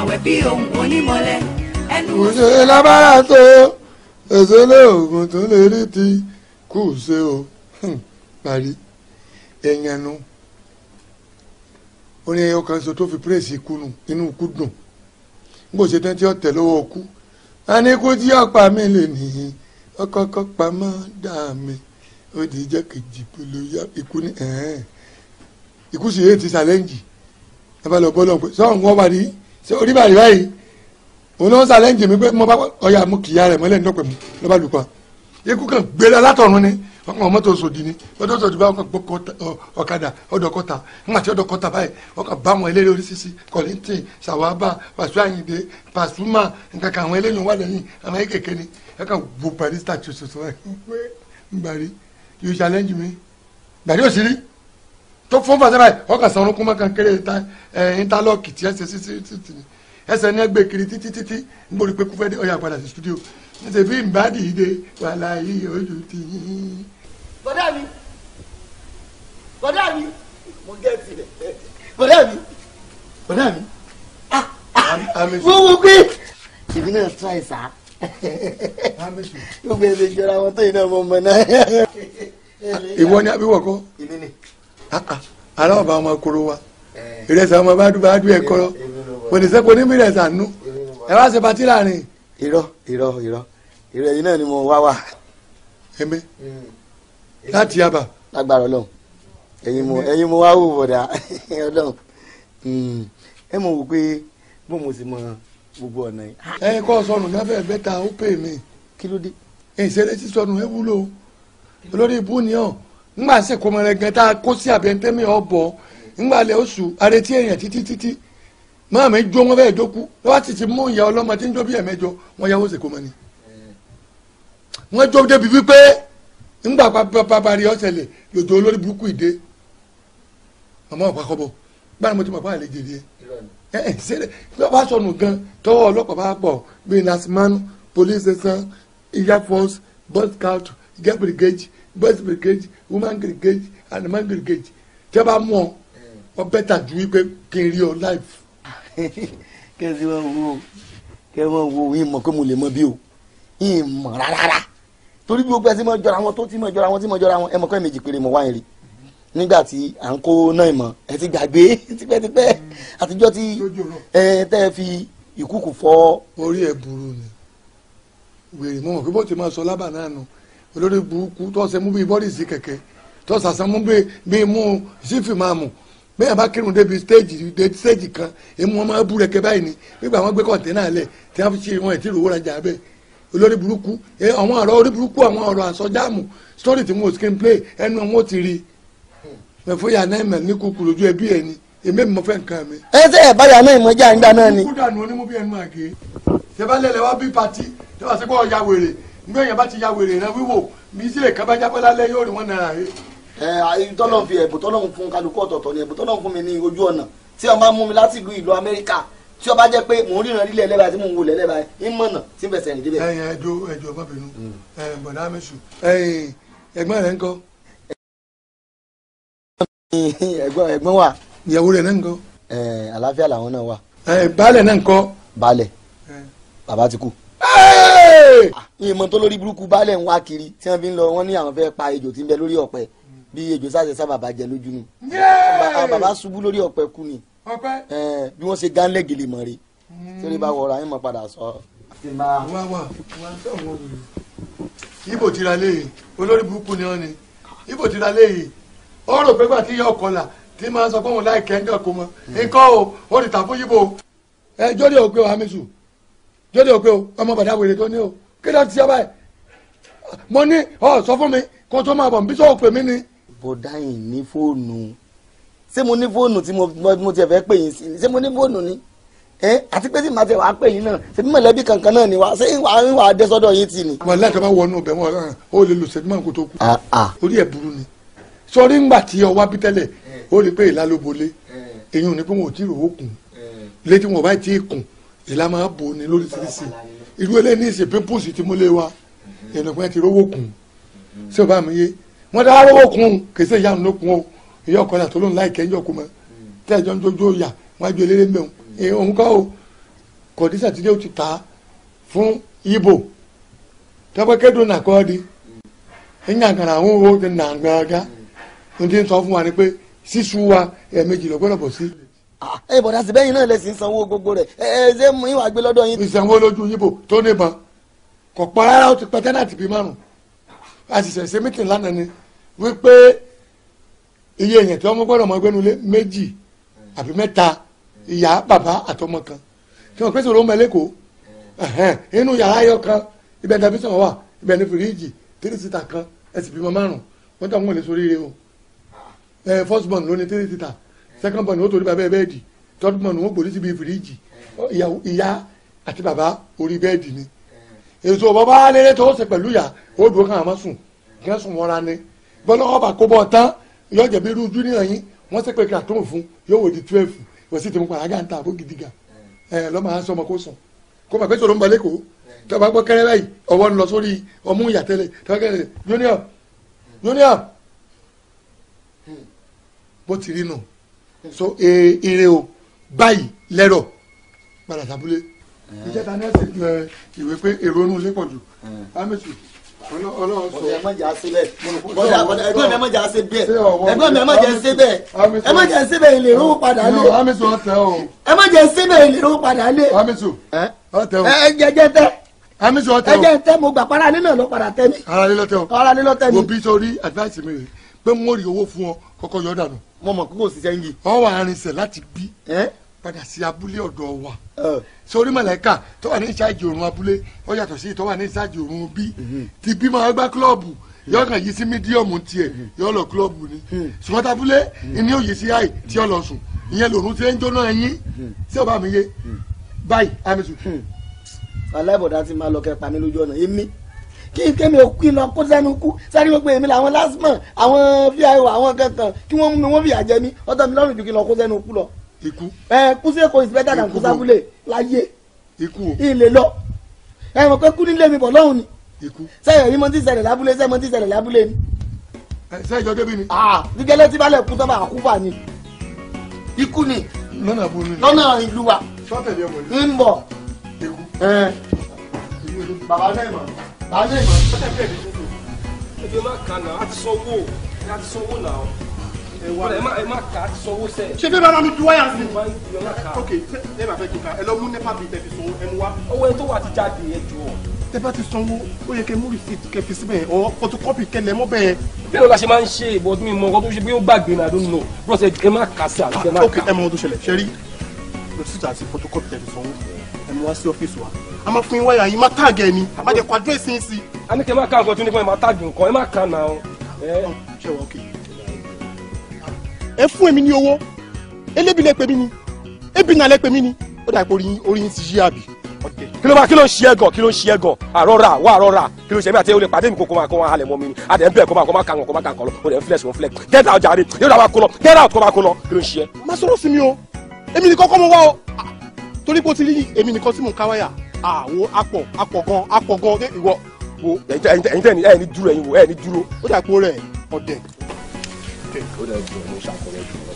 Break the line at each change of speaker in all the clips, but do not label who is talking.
àwẹ̀ bí òun onímọ̀lẹ́ ẹnu òṣè. òṣè lábára
tó èso lóògùn tó lè rí ti kù ṣe o parí èèyàn nu orin ẹyọ kan so tó fi pírèsì ikú nù inú ikú dùn n kò ṣe tán tí ó tẹ̀ lọ́wọ́ kú a ní kó jí ọ̀pá mi lè nìyí ọkọ̀ọ̀kọ̀ pamọ́ dá mi ó di ìjọ kejì bolo ikú ní ikú sì yé ti ṣàlẹ́ǹjì ẹ bá lọ bọ́ lọ́n pé sọ́ọ̀n wọ́n wà ní ṣe orí bàrí báyìí òun ló ń ṣàlẹ́ǹjì mi pé mo bá ọyà mo kìyà rẹ̀ mọ́lẹ̀ nílọ́pẹ̀ mi ló bá lù pa ikú kan gbéra látọ̀run ni ọkàn mọ́tò sòdì ni mọ́tò sòdì bá ọkàn gbọ́ ọ̀kadà ọ̀dọ̀kọ̀tà ńgbà tí ọ̀dọ̀kọ̀tà báyìí ọkàn bá àwọn eléré oríṣiríṣi Kollington sàwábà pàṣẹ àyìndé Pasuma nǹkan kan àwọn eléré wà lẹ́yìn àwọn kékeré ni ẹ̀ka wo barista tuntun ẹ̀ ń gbé ń gbàrí you challenge me gbàrí òsì rí tó fún fàṣẹ báyìí ọkàn sanwó kún mọ́kàn kéré intalọ́ọ̀kì tí ẹsẹ̀ títí ẹsẹ̀ ní ẹgbẹ́ kiri títí títí ń borí pé kúfẹ́ dé ọ̀yà padà sí stúdíò níṣẹ́ bí ìbádìí dé wàhálà yìí ojú ti yín. bọ́dà mi bọ́dà mi mo gẹ́ tirẹ̀ bọ́dà mi bọ́dà mi ah ah wo wo gbé èmi náà tún àìsà gbogbo ẹsẹ̀ ìjọra wọn tó yìí náà mọ̀ mọ̀ náà. ìwọ ni àbí wọ̀ kọ́. èmi ni ara ah, ah. ọba ọmọ koro wa eh. ìrẹsì ọmọ bá dúbà dú ẹ kọrọ kò ní sẹ́kọ̀ọ́ ní mìíràn sànú ẹ wá ṣe patí láàrin. irọ́ irọ́ irọ́ irọ́ ẹ̀yin náà ni mo wá wà. ẹ̀mí hmm. láti yaba. lágbára ọlọ́run ẹ̀yin mo ẹ̀yin mo wá wò bọ̀dà ọlọ́run hmm. ẹ mọ̀ wò pé bó mo sì mọ gbogbo ọ̀nà yìí. ẹ kọ́ sọnù gáfẹ́ bẹ́ta ó pè mí. kí ló dé. ìṣẹ̀lẹ̀ sísọnù ẹ wúlò olórí ibú ni ọ́ ńgbà ṣe kọmọ rẹ gan tá a kó sí abẹ́ntẹ́mì ọ̀bọ̀ ńgbà lẹ oṣù arètí èèyàn títí títí máa mi jó wọn fẹ́ẹ́ dókú lọ́wọ́ ti ti mú ìyá ọlọ́mọ tí ń jó bí ẹ̀mẹ́jọ wọn yàwó ṣe kọmọ ni. wọ́n jó débi wípé ńgbà pàpàpàpà rí ọ̀sẹ̀lẹ̀ lòdò olórí mo ti mọ̀ fún àlejò rí ẹ ẹ ṣe lọ́wọ́ sọnù gan tọwọ́ ọlọ́pàá bá pọ̀ bíi nasimanu police station air force boy scout gap brigade boys brigade woman brigade and man brigade tẹ́ bá mú ọ ọ bẹ́tà ju wípé kí n rí ọ life. kẹ́sì wọn wo kẹ́ wọn wo yín mọ̀ pé mo lè mọ bí o yín mọ̀ rárá torí bí o gbẹ́sí mọ̀ jọra wọn tó tí mọ̀ jọra wọn tí mọ̀ jọra wọn ẹ mọ̀ pé méjì péré mọ̀ wáyé rí nígbà tí à ń kó náà mọ ẹ ti gbàgbé tipẹ́tipẹ́ mm. àtijọ́ tí ẹ tẹ́ fi ìkúkù fọ́. orí ẹ burú ni wèrè mọ̀ pé bó ti máa sọ lábà náà nù. No olórí burúkú tó ṣe mú bíi bọ́ọ̀lì sí kẹ̀kẹ́ tó ṣàṣà mú bíi mú sífì máa mú bẹ́ẹ̀ bá kírun débi stéèjì débi stéèjì kan èmu wọn máa bú rẹ̀kẹ́ báyìí ni nígbà wọn gbé kọ̀ǹténà lẹ̀ tí wọ́n fi ṣe wọn ètí ìrówó rajà bẹ́ẹ̀ olórí burúkú àwọn ọ̀rọ̀ orí burúkú àwọn ọ̀rọ̀ àsọjáàmù story tí mo skin play ẹnu wọn ti rí mẹfọyà náà mẹ ní kúkú lójú ẹbí ẹ ni èmi mi mo fẹ́ nǹkan mi. ẹ ṣe ẹ báyà náà ìmọ̀jà ń gbà náà ni. kúdà nù onímọ̀ bí ẹnu àgé ṣe bá lẹ́lẹ̀ wá bí pati ṣe bá ṣe kó ọ̀ya wèrè nígbà yẹn bá ti ya wèrè náà wíwò bí sí èkán bá jábọ́ lálẹ́ yóò rí wọn náà rè. ẹ tọ́lọ̀ fi ẹ̀bùn tọ́lọ̀ fún kálukú ọ̀tọ̀ọ̀tọ̀ ni ẹ̀bùn tọ́lọ̀ fún mi ní ojú ọ̀nà tí ó máa mú mi láti ìlú ìlú Amẹ́ríkà tí ó bá jẹ́ pé mò ń ríran lílẹ̀ lẹ́bàá tí mò ń wò lẹ́lẹ́bàá ń mọ̀nà tí ń bẹ̀sẹ̀ nídìí bẹ́ẹ̀. ẹyin ẹjọ ẹjọ ọmọbìnrin hmm. bọ̀dá mẹ́sù ẹ̀gbọ́n rẹ̀ ń kọ́. ẹ̀gbọ́n rẹ̀ ń kọ́ ìmọ̀ ah, tó lórí burúkú baálẹ̀ ń wá kiri tí wọ́n fi ń lọ wọ́n ní àwọn fẹ́ pa ejò tí ń bẹ lórí ọ̀pẹ bí ejò sáṣẹ sá bàbá jẹ lójú nu bàbá ṣubú lórí ọ̀pẹ kú ni eh, bí wọ́n ṣe gánlẹ̀ gèlè mọ̀ rí hmm. torí bá wọra ẹ̀ mọ̀ padà sọ. wá wá wá sọ̀wọ́n ibo tira léyìí olórí burúkú ni wọ́n ni ibo tira léyìí ọ̀rọ̀ pẹ́gbà tí yọ ọ̀kọ́là tí máa sọ fún òun láì kẹ́ńgà kó hmm. nǹkan o ó ti tà fún yíbo. ẹ jọ́rí ọ̀gbẹ́ wa mi jọ́dọ̀ pé o ọmọ bàdá wèrè tó ní o kí ló ti ṣe báyìí mo ní ọ sọ fún mi kó tó máa bọ̀ bí sọ́wọ́ pè mí ni. bọ̀dá yìí ní fóònù ṣé mo ní fóònù tí mo tiẹ̀ fẹ́ pè yín sí ṣé mo ní fóònù ni ẹ àti pé tí màá tẹ wàá pè yín náà ṣe bí mọ̀lẹ́bí kankan náà ni wá ṣé wà á wà á dé sọ́dọ̀ yín tì ni. wọn láti máa wọnú ọbẹ̀ wọn rán ó lè lò ṣẹ́jú márùn kó tó kú ah, ah. orí ẹ̀ burú ni sọrí ńgbà tí ọ wá bí tẹ́lẹ̀ ó rí pé ìlà ló bolé eh. ò ní pé wọn ò tí ì rò ó kùn eh. létí wọn ò bá tí ì kùn ìlà máa bò ní lóríṣiríṣi irú eléyìí ní ìṣe pimples ti múlé wa ìrìnàpẹ́ ti rówó kùn sí ọba mi yé wọ́n dá rówó kùn kì í ṣe ìyá ònà kùn o ìyá ọkọ náà tó lóun láìkẹ́ ìjọ kùn mọ́ tí ẹ̀jọ́ ń jójó yà wọ́n á ju eléré ń bẹ̀ òun kọ́ o kọ̀dísà ti dé o ti ta fún ibo tọ́pẹ́kẹ́dùn náà kọ́ di ìyàgàrà àwọn owó ti nà gbàgà ní ti sọ fún wa ni pé sísú wa ẹ̀ẹ̀mejì lọ́gbọ́dọ̀ bọ̀ sí ẹ ah, eh, bọ̀dá sí bẹ́yìn náà lẹ sì ń sanwó gbogbo rẹ̀ ẹ eh, ẹ eh, ṣé mú ìwà gbé lọ́dọ̀ yín. ìsanwó lójú yíbo tó níbọn kò pọ̀ rárá ó ti pẹ́ tẹ́nàtì bíi márùn a sì ṣẹ̀ṣẹ̀ mítìn lánàá ni wípé iye èèyàn tí wọ́n mú gbọ́dọ̀ mọ gbẹ́nulé méjì àbí mẹ́ta ìyá bàbá àtọmọ kan tí wọ́n pèsè olóńgbẹ lẹ́kọ̀ọ́ inú yàrá ayọ̀ kan ibẹ̀ ní tẹlifíṣàn wà ibẹ̀ ní fìríìjì tírísítà kan ẹ̀sìn bímọ márùn-ún wọ́n tàn wọ́n lè sóríire o first born ló ní tírísítà second born wọn torí bàbá ẹ bẹ́ẹ̀dì third born wọn gbòdì síbi fìríjì ìyá àti bàbá orí bẹ́ẹ̀dì ni èso bàbá alẹ́lẹ́ tó ṣe pẹ̀lú ìyá ó dúró kàn án má sùn kí wọ́n sùn wọn ra ni bọ́lá ọba kó bọ́ tán yóò jẹ̀bi irú júníọ̀ yín wọ́n ṣe pé kí àtúnwò fún yóò wò di twelve wọ́n sì ti mú padà gàǹtà àbó gidi gà ẹ̀ lọ́mọ àwọn sọmọ kó sùn kó mọ̀ sọ̀rọ̀ ń bọ̀ lẹ́kọ̀ọ́ tọba gbọ́ kẹrẹ báyìí ọwọ́ ń lọ sórí ọmú ìyàtẹ̀lẹ̀ tọba kẹrẹ junior junior hmm. bó ti rí nù so èrè eh, o báyìí lẹ́rọ̀ padà sábúlé eh. ìjẹta ní ẹsẹ eh, ìwé pé èrò inú ilé pọ̀ jù amẹ́sù ọlọ́run sọ. ẹ má jà sí bẹ́ẹ̀ ẹgbẹ́ mi ẹ má jà sí bẹ́ẹ̀ ẹgbẹ́ mi ẹ má jà sí bẹ́ẹ̀ ẹ má jà sí bẹ́ẹ̀ ilé ìró padà lé amẹ́sù ọ̀tẹ̀ o. ẹ má jà sí bẹ́ẹ̀ ilé ìró padà lé. amẹ́sù ọ̀tẹ̀ o. ẹ jẹjẹ tẹ amẹ́sù ọ̀tẹ̀ o. ẹ jẹ tẹ mo gbà para lé náà ló padà tẹ mi. ara lé lọ́tẹ̀ o. ara lé lọ́tẹ̀ mi. òbí sọ rí advice mi rè pé mo rí owó fún ọ kọ́kọ́ yọ dànù mo mọ̀ kókò sí sẹ́yìn. wọ́n wà arinṣẹ́ láti bí padà sí abúlé ọ̀dọ̀ wa sórí mọ̀lẹ́kà tó wà ní ìṣáàjì òrùn abúlé ó yàtọ̀ sí tó wà ní ìṣáàjì òrùn bí mhm. ti bí máa gbá kílọ̀bù mhm. yóò kàn yí sí mídíọ̀mù tiẹ̀ mhm. yóò lọ kílọ̀bù ni ṣùgbọ́n tábúlé ìní òye sí àì tí ó lọ sùn ìyẹn lòrùn ti ń jóná ẹyin sí ọba mi yé báyìí amisu. Hmm. aláìbọ̀dá ti máa lọ kẹ́ pa mí lójú ọ̀nà èmi kí kémi ò kí lọ kó sẹ́nu kú sẹ́ni gbogbo èmi làwọn lásìmọ̀ àwọn fíàwọ̀ àwọn kankan kí wọ́n mú mi wọ́n fìyà jẹ mí ọ̀tọ̀ mi lọ́rùn ju kí lọ kó sẹ́nu kú lọ. ikú ẹ kú sí èkó is better than kú sábúlé láyé ikú o ilé lọ ẹ mọ̀ pé kú nílé mi bọ̀ lọ́hùn ni ikú sẹ́yìn ìmọ̀ tí ṣẹlẹ̀ lábúlé sẹ́yìn ìmọ̀ tí ṣẹlẹ̀ lábúlé ni. sẹ́yìn ìjọ débi ni. ah gígẹ́lẹ́ tí balẹ̀ kú sábà kú fà ni ikú ni lọ́nà àbúrò ni lọ́nà ìlú wa. sọ́tẹ̀lì ọmọ ni. ń bọ̀. ikú. bàbá náà ayé ìmọ̀ ọ̀tẹ̀ bẹ̀rẹ̀ nínú ebi má kà náà á ti sanwó á ti sanwó náà ẹwà ẹ má kà á ti sanwó sẹ. ṣé fẹ́ bá mi ju wáyà sí. ok ẹ bá fẹ́ kí n ka ẹ lọ mú nípa bíi tẹ̀fi sanwó ẹ mú wá. owó ẹ tó wà ti jáde ẹ jù ọ. tẹ bá ti sanwó ó yẹ kẹ mú receipt kẹ fi síbẹ̀ ọ photocopy kẹlẹ̀ mọ́ bẹ́ẹ̀. bí ọ̀la ṣe máa ń ṣe ìbọn mi mọ ọkọ tó ṣe bí ó gbàgbé náà lónìí náà bros ẹ má kà sí àti ẹ má kà. ok ẹ mọ ohun tó ṣẹlẹ̀ ṣẹ́rí receipt àti photocopy tẹ̀fi sanwó ẹ mú wá sí ọ́fíìsì wa a máa fún yín wáyà yín má tààgì ẹ̀ ni má jẹ́ kó àdírẹ́sì yín sí. a ní kí ẹ má ka nǹkan tó ní fún ẹ má tààgì nǹkan ẹ má ka nà ọ. ẹ fún èmi ní owó elébi lè pè mí ni ebi nàlẹ́ pè mí ni ó dà pé orí yín ti yí àbí. kí ló bá kí ló ń ṣe é gan kí ló ń ṣe é gan àrọ́ra wà àrọ́ra kí ló ń ṣe mí àti olè pàdé mi kó kó máa kó máa halẹ̀ mọ́ mi ni àdé ń bẹ̀ kó máa kó máa kà ń kó máa kà ń kọ́ lọ ó dẹ̀ ń flex wọn flex get out jàre yóò dà wá kó lọ get out kó máa kó lọ kí ló ń ṣe é. má sọ̀rọ̀ sí mi o èmi nìkan kọ́ mo wá o ah, torí pé ó ti rí èmi nìkan tí mò ń ká wáyà àwo apọ̀ apọ̀ gan apọ̀ gan dé ìwọ wo ẹ̀yin tẹ̀ ní ẹ̀yin ní dúró ẹ̀yin wo ẹ̀yin ní dúró ó dà pé ó rẹ̀ ọ̀dẹ̀. ó dà jọ ní sàkóyè jù lọ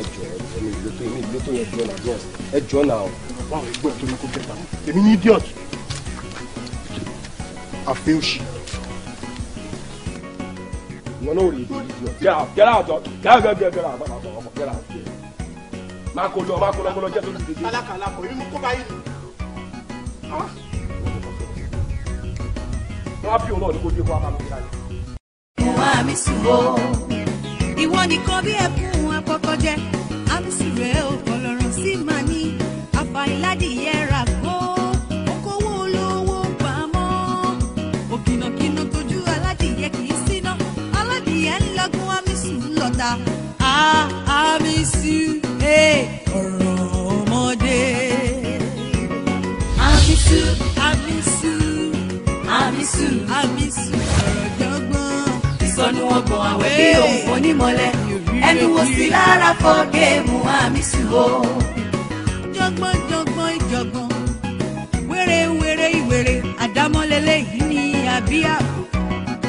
ẹjọ ẹmi ìlú tó ẹmi ìlú tó yẹ jọ náà jọ ẹjọ náà. ọ̀pọ̀ àwọn ẹgbẹ́ tó ní kó bẹ̀rẹ̀ báwọn èmi ní idiot àfẹ́ òsì. wọn náà ò lè di idiot. gẹ́rà àjọ gẹ́rà gẹ́rà gẹ́rà àgbàlagbà ọkọ̀ gẹ́rà àjọ. máa kó lọ máa kó lọ kó lọ jẹ́ tó ti dé. alákàlà kò ní mú kó bá yìí
wọ́n
á bí òun náà ní kó dé kó a máa lọ sí láyé.
ìwọ àmísù o ìwọ nìkan bí ẹkún àkọ́kọ́ jẹ àmísù rẹ ò kọ lọ́rọ̀ sí màá ní àfàìládìyẹ rà kó okòwò olówó pamọ́ òkìnàkìnà tójú aládìyẹ kì í síná aládìyẹ ńlọgún àmísù àmísù àmísù ọ̀rọ̀ jọgbọ́n. ìsọnù ọgbọ̀n àwẹ̀ bí òun kò ní mọ́lẹ̀
ẹnu wo sí lára fọ́ géèmù
àmísù o. jọgbọ́n jọgbọ́n ìjọgbọ́n wéré wéré ìwéré àdámọ́lélẹ́ yìí ni àbíyá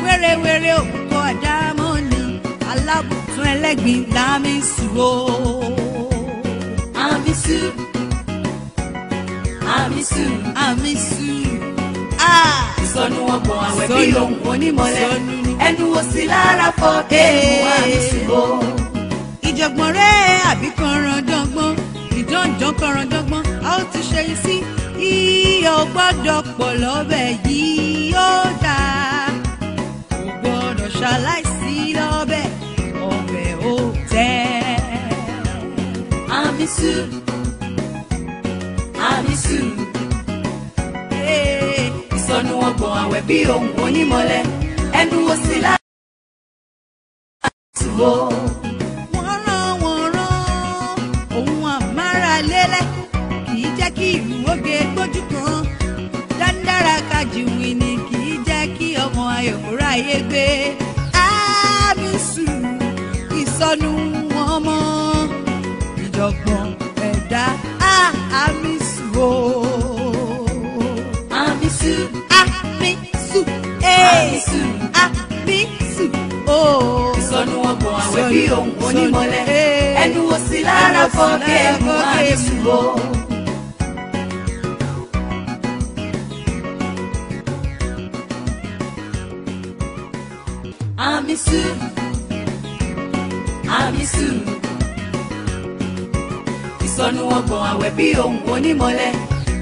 wéré wéré òkúkọ àdámọ́ ni alábùtún ẹlẹ́gbin lámísù o. àmísù àmísù àmísù ah sọnù ọgbọ̀n àwẹ̀ bí òun onímọ̀lẹ́ ẹnu òsì lára fọ ẹnu wà nísìbò. ìjọ̀gbọ̀n rẹ̀ àbí kọ̀ọ̀ràn dọ́gbọ́n ìdánjọ́ kọ̀ọ̀ràn dọ́gbọ́n a ó ti ṣe yìí sí iyọ̀ gbọ́dọ̀ pọ̀ lọ́bẹ̀ yìí ó dáa kò gbọ́dọ̀ ṣaláìsí lọ́bẹ̀ ọbẹ̀ ó tẹ́. àmísù
àmísù. Hey ìsọnù ọgbọ̀n àwẹ̀ bí ohun onímọ̀lẹ́ ẹnu wo sí láti wo. wọ́n rán
wọ́n rán òun àmárà lélẹ̀ kì í jẹ́ kí ìlú oge gbójú kan dáńdára kájìwìn ni kì í jẹ́ kí ọmọ ayọ̀kúrà yé gbé àmì sùn ìsọnù ọmọ ìjọ̀gbọ̀n ẹ̀dá àmì sùn o. Amisu. Amisu. Amisu. Amisu. Oh. Ìsọnù ọgbọ̀n àwẹ̀ bí òun onímọ̀lẹ́. Eh. Ẹnu wo sí lára fọ́ọ̀kẹ́ mú Amisu o. Oh. Amisu. Amisu. Ìsọnù ọgbọ̀n àwẹ̀ bí òun onímọ̀lẹ́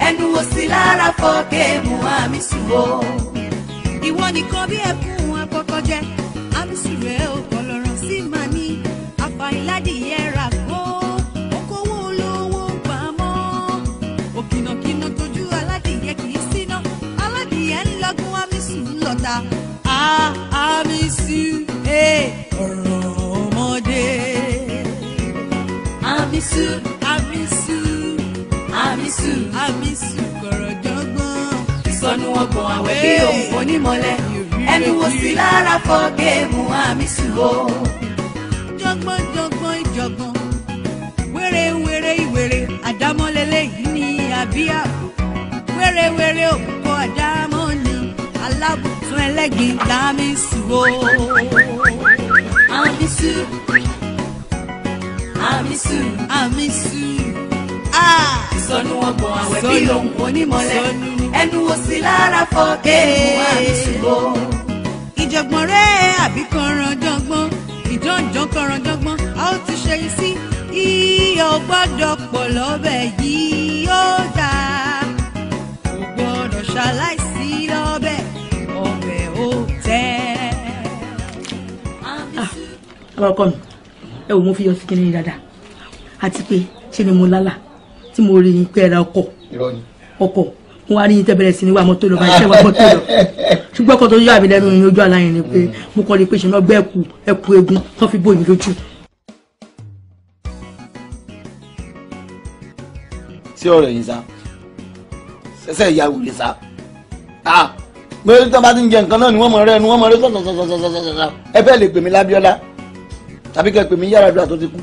ẹnu wo sí lára fọ́ọ̀kẹ́ Muhamisu o. ìwọ nìkan bí ẹkún àkọ́kọ́ jẹ Hamisu rẹ ò kọ lọ́rọ̀ sí màá ní àfàìládìyẹ rà kó okòwò olówó pamọ́ òkìnàkìnà tójú aládìyẹ kì í síná aládìyẹ ńlọgún Hamisu ńlọta Hamisu e, ọ̀rọ̀ ọmọdé Hamisu Hamisu. Hamisu Hamisu kọ̀rọ̀jọ́gbọ́n. ìsọnù ọgbọ̀n àwẹ̀ bí òun kò ní mọ́lẹ̀ ẹnu wo sí lára fọ géèmù Hamisu o. jọgbọ́n jọgbọ́n ìjọgbọ́n wéré wéré ìwéré àdámọ́lélẹ́ yìí ní àbíyá wéré wéré òkúkọ àdámọ́ alábùtún ẹlẹ́gbin Hamisu o. Hamisu. Hamisu. Hamisu. Ah! sọnù ọgbọ̀n àwẹ̀ bí lòun kò ní mọ́lẹ̀ ẹnu wo sí lára fọ́ọ̀kẹ́ ìwà àṣìbò. ìjọ̀gbọ̀n rẹ̀ àbí kọ̀ọ̀ràn jọ̀gbọ́n ìjọ̀njọ̀n a ó ti ṣe sí iyọ̀ gbọ́dọ̀ pọ̀ lọ́bẹ̀ yìí yóò dáa kò ṣaláìsí lọ́bẹ̀ ọbẹ̀ ó tẹ́. Ah, àwọn ọkọ mi ẹ wò mo fi yọ sí kinní dáadáa àti pé ṣe ni mo lálàá tí mo rí yín pé ẹ ra ọkọ̀ ọkọ̀ mo wá rí yín tẹ́bẹ̀rẹ̀ sí ní wà mọ́tò lọ bá iṣẹ́ wà mọ́tò lọ ṣùgbọ́n kan tó yà mí lẹ́nu ní ojú àlá yẹn ni pé mm. mo kọ́ ni pé ṣùgbọ́n gbẹ́ ẹ̀kú ẹ̀kú egun tó fi bò mí lójú.
sí ọ̀rọ̀ yìí sá ṣẹ̀ṣẹ̀ ìyá wùlé sá mẹ́rin tí wọ́n bá ti ń jẹ nǹkan náà ni wọ́n mọ̀ rẹ́ ni wọ́n mọ̀ rẹ́ sọ̀tọ̀sọ̀tọ̀sọ̀tọ̀ ẹ fẹ́ lè pè mí lábíọ́lá tàbí kẹ́ pè mí yàrá ìdúrà tó ti kú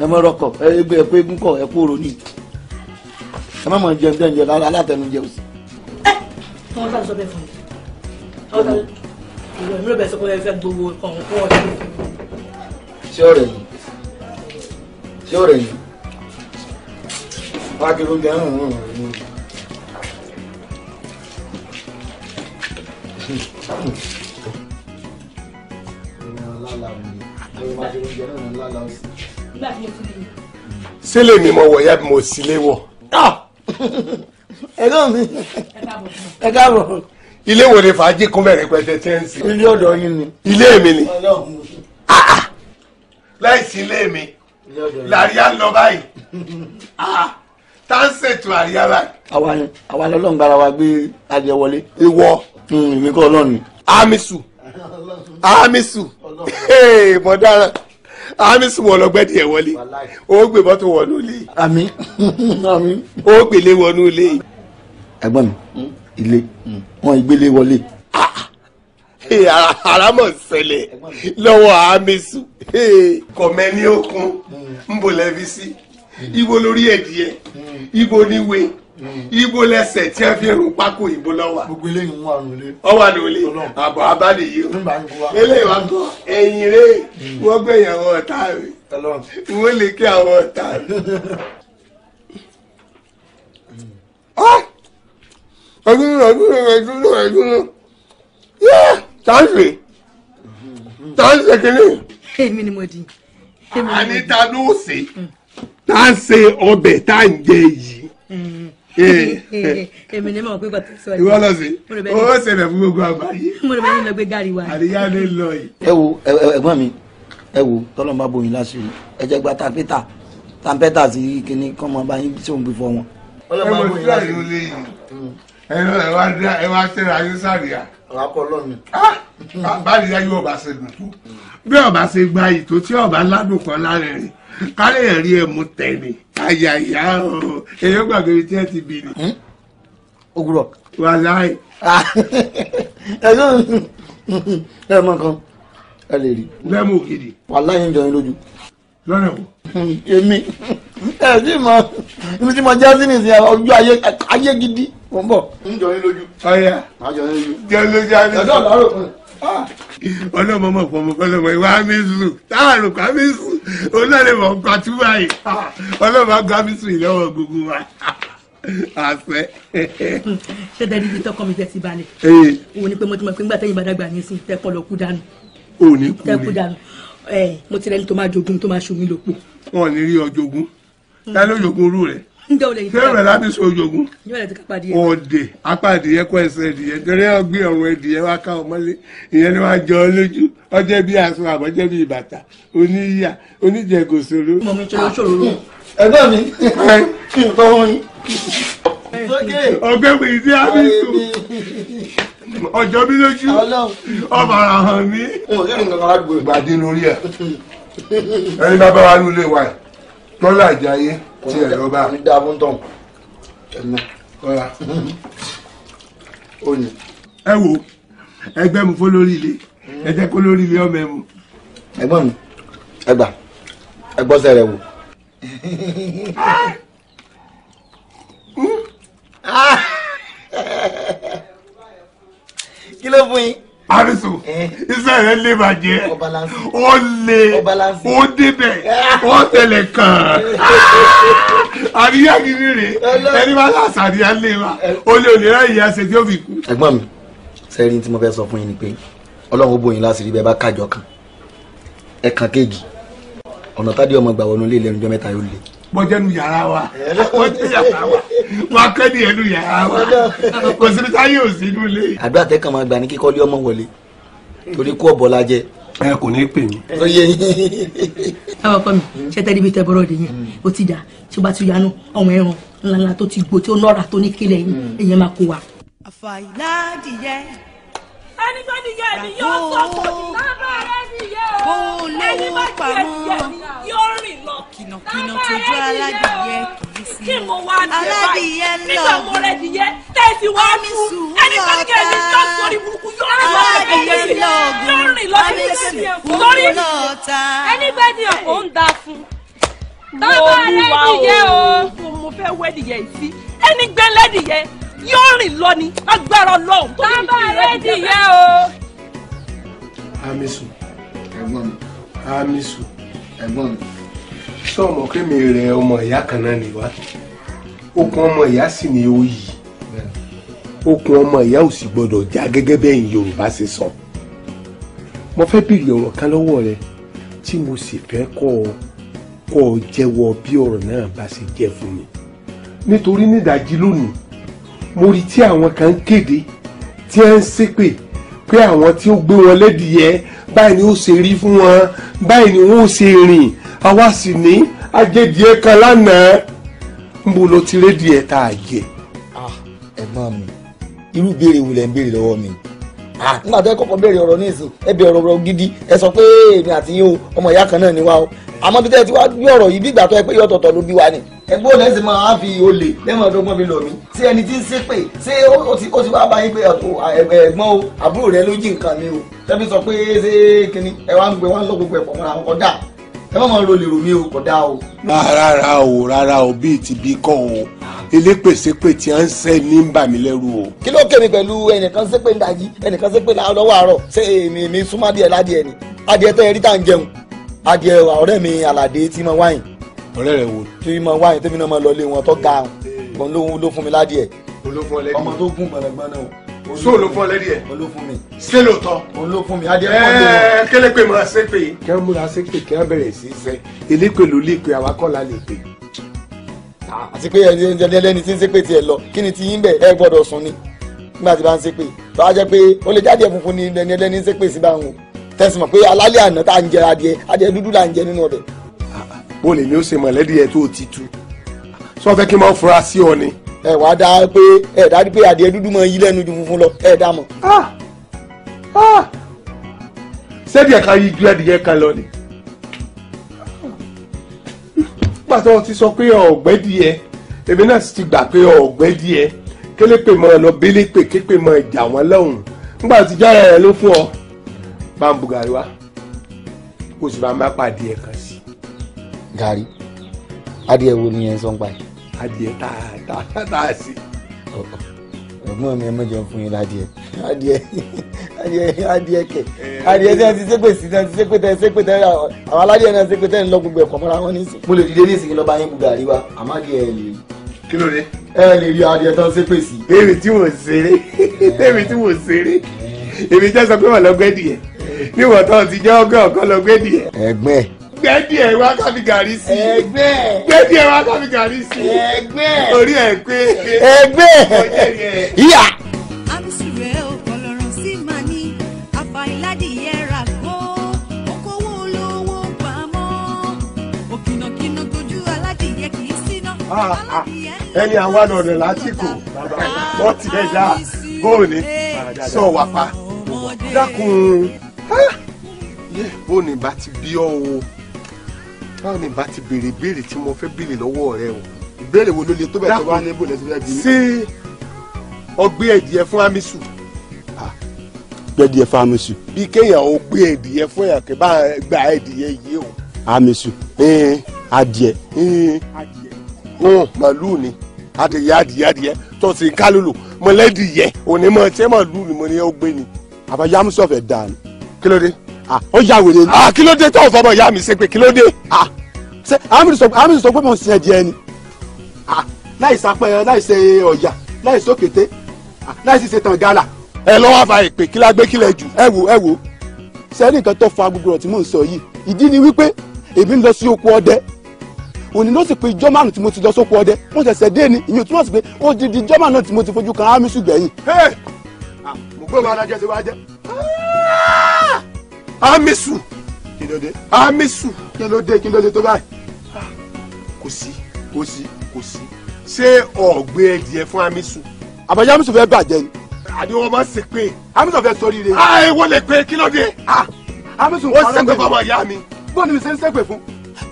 ẹ mọ rọkọ ẹ gbé ẹ pé gúnkọ ẹ kúrò ní ẹ má mọ jẹun tẹ ń jẹ lára alátẹnujẹ òsì.
ẹ wọn ká sọ bẹ́ẹ̀ fún mi àwọn kan ìwọ ìmúlò bẹ́ẹ̀ sọ pé ẹ fẹ́ gbowó ọhún fún ọdún.
ṣé ọ̀rẹ́ yìí ṣé ọ̀rẹ́ yìí wàá kí ló ń jẹ ẹrùn rún rún. Thank you sílé mi mo wọ̀ yá mo sílé wọ̀. Ah! ẹ̀gbọ́n mi ẹ káàbọ̀. ilé wo ni fàájì kún bẹ̀rẹ̀ pẹ̀tẹ́ tí ń sìn. ilé ọ̀dọ̀ yín ni. ilé mi ni. Ah, ah! láìsí ilé mi làríyá lọ báyìí tá ń ṣètò àríyá báyìí. àwa ni àwa ni ọlọ́run gbára wa gbé adìẹ wọlé. ìwọ. Hmm, mi kọ́ ọlọ́run ni. amisu amisu mọ̀dára àmì sùnmọ́ ọlọ́gbẹ́dì ẹ̀ wọlé o gbé mọ́tò wọnú ilé. àmì àmì. o gbélé wọnú ilé. ẹ̀gbọ́n mi hmm? ilé wọn ìgbélé wọlé. àràmọ̀ ṣẹlẹ̀ lọ́wọ́ àmì sùn kọ̀mẹ́ ní òkun ń hmm. bò lẹ́bi sí hmm. ibo lórí ẹ̀dìyẹ ibo níwe ibo lẹsẹ tí a fi rún pákó ìbò lọwà. gbogbo eléyìí ń wà lólè. ọwà lólè àbọ̀ abáde yìí o eléyìí wà kọ ẹ̀yìn rẹ̀ hmm. wọ́n gbẹ̀yìn àwọn ọ̀tá rẹ̀ wọ́n lè kí àwọn ọ̀tá rẹ̀. Hmm. Ah! ọdún ọdún ọdún ọdún táǹsì táǹsì kìíní. èmi ni mo di. àníta ló ṣe tá a ṣe ọbẹ̀ tá a ń jẹ yìí. Hmm. Eh,
èmi ni mo pé kọtà sọ yìí. ìwọ lọ sí owó
ṣẹlẹ̀ fún gbogbo àgbáyé. mo lè bẹ yín lọ gbé gàrí wa. àríyá lè lọ yìí. ẹ wo ẹ̀gbọ́n mi ẹ wo tọlọ bá bóyin láṣìírí ẹ jẹ gba tapeta tapeta sí kíní kọ mọ bá yín tí òun bí fọ wọn. ẹ mọ sí àyè olè yìí ẹ lọ ẹ wá dá ẹ wá ṣe ayé sàríà. àkọ lọnà. báyìí ayé ọba ṣe dùn tó bí ọba ṣe gba ìtò tí ọba ládùn kan lára rẹ̀ kárẹ̀ rí ẹ̀ mú tẹ̀lé àyàyà o èyàn gbàgbé ibi tí ẹ ti bì ní. Hmm? òwúrọ̀. wàláì. Ah. ẹ̀sọ́ ẹ̀ mọ̀ kan ẹ lè rí. lẹ́mú ògidì. wàláì ń jọ yín lójú. lọ́nà wo. Hmm, èmi ẹ sì mọ ibi tí mo jẹ́ sí nìsín ọjọ́ ayé gidi mo ń bọ̀. ń jọ yín lójú. ọ̀ya jọ yín lójú. jẹ́ lójú àbí. ẹ̀dọ́ ọ̀la rò kún ọlọ́mọ mọ̀ fún ọmọ ọlọ́mọ ìwà amísù táàrùn kámísù olóòlèmọ̀ gbàtúbà yìí ọlọ́mọ agbámísù ìlọ́wọ́ gbogbo wa àfẹ.
ṣé dẹ́ni ibi tọkọ mi tẹ́ ti balẹ̀ òun ni pé mo ti mọ̀ pé ńgbà tẹ́yìn bàdàgbà yín sí tẹ́ kọ́ lọ kú dànù.
òní kú ni tẹ́ kú dànù
mo ti rẹ́ni tó máa jogún tó máa ṣomi lòpọ̀.
wọn ò ní rí ọ jogún ta ló jogún orú rẹ̀
njẹ́ o lè láti sọ ojogun. njẹ́ o lè ti kápá adìyẹ.
òde apá adìyẹ kọ ẹsẹ̀ adìyẹ torí ọ gbé ọrùn adìyẹ wá ká ọmọlé ìyẹn ni wàá jọ ọ lójú ọjẹ́ bí aṣọ àbọ̀jẹ́ bí bàtà oníyà oníjẹ̀gòsòrò. mọ̀ mi ṣòro ṣòro rò. ẹgbẹ́ mi kí n tọ́wọ́ yín. ọgbẹ́ mi ìdí àbísù ọjọ́ mi lójú ọmọ àràn mi. ìgbàdí lórí ẹ̀ ẹni bá bá wa nílé wa tọ́lá àjáyé tí ẹ lọ bá ní dáàbò tán ẹnu ọ̀la hmm. ó ní. ẹ wo ẹgbẹ́ mu fó lórí ilé hmm. ẹ jẹ́ kó lórí ilé ọmọ ẹ mu. ẹ̀gbọ́n mi ẹ gbà ẹ gbọ́
hmm. ah.
kí ló fún yín arisu iṣẹ́ rẹ̀ lè bàjẹ́ ó lè ó débẹ̀ ó tẹlẹ̀ kàn àríyá kiri rè ẹni bá láṣà àríyá lè wa ó lè òlè ráyè ìyá ṣe tí ó fi kú. ẹ̀gbọ́n mi sẹ́rí tí mo fẹ́ sọ fún yín ni pé ọlọ́run ó bóyin láṣìírí bẹ́ẹ̀ bá kájọ kan ẹ̀kan kéèjì ọ̀nà tádé ọmọ gbà wọnú ilé ìlẹ́nu jọ mẹ́ta yóò le bọ́jẹ́ nu yàrá
wa bọ́jẹ́ yàrá wa
wọn akẹ́ ní ẹnu yàrá wa kò síbi táyé ò sí inú ilé. àdúrà tẹ kàn máa gbà ní kíkọ́lé ọmọ wọlé torí kú ọ̀bọ la jẹ. ẹ kò ní
pè mí. ó yẹ yín.
táwọn ọkọ mi ṣe tẹ́lẹ̀ ibi tẹ bọ́rọ̀ dé yẹn ó ti dà tí ó bá ti yanu ọ̀hún ẹran ńláńlá tó ti gbó tí ó nọ́ra tó ní kílẹ̀ yín èèyàn máa kó wa. àfàìládìyẹ ẹni tó di yẹ ni yóò sọ kò ní lábẹ́ rẹ ni yẹ o ẹni bá di yẹ ni yẹ ni yóò rìn lọ kìnàkìnà tójú aládìyẹ kìí sí kí mo wá di ẹ báyìí nígbà mo rẹ di yẹ tẹ̀sí wá tú ẹni tó di yẹ ni yóò sọrí burúkú yóò rìn lọ kìnàkìnà ni yóò rìn lọ kìnàkìnà torí ẹni bá di ọkọ̀ ń da fún
tábà rẹ yẹ o oh.
mo fẹ́ wẹ́ yẹ yóò rìn lọ ni agbára Ọlọ́run. bàbá rẹ dìyẹ o.
amisu ẹ̀gbọ́n mi amisu ẹ̀gbọ́n mi ṣé ọmọ kémi rẹ ọmọ ìyá kan náà nìwá okùn ọmọ ìyá sì ni ó yìí okùn ọmọ ìyá ò sì gbọdọ̀ já gẹ́gẹ́ bẹ́ẹ̀ Yorùbá ṣe sọ mo fẹ́ bèrè ọ̀rọ̀ kan lọ́wọ́ rẹ tí mo sì fẹ́ kọ́ ọ kọ́ bí ọ̀rọ̀ náà bá ṣe jẹ́ fún mi nítorí nídàájí lónìí mo rí tí àwọn kan kéde tí ẹ ń ṣépè pé àwọn tí ó gbé wọn lédìyẹ báyìí ni ó ṣe rí fún wọn báyìí ni wọn ó ṣe rìn àwa sì ní ajédìẹ kan lánàá níbo ló ti rédìẹ tá a jẹ. Ah, ẹ̀gbọ́n mi irú béèrè wo lẹ̀ ń béèrè lọ́wọ́ mi ah, nígbà tó ẹ kọ́kọ́ béèrè ọ̀rọ̀ ní ìsìn ẹ bẹ ọ̀rọ̀ gidi ẹ sọ pé èmi àti yín o ọmọ ìyá kan náà ni wá o àmọ́ bí tẹ́ ẹ ti wá gbé ọ̀rọ̀ yìí bí ìgbà tó ẹ pé yọ̀tọ̀ọ̀tọ̀ ló bí wa ni. ẹgbẹ́ òde ẹ̀sìn máa fi olè lẹ́mọ̀ ọdọ́gbọ́n mi lọ mi ṣé ẹni tí ń ṣe pé ṣé ó ti wá bá yín pé ẹ̀gbọ́n o àbúrò rẹ ló jí nǹkan mi o tẹ́bí sọ pé ṣé kínní ẹ wá ń gbé wá ń ẹ̀pọ̀ mọ́ra ẹ má máa o kọ́dà o. rárá o rárá o bíi ti bí kọ́ o elépèsépè tí a ń sẹ́ ní o. kí ló pẹ̀lú ẹnìkan sépè ẹnìkan sépè lọ́wọ́ àárọ̀ ṣé èmi mi súnmọ́ adìẹ ládìẹ ni adìẹ tẹ́ ẹ rí tá ọ̀rẹ́ rẹ̀ wò tí mo wáyé tẹ́mi náà máa lọ ilé wọn tó ga òun ló fún mi ládìẹ ọmọ tó gùn gbọ̀nàgbọ̀nà o so ló fún ọ lẹ́dí ẹ̀. olú fún mi. ṣé ló tọ́. olú fún mi adìẹ fún mi. ẹẹ kẹlẹ pé mo ra ṣe pé. kẹ mo ra ṣe pé kẹ ọ sí í ṣe elépe ló lè pe àwa kọ́ la lè pe. àti pé ẹni tí ń ṣe pé tiẹ̀ lọ kí ni ti yín bẹ̀ ẹ gbọ́dọ̀ sùn ni nígbà tí bá ń ṣe pé tó a jẹ pé o lè jáde funfun ni ẹni ń ṣe sí báwọn tẹ̀sí mọ̀ pé alálẹ̀ àná tá à ń jẹ adìẹ adìẹ dúdú là ń jẹ nínú ọbẹ̀ bó lèmi ó ṣe mọ̀lẹ́dí ẹ̀ tó ti tu sọ fẹ́ kí n máa fura sí ọ ni. ẹ wàá dá pé ẹ dá pé adìẹ dúdú mọ yí lẹ́nu ju funfun lọ ẹ dá mọ̀. sẹ́díẹ̀ ah! ah! kan yí ju adìẹ kan lọ ni. pàtó ti sọ pé ọ̀gbẹ́dì ẹ èmi náà sì ti gbà pé ọ̀gbẹ́dì ẹ kélépe mọ lọ bélépe képe mọ ìjà wọn lọ́hùn nígbà tí jáde rẹ ló fún ọ bá ń bugari wá kó o sì bá má pàdé ẹ kan gàrí adìẹ wo ni yẹn sọ ń pa yìí. adìẹ tá a tá a tá a sí. ẹ̀gbọ́n mi ẹ mọ̀jọ fún yín ládìẹ adìẹ adìẹ adìẹ kẹ eh, adìẹ tí wọ́n ti ṣépè sí náà ti ṣépè tẹ ṣépè tẹ àwọn aládìẹ náà ṣépè tẹ ń lọ gbogbo ẹ̀kọ́ mọ́ra wọn ní sìn. mo lè dìde ní ìsìnkú lọ́ba yín bu gàrí wa àmọ́ adìẹ lè rí. kí ló dé. ẹ lè rí adìẹ tán ṣépè sí. èmi tí mò ń eh. èmi tí mò ń èmi jẹ́ sọ pé wọ́n lọ gbẹ́dìẹ eh. bí wọ́n tán ti jẹ́ ọgọ́ ọ̀kan lọ gbẹ́dìẹ. ẹgbẹ́ gbẹ́ díẹ̀ wá kábí gàrí sí i. ẹgbẹ́ gbẹ́ díẹ̀ wá kábí gàrí
sí i. ẹgbẹ́ orí ẹ̀
pé. ẹgbẹ́ yíyà.
àbísùrẹ́ ọ̀pọ̀lọ̀rọ̀ sí màá ní àfàìládìyẹ rà kó okòwò olówó pamọ́ òkìnàkìnà tójú aládìyẹ kì í síná ah, ah. aládìyẹ
ẹni àwa lọ̀rẹ̀ lásìkò wọ́n ti ẹ̀ dá bóòní sọ wà pa dákun ah. bóòní bá ti bí ọ́ o báwo ni bá ti béèrè béèrè tí mo fẹ́ béèrè lọ́wọ́ rẹ o. ìbéèrè wo ló le tó bẹ̀ tó bá ní bòlẹ̀ tó fẹ́ bí. ṣé ọgbẹ́ ẹ̀dìyẹ fún amisu. gbẹ́dìyẹ fún amisu. bí kéèyàn ò gbé ẹ̀dìyẹ fún ẹ̀yàn kẹ́ bá gba ẹ̀dìyẹ yìí o. amisu adìẹ. màlúù ni adìyẹ adìyẹ adìyẹ tó ti mọ̀lẹ́dìyẹ òní mọ̀ tí màlúù ni mo ní ọgbẹ́ ni. àbáyá amusu ọ̀fẹ́ dáa ni. Ah, ó ya wèrè ni. Ah, kí ló dé tó fọmọ ìyá mi ṣe pé kí ló dé. Ah, ṣe àmì sọ pé mo ń sin ẹdìẹ ni ah, láì sapẹ láì ṣe ọ̀yà láì sókété láì sì ṣe tàn gálà. ẹ lọ wá fa ìpè kí la gbé kílẹ̀ jù ẹ wò ẹ wò. sẹ́ni nǹkan tó fa gbogbo ọ̀rọ̀ tí mò ń sọ yìí ìdí ni wípé èmi ń lọ sí oko ọdẹ òní ló sì pé ijọ́ márùn tí mo ti lọ sóko ọdẹ mo ṣẹ̀ṣẹ̀ dé ni ìyẹn túmọ̀ sí pé ó di di ijọ́ márùn náà tí mo ti fojú kan ámísù gbẹ̀yìn. mo gbé wa alájẹsẹ wa jẹ amisu kí ló dé amisu kí ló dé kí ló dé tó báyìí ah, kò sí kò sí kò sí ṣé ọ̀gbẹ́ ẹ̀dìyẹ fún amisu. àbájá amisu fẹ́ bàjẹ́ ni. àdéhùn máa ń ṣe pé. amisu fẹ́ sọrí rẹ. a ẹ wọlé pé kí ló dé. Ah, amisu ń parọ́ mọ́ mi. ó ṣẹ́gbẹ́ fọmọ ìyá mi. bó ni mi ṣe ń ṣẹ́gbẹ́ fún.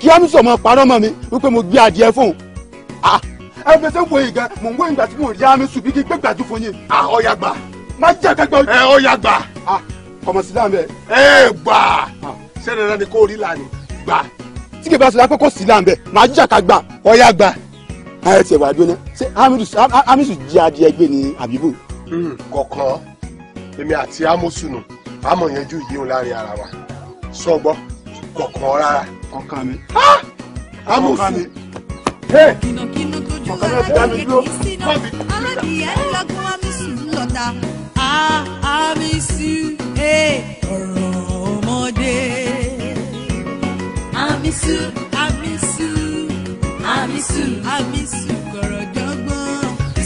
kí amisu ọmọ parọ́ mọ́ mi wípé mo gbé adìyẹ fún un. Ah, ẹ fẹsẹ̀ wo yìí mò ń wé ìgbà tí mo rí amisu bí kí gbẹ́gbàjú fún yín. ọ̀yà gbà. má jẹ́ kẹ́gbẹ́. ẹ ọ̀yà eh, gbà kọmọ sí láǹbẹ. ẹ gbà sẹ́dẹ̀ náà ni kò rí lànà gbà. tí kìí bá sọ̀rọ̀ akọ́kọ́ sí láǹbẹ màá jíjà ká gbà ọ̀yà gbà. ayé tiẹ̀ wá dúró ṣé hamisu jí adìẹ gbé ni àbíbò. Hmm, kọ̀ọ̀kan èmi àti amosunu àmọ̀ yanjú yíyún láàrin ara wa sọ gbọ́ kọ̀ọ̀kan rárá. kọ̀ọ̀kan mi. amosu kọ̀ọ̀kan mi
ti dá mi dúró. alábìyẹ lọ́gbọ́n amísùn lọ́ta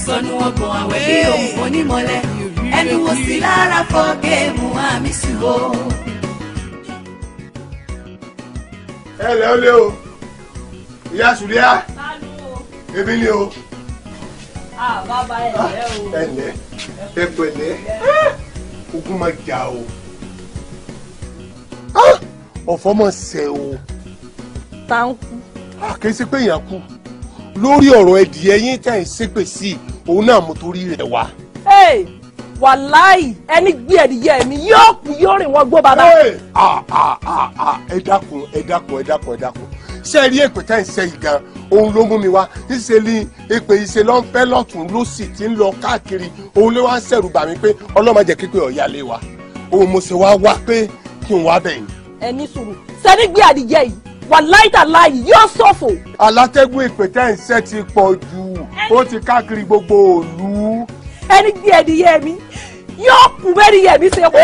sọnù ọgbọ̀n àwẹ̀ bí òun kò ní mọ́lẹ̀ ẹnu wo sí lára fọ́ géèmù àmísù o.
ẹ lẹ́ o lé o ìyá sùríà èmi ni o.
Ah, bàbá ẹ̀lẹ́ o.
ẹ̀lẹ́ ah, ẹ pẹ̀lẹ́ ah, ogun máa jà o. ọ̀fọ̀ mọ̀ sẹ́ o. ta ń kú. kìí ṣe pé èèyàn kú lórí ọ̀rọ̀ ẹ̀dìyẹ yín tẹ̀ ń ṣépè sí i òun náà mo torí rẹ̀ wá. wàláì ẹni gbé ẹ̀dìyẹ mi yóò kú yóò rìn wọ́n gbó bàbá. ẹ dákun ẹ dákun ẹ dákun ẹ dákun ṣé ẹ rí èpè tẹ́ ń ṣe ìgan òun ló mú mi wá ìṣe ní èpè ìṣe ló ń fẹ́ lọ́tún ló sì ti ń lọ káàkiri òun ló wá ń ṣẹ̀rù bà mí pé ọlọ́mọ jẹ́ kíkẹ́ ọ̀yà lé wa òun mo ṣe wá wá pé kí n wá bẹ̀yìn.
ẹ ní sùúrù sẹ́ni gbé adìyẹ yìí
wà láìta láàyè yóò ṣòfò. alátẹ́gùn èpè tẹ́ ń ṣe ti pọ̀ jù ó ti káàkiri gbogbo òlu. ẹni gbé adìyẹ mi yóò kú bẹ́ẹ̀ ni yẹ̀mí ṣe kú.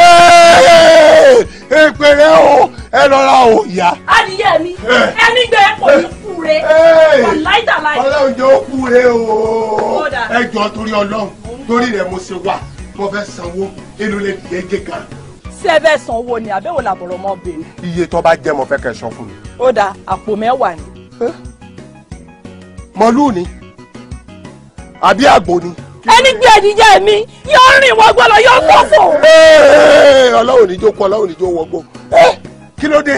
èpèrè o ẹ lọ ra òòyà.
adìyẹ mi ẹni gbẹ kò ní kú re wàláìdàláì. ọlọ́run
yóò kú re o ẹ jọ torí ọlọ́run torí rẹ̀ mo ṣe wà mo fẹ́ sanwó inú lè dìé jẹ kan. ṣé ẹ fẹ́ sanwó ni àbẹ̀wò làbọ̀rọ̀ mọ́ bẹ́ẹ̀. iye tó bá jẹ́ mo fẹ́ kẹ́ sọ fún mi. ó dáa àpò mẹ́wàá ni. mọ̀lú ni àbí àgbò ni ẹni gbé ẹdíjẹ mi yóò rìn wọgbọ lọ yóò gbọfọ. ọlọ́run ní jó kọ́ ọlọ́run ní jó wọgbọ́ kí ló dé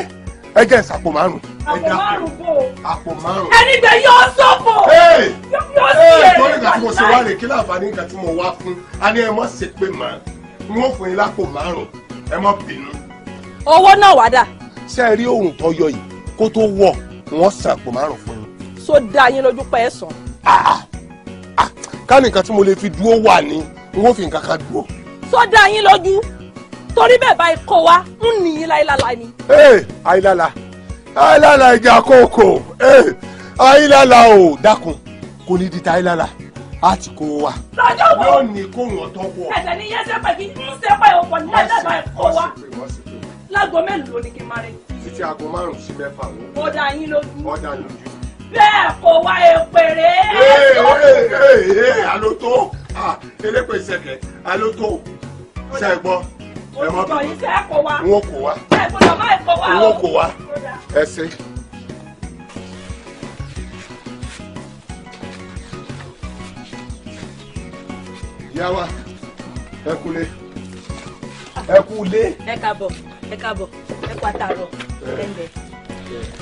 ẹ jẹ́ ìsàpò márùn.
àpò márùn bò àpò márùn. ẹni bẹ yóò sọ̀fọ̀. yóò sí èrè ìgbà tí mo
ṣe wá rè kí láǹfààní nǹkan tí mo wá fún a ní ẹ mọ̀ ṣe pé màá n ó fún yín lápò márùn ẹ mọ̀ bínú.
owó náà wá dà. ṣé
ẹ rí oòrùn tó yọ yìí kó tó wọ̀ wọ́n ṣàpò márùn fún yín.
so dá yín lójú pẹ́ sàn. Ah, ah.
Ah, ká nìkan tí mo lè fi dúró wà ní n ó fi nǹkan kan dúró.
sọdá yín lójú torí bẹ́ẹ̀ bá ikọ̀ wa ń nìyí láìlála ni.
ee eh, àìlála àìlála ìjà kòkò ee eh, àìlála ò dákun kò ní di ta àìlála a ti kó wa. lọ́jọ́ wo yóò ní kó wọ́n tọ́ wọ. ẹ̀sẹ̀
ni yẹn sẹ́pẹ̀ kí n sẹ́pẹ̀ òpò ní ẹ̀sẹ̀ bá ikọ̀ wa láago mélòó ni kí n máa rẹ̀. títí aago márùn-ún sí mẹ́fà ló. ọ̀dà yín lójú. ọ̀dà yín lójú bẹ́ẹ̀ kò wá èpèrè. ee
ee ee aloto ah, elépè sẹkẹ aloto sẹgbọn ẹ mọ bí wọn kò wá wọn kò wá ẹ ṣe. yàwá ẹ kúlé
ẹ kúlé. ẹ káàbọ̀ ẹ káàbọ̀ ẹ kú àtàrọ̀ ẹ ń bẹ.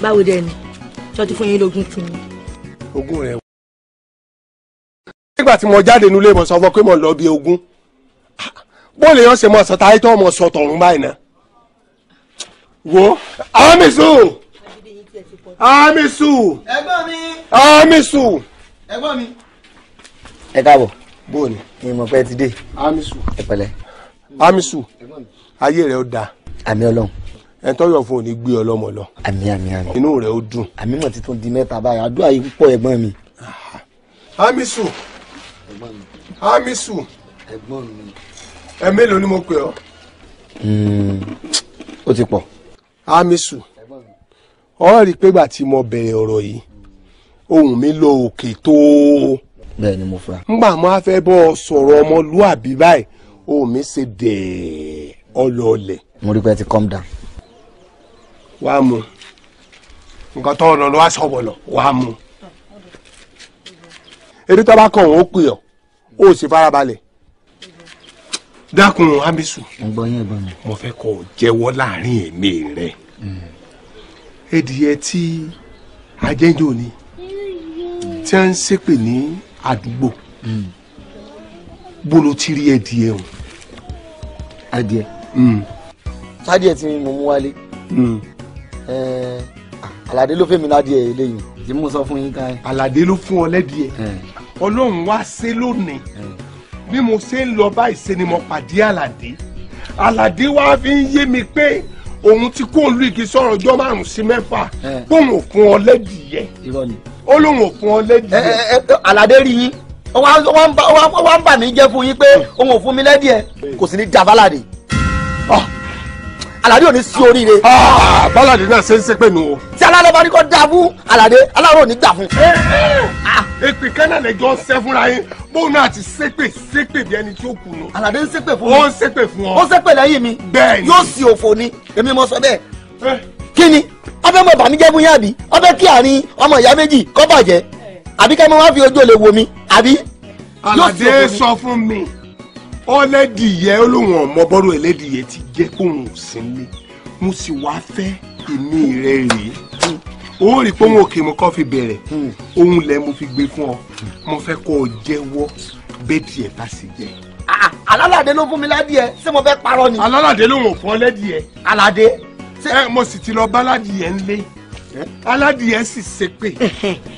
báwo dẹ ni tó ti fún yín lógún ti mi. ogún rẹ wò.
nígbà tí mo jáde nílé mo sọ pé mo lọ bí ogún bó lè yàn ṣe mo sọ táyé tó mo sọ tọ̀run báyìí náà wo amisu amisu amisu. ẹ̀gbọ́n mi. ẹ káàbọ̀. bóòni. ìmọ̀ pẹ́ ti dé. amisu. ẹ pẹ̀lẹ́. amisu ayé rẹ̀ ó dáa. àmì ọlọ́run ẹ tọyọ fún òní gbé ọlọmọ lọ. àmì àmì àmì. inú rẹ ó dùn. àmì mọ̀ títún di mẹ́ta báyìí àdúrà yìí pọ̀ ẹ̀gbọ́n mi. amisu amisu ẹ̀gbọ́n ni mo pè ọ. Hmm. ó ti pọ̀. amisu ọ rí i pé gbà tí mo bẹ̀rẹ̀ ọ̀rọ̀ yìí ohùn mi lọ òkè tó. bẹ́ẹ̀ ni mo fura. ngbà mo á fẹ́ bọ́ sọ̀rọ̀ ọmọlúàbí báyìí ohùn mi ṣe dẹ̀ẹ́ ọlọ́ọ̀lẹ̀. mo rí pé ẹ ti calm down wà á mu nǹkan tó ọ̀nà ló wá sọ̀bọ̀ lọ wà á mu. èdè tó bá kàn ó pè ọ́ ó sì farabalẹ̀ dákun amisu mo fẹ́ kó o jẹ́wọ́ láàrin èmi rẹ̀ edìyẹ tí ajẹ́jọ́ ni tí a ń ṣépè ní àdúgbò mm. bolo ti rí ẹdìyẹ o. adìẹ. Mm. sadìẹ tí mo mú wálé. Mm. Eh, aládé ló fẹ́mi ládìẹ eléyìí tí mo sọ fún yín kan. aládé ló fún ọ lẹ́dìẹ eh. ọlọ́run wá ṣe lónìí eh. bí mo ṣe ń lọ báyìí ṣe ni mo pàdé aládé aládé wá fi ń yé mi pé òun ti kó olú igi sọ̀rọ̀ ọjọ́ márùn-ún sí mẹ́fà bóun ò fún ọ lẹ́dìẹ ó lóun ò fún ọ lẹ́dìẹ. aládé rí yín ó wá ń bà mí jẹ́ fún yín pé òun ò fún mi lẹ́dìẹ kò sì ní dàbálàdé. Ah alade ò ní sí oríire. Ah, ah, bálàdé náà ṣe ń ṣe pé nù o. tí alálẹ́ bá ní kó dàbú alade aláró ní gbà fún. Eh, ah, èpè kánà lè jọ fúnra yín bóun náà ti ṣépè ṣépè bí ẹni tí ó kù alade ń ṣépè fún mi. ó ń ṣépè fún ọ. ó ṣépè lẹ́yìn mi. bẹ́ẹ̀ni yóò sì òfò ni èmi mo sọ bẹ́ẹ̀. Eh. kí ni ọbẹ̀ mọ̀ bàmíjẹ́ fún yàbí ọbẹ̀ kí àárín ọmọ ìyá méjì kọ́ bàjẹ́ àbí kẹ́ wá fi ojú ò wò mí àbí.
alade sọ
fún mi ọlẹ́dìyẹ olóhùn ọmọ bọ́rọ̀ ẹlẹ́dìyẹ ti jẹ́ kóhùn sínlé mo sì wá fẹ́ èmi rẹ rèé ó rí i pé òun òkè mo kọ́ fi bẹ̀rẹ̀ òun lẹ mo fi gbé fún ọ mo fẹ́ kó o jẹ́wọ́ bẹ́ẹ̀dì ẹ̀ bá sì jẹ́. Ah, ah, alálàdé ló fún mi ládìẹ ṣé mo fẹ́ parọ́ ni. alálàdé ló ń fún ọ lẹ́dìẹ. aládé. ẹ mo sì ti lọ bá
ládìẹ ńlé aládìyẹ sì ṣe pé.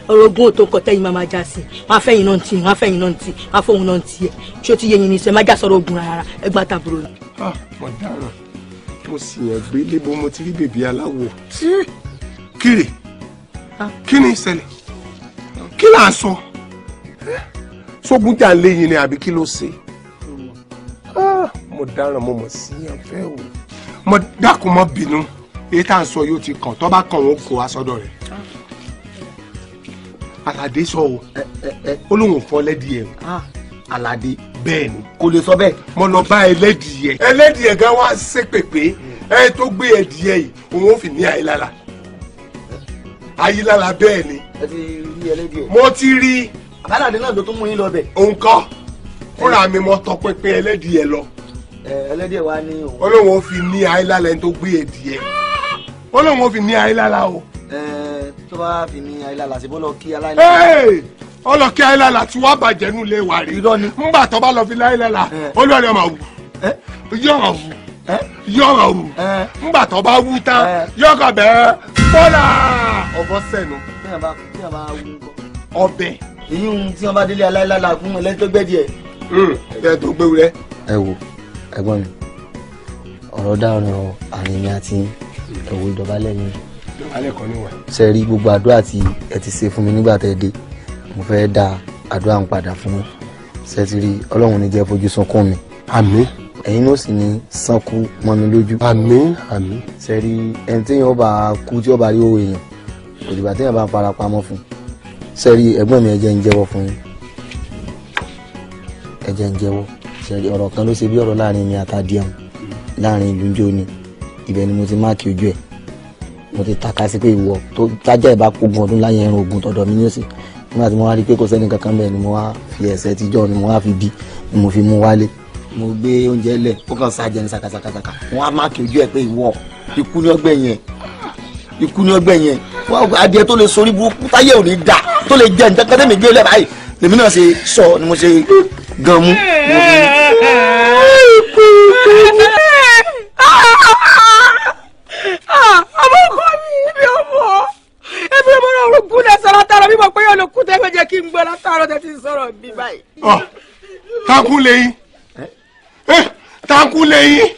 orogún ò tó kọ tẹ́yìn máa ma já sí wọn afẹ́yìn náà ti wọn afẹ́yìn náà ti wọn afọ́hún náà ti ẹ̀ tí ó ti yé yín ní sẹ́ má já sọ̀rọ̀ ogun rárá ẹgbà tàbúrò ni. mo ah,
dáràn mo sì yàn gbé lébo mo ti rí bèbí aláwọ̀. kiri ah. kí ni ìṣẹ̀lẹ̀ kí là ń sọ sógun jà léyìn ni àbí kí ló ṣe ah, mo dáràn mo mọ̀ sí yàn fẹ́ o mo dákun mọ́ bínú èyí tá à ń sọ yóò ti kàn tó bá kàn wọn kó aṣọdọ rẹ ah. alade sọ o ó lóun fọ lẹ́dìí ẹ̀ ah. alade bẹ́ẹ̀ ni kò lè sọ bẹ́ẹ̀ mo lọ bá ẹlẹ́dìí ẹ̀ ẹlẹ́dìí ẹ̀ gan wá ṣépèpé hmm. ẹ tó gbé ẹdìí ẹ̀ yìí òun ò fi ní àyílára àyílára bẹ́ẹ̀ ni mo ti rí àbálàdé náà ló tún mú yín lọ bẹ̀. òun kọ́ fúnra mi mo tọpinpin ẹlẹ́dìí ẹ̀ lọ ẹlẹ́dìí ẹ̀ wá ní òun. olóhùn ó fi ní àyílára ẹni tó gbé ẹdìí ẹ̀ ó lóun ò fi ní ayé lára o. ẹ tó bá fi ní ayé lára síbó lọ kí aláìlára. ó lọ kí aláìlára tí wàá bàjẹ́ nù lé wa rè ńgbà tó bá lọ fi láìlára olórí ọmọ wù yọ̀rọ̀ wù yọ̀rọ̀ wù ńgbà tó bá wù tán yọ̀rọ̀ bẹ́ẹ̀ bọ́là. ọbọ sẹnu. bí wọn bá bí wọn bá wú kọ. ọbẹ. èyí ń tí wọn bá délé aláìlára fún ẹlẹ́tọ́gbẹ́ díẹ̀. Hmm, bẹ́ẹ̀ tó gbé wúrẹ́. ẹ wo ẹ̀gbọ́n mi ọ̀rọ̀ dáhùn àrùn mi àti yín ẹ̀wò ìdọ̀bálẹ̀ ni ṣe rí gbogbo àdúrà tí ẹ ti ṣe fún mi nígbà tẹ́ ẹ dé mo fẹ́ da àdúrà ń padà fún mi ṣe ti rí ọlọ́run ní jẹ́ fojú sunkún mi. àmín. ẹ̀yin náà sì ní sanku mọ́ mi lójú. àmín àmín. ṣe rí ẹni tí yóò bá kú tí yóò bá rí owó èèyàn kò dìgbà tí yóò bá para pamọ́ fún ṣe rí ẹ̀gbọ́n mi ẹ ń jẹ́wọ́ fún yín ẹ ń jẹ́wọ́ ṣe rí ọ̀rọ̀ kan ló ṣe bí ọ̀rọ̀ láàrin mi àtàdíẹ̀ láàrin ìlú ń jó ni ibẹ̀ ni mo ti máàkì ojú ẹ̀ mo ti taka sí pé ìwọ tó tájà ẹ̀ bá pogun ọdún láyé ẹran ogun tọ̀dọ̀ mi ní òsì nígbà tí mo wá rí i pé kò sẹ́ni kankan bẹ́ẹ̀ ni mo wá fi ẹ̀sẹ̀ tíjọ́ ni mo wá fi bí ni mo fi mú wálé mo gbé oúnjẹ lẹ̀ ó kàn sá jẹni sakasakasaka wọn á máàkì ojú ẹ̀ pé ìwọ ikú ní ọgbẹ́ yẹn ikú ní ọgbẹ́ yẹn wọn adìẹ tó lè sorí burúkú táyé ò ní dà tó lè jẹ nǹkan kẹ́tẹ́ mi gbé lẹ́ báyìí lèmi náà ṣe sọ ni mo ṣe gan mú. ikú
ikú ọrùn kú lẹ sọ̀rọ̀ tààrọ̀ bí mo pé yóò lè kú tẹ́ fẹ́ jẹ́ kí n gbọ́
látàrọ̀ tẹ́ ti sọ̀rọ̀ bí báyìí. ọ tankú lẹ́yìn tankú lẹ́yìn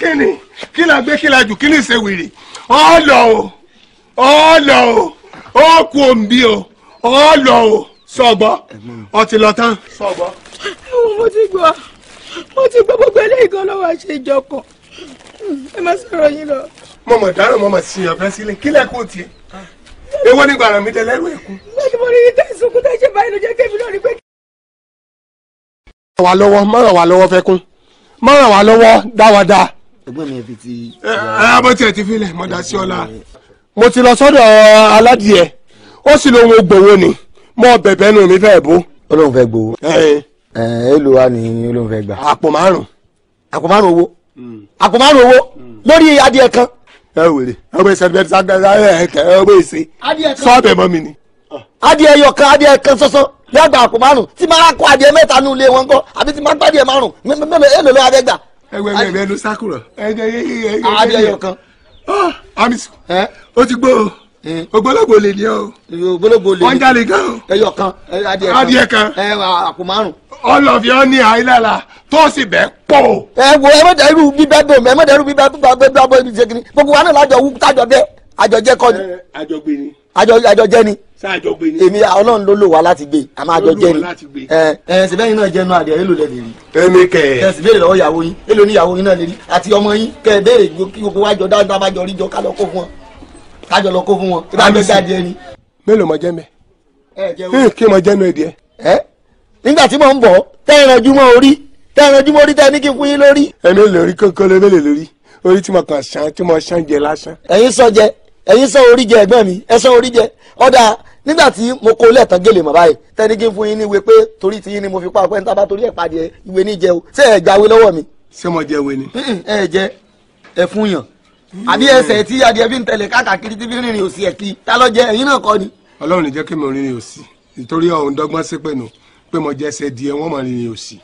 kí ni kí la gbé kí la jù kí ni ṣe wèrè ọ lọ o ọ lọ o ọ kú òǹbí o ọ lọ o sọgbọ ọ lọ tán. sọgbọ. mo ti gbọ́ mo ti gbọ́ gbogbo eléyìí gan lọ́wọ́ àṣẹ ìjọkọ̀ ẹ má sọ̀rọ̀ yín lọ. mo mọ̀ dáná mo mọ̀ sí ọ̀fẹ́ sílẹ̀ kílẹ̀ kò tiẹ̀ èwo ni gbàràn mi tẹ lẹ́rù ẹ̀kú. lórí mo rí tẹ sunkún tẹ ṣe báyìí lọ́wọ́ má ràn lọ́wọ́ fẹ́kún má ràn lọ́wọ́ dáwadáa. ẹgbẹ́ mi fi ti. abọ́ tiẹ̀ ti filẹ̀ mọ́ da sí ọ̀la. mo ti lọ sọ́dọ̀ aládìẹ ó sì lóun ó ni mo bẹ̀bẹ̀ nù mí fẹ́ bó. olóhùn fẹ́ gbowó. ẹ ẹ èlò wa ni olóhùn fẹ́ gbà. àpò márùn-ún. àpò márùn owó. Hmm. àpò márùn owó hmm. lórí adìẹ kan ẹ wèrè ẹ bẹ sẹbẹ sẹbẹ kẹ ẹ bẹ ṣe sọọbẹ mọ mi ni. Ah. adìẹ yọ kan adìẹ kan ṣoṣo yàgbà àpò márùn tí máa kó adìẹ mẹ́ta ní ilé wọn kọ àbí tí máa gbá adìẹ márùn mẹmẹ èlò lọ adìẹ gbà. ẹwẹ ẹwẹ ẹnu sákùrọ. adìẹ yọ kan. Ah, ah, ami o ti gbó o ògbólógbò lè ní ọ. ògbólógbò lè ní. ọjà lè gan o. ẹyọ kan adìẹ kan àpò márùn. ọlọ́fi ọ ní tó sì bẹ́ẹ̀ pọ̀. ẹ wo ẹ má dẹrù bíbẹ bò mẹ ẹ má dẹrù bíbẹ bíbẹ bíbẹ bọ ibi ìṣègùn gbogbo wa náà lájọ wú tájọ bẹ àjọ jẹ kọ ni. àjọ gbé ni. àjọ àjọ ni. sáàjọ gbé ni. èmi ọlọ́run ló lò wá láti gbé a máa jọ jẹ ni. ẹ ẹ sìbẹ́yìn náà jẹ́nu adìẹ èlò lẹ lè rí. èmi kẹ. ẹ sì béèrè lọ́wọ́ ìyàwó yín èlò ní ìyàwó yín náà lè rí àti ọmọ kájọ lọ kó fún wọn ibà bẹ dáadé ẹni. mélòó mọ jẹ mẹ kí mọ jẹ nù èdè ẹ. nígbà tí mò ń bọ̀ tẹ́ẹ̀rànjú mọ́ orí tẹ́ẹ̀rànjú mọ́ orí tẹ́ẹ̀ ní kí fún yín lórí. ẹni lórí kókó ló mélòó lórí orí tí mo kàn sàn tí mo sàn jẹ lásán. ẹ̀yin sọ jẹ ẹ̀yin sọ orí jẹ ẹ̀gbọ́n mi ẹ sọ orí jẹ ọdà nígbà tí mo kó lẹ́ẹ̀tàn gèlè mọ̀ báyìí tẹ́ni kí n fún yín ní ìwé pé torí ti yín ni mo fi pa ọpẹ́ níta bá torí ẹ̀ pàdé ìwé ní jẹ o ṣé ẹ jáwé lọ́wọ́ mi. ṣé mo jẹ ìwé ni. ẹ jẹ ẹ fún yàn
àbí ẹsẹ̀ tí adìẹ fi ń
tẹ̀lé káàkiri tí fi ń rìnrìn òsì ẹ̀kí ta ló jẹ ẹ̀yin náà kọ́ ni. ọlọ́run ní jẹ́ kí mo rìnrìn òsì nítorí ọ̀hún dọ́gbọ́n ṣépè nù pé mo jẹ́ ẹsẹ̀ díẹ̀ wọ́n mọ̀ rìnrìn òsì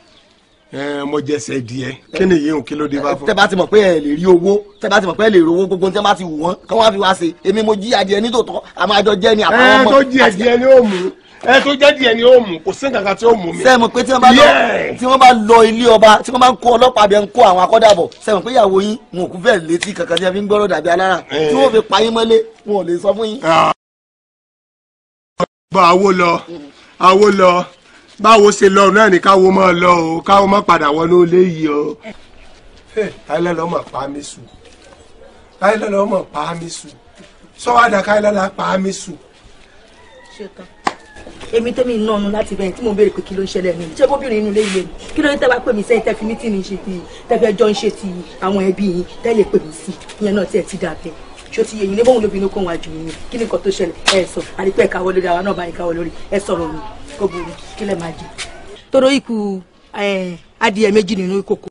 mo jẹ́ ẹsẹ̀ díẹ̀ kí ni yìí ń kí ló dé bá fún. tẹ bá ti mọ̀ pé ẹ lè rí owó tẹ bá ti mọ̀ pé ẹ lè rówó gbogbo tẹ bá ti wù wọ́n kí wọ́n fi wá ṣe èmi mo jí adìẹ nítòótọ́ àmọ́ àjọ jẹ́ ni àtàwọn ẹ tó jẹ́ díẹ̀ ni ó mú kò sí nǹkan tí ó mú mi. sẹ́mu pé tí wọ́n bá lọ ilé ọba tí wọ́n bá ń kó ọlọ́pàá bẹ́ẹ̀ ń kó àwọn akọ́dàbọ̀ sẹ́mu pé ìyàwó yín wọn ò kú bẹ́ẹ̀ létí kankan tí wọ́n fi ń gbọ́rọ̀ dàbí alára eh. tí wọ́n fi pa yín mọ́lé wọn ò lè sọ fún yín. Ah. bá àwo lọ àwo lọ báwo ṣe lọ náà ni káwo máa lọ o káwo máa padà wọnú ilé yìí o. káyọ̀lá lọ́ mọ̀ pa mí sùn káyọ̀lá lọ́ mọ̀ pa mí sùn sọ́wádà káyọ̀lá la pa mí sùn èmi tẹ́mi iná
ọ̀run láti bẹ̀yìn tí mo béèrè pé kí ló ń ṣẹlẹ̀ mi ṣé bóbìnrin inú ilé ilé mi kí ló ń tẹ́ pè mí sẹ́yìn tẹ́ fi mí tì mí ṣe ti tẹ́fẹ́ jọ ń ṣe ti àwọn ẹbí yín tẹ́ lè pè mí sí ìyẹn náà tiẹ̀ ti dà bẹ́ẹ̀ ṣó ti yẹyin níbo òun lóbi inú kó wọn àjò yín kí ni nǹkan tó ṣẹlẹ̀ ẹ sọ àdìpẹ́ ìkáwọ́ lórí àwa náà bá ìkáwọ́ lórí ẹ sọ̀rọ̀ mi kó burú kí lẹ máa jẹ. toro ikú adìyẹ méjì nínú ìkòkò.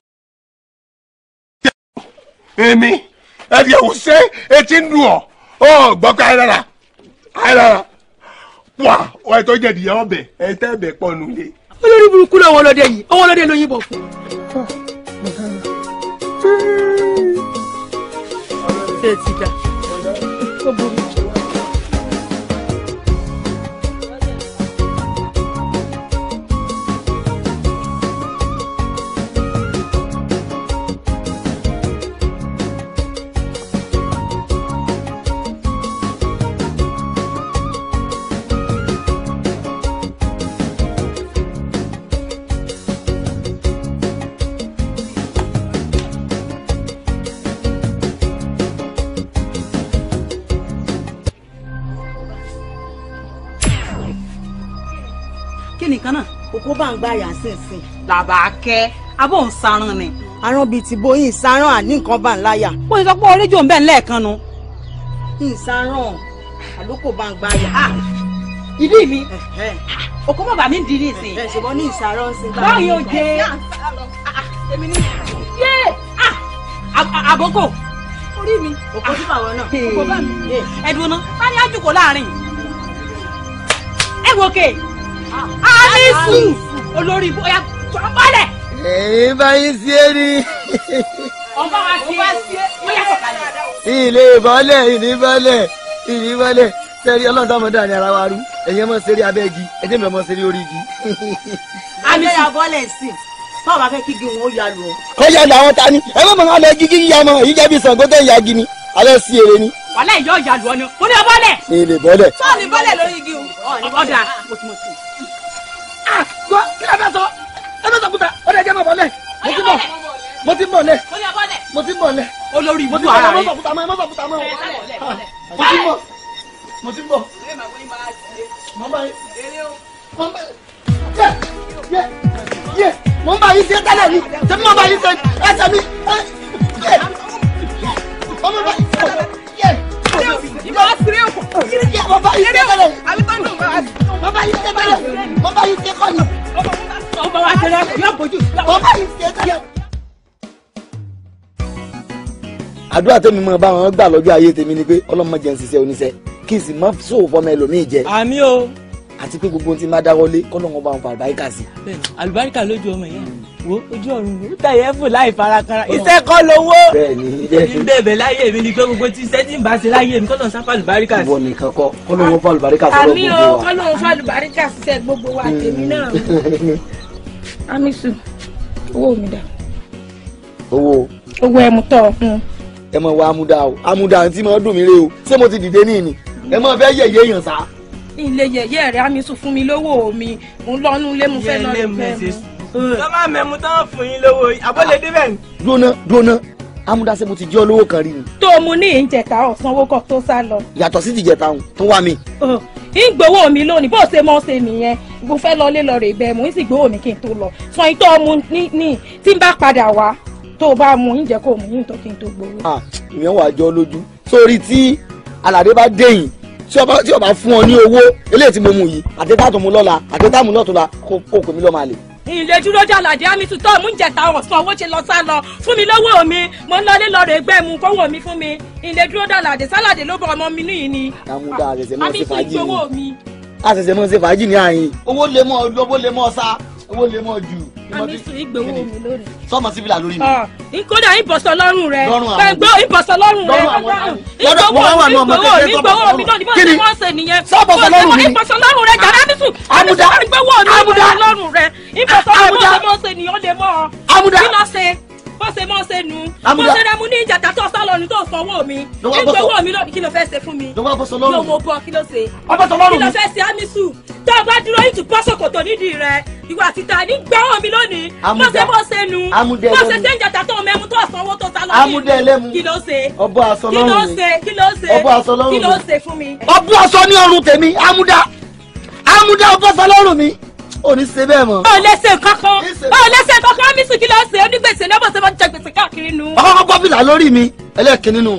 èmi adìyẹ wò ṣe etí ń wà wà ètò jẹ̀dìyà ọbẹ̀ ẹ̀ tẹ́ ẹ̀bẹ̀ pọ̀ nulẹ̀.
olórí burúkú lọ́wọ́ ọlọ́dẹ yìí ọwọ́ ọlọ́dẹ ló yìnbọn fún. ṣé ti dà ó burú. bá ń gbá àyà sínsìn. làbàákẹ́ abó ń sarán ni. aràn bíi ti bóyin sarán àní nǹkan bá ń láyà. bóyin sọ pé oríjò ń bẹ̀ lẹ́ẹ̀kan nu. ìsarán àlókò bá ń gbá àyà. Ah! ìdí mi òkú bàbá mi ń di ní ìsìn. ẹ ṣùgbọ́n ní ìsarán sí. báyìí ó jẹ. Ah, ah, yé àbókò. orí mi òkú tí bàwọ̀ náà òkú bá mi. ẹ̀dùn náà bá ní àjùkò láàrin. ẹ wò ó kè é alisu olórí bóyá tọ́bọ̀lẹ̀.
èyí bá yín sí é ní.
ọba wa sí é bóyá sọ̀kalẹ̀.
ilé ìbọ́lẹ̀ ìníbọ́lẹ̀ ìníbọ́lẹ̀ sẹ́rí ọlọ́run táwọn ọmọdé àní ara wa rú ẹ̀yin mọ̀ sẹ́rí abẹ́ igi ẹ̀jẹ̀ mi mọ̀ sẹ́rí orí igi.
àmì ìyá bọ́lẹ̀ sí báwo bá fẹ́ kí igi wọn ó ya lù ọ. kọ́ ya
làwọn ta ni ẹ má mọ̀ ká lọ igi kí ya jẹ́ bí Ṣàngó tẹ̀ ya igi ni alẹ́ sí èrè ni.
wàhálà ìjọ ìyàlú ọ ni mo ní ọ bọ́lẹ̀.
ilé bọ́lẹ̀. sọ́ọ̀ni
bọ́lẹ̀ lórí igi o. ọ̀dà mo gbọ́ ah, kí la fẹ́ sọ ẹ fẹ́ sọkúta ó dẹ̀ jẹ́ mọ̀ bọ́lẹ̀
mo ti bọ̀ mo ti bọ̀ lẹ̀ mo ti bọ̀ lẹ̀ olórí ibùdó ara rẹ̀ mo ti bọ̀ mo ti bọ̀ mo ti bọ̀ mo bá yẹ yẹ mo bá yín ṣe tẹ́lẹ̀ mi tẹ́lẹ̀ mo bá yín ṣe
ẹsẹ̀ mi ọmọ bá yín ṣe
àdúrà tèmi mọ bá wọn gbà lọ́jọ́ ayé tèmi ni pé ọlọ́mọ jẹ́ ń ṣiṣẹ́ oníṣẹ́ kí n sì má sòwò ẹlòmíì jẹ. àmì o àti pé gbogbo tí má dáwọ́lé kọ́lọ́wọ́n bá wọn fa àlùbáríkà sí. bẹ́ẹ̀ni àlùbáríkà lójú ọmọ yẹn hmm. wo ojú ọ̀run wo ta yẹn fò láì
farakara iṣẹ́ kọ́ lówó.
bẹ́ẹ̀ni bẹ́ẹ̀ni bẹ́ẹ̀ láyé mi ni pé gbogbo tí iṣẹ́ tí ń bá ṣe láyé mi kọ́lọ́wọ́n sáfà àlùbáríkà sí. ìwọ nìkan kọ́ kọ́lọ́wọ́n fa àlùbáríkà sí gbogbo wa. àmì o
kọ́lọ́wọ́n fa àlùbáríkà sí gbogbo wa tèmi náà. amisu owó mi dà. owó. owó ẹmu tọ. Hmm.
ẹ mọ wa amúdá o amúdá àǹtí mọ dùn o ṣé mo ti dìde ní ìní ẹ mọ fẹ́
ilé yẹyẹ rẹ àmì sùn fún mi lówó mi
mo ń lọ́nu ilé mo fẹ́ lọ rí mẹ́mu. lọ́mọ mẹ́mu tán fún yín lówó abọ́lé débẹ̀ ni. dúnà dúnà mo ti jẹ́ olówó kan rí ni.
tó o mu ní ìjẹta ọ̀sánwó kan tó sá lọ.
yàtọ̀ sí tìjẹta òun tó wá mi.
ìgbowó eh. mi lónìí bó ṣe mọ́ ṣe nìyẹn mo fẹ́ lọ lé lọ rè bẹ́ẹ̀ mo ń sì gbowó mi kí n tó lọ sọ ìtọ́ mu ní tí n bá padà wá tó o bá mu ìjẹ́ kó o mu yín tó kí n tó gbowó.
Ah, ìyẹn wàá jọ lójú sórí tí aládé bá dẹ̀yìn tí ọba tí ọba fún ọ ní owó eléyìí tí mo mú yìí àtẹ́tàtò lọ́la àtẹ́tàmù lọ́tọ̀la kó kò mí lọ́ọ́ máa lè.
ìlẹ̀ dúró jàlá dé àmì tutọ́ mú jẹ̀ta ọ̀sán owó ṣe lọ sá lọ fún mi lọ́wọ́ mi mo ń lọlé lọ́rọ̀ ẹgbẹ́ mu kówó mi fún mi ìlẹ̀ dúró jàlá dé sálàdé ló bọ ọmọ
mi níyì ni. àwọn dáa àṣẹṣẹ mọ́ ṣe mọ́ ṣe fàájì ni àyìn owó lè mọ́ ọ owó lè mọ jù. àmì sùn mi lónìí. sọmọ sífìlà lórí mi. Ah,
kódà ìbọ̀sọ̀ lọ́rùn rẹ̀ gbẹ̀gbọ́ ìbọ̀sọ̀ lọ́rùn rẹ̀ ìgbowó mi ìgbowó mi náà ni bọ́ọ̀ ni nìyẹn. sọ́bọ̀sọ̀ lọ́rùn mi mi sùn. àmúdá àmúdá àmúdá àmúdá àmúdá àmúdá àmúdá àmúdá àmúdá àmúdá àmúdá àmúdá àmúdá àmúdá àmúdá
àmúdá àmúdá
bó ṣe mọ́ ṣe nu mo ṣe rẹ mu ní ìjàtà tó sá lọ́nu tó sanwó mi nígbà owó mi lóbi kí ló fẹ́ ṣe fún mi yóò mo
bọ kí ló ṣe kí ló fẹ́
ṣe amisu tó o bá dúró yìí tù bọ́ ṣòkòtò nídìí rẹ ìwà títa ní gbẹ́wọ̀ mi lónìí mo ṣe mọ́ ṣe nu mo ṣe ṣe ìjàtà tó mẹ́mu tó sanwó tó sá lọ́nu
mi kí ló ṣe kí ló ṣe
kí ló ṣe fún mi. ọbú aṣọ ní ọrùn tèmi
mi ò ní ṣe bẹ́ẹ̀ mọ́. ó
lẹ́sẹ̀ kankan ó lẹ́sẹ̀ kankan mi sùn kí ló ṣe onígbèsè lọ́bọ̀ tó bá jẹ gbèsè káàkiri nu. ọkọ kọ
fìlà lórí mi ẹlẹ́ẹ̀kì nínú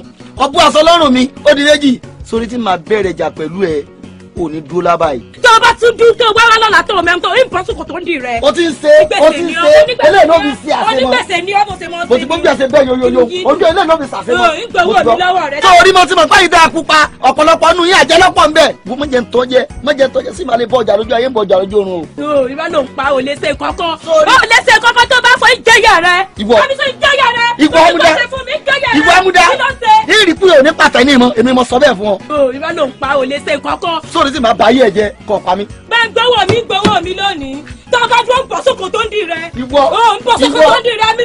ọbú aṣọ lọ́rùn mi ó di méjì sórí tí màá bẹ̀rẹ̀ jà pẹ̀lú ẹ kò ní dúró lábàá yìí. tó o bá tún
dún tó o wá wá lọ́la tó o mẹ́rin tó o ń bọ́ sókò tó ń di rẹ. o
ti ń ṣe o ti ń ṣe eléyìí ló fi ṣe àṣemọ. onígbèsè ni ọmọ ṣe mọ sí. mo ti gbọ́ bí a ṣe bẹ́ẹ̀ yoyoyo ojú eléyìí ló fi ṣàṣemọ. ìgbòho mi lọ́wọ́ rẹ. tó orí mo ti mọ̀ pé ìdá pupa ọ̀pọ̀lọpọ̀ nu yín àjẹlọ́pọ̀ ń bẹ̀. mo jẹ ntọ́jẹ mo jẹ ntọ́jẹ sí màá lè bọ ọjà lójú ayé ń bọ ọjà lójú oorun
o. o ìwọ ló ń pa ò lè ṣe kọ́kọ́ ò lè ṣe kọ́kọ́ tó bá fọ ìjẹyà rẹ. ìwọ
ìwọ amúdá ìwọ amúdá
ìrìkú yóò ní pàtẹ́ ní ìmọ̀ èmi mo sọ bẹ́ẹ̀ fún ọ. o ìwọ ló ń pa ò lè ṣe kọ́kọ́ torí sì máa bá ẹ jẹ kọ pa mí. bẹ́ẹ̀ gbọ́wọ́ mi gbọ́wọ́ mi
lónìí tọ́ka dúró ń bọ̀ sóko tó ń di rẹ. ìwọ ìwọ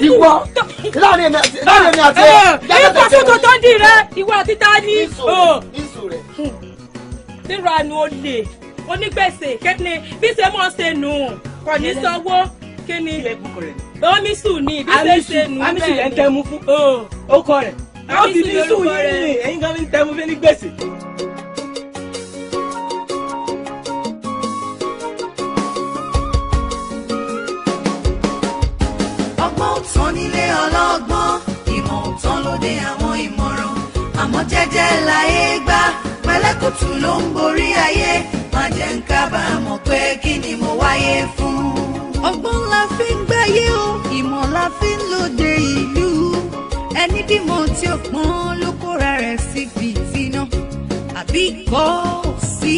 ìwọ láàrin èmi àti ẹ. Ah, ń bọ̀ sóko tó ń di rẹ ìwọ àti ta ni. Hmm. níranu olè onígbèsè kíni bí ṣe mọ̀
ṣe nù kò ní sanwó kíni. omisu ni bí ṣe ṣe nù bẹ́ẹ̀ ni. amisu lẹ́ ń tẹ́ fún. ó kọ rẹ̀.
ó ti ní sùn yìí
ẹ̀yin gan ń tẹ́ fún ní
gbèsè. tán nílé ọlọ́gbọ́n ìmọ̀ ò tán lóde àwọn ìmọ̀ràn àmọ́ jẹ́jẹ́ láyé gbá pẹ̀lẹ́kùtù ló ń borí ayé má jẹ́ ń kábàámọ̀ pé kí ni mo wáyé fún. ọgbọ́n la fi ń gbáyé o ìmọ̀ la fi ń lòde ìlú ẹni bímọ tí ó pọ́n ló kóra rẹ̀ síbi ìtinà àbí kò sí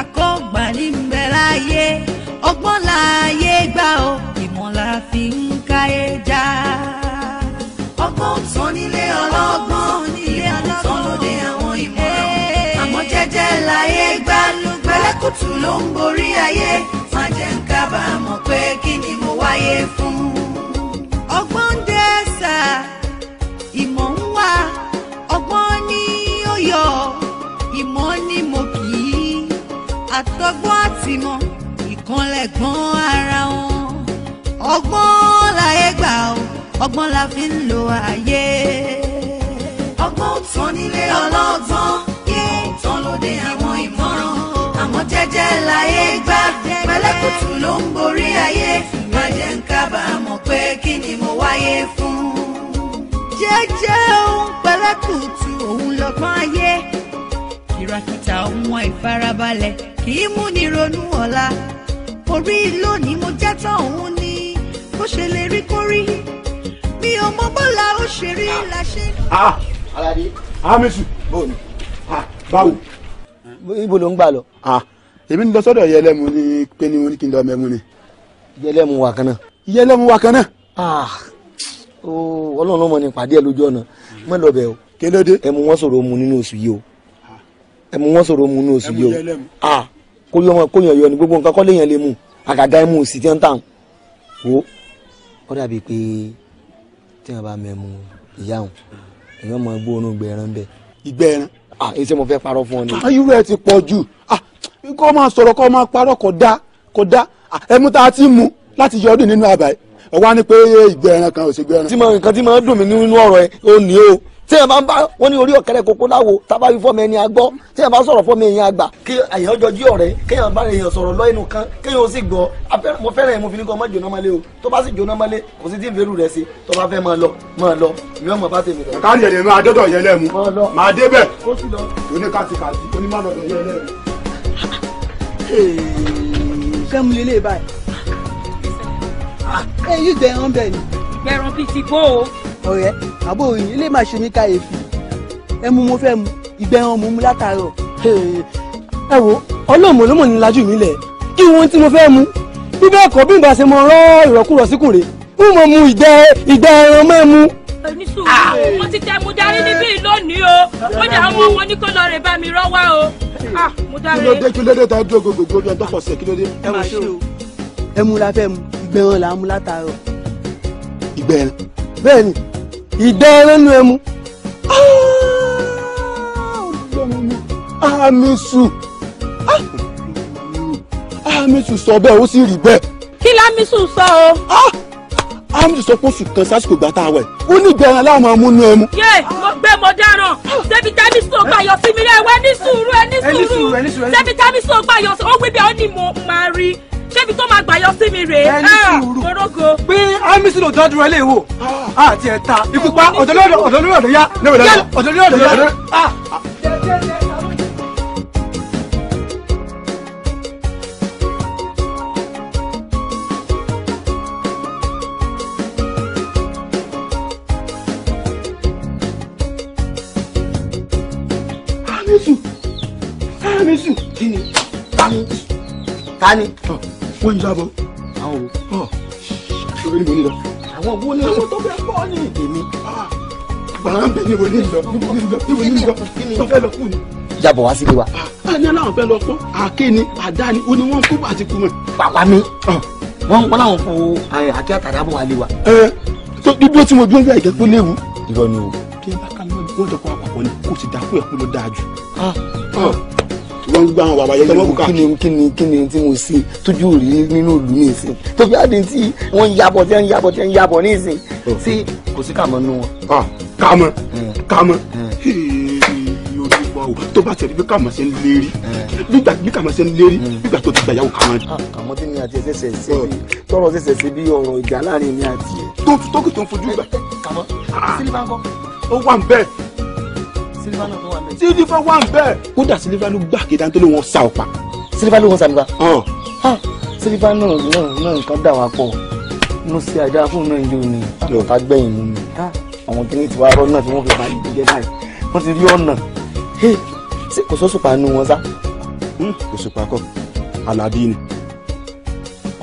akọ́gbà ní ń bẹ láyé ọgbọ́n láyé gbá o ìmọ̀ la fi ń láyé já. ọgbọ́n tán nílé ọlọ́gbọ́n nílé ọlọ́gbọ́n lóde àwọn ìmọ̀ràn. àmọ́ jẹ́jẹ́ láyé gbá pẹ̀lẹ́kùtù ló ń borí ayé má jẹ́ ń kábàámọ̀ pé kí ni mo wáyé fún. ọgbọ́n dé sà ìmọ̀ ń wá ọgbọ́n ní ó yọ ìmọ̀ ni mo kì í àtọgbọ́n àtìmọ̀ ìkànlẹ̀gbọ́n ara wọn ọgbọ́n ọgbọ́n la fi ń lo ayé. ọgbọ́n tán nílé ọlọ́gbọ́n yé tán lóde àwọn ìmọ̀ràn àwọn jẹ́jẹ́ láyé gbà pẹ̀lẹ́kùtù ló ń borí ayé má jẹ́ ń kábàámọ̀ pé kí ni mo wáyé fún. jẹ́jẹ́ òun pẹ̀lẹ́kùtù òun lọ́gbọ́n ayé
kìràkìtà
ohun àìfarabalẹ̀ kì í mú ni ronú ọ̀la orí lónìí mo jẹ́ tán òun ni bó ṣe lè rí kórí mi ò mọ bọ́lá ó ṣe rí la ṣe. Ah! alade
amisu ah, bóòlù báwo. ibo ló ń gbà lọ. èmi ń lọ sọ́dọ̀ yẹlẹ́mu ni pé ni mo ní kí n lọ mẹ́mu ni. yẹlẹ́mu wà kan náà. yẹlẹ́mu wà kan náà. Ah! ọlọ́run ló mọ̀ ní pàdé ẹ̀ lójú ọ̀nà mọ́ lọ bẹ̀ o. kí ló dé. wọn sọ̀rọ̀ mu nínú oṣù yìí o ẹmu wọn sọ̀rọ̀ mu nínú oṣù yìí o. kóyọ̀ yọ ni gbogbo nǹkan kọ́ léèyàn lè mu àgàgà ẹmu òsì tí wọ́n ń tà wò ó dàbí pé tí wọn bá mẹmu ìyá wọn èèyàn mọ gbó inú ìgbẹ́ ẹran bẹ́ẹ̀. ah èyí tí mo fẹ́ parọ́ fún ọ ni. ayú rẹ ti pọ̀ jù ah kọ́ máa sọ̀rọ̀ kọ́ máa parọ́ kò dáa kò dáa ẹmu tá a ti mu láti yọ ọdún nínú àbá ẹ wá ní pé ìgbẹ́ ẹran kan ò sí ìgbẹ́ ẹran. tí mo nǹkan tí mo dùn mí nínú ọ̀rọ̀ ẹ ó ní o tí ẹ bá ń bá wọn ní orí ọ̀kẹ́rẹ́ kókó láwo tábà fi fọ́ọ̀mù ẹni agbọ́ tí ẹ bá sọ̀rọ̀ fọ́ọ̀mù ẹ̀yìn àgbà. kí àyàn jí ọ̀rẹ́ kéèyàn bá èèyàn sọ̀rọ̀ lọ inú kan kéèyàn ó sì gbọ́ mo fẹ́ràn ẹ̀ mo fi ní kọ́ má jóná mọ́lé o tó bá sì jóná mọ́lé kò sí tí ń fẹ́rù rẹ̀ sí tó bá fẹ́ máa lọ máa lọ mi ò bá tèmi lọ. káàdì ọ̀rẹ́ àbò òyìn ilé máa ṣe mí káyèéfì ẹmu mo fẹ́ mu ìgbẹ́hàn mo mu látàárọ̀ ẹ wo ọlọ́mọ ló mọ̀ ní lajú mi lẹ̀ ìwọ̀n tí mo fẹ́ mu bí bẹ́ẹ̀ kọ́ bí n bá ṣe mọ rán ìrọ̀kúrọ̀ síkùn rè ń mọ̀ mu ìgbẹ́ ìgbẹ́ ẹran mọ́ ẹ mu.
oníṣòwò ah! mo ti tẹ mo darí níbí lónìí o ó dà àwọn ọmọ ní kó lọ rè bá mi rán wá o. Ah, kí
ló dé kí ló dé tá a dúró gbogbogbò bí ọjọ́ pọ̀sẹ̀ kí ló dé. ẹ máa ṣe
o ẹmu la fẹ́ mu ìgbẹ́ràn là ń mu látàárọ̀. ìgbẹ́ràn bẹ́ẹ̀ ni
ìdá ẹrẹ́nu ẹmu àmísù ah, àmísù ah, sọ bẹ́ẹ̀ ó sì rí bẹ́ẹ̀.
kí lámísù sọ o.
àmísù ah, sọ pé oṣù kan sásìkò gbà tá a wẹ̀ ó ní ìgbà ẹran láwọn amúnú ẹmu.
yé mo gbé mo dáràn débi tábìsì tó gbà yọ sí mi rẹ wẹ ní sùúrù ẹ ní sùúrù débi tábìsì tó gbà yọ sí ó wí bí ó ní mo máa rí ṣébi tó máa gbàyọ sí mi rèé. ẹni ah, sùúrù pé amisi ló dán dúró léèwò ah, àti
ẹ̀ta ìfipá ọ̀dọ́lọ́dọ̀ ọ̀dọ́lọ́dọ̀ yá ọ̀dọ́lọ́dọ̀ yá. Ah. Tani. Tani wọ́n ń jábọ̀. àwọn wo. ṣòro níbo ni lọ. àwọn wo ni àwọn tó fẹ́ bọ́ ní èmi. gbàrà ń bẹ níbo ni lọ níbo ni lọ níbo ni lọ tó fẹ́ lọ kú ni. jábọ̀ wá sílé wa. a ní aláwọ̀ fẹ́ lọ pọ́n àáké ni àdá ni ó ní wọ́n kú àti kú mọ́. pàpà mi wọ́n wọ́n làwọn fo àáké àtàdá bọ̀ wá lé wa. ẹ tó dúdú tí mo dúró bí àìkẹ́ tó léwu. ìrọ̀ ni o. bí ẹ bá ká lọ́ọ́ ń gbà wọn wàwà yẹyẹ lóko káàkiri. kí ni kí ni tí mo ṣe tójú rí nínú ìlú ní ìsìn tóbi àdé tí wọ́n ń yabọ̀ tí wọ́n ń yabọ̀ tí wọ́n ń yabọ̀ ní ìsìn oh. tí kò sí kàmọ́ nínú wọn. kàmọ́ kàmọ́ wa o tó bá sẹ̀rí bí kàmá ṣe ń lérí nígbà eh. bí kàmá ṣe ń lérí nígbà hmm. tó ti gbàyàwó kàmá jù. àmọ́ ah, tí mi àti ẹ̀ ṣẹ̀ṣẹ̀ ṣe oh. bí tọrọ ṣẹ̀ṣẹ̀ ṣe bí ọ̀rọ̀ ìjà láàrin mi àti ẹ̀. tó tó kì tó ń fojú gbà. Ah. kàmọ́ sílífà náà tó wà bẹ́ẹ̀. sílífà wà ń bẹ́ẹ̀. kódà sílífà ló gbà kí dáńtó ló wọn sa ọ̀pá. sílífà ló wọn sa nípa. sílífà náà náà náà nǹkan dà wá pọ̀ mo ṣe àdá fún náà yìí ni ọ̀tá gbẹ̀yìn mú mi. àwọn kìnìún ti wá rọ náà tí wọ́n fi máa ń jẹ báyìí wọ́n ti rí ọ̀nà kò sóṣùpá nu wọn sá. kò hm? sóṣùpá kọ alábí ni.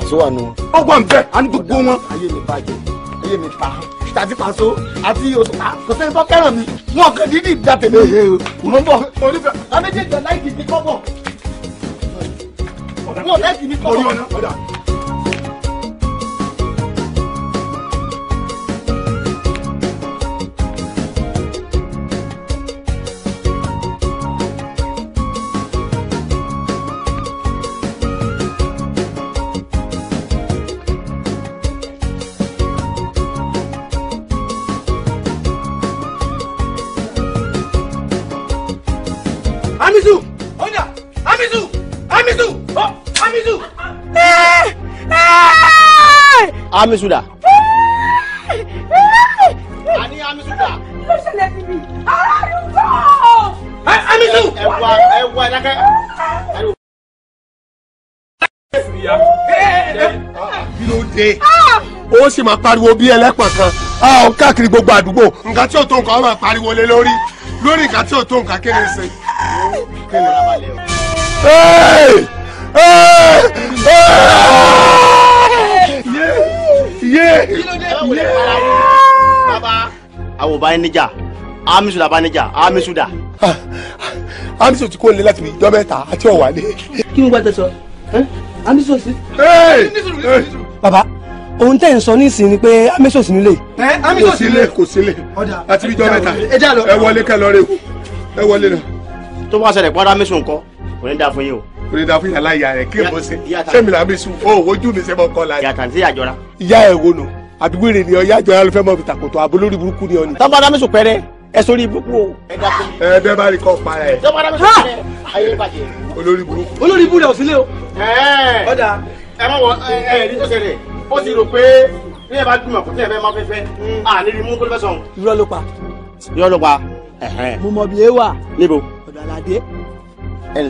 àṣọ wà nu wọn. ọgbọ́n bẹ́ẹ̀ a ní gbogbo wọn. ayé mi bàjẹ́ ayé mi pa á tàbí pàṣọ àti òṣùpá kò sẹ́ni tó kẹ́ràn mi wọn kàn dídì da tèmi èyí o mò ń bọ̀ onífẹ́ àmì jẹjẹ láìkì kọ́ bọ̀ wọn láìkì mi kọ́ bọ̀.
amisuda. a ní amisuda. ló ṣẹlẹ̀ sí mi alárùkọ. amisu. ẹ wá ẹ wá ẹ dákẹ́
kí ló dé. Ah! ó sì máa pariwo bí ẹlẹ́pọ̀n kan a ò káàkiri gbogbo àdúgbò nǹkan tí ò tó nǹkan ó máa pariwo lé lórí lórí nǹkan tí ò tó nǹkan kéde ṣe.
kéde ara balẹ̀ o yé.
àwọn ò bá yín níjà amisu la bá níjà amisu da. amisu ah, ti kó lé láti bí ìjọba ẹ̀ta àti ọ̀wálé. kí ni wọ́n tẹ sọ amisu sí. bàbá ohun tẹ́ ń sọ nísìnyí ni pé amisu sí nílé. kò sílé kò sílé àti bí ìjọba ẹ̀ta ẹ wọlé kẹ lọ rẹ o ẹ wọlé náà. tó bá ṣẹlẹ̀ pọ́n amisu nǹkan kò ní dáa fún yín o òdìdá fún yàrá ìyá rẹ kí èbó ṣe sẹ́mi làmì sùn fún òwòjú mi sẹ́mọ̀ kọ́la. ìyá tàǹtí àjọra. ìyá ẹ̀ wo nù àdúgbò rẹ̀ ni ọ̀yá àjọra ló fẹ́ mọ̀ fi tàkùtọ̀ àbó lórí burúkú ni ọ ni. tọ́gbà pẹ́rẹ́ ẹ sórí ibùkún o. ẹ bẹ́ẹ̀ bá rí kọ́ para ẹ̀. tọ́gbà dámísù pẹ́rẹ́ olórí burúkú. olórí burúkú rẹ̀ ò o. ọ̀dà ẹ má wọ ẹ ẹ ní tó ṣẹlẹ̀ ó ti rò pé ní ẹ bá dùnmọ̀ kó tẹ̀ ẹ fẹ́ máa fẹ́ fẹ́ hmm. à ní rí mú kó ló fẹ́ sọ̀rọ̀. irọ́ ló mo mọ̀ bí e wà. níbo. ọ̀dọ̀ aládé. ẹnì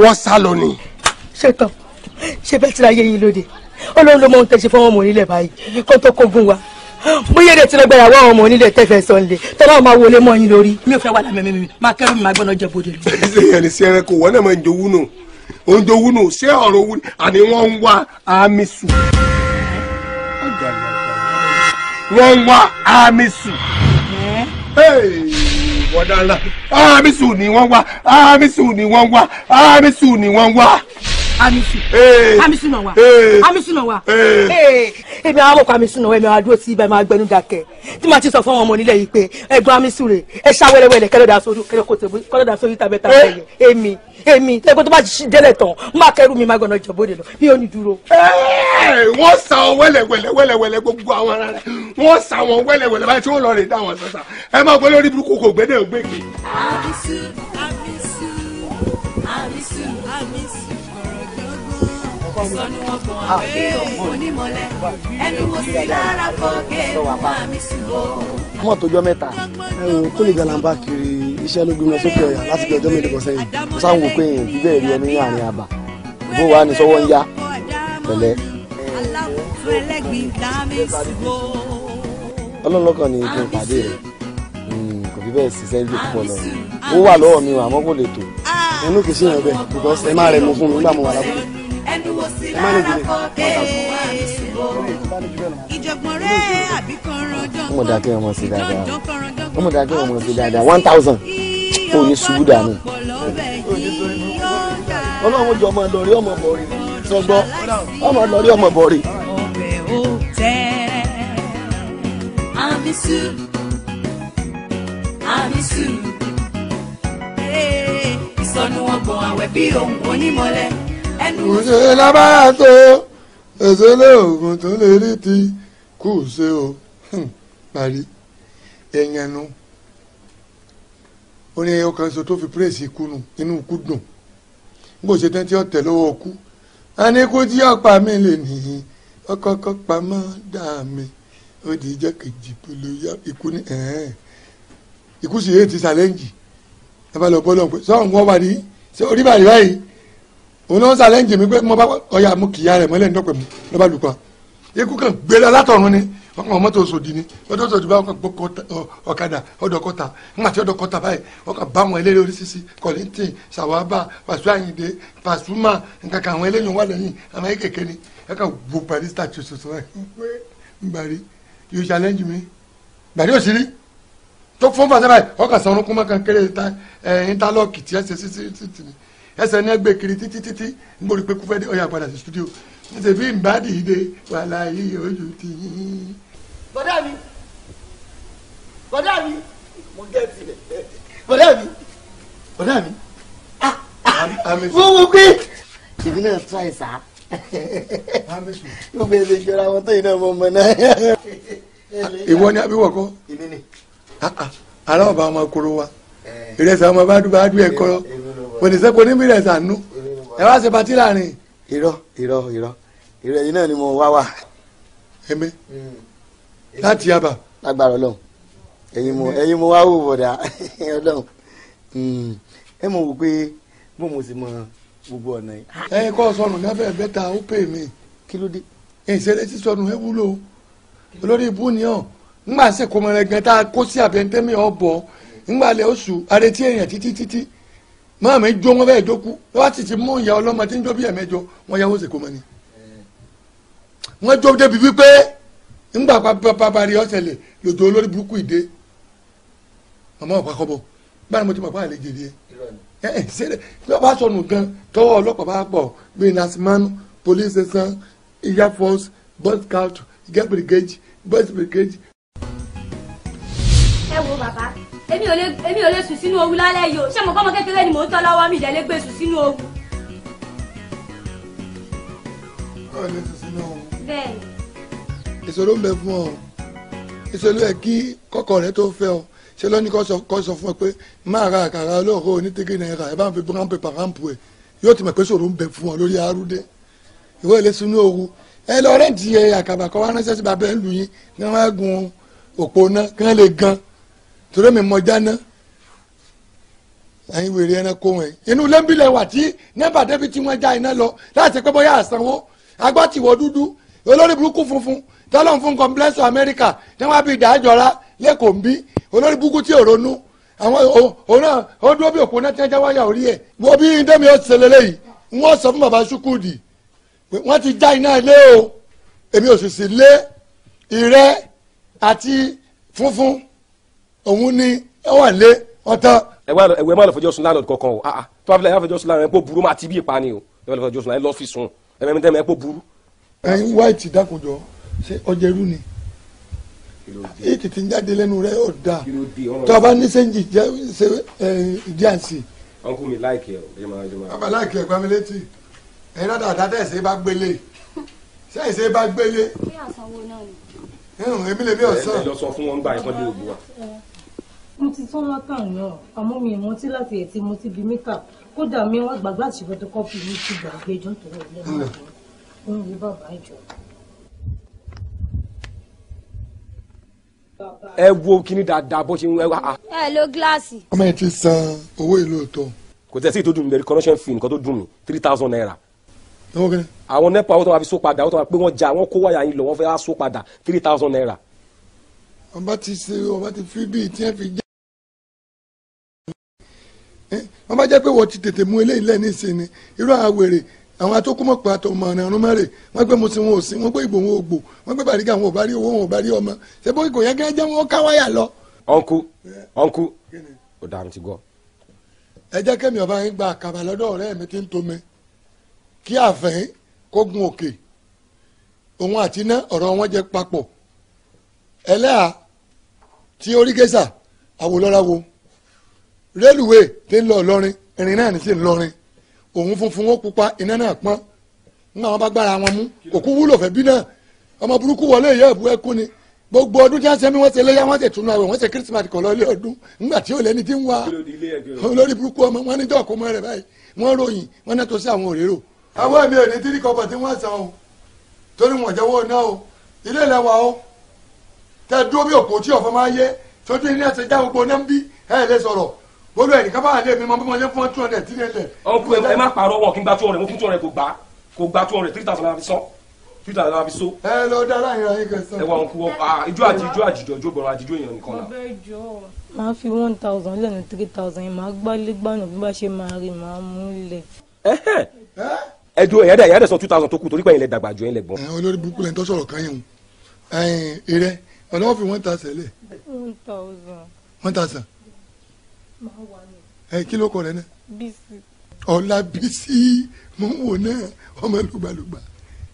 wọ́n sá lọ ni. ṣètò ṣe bẹ́ẹ̀ tí láyé yìí lóde
ọlọ́run ló mọ ohun tẹ́ ṣe fọ́wọ́n mọ̀ nílẹ̀ báyìí kó tó kógun wa bóyá èdè tí lọ gbẹ̀rẹ̀ àwọn ọmọ onílẹ̀ tẹ́fẹ̀ sọ ń lè tọ́lá máa wọlé mọ́ yín lórí. mi ò fẹ́ wà lámẹ́ mi mi máa kẹ́rù mi máa gbọ́n ọjọ́ bòde lọ.
ṣé ìyẹn ní sẹ́rẹ̀ kò wọ́n náà máa ń jowú nù ń jowú nù ṣé ọ̀rọ̀ wù àní wọ́n ń wá àmísù. wọ́n ń wá àmísù wọ́dà ńlá. ámísù ni wọ́n wá ámísù ni wọ́n
wá ámísù ni wọ́n wá amisu eh. amisu náà wà eh. amisu náà wà. Eh. èmi àwọn ọkọ amisu náà èmi àwọn adúró sí ibà máa gbẹnu dàkẹ́ tí màá ti sọ fún àwọn ọmọ onílẹ̀ yìí pé ẹ̀gbọ́n amisu rè ẹ ṣá wẹ́lẹ́wẹ́lẹ́ kẹ́lẹ́ dà sórí kẹ́lẹ́ kò tẹ̀wé kọ́lẹ́ dà sórí tàbẹ́ tàbẹ́ yẹ èmi èmi tẹ́gbọ́n tó bá ti délẹ̀ tán má kẹ́rù mi má gbọ́nà jọ̀bọ́dẹ̀ lọ bí ó ní dúró.
wọ́n sa wọn wẹ́lẹ̀wẹ́lẹ̀ wẹ́lẹ̀wẹ́lẹ̀ gbogbo àwọn ara rẹ̀ wọ́n sa wọn wẹ́lẹ̀wẹ́lẹ̀ báyìí tí wọ́n lọ rè dá wọn
sọ ni wọ́n kàn án pé òun
onímọ̀lẹ́ ẹnu wo sí lára fọ́ọ̀kẹ́ máa mi sùn o.
mọ̀ tó
mẹ́ta. ẹ lè gbàlà kiri iṣẹ́ ló gbóná sókè ọ̀yà láti fi ọjọ́ sẹ́yìn mo sáà ń wò pé èèyàn bíbẹ̀ rí ẹni ní àárín àbà bó wàá ní sọ́wọ́ ń yá pẹ̀lẹ́. ọlọ́run ni kí pàdé rẹ̀ hmm, kò fi bẹ́ẹ̀ sí sẹ́ńdì púpọ̀ lọ ó wà lọ́wọ́ mi àmọ́ kò lè tò ah. inú kìí ṣèyàn bẹ́ẹ̀ because ẹ má rẹ̀ mo fún mi nígbà mo wà lábúlé
ẹnu wo sí lára kọ́kẹ́ ìjọ̀gbọ̀n rẹ̀ àbí
kọ̀ọ̀rọ̀ jọ̀gbọ̀n ìjọ̀jọ̀ kọ̀ọ̀rọ̀ jọ̀gbọ̀n sí dáadáa ní ṣubú dànù. ọlọ́run jọ ọmọ lọ́rí ọmọ bọ̀rí sọgbọ́ ọmọ lọ́rí ọmọ bọ̀rí.
ọbẹ̀ ò tẹ́ àmísù àmísù ìsọnù ọgbọ̀n àwẹ̀ bí ohun onímọ̀lẹ́ kò ṣe lábára
tó èso lóògùn tó lè rí ti kù ṣe o parí hmm, èèyàn nu ó ní ẹyọ kan so tó fi pírèsì ikú nu inú ikú dùn bó ṣe tán tí ó tẹ̀ lọ́wọ́ kú a ní kó jí ọ̀pá mi lè nìyí ọkọ̀ọ̀kọ̀ pamọ́ dà mí ó di ìjọ kejì polóyá ikú ní ikú sì yé ti ṣàlẹ́ǹjì ẹ bá lọ bọ́ lọ́n pé sọ́hùn wọ́n wà ní orí bàrí báyìí òun náà ṣàlẹ́ǹjì mi pé mo bá ọyà mo kìyà rẹ̀ mọ́lẹ̀ nídọ́pẹ̀ mu ló bá lùkọ́ ikú kan gbéra látọ̀run ni ọkàn mọ́tò sòdì ni ọdọ́ sòdì bá báyìí bá àwọn sàwábà pàṣẹ àyìndé nǹkan kan àwọn eléyìí ni ẹ̀ka paris ta tso soso ẹ̀ gbàrí yóò challenge mi gbàrí yóò sì ẹsẹ̀ ní ẹgbẹ́ kiri títí títí ń gbórí pé kúfẹ́ dé ọ̀yà padà sí studio níṣẹ́ bí ìbádìí dé wàhálà yìí ojú ti yín. bọ́dà mi bọ́dà mi mo gẹ́ tilẹ̀ bọ́dà mi bọ́dà mi ah, ah, mo mo gbé èmi náà tún àìsà gbogbo ẹsẹ̀ ìjọra wọn tó yìí náà mo mọ̀ náà. ìwọ ni abíwọ̀ kọ́ ah, ara ọba ọmọ koro wa eh. ìrẹsì ọmọ bá dúbà dú ẹ̀ kọ́. oníṣẹ́kọ̀ oníbìrẹ̀ sànú ẹ wá ṣe patí láàrin náà ni mo wá wà. èmi hmm. láti yaba. lágbára ọlọ́run ẹ̀yin mo ẹ̀yin mo wá wò bọ̀dà ọlọ́run hmm. ẹ wò pé bó mo sì mọ gbogbo ọ̀nà yìí. ẹ̀yin kọ́ sọnù lábẹ́ bẹ́ta ó pè mí. kí ló dé. ìṣẹ̀lẹ̀ ti sọnù ẹ wúlò olórí ibú ni ọ ńgbà kó sí máa mi jó wọn bẹ́ẹ̀ dókú wọ́n sì ti mú ìyá ọlọ́mọ tí ń jó bí ẹ̀mẹ́jọ wọ́n yáwó sèkó mọ́ ni. wọ́n jó débi wípé ńgbà pàpàpàpà rí ọ̀sẹ̀lẹ̀ lòdò olórí burúkú ìdè màmá ọ̀pá kọ́bọ̀ gbára mo ti mọ̀ pé àlè jèrè ẹ ẹ ṣe bí wọ́n bá sọnù gan tọwọ́ ọlọ́pàá bá pọ̀ bíi nasimanu police station air force boy scout get brigade boy brigade.
ẹ wo bàbá èmi ò lè èmi ò lè sùn sínú ooru lálẹ́ yìí o ṣé mo kọ́ ọmọ kékeré ni mò ń tọ́ lọ́wọ́ mi ìdẹ́lẹ́ gbé sùn sínú ooru.
ọ̀ lè sùn sínú ooru. bẹ́ẹ̀ni. ìṣòro ń bẹ fún ọ ìṣòro ẹ kí kọkọ rẹ tó fẹ́ ọ ṣe lọ́ni kọ́ sọ fún ẹ pé máa ra àkàrà olóòrò ní tíkì náírà ẹ bá ń fi brown paper rampu ẹ yóò ti mọ̀ pé ṣòro ń bẹ fún ọ lórí arúdé ìwé ilé sínú ooru ẹ lọ rẹ́ǹtì àkàbà kọ́ ránṣẹ́ sí bàbá ń lù yín ní wọ́n gun òpó náà kí wọ́n lè gan torí mi mọ jáná ẹyin wèrè ẹranko wọn inú lẹ́ńbílẹ̀ wà tí nẹ́bà débi tí wọ́n já iná lọ láti pẹ́ bóyá àsanwó agbátìwọ̀ dúdú olórí burúkú funfun tọ́lọ́n fún kọ́ńpilẹ́sì amẹ́ríkà tí wọ́n á bí ìdájọ́ra lẹ́kọ̀ọ́ ń bí olórí burúkú tí ò ronú àwọn òun náà ó dúró bí òkú náà tí wọ́n já wáyà orí ẹ̀ wo bí ndémi ó ṣe lélẹ́yìí wọ́n sọ fún baba sukudi pé wọ́n ti já iná ilé o èmi ò sì sí lé ìrẹ́ àti funfun òun ni ẹ wà lé ọtán. ẹwẹ má lọ fẹjọ́ sùn láàlọ kankan o ah, ah. tó bá fi lọ fẹjọ́ sùn láàlọ ẹ kó burú máa ti bí ipa ni o ẹ má lọ fẹjọ́ sùn láàlọ ẹ lọ fi sùn ẹ mẹmí tẹmẹ ẹ kó burú. ẹyin white dákunjọ ṣe ọjà irú ni èyí tètè ń jáde lẹ́nu rẹ ọ̀dà tó a bá ní sẹ́ńjì jẹ́ ṣe díànsì. ọkùnrin mi láìkì ẹ ọjọ́ máa jọ máa. láìkì ẹ gbàmí létí ẹ̀yin náà dàda tẹ̀ ṣe bá gbélé ṣe ṣe bá gbélé.
bí àsanwó náà ni.
ẹ̀hún èmi lè bí ọ̀sán. ẹ lọ sọ fún wọn gbà ẹ̀kọ́ dé ògbó wa
mo ti tán látàrí náà àmọ́ mi ìwọ̀n tí láti ẹ̀ tí mo ti bi mítà kódà mi wọ́n gbàgbà àti photocopy mi ti gbàgbé ẹjọ́ tó wọ̀ lẹ́nu ọ̀hún ní bàbá ìjọ.
ẹ wo kíní dáadáa bó ṣe ń wá.
ẹ lo gíláàsì.
ọmọ yẹn ti san owó ìlú ọ̀tọ̀. kò tẹ́ sí ìtọ́jú mi lẹ́rí correction fee nǹkan tó dùn mí three thousand naira àwọn nepa wọn tó máa fi so padà wọn tó máa pé wọn jà wọn kó wáyà yín lọ wọn fẹ́ wá so padà three thousand naira. ọba ti ṣe ọba ti fi bíi tí wọn fi jẹ wọ́n bá jẹ́ pé wọ́n ti tètè mú eléyìí lẹ́ni ìsinmi irú àwọn wèrè àwọn atókùnmọ̀pọ̀ àtọ̀mọ̀ràn ọ̀run mẹ́rẹ̀ wọ́n gbé musin wọn ò sí wọ́n gbé ìgbò wọn ò gbò wọ́n gbé bàríkà wọn ò bá rí owó wọn ò bá rí ọmọ ṣé bó ìkòyẹ́ kí wọ́n jẹ́ wọn ká wáyà lọ. ọ̀nkú ọ̀nkú ò dàrú ti gbọ́. ẹ jẹ́ kẹ́mi ọba yín gba àkàbà lọ́dọ̀ ọ̀rẹ́ mi tí ń tomi kí àfẹ́yìn kó gun òkè òun àti iná ọ̀rọ̀ wọn jẹ papọ̀ ẹlẹ́à tí orí gẹ́sà àwòlọ́ra wo rélùwéè tí ń lọ Ìlọrin irin náà ní sí Ìlọrin òun funfun ó pupa iná náà pọ́n nígbà wọn bá gbára wọn mú òkú wúlò fẹ́ bí náà ọmọ burúkú wọlé ìyá ẹ̀bú ẹkún ni gbogbo ọdún tí wọ́n ṣe mí wọ́n ṣe léyà wọ́n ṣe túnú àwẹ̀ wọ́n ṣe kírísímàtì kọ̀ lọ́lé ọdún nígbà tí ò lẹ́ni tí ń wá olórí burúkú ọmọ wọn ní dọ́ọ̀kọ́ mọ́ rẹ̀ báyìí wọ́n ròyìn wọ́n náà tó sí àwọn òrérò. àwọn èmi ò ní tírí kọ́bọ̀ tí wọ́n san o torí wọn jẹ́wọ́ náà o ilé ilẹ̀ o tẹ́ dúró bí òkú tí ọ̀fọ̀ máa yẹ tó dín ní ẹsẹ̀ gbogbo náà ń bí ẹ̀ lè sọ̀rọ̀ olú ẹ̀ nìkan bá lè mi mọ bí mo ṣe fún two hundred three hundred. ọkùnrin ẹ má pàrọ̀ wọ̀ kí n gba two hundred mo fún two hundred kò gbà kò gba two hundred three thousand la fi sọ three thousand la fi so. ẹ lọ da láyìn ayé kẹsàn. ẹ wà òkú
ah, ijó àti ijó
àjìjọ ijó bọ̀rọ̀ àjìjọ èèyàn nìkan la.
máa fi one thousand lẹ́nu three thousand yẹn máa gbálé gbàànà bí bá ṣe máa rí máa mú
lẹ̀.
ẹ dúró ìyá dẹ ìyá dẹ sọ two thousand tó kù torí pé ẹ̀yin lẹ dàgbà jù ẹ̀yin lẹ gbọ́n. olórí burúkú lẹ́ni tó sọ̀rọ̀ kan yẹn o ẹ̀yin eré ọlọ́wọ́ fi one thousand lẹ̀.
one thousand.
one thousand ẹ kí ló kọ rẹ náà. ọ̀la bisi mo ń wò náà ọmọ lùgbàlùgbà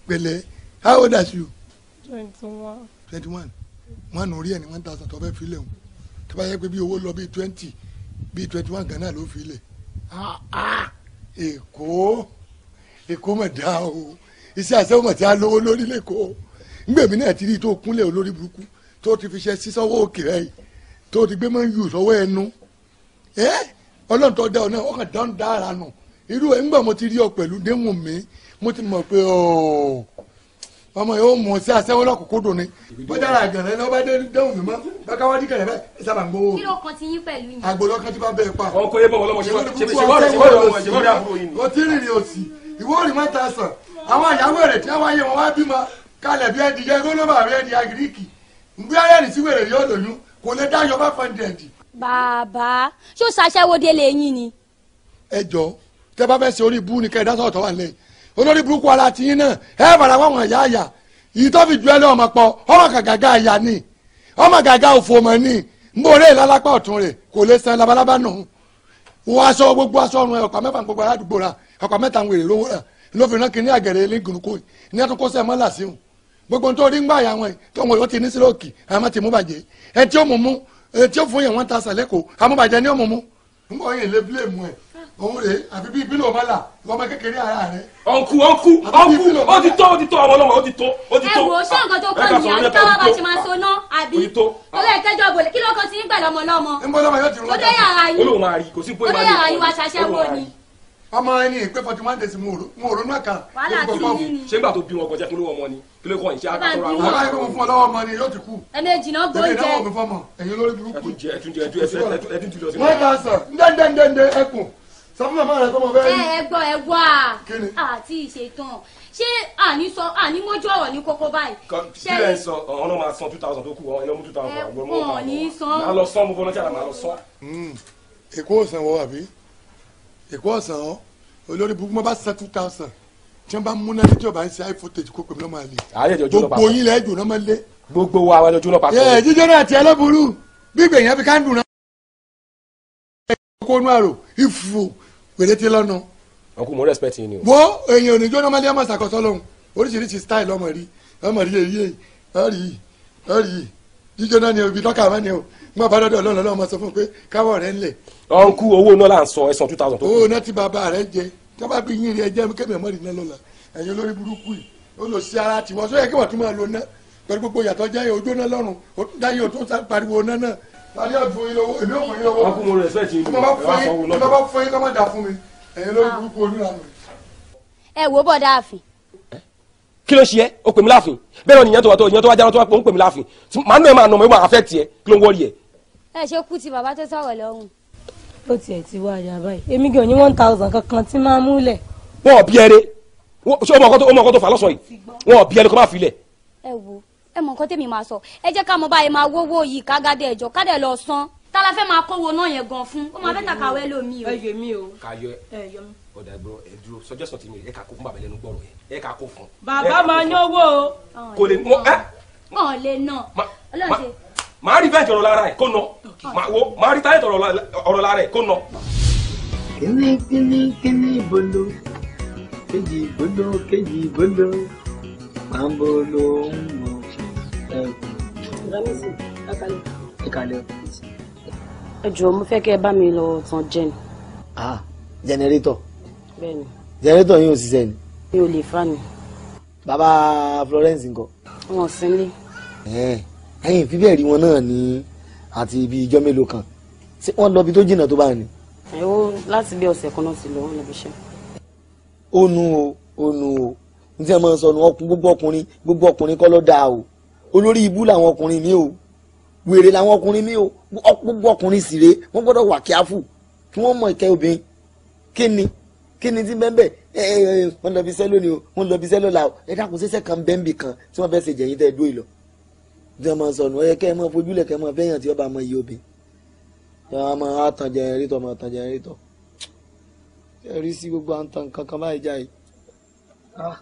pẹ̀lẹ́ how old are you.
twenty one.
twenty one wọn nù rí ẹni one thousand tó fẹ́ filẹ̀ o tó bá yẹ pé bí owó lọ bí twenty bí twenty one gan náà ló filẹ̀ èkó èkó mà dá o iṣẹ́ àṣẹ́wó mà ti á lówó lórí lẹ́kọ̀ọ́ ngbèmí náà ti rí i tó kúnlẹ̀ olórí burúkú tó ti fi ṣe sísọ́wọ́ òkè rẹ̀ yìí tó ti gbé mọ́ yù sọ́wọ́ ẹnu. ee eh? ọlọ́run tó dá ọ náà ọkàn dán dára nù irú ẹ̀ ńgbà mo ti rí ọ pẹ̀lú déhùn mi mo ti mọ̀ pé ọmọ mọ̀ sí dùn ni bó dára ni wọ́n bá mi mọ́ wá bẹ́ẹ̀ sábà ń gbowó. kí ti yín pẹ̀lú ti bá bẹ́ẹ̀ pa. ọkọ
bàbá ṣó ṣàṣẹ́wó délé yín ni.
ẹ jọ tẹ bá fẹ́ ṣe orí ibú ni kẹ́ ẹ dásọ̀rọ̀ tó wà nílẹ̀ olórí burúkú ara ti yín náà ẹ fara wọn àyà àyà yìí tó fi ju ẹlẹ́ ọmọ pọ̀ ọmọ gàgàgà àyà ni ọmọ gàgà òfò mọ̀ ni mbóore lálápá ọ̀tún rẹ̀ kò lè san labalábá nù wọ aṣọ gbogbo aṣọ ọrùn ẹ ọ̀pá mẹ́fà gbogbo aládùúgbò ra ọ̀pá mẹ́ta ń wèrè lówó rà ló fi ránkì ní àgẹ̀rẹ̀ ilé gùnkù ní ẹtún kó sẹ́mọ́ là síhùn gbogbo nítorí ń gbà yà wọn tó wọn yóò ti ní sílóòkì àmọ́ ti mú bàjẹ́ ẹ tí ó mú mú etí eh, ó fún yẹn wọn ta sàlẹkọ amúbàjẹ ní ọmọ mu. n bọ yẹn lé bílẹ̀mù ẹ̀ òun rèé àfi bíi bílò bá là ọmọ kékeré ara rẹ. ọ̀nkú ọ̀nkú ọ̀nkú ó ti tó ó ti tó ọmọ ọlọ́wọ́ ó ti tó
ó ti tó. ẹ wo ṣé nǹkan tó kọ́ ni àbí táwa bá ti máa so ná àbí olóyè kẹjọ bòlè kí ló kọ́ sí ń gbà lọ́mọ lọ́mọ. ń bọ́ lọ́mọ yóò ti rún lọ́jà. ó dé yàrá yín
ó dé yàrá yín wá ṣaṣẹ́ ọmọ ẹni ìpè forty one days mo ro nù àkà lórúkọ kọ́ọ̀bù. ṣé nígbà tó bí wọn kọjá fún lówó ọmọ ni kí ló ìṣe àkàtọ́ra wọn. bàbá ìgbìmọ̀ fún ọ ọmọ ni yóò ti kú.
ẹ̀mejì náà gbó jẹ ẹ̀mejì náà wọ̀ mí
fọmọ ẹ̀yin olórí burúkú. ẹtún ti lọ sí. wọ́n bá sọ ndẹ́ndẹ́ndẹ́ ẹkùn sọ fún rẹ kọ́mọ
fẹ́ẹ́ ṣé àní sọ àní mọ́jú ọ̀rọ̀ ní kókó báyìí.
ṣé ẹ sọ ọ̀hún náà máa san two thousand tó kù ọ̀hún ẹ̀ two thousand àwọn ọmọ ọmọ ní san. máa lọ san mo fọ́nà tí máa lọ san. èkó ọ̀sán wọ àbí èkó ọ̀sán olórí burúkú bá san two thousand tí wọ́n bá múná ní tí o bá ń ṣe high voltage kó pèmí lọ́mọ àlè. àyè jọjú lọ́pàá gbogbo yín lẹ́ẹ̀ jù náà máa lé. gbogbo wa wa jọjú lọ́pàá. ẹ jíjọ́ náà tiẹ̀ lọ́bùrú bí gbèyàn fi ká ń dùn náà. ọkọ onú àrò ìfò wèrètí lọ́nà. ọkọ mo respect yín ni o. wọ́n èèyàn ò ní jọ́nà máa lé ọmọ ṣàkóso lọ́hùn oríṣiríṣi style ọmọ rí ọmọ rí èyí èyí ọ̀rí yìí ọ̀rí jíjóná ni òbí lọ́kà mọ́ ni o gbọ́n bá dọ́dọ̀ lọ́nà lọ́mọ sọ fún pé káwọ̀ rẹ̀ ń lẹ̀. ọ̀nkú owó náà là ń sọ ẹ̀sán two thousand tó kù. owó náà ti bàbá rẹ̀ jẹ tọ́ba bí yín rí ẹjẹ́ mi kébìnrin mọ́rin náà lọ́la ẹ̀yin olórí burúkú yìí ó lọ sí ara tiwọn sọ yẹ kí wọ́n tún máa lo ná pẹ̀lú gbogbo yàtọ̀ jẹ́ ojú náà lọ́rùn dáyé o tó pariwo ná náà. tàbí ọ̀fun yín lọ́wọ́ èmi ò fún yín lọ́wọ́ ọkùnrin
rẹ̀ sẹ́ẹ̀
kí ló ṣe ẹ́ o pè mí láàfin bẹ́ẹ̀ ni ìyẹn tó wà tó ìyẹn tó wà jára tó wà pé òun pè mí láàfin màá nù ẹ̀ máa nà mọ́ ẹ̀ máa affect ẹ kí ló ń wọ́ọ̀rì ẹ̀.
ẹ ṣe kú ti bàbá tó sọ̀rọ̀ lọ́hùn. ó tiẹ̀ ti wá àyà báyìí èmi gan ní one thousand kankan tí máa mú lẹ̀.
wọn ò bí ẹrẹ ṣé o mọ ọkọ tó fà lọ́sọ̀ yìí wọn ò bí ẹrẹ kó má fi lẹ̀.
ẹ wo ẹ mọ nǹkan tèmi máa sọ ẹ jẹ́ ká mo báyìí máa wówó yìí kágádé o. ẹ yọ mi o. ká yọ ẹ
ọ̀dà ìgbọ́ ẹ ká kó fún. bàbá máa yánwó. kò lè mọ ẹ.
ọ̀ lè nà ọlọ́ọ̀ṣẹ́.
màá rí bẹ́ẹ̀ jọ̀rọ̀ lára ẹ̀ kó nà màá rí táyẹ̀ ọ̀rọ̀ lára ẹ̀ kó nà.
kíní kíní
kíní
bolo kejì bolo kejì bolo máa bolo ń mọ ẹ kàlẹ́
mo fẹ́ kẹ́ ẹ bá mi lọ tan jẹ́ni. ah jẹnẹrétọ̀
jẹnẹrétọ̀ yín ò ṣiṣẹ́ ni
mi ò lè fa mi. bàbá Florence ńkọ́. wọn ò sínlé.
ẹ̀yin fífẹ́ rí wọn náà ní àti ibi ìjọ mélòó kan ṣé wọ́n lọ ibi tó jìnnà tó bá ní.
ẹ ó láti bí ọ̀sẹ̀ kan náà ti lọ wọn lọ bí iṣẹ́.
ó nu o ó nu o n tí wọn máa ń sọ nu gbogbo ọkùnrin gbogbo ọkùnrin kọ́ ló dáa o olórí ibú làwọn ọkùnrin mi o wèrè làwọn ọkùnrin mi o gbogbo ọkùnrin sì rèé wọ́n gbọ́dọ̀ wà kíáfù kí wọ́n mọ ìkẹ́ obìnrin kí ni kí ni ti bẹ́ẹ̀ bẹ́ẹ̀ wọ́n lọ bí sẹ́lò ni o wọ́n lọ bí sẹ́lò la o ẹ dákun ṣẹṣẹ kan bẹ́ẹ̀ bì kan tí wọ́n fẹ́ ṣe jẹ̀yìn tẹ́ dóyè lọ bí wọ́n máa sọ nù ọ yẹ kẹ́ ẹ máa fojúlẹ̀ kẹ́ ẹ máa fẹ́yàn tí ọba máa yí obì ẹ máa tàn jẹnẹrétọ̀ máa tàn jẹnẹrétọ̀ ẹ rí sí gbogbo à ń tan kankan báyìí jáì.
Ah.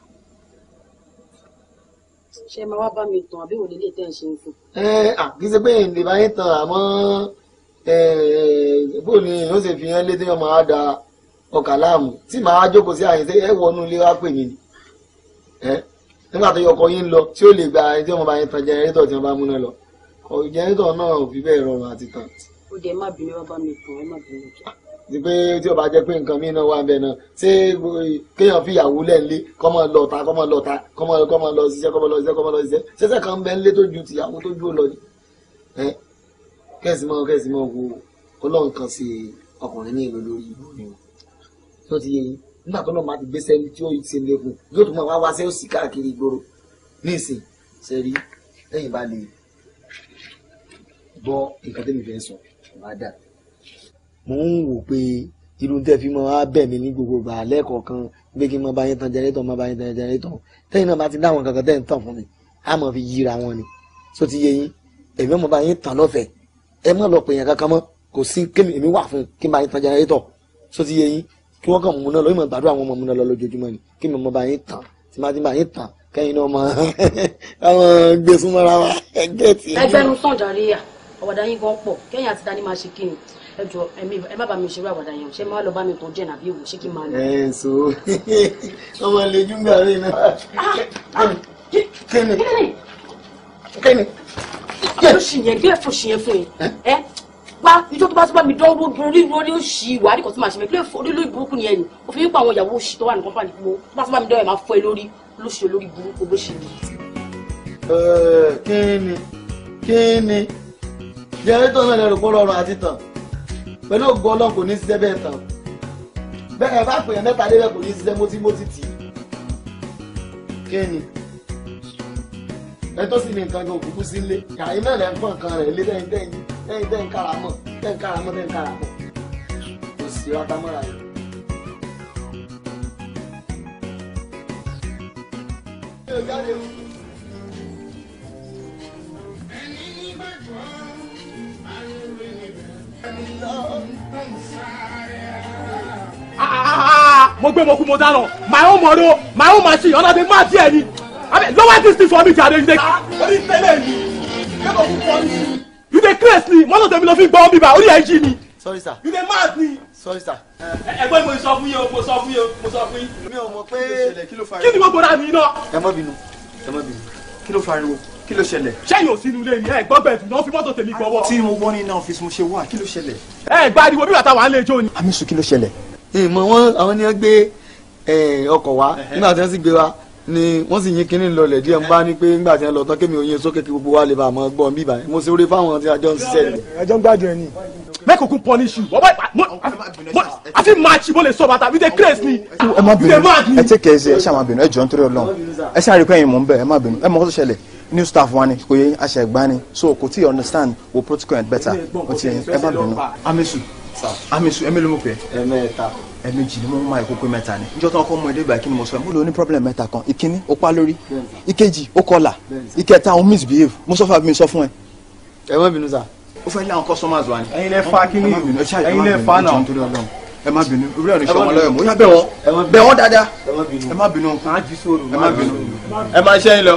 ṣé ẹ máa wá bá mi tàn àbí òní lè tẹ́ ẹ ṣe ń fún.
ẹ kì í ṣe pé ìlè báyìí tàn àmọ́ bóun ni èèyàn ṣe fi hàn létí ọkà láàmú tí màá jókòó sí àyè ṣe ẹ wọnú ilé wa pè mí ni ẹ nígbà tó yọ ọkọ yín lọ tí ó lè gba ẹni tí wọn bá yẹn tan jẹnẹrétọ̀ tí wọn bá múná lọ jẹnẹrétọ̀ náà ò fi bẹ́ẹ̀ rọrùn àti tàn.
ó dé má bínú bàbá mi tàn ẹ má bínú jù.
ti pé tí o bá jẹ pé nǹkan mi náà wà ń bẹ náà ṣé kéèyàn fi ìyàwó lẹ̀ ńlé kọ́mọ lọ ta kọ́mọ lọ ta kọ́mọ lọ ṣiṣẹ́ kọ́mọ lọ ṣiṣẹ́ kọ́mọ lọ ṣiṣẹ́ ṣẹ́ṣẹ́ kan bẹ ńlé tó ju tìyàwó tó ju lọ ni. kẹ́sìmọ́ kẹ́sìmọ́ wo ọlọ́run kan sí ọkùnrin ní ìlú lórí ìlú ni o tó ti yẹ yín nígbà tó náà máa ti gbé sẹ́ni tí ó ti lékun yóò tún máa wá wá sẹ́ọ̀sì káàkiri ìgboro níìsín sẹ́rí lẹ́yìn bá lè gbọ́ nǹkan tẹ́mi fẹ́ sọ ọ̀bá dà. mo ń wò pé irú tẹ́ fi máa bẹ̀ mí ní gbogbo ìgbà lẹ́ẹ̀kọ̀ọ̀kan gbé kí n máa bá yín tan jẹrẹ́tọ̀ máa bá yín tan jẹrẹ́tọ̀ tẹ́yìn náà bá ti dáwọn kankan tẹ́yìn tàn fún mi á máa fi yíra wọn ni só ti yé yín èmi ọmọ bá yín tàn lọ́fẹ̀ẹ́ ẹ má lọ pèèyàn kí wọ́n kàn múná lọ ìmọ̀ ìgbàdo àwọn ọmọ múná lọ lójoojúmọ́ ni kí mi mọ bá yín tàn tí má ti bá yín tàn kẹ́yìn náà mọ àwọn gbé súnmọ́ra wa ẹgbẹ́ ti. ẹgbẹ́nu
sàn jàre yà àwàdà yín gan pọ̀ kẹ́yìn àti dání máa ṣe kí ni ẹ jọ ẹmí ẹ má bá mi ṣerú àwàdà yẹn ṣé má lọ bá mi tó jẹ́ nàbí ìwò ṣé kí n máa lọ. ẹ ẹ so ọmọ ilé júmbà
rẹ náà ah, ah,
kí ni kí ni. àbúrò ṣìyẹn gbé ẹ̀fọ́ pa ìjọ tó bá tún bá mi dánwó dúró lílo ní òṣì ìwà àdìkọ̀ tó máa ṣe mẹ́kílẹ̀ fọ́ lílo ìburúkú ni ẹnu òfin nípa àwọn ìyàwó òṣì tó wà ní kọ́mpánì gbogbo tó bá tún bá mi dánwó ẹ̀ máa fọ́ ẹ lórí lóṣù olórí burúkú bó ṣe ní.
kíni kíni jẹ́rẹ́tọ̀ náà lẹ́rù kó rọrùn àti tàn pẹ̀lú ògùn ọlọ́run kò ní ṣiṣẹ́ bẹ́ẹ̀ tàn bẹ́ẹ̀ bá é mẹ́ta lé kò ní ṣiṣẹ́ mótímótì tì kíni ẹ tó sì ní nǹkan gan òkùnkùn sí ilé kàyí náà lẹ́ lẹ́yìn bẹ́ẹ̀ ń kára mọ̀ bẹ́ẹ̀ ń kára mọ̀ bẹ́ẹ̀ ń kára mọ̀ kò sí ọ̀tá mọ́ra yìí. mo gbé mo kú mo dáná màá ó mọ̀ ọ́ màá ó màá sí ọ̀nà mi tiẹ̀ ni lọ́wọ́ ti sì fọ́ mi jáde ní.
tẹ́lẹ̀ mi kébọ̀ kú pọ́ńsì
dey craze ni mọ́tò tẹ̀mí ló fi gbọ́ bíbá orí ẹ̀ jí ni. sorry sir. you dey mad ni. sorry sir. ẹgbẹ́ mo sọ fún yín o mo sọ fún yín mo sọ fún yín. mi ò mọ̀ pé kí ni mo gbọ́dọ̀ mi náà. ẹ má bínú ẹ má bínú kí ló fariwo kí ló ṣẹlẹ̀. sẹ́yìn ò sínú ilé ni ẹ gbọ́ bẹ́ẹ̀ náà fi mọ́tò tèmi gbọ́wọ́. tí mo gbọ́ nínú ọ́fíìsì mo ṣe wá kí ló ṣẹlẹ̀. ẹ gbariwo bí bàtà wà ń lè jó ni. àmì sùn kí ló ṣẹlẹ̀. ìmọ̀ wọn àwọn ni wọ́n gbé ọkọ̀ wá nígbà tí wọ́n sì gbé wa ni wọ́n sì yín kínní lọlẹ̀ díẹ̀ ń bá ní pé ńgbà tí wọ́n lọ tán kémi oyin sókè kí gbogbo wa lè bá àmọ́ gbọ́n bíbá mo ṣe oore fáwọn tí ajọ́ ń ṣiṣẹ́ rẹ̀. ẹjọ́ ń gbádùn ẹ ni. mẹ́kòókún pọ́níṣù àfi máàcì mo lè sọ bàtà bíi the ni. ẹ má bínú ẹ tẹ kẹ ẹ ṣe ẹ ṣe ẹ jọ ń torí Ọlọ́run ẹ ṣe àríkọ ẹ̀yin mò ń bẹ ẹ má bínú ẹ mọ kó tó new staff wa ni kò yẹ aṣẹ ẹgbà ni so kò tí understand wo protocol and better kò tí ẹ má bínú. amisu amisu ẹ mo pè ẹ mẹ́ta ẹ̀ẹ̀mejì ni mo máa ìkókó mẹ́ta ni níjọ́ tí wọ́n kọ́ mọ kí ni mo sọ mo lò ní problem mẹ́ta kan ìkíní ó pa lórí ìkejì ó kọlà ìkẹta ó misbehave mo sọ fún mi sọ fún ẹ. ẹ má bínú sá. ó fẹ́ lé àwọn customers wa ni. ẹ̀yin lẹ fa kí ni ẹ̀yin lẹ fa náà ẹ má bínú orí ọ̀nà ìṣọ̀mọ lọ́yọ̀ mo yá bẹ̀ wọ́n bẹ̀ wọ́n dáadáa ẹ má bínú ẹ má bínú ẹ má ṣẹ́yìn lọ.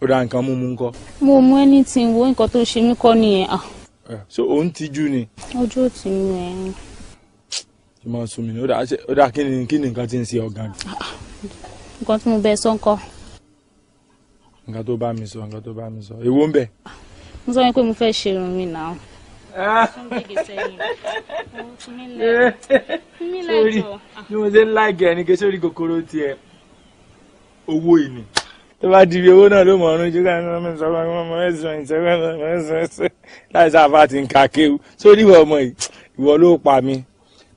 ó ra nǹkan mú mú ńkọ́.
mo mú anything wo nǹkan tó ṣe mí kọ́ nìyẹn.
so òun ti jú ni.
ọjọ́ ti mú ẹ.
ṣé máa sun mi ni ó dà kí ni kí ni nǹkan ti ń ṣe ọ̀gá. Ah, ah.
nǹkan tí mo bẹ sọ ńkọ́.
nǹkan tó bá mi sọ nǹkan tó bá mi sọ èwo ń bẹ. Ah.
mo sọ pé mo fẹ́ ṣe irun mi náà.
sórí
ni mo ṣe ń láàgì ẹni kí sórí kòkòrò tiẹ̀ owó ìní tó bá di ibi owó náà ló mọ̀ ọ́rùn jùlọ ní ọmọ ìṣọ́gbọ́n ní ọmọ ẹ̀sùn ìṣẹ́gbọ́n ní ọmọ ẹ̀sùn ẹ̀sùn láì sáfà ti ń ka kéwu sórí ìwọ ọmọ yìí ìwọ ló pa mi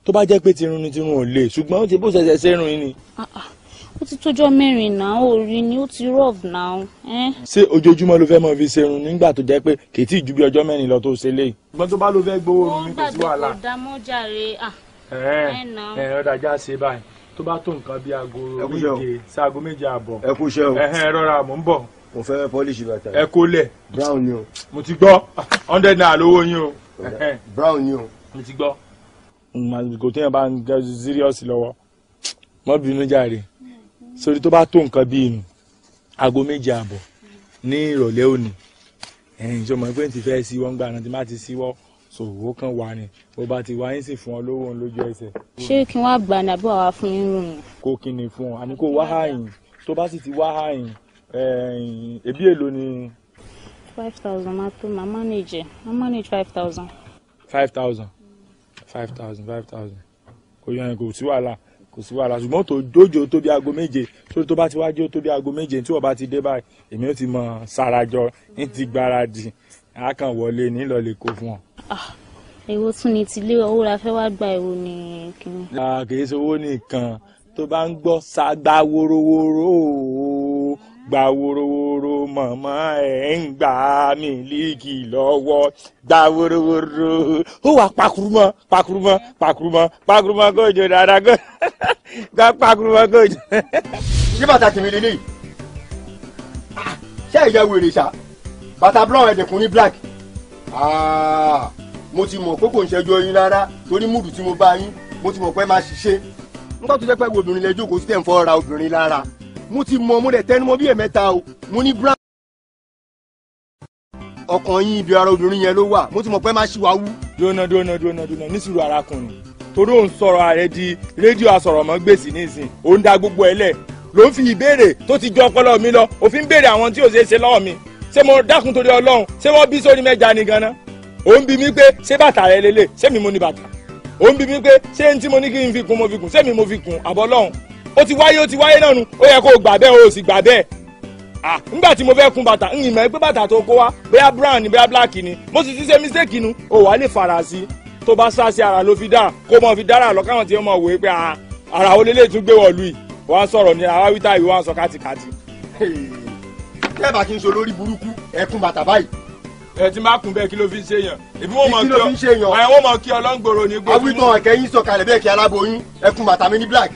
tó bá jẹ́ pé tirun ni tirun ò lè ṣùgbọ́n ó ti bó ṣẹ̀ṣẹ̀ ṣẹ́rùn yìí
ah, ah. ni. ó ti tójọ́ mẹ́rin náà orí ni ó ti rọ̀f náà.
ṣé ojoojúmọ́ ló fẹ́ mọ fi ṣerun nígbà tó jẹ́ pé kì í tí ì ju bí ọjọ́ mẹ́rin lọ tó ṣe lé ṣùgbọ́n tó bá ló fẹ́ gbowó tó bá tó nǹkan bíi aago méje sí aago méje àbọ̀ ẹ kú iṣẹ́ o ẹhẹn rọra mò ń bọ̀. mo fẹ́ pọ́líṣì bàtà yìí. ẹ kó lẹ̀. brown ni o. mo ti gbọ́ hundred naira lówó yín o.
brown ni o. mo ti gbọ́. màgò téèyàn bá ń gẹ serious lọ́wọ́ mọ́ bínú jàre sórí tó bá tó nǹkan bíi nù aago méje àbọ̀ ní ìrọ̀lẹ́ òní ẹ̀yìn tó mọ̀ ti fẹ́ sí wọ́n gbà náà tí má ti síwọ́ so owó kan
wà ní bó bá ti wá yín sì fún ọ lówó ń lójú ẹsẹ̀.
ṣé kí wọ́n gbà ní àbúrò àwa fún yín rùn.
kó kí ni fún ọ àní kó wá àyìn tó bá sì ti wá àyìn ẹbí èlò ni.
five thousand máa tó máa manage máa manage five thousand.
five thousand five thousand five thousand kò yẹn kò sí wàhálà kò sí wàhálà ṣùgbọ́n tó dójó tó bí aago méje sórí tó bá ti wájú tó bí aago méje tí wọ́n bá ti dé báyìí èmi ó ti mọ̀ ṣàràjọ ní ti gbáradì a kàn wọlé ní lọ́lẹ̀ kó fún ọ. Ah,
èwo tún ni tilé owó la fẹ́ wá gba èwo ni kìnnì.
kìí ṣe owó nìkan tó bá ń gbọ́ ṣàgbà wórówóró gba wórówóró mọ̀mọ́ ẹ̀ ń gbà mílíkì lọ́wọ́ gba wórówóró ó wà pakurumọ́ pakurumọ́ pakurumọ́ pakurumọ́ gòjò dáadáa gba pakurumọ́ gòjò. ṣé bàtà tèmi lè ní ah, ṣé ìyá wèrè ṣá bàtà brown ẹ̀dẹ̀kùn ní black ah, mo ti mọ̀ pé kò ń ṣẹjọ́ yín rárá torí múdù tí mo bá yín mo ti mọ̀ pé má ṣiṣẹ́ nígbà tó jẹ́ pé obìnrin lẹ́jọ́ kò sí tẹ̀ ń fọ́ ra obìnrin lára mo ti mọ̀ mo dẹ̀ tẹnumọ́ bí ẹ̀mẹ́ta o mo ní brown ọkàn yín ibi ara obìnrin yẹn ló wà mo ti mọ̀ pé má ṣìwà wú. dúnà dúnà dúnà dúnà nísìrò arákùnrin torí òun sọ̀rọ̀ rẹ̀ di rédíò asọ̀rọ̀mọ́gbèsì nísìn òun da gbogbo ẹ̀ lẹ̀ ló ń fi ìbéèrè tó ti jọ ọpọlọ mi lọ òfin béèrè àwọn tí ò ṣeé ṣe lọ́wọ́ mi ṣé mo dákun torí ọlọ́run ṣé wọ́n bí sórí mẹ́ja ni ganan ò ń bi mí pé ṣé bàtà rẹ lélẹ̀ ṣé mi mo ní bàtà ò ń bi mí pé ṣé n tí mo ní kí n fi kun mo fi kun ṣé mi mo fi kun àbọ̀ ọlọ́run ó ti wáyé ó ti wáyé náà nu ó yẹ kó o gbà bẹ́ẹ̀ o sì gbà bẹ́ẹ̀ ah nígbà tí mo fẹ́ kun bàtà ń yìnbọn pé bàtà tó kó wa bóyá brown ni bóyá black ni mo sì ti ṣe mistake nu o wà lè fara sí tó bá sá sí ara ló fi dá kó mọ fi dára lọ káwọn tí ó mọ pé ara ó lélẹ̀ tún gbé wọ̀lú yìí wọ́n á sọ̀rọ̀ ní àwáwítà yìí wọ́n á sọ kátikáti. tẹ́ bá kí n ṣe olórí burúkú ẹkún bàtà báyìí. ẹ ti máa kun bẹ́ẹ̀ kí ló fi ń ṣe yàn èmi wọn mọ kí ọ ẹ wọn mọ kí ọlọ́ngbòrò ní gbogbo. awitọ ẹkẹyin sọ̀kalẹ̀ bẹ́ẹ̀ kí aláboyún ẹkún bàtà mi ní black.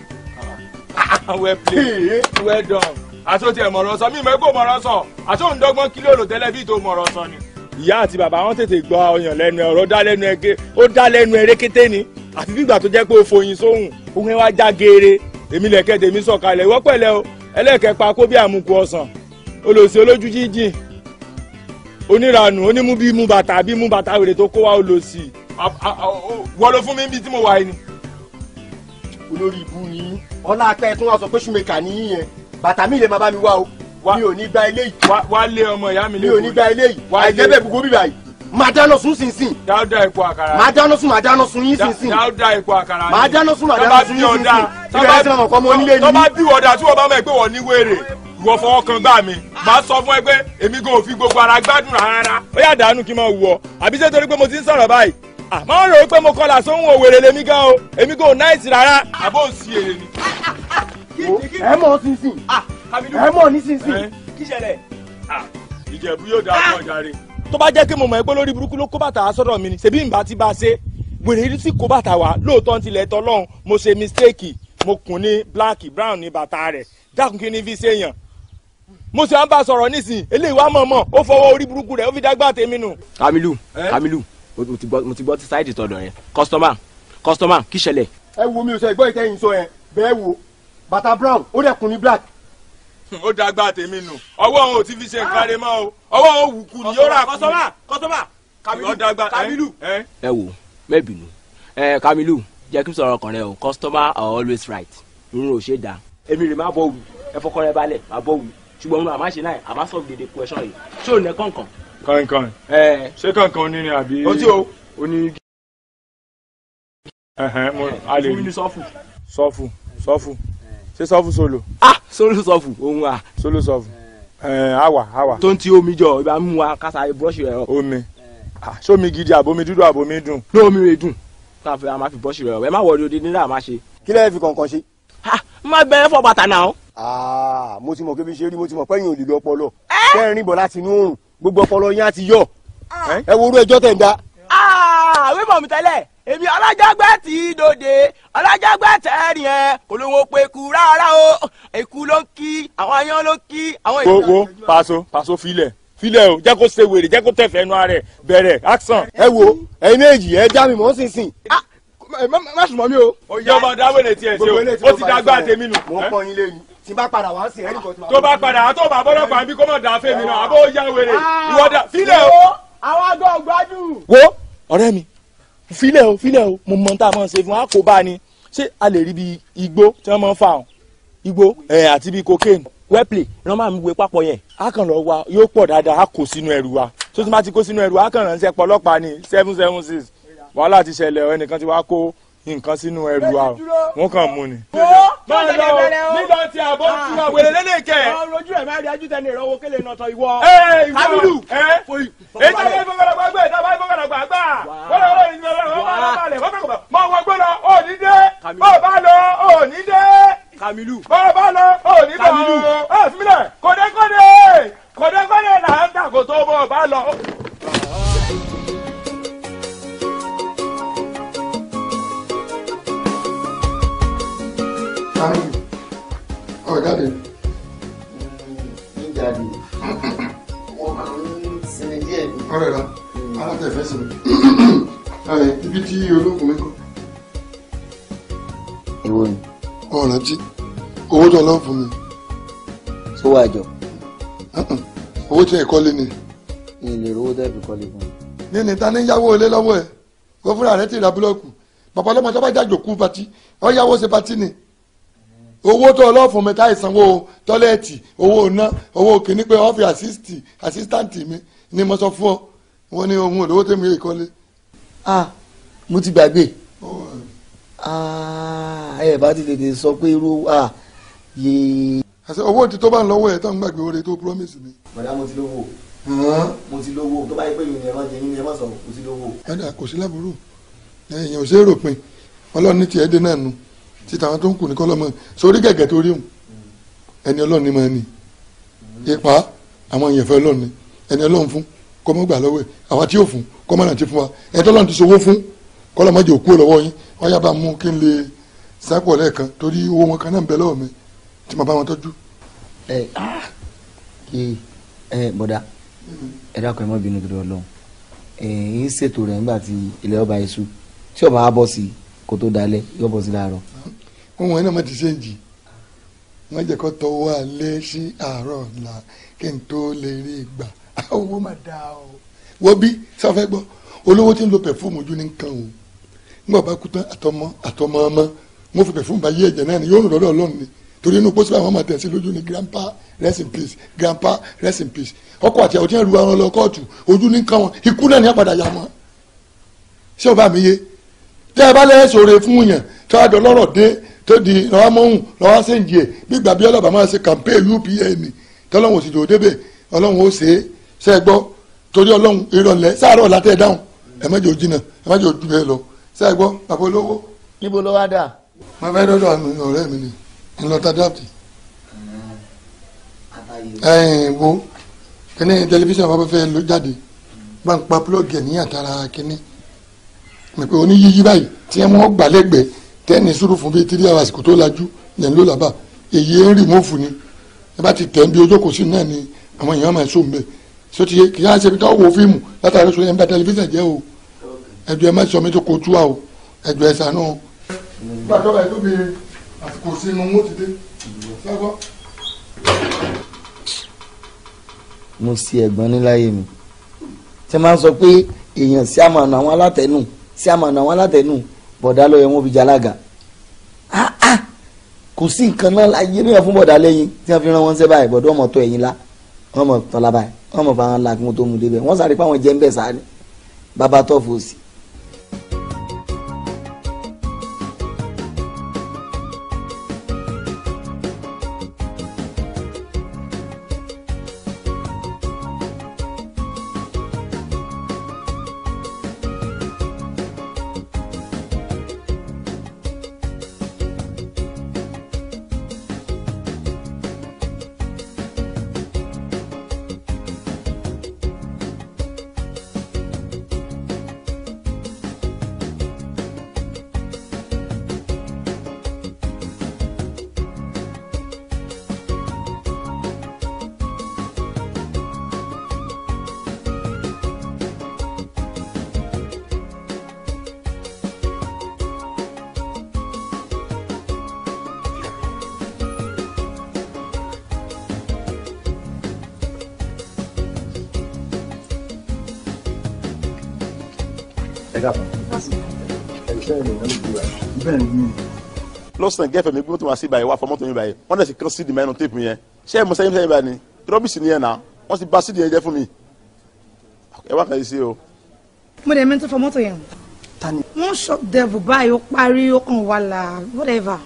well played well done àti o mọ̀rọ̀ sọ mi mọ̀ kó mọ̀rọ̀ sọ àti òun dọ́gbọ́n kílò lò tẹ́lẹ̀ bí tó mọ̀rọ̀ sọ ni. ìyá àti bàbá wọn tètè gbọ́ ọyàn lẹ́nu ọ̀rọ̀ dá lẹ́nu ẹ̀ ó dá lẹ́nu ẹ̀ ni àfi bígbà tó jẹ́ pé o foyin sóhùn òun ẹ̀ wá já geere èmi lẹ̀kẹ́ tèmi sọ̀kalẹ̀ ìwọ́pẹ̀lẹ̀ o ẹlẹ́kẹ̀ẹ́ pa kó bí àmukù ọ̀sán olòṣì olójú jíjìn oníranù onímúbí mú bàtà bí mú bàtà wèrè tó kó wa olòṣì wọ́n ló fún mi níbi tí mo wà yìí ni. olórí ibu ni ọlá apẹ tí wọn sọ pé ṣùmẹkà nìyí yẹn bàtà mi lè máa bá mi wá o mi ò ní gba ilé yìí. wá lé ọmọ ìyá mi lẹ́kọ̀ọ́ mi ò ní gba ilé yìí àìjẹ́bẹ̀ gbogbo bíbá yìí máa dáná sun sínsìn. dáúdà epo àkàrà. máa dáná sun máa dáná sun yín sínsìn. dáúdà epo àkàrà. máa dáná sun máa dáná sun yín sínsìn. tọ́ba bí ọ̀dà tọ́ba bí ọ̀dà tí wọ́n wọ fọwọ́ kan gbá mi máa sọ fún ẹ pé èmi gan fi gbogbo ara gbádùn rárá ó yà dànù kí n máa wù ọ àbí ṣé torí pé mo ti ń sọ̀rọ̀ báyìí àmọ́ rò ó pé mo kọlà sóhun òwèrè lèmi gan o èmi gan ò náìsì rárá àbó ò sí èrè ni. ẹ mọ̀ nísinsìn ah, ẹ mọ̀ nísinsìn. kí ṣẹlẹ̀. Ah, ìjẹ̀bú yóò dáa fún ọjà ah! rẹ̀. tó bá jẹ́ kí mo mọ̀ pé lórí burúkú ló kó bàtà sọ́dọ̀ mi ni ṣebí ìgbà tí bá ṣe wèrè rí sí kó bàtà wá lóòótọ́ tilẹ̀ tọ́lọ́run mo ṣe mistake mo kùn ní black brown ní bàtà rẹ̀ dákun kí ni fi ṣe yàn mo sì ń bá sọ̀rọ̀ nísìn eléyìí wá mọ̀ọ́mọ̀ ó fọwọ́ orí burúkú rẹ̀ ó fi dágbà tèmi nù. Kamilu Kamilu mo ti gbọ́ ti sáìdì tọ̀dọ̀ yẹn kọ́sítọ́mà kọ́sítọ́mà wo mi ò sọ ìgbọ́ ìtẹ́yìn sọ yẹn bẹ́ẹ̀ wo bàtà brown ó dẹ̀ kun ní black. O dágbà tèmi nù ọwọ́ òun ò ti fi ṣe nǹkan rẹ̀ mọ́ o ọwọ́ òun wù kù ní ó rà kù. kọ́sítọ́mà kọ́sítọ́mà Kamilu. ẹ wo mẹ́bìnú Eh Kamilu jẹ́ kí n sọ̀rọ̀ ọkàn o customer are always right irun ò ṣe é dá èmi rè má bọ̀ wù ẹ fọkàn ṣùgbọ́n mo àmà ṣe náà àmà sọ gbèdè question yìí ṣé ò ní kọ̀ǹkàn. kọ̀ǹkàn ṣé kọ̀ǹkàn oní ni àbí oní.
fún mi ní sọ́fù.
sọ́fù sọ́fù ṣé sọ́fù solo. ah solo sọ́fù òun à. solo sọ́fù àwà àwà. tó ń ti omi jọ ibà mú wa kásá búrọ́ọ̀ṣì rẹ̀ rọ. omi sómi ah, gidi àbomi dúdú àbomi dùn. ní omi rẹ̀ dùn káfíńà máa fi búrọ́ọ̀ṣì rẹ̀ rọ ẹ má wọlé odi nílà máa ṣe. kí lẹ́yìn fi kọ̀ǹkàn ṣe. ha ah, má bẹ́ẹ̀ fọ bàtà náà. Ah, mo ti mọ̀ kébí ṣe rí mo ti mọ̀ pẹ́yìn òlìlú ọpọlọ kẹrin bọ̀ láti inú oòrùn gbogbo ọpọlọ yín á ti yọ ah. ẹ wo ẹjọ́ tẹ̀ ń da. Ah, àwé mọ̀ mi tẹ́lẹ̀ èmi ọlọ́jàgbẹ́ ti dòde ọlọ́jàgbẹ́ tẹ́rìn ẹ kò ló ń wo pé eku rárá o eku ló ń kí àwọn ayan ló ń kí àwọn èèyàn. wo wo paṣọ paṣọ filẹ filẹ o jẹ kó ṣe wèrè jẹ kó tẹfẹ ẹnu ara ẹ action. ẹ wo ẹyin méjì ẹ já mi mọ́ sínsìn má sùn mọ́ mi o. ó yẹ ọmọ dáwọ́ lè tiẹ̀ ṣe o ó ti dàgbà tèmi nù. mo pọ́n yín lé ni tí bá padà wá sí ẹnì kan tí ma. tó bá padà àtọ́ bá bọ́dọ̀ pa mí kó mọ̀ dà fẹ́mi náà àbó ya wèrè ah, ìwọ́dà sílẹ̀ o. àwọn agbọ́ gbádùn. wo ọ̀rẹ́ mi filẹ̀ o filẹ̀ o mo mọ tá a máa ṣe fún wa kó bá a ni ṣé a lè rí bí igbó tí wọ́n máa ń fa o igbó ẹ̀ àti bí cocaine wẹ́pìlì ìran máa ń wé papọ̀ yẹn. a kàn lọ wa yóò pọ̀ dáadáa a kò sínú ẹrù wa tó ti má ti kó sínú ẹrù wa a kàn ránṣẹ́ pọ̀ ọlọ́pàá ni seven seven six
wàhálà ti ṣẹlẹ̀ ẹnìkan ti wá kó nǹkan sínú ẹrù wa wọn kàn mú ni.
máa lọ nígbà tí àbọ̀ tí wà wẹ̀lẹ̀ lẹ́lẹ̀ kẹ́.
ọlọ́jú ẹ̀ máa rí ajú tẹ̀lé ìrọ̀wọ́ kélé náà ìwọ. ee ìwọ kábílù ee ètò ìwé ìfowópamọ́ àgbà ìta bá ìfowópamọ́ àgbà gbà wọ́n lọ wọ́n lọ wọ́n lọ balẹ̀ wọ́n kọ̀ mọ wọ́n gbọ́ òní dé bọ́ọ̀ bá lọ òní dé bọ́ọ̀ bá lọ òní dé ọ̀ fún mi náà kòdékòdé là ń tàkótó bọ́ọ̀ bá lọ. sáré jù ọ̀ jáde. níjàdì wọ́n máa ń sinmi díẹ̀ ni. ọ̀rẹ́ rà aláta hmm. ìfẹ́ sinmi ibi tí olóògùn mi kọ́. ìwọ ni. ọ̀rántí owó tó lọ́ọ́ fún mi. sówó àjọ. owó tí ẹ kọ́lé ni. mi ò lè rówó dẹ́bi kọ́lé fún mi. ní ní ta ni yáwó ilé lọ́wọ́ ẹ̀ wọ́n fúnra rẹ̀ ti ra búlọ́ọ̀kù bàbá ọlọ́mọ tó bá jájò kú patí ọ yáwó ṣe patí ni owó tó ọlọ́fun mi táì sanwó tọ́lẹ́ẹ̀tì owó iná owó kìíní pé ọ́fì àsísìtì àsísítàǹtì mi ni mo sọ fún ọ wọn ní ohun olówó tó mi yé kọ́lé. ah mo ti gbàgbé ẹ bá ti tètè sọ pé irú ah yéé. àṣẹ owó ti tó bá ń lọ́wọ́ ẹ̀ tó ń gbàgbé oore tó promise mi. bàdá mo ti lówó mo ti lówó tó bá yẹ pé mi ni ẹ má jẹ mi ni ẹ má sọ mo ti lówó. bàdà kò sí láburú ẹ̀yìn ò ṣeé ròpin ọlọ́run ní tiẹ̀ dé náà nu ti tàwọn tó ń kù ní kọ́lọ́mọ sórí gẹ̀gẹ̀ tó rí òun ẹni ọlọ́run ni máa ní ipa àwọn èèyàn fẹ́ ọlọ́run ni ẹni ọlọ́run fún kọ́ mọ́ gbà lọ́wọ́ ẹ̀ àwọn tí yóò fún kọ́ mọ́ náà ti fún wa ẹni tó ọlọ́run ti sowó fún kọ́lọ́mọ jẹ́ òkú lọ́wọ́ yín wọ́n yá bá mú kí n lè sápò lẹ́ẹ̀kan torí owó wọn kan náà ń bẹ lọ́wọ́ mi tí mo bá wọn tọ́jú. ẹ ah, kí ẹ bọ̀dá ẹ dákun ẹ mọ́ bínú tó dalẹ̀ yóò bọ̀ sí láàárọ̀ ohun ẹ̀ náà má ti ṣe ń jì wọ́n jẹ́ kó tọwọ́ alẹ́ sí àárọ̀ ọ̀la kí n tó lè rí ìgbà owó má dá o wọ́n bí sáfẹ́ gbọ́ olówó tí ń lo pẹ̀fúmù ojú ní nǹkan o nígbà bá kú tán àtọmọ àtọmọ ọmọ wọn fi pẹ̀fúmù bá yí ẹ̀jẹ̀ náà ni yóò rìn lọ́dọ̀ ọlọ́run ni torí inú pósí àwọn ọmọ tẹ̀ sí lójú ni grandpa rest in peace grandpa rest in peace ọkọ àti àwọn tí wọn lu àwọn lọ kóòtù ojú ní nǹkan wọn ikú náà ní àpàdà yà wọn ṣé o bá mi yé tẹ́ ẹ bá lẹ́yìn sòrè fún yàn tó a dọ̀ lọ́rọ̀ dé tó di lọ́wọ́ mọ́hún lọ́wọ́ sẹ́ǹjì ẹ̀ gbígbà bí ọlọ́ba máa ṣe campaign UPA ni tọ́lọ́hún òsì tó débẹ̀ ọlọ́hún ó ṣe é ṣe é gbọ́ torí ọlọ́hún ìrọ̀lẹ́ sáàrọ̀ látẹ̀ dáhùn ẹ má jò jìnnà ẹ má jò jù bẹ́ẹ̀ lọ ṣe é gbọ́ bàbá olówó. níbo ló wá dà. mo fẹ́ dọ́dọ̀ ọ̀rẹ́ mi ni ńlọta draft. ẹ̀ẹ́n wo kíní tẹlifíṣàn bàbá fẹ́ ló jáde bá ń pa púlọ̀gì ẹ̀ ní àtàrà kíní mi pé oníyíyí báyìí tí ẹ mọ́ gbàlẹ́gbẹ̀ẹ́ tẹ́ni sùúrù fún bíi tírí àwọn àsìkò tó lajú lẹ́nu ló làbà èyí ń rí mọ́ọ̀fù ni ẹ bá ti tẹ̀ ń bí ojókòó sí náà ni àwọn èèyàn máa ń sóun bẹ́ẹ̀ sọtí kì í á ṣe bí wo fíìmù látàrí sọ yẹn bá tẹlifíṣàn jẹ́ o ẹ̀dùn ẹ̀ má sọ mi tó kojú wa o ẹ̀dùn ẹ̀ sànú. gbàdọ́ ẹ̀ tó bí àsìkò sínú wọn ti dé sẹ́gbọ́. mo sí ẹ̀gbọ́n níláyé mi tí wọ́n máa ń sọ pé èèyàn sí àmàna àwọn alátẹ̀nù sí àmàna àwọn alátẹ̀nù bọ̀dá lọ́yẹ̀ wọn fi jalága ah ah kò sí nǹkan náà láyé níyàn fún bọ̀dá lẹ́yìn tí wọ́n fi ran wọn ṣẹ́ báyìí bọ̀dá ọmọ tó ẹ̀yìn la wọ́n tọ́lá báyìí wọ́n fáwọn la kí débẹ̀ wọ́n sáré pé àwọn jẹ́ ń bẹ̀ sáré bàbá tọ́fù òsì lọ́sàn gẹ́fẹ̀ mi gbọ́dọ̀ wá sí ibà yẹn wá fọ mọ́tò mi ibà yẹn wọ́n dẹ̀ sì kán sídìí mẹ́nu téèpù yẹn ṣé ẹ mọ sẹ́yìn sẹ́yìn bá ní tírọ́bìsì ni yẹn náà wọ́n sì bà sídìí yẹn jẹ́ fún mi ẹ wá kàn yín sí o.
mo dẹ̀ mẹ́tò fọ mọ́tò yẹn. tani. wọ́n sọ dẹ̀bù báyìí ó parí ó kàn wà là whatever.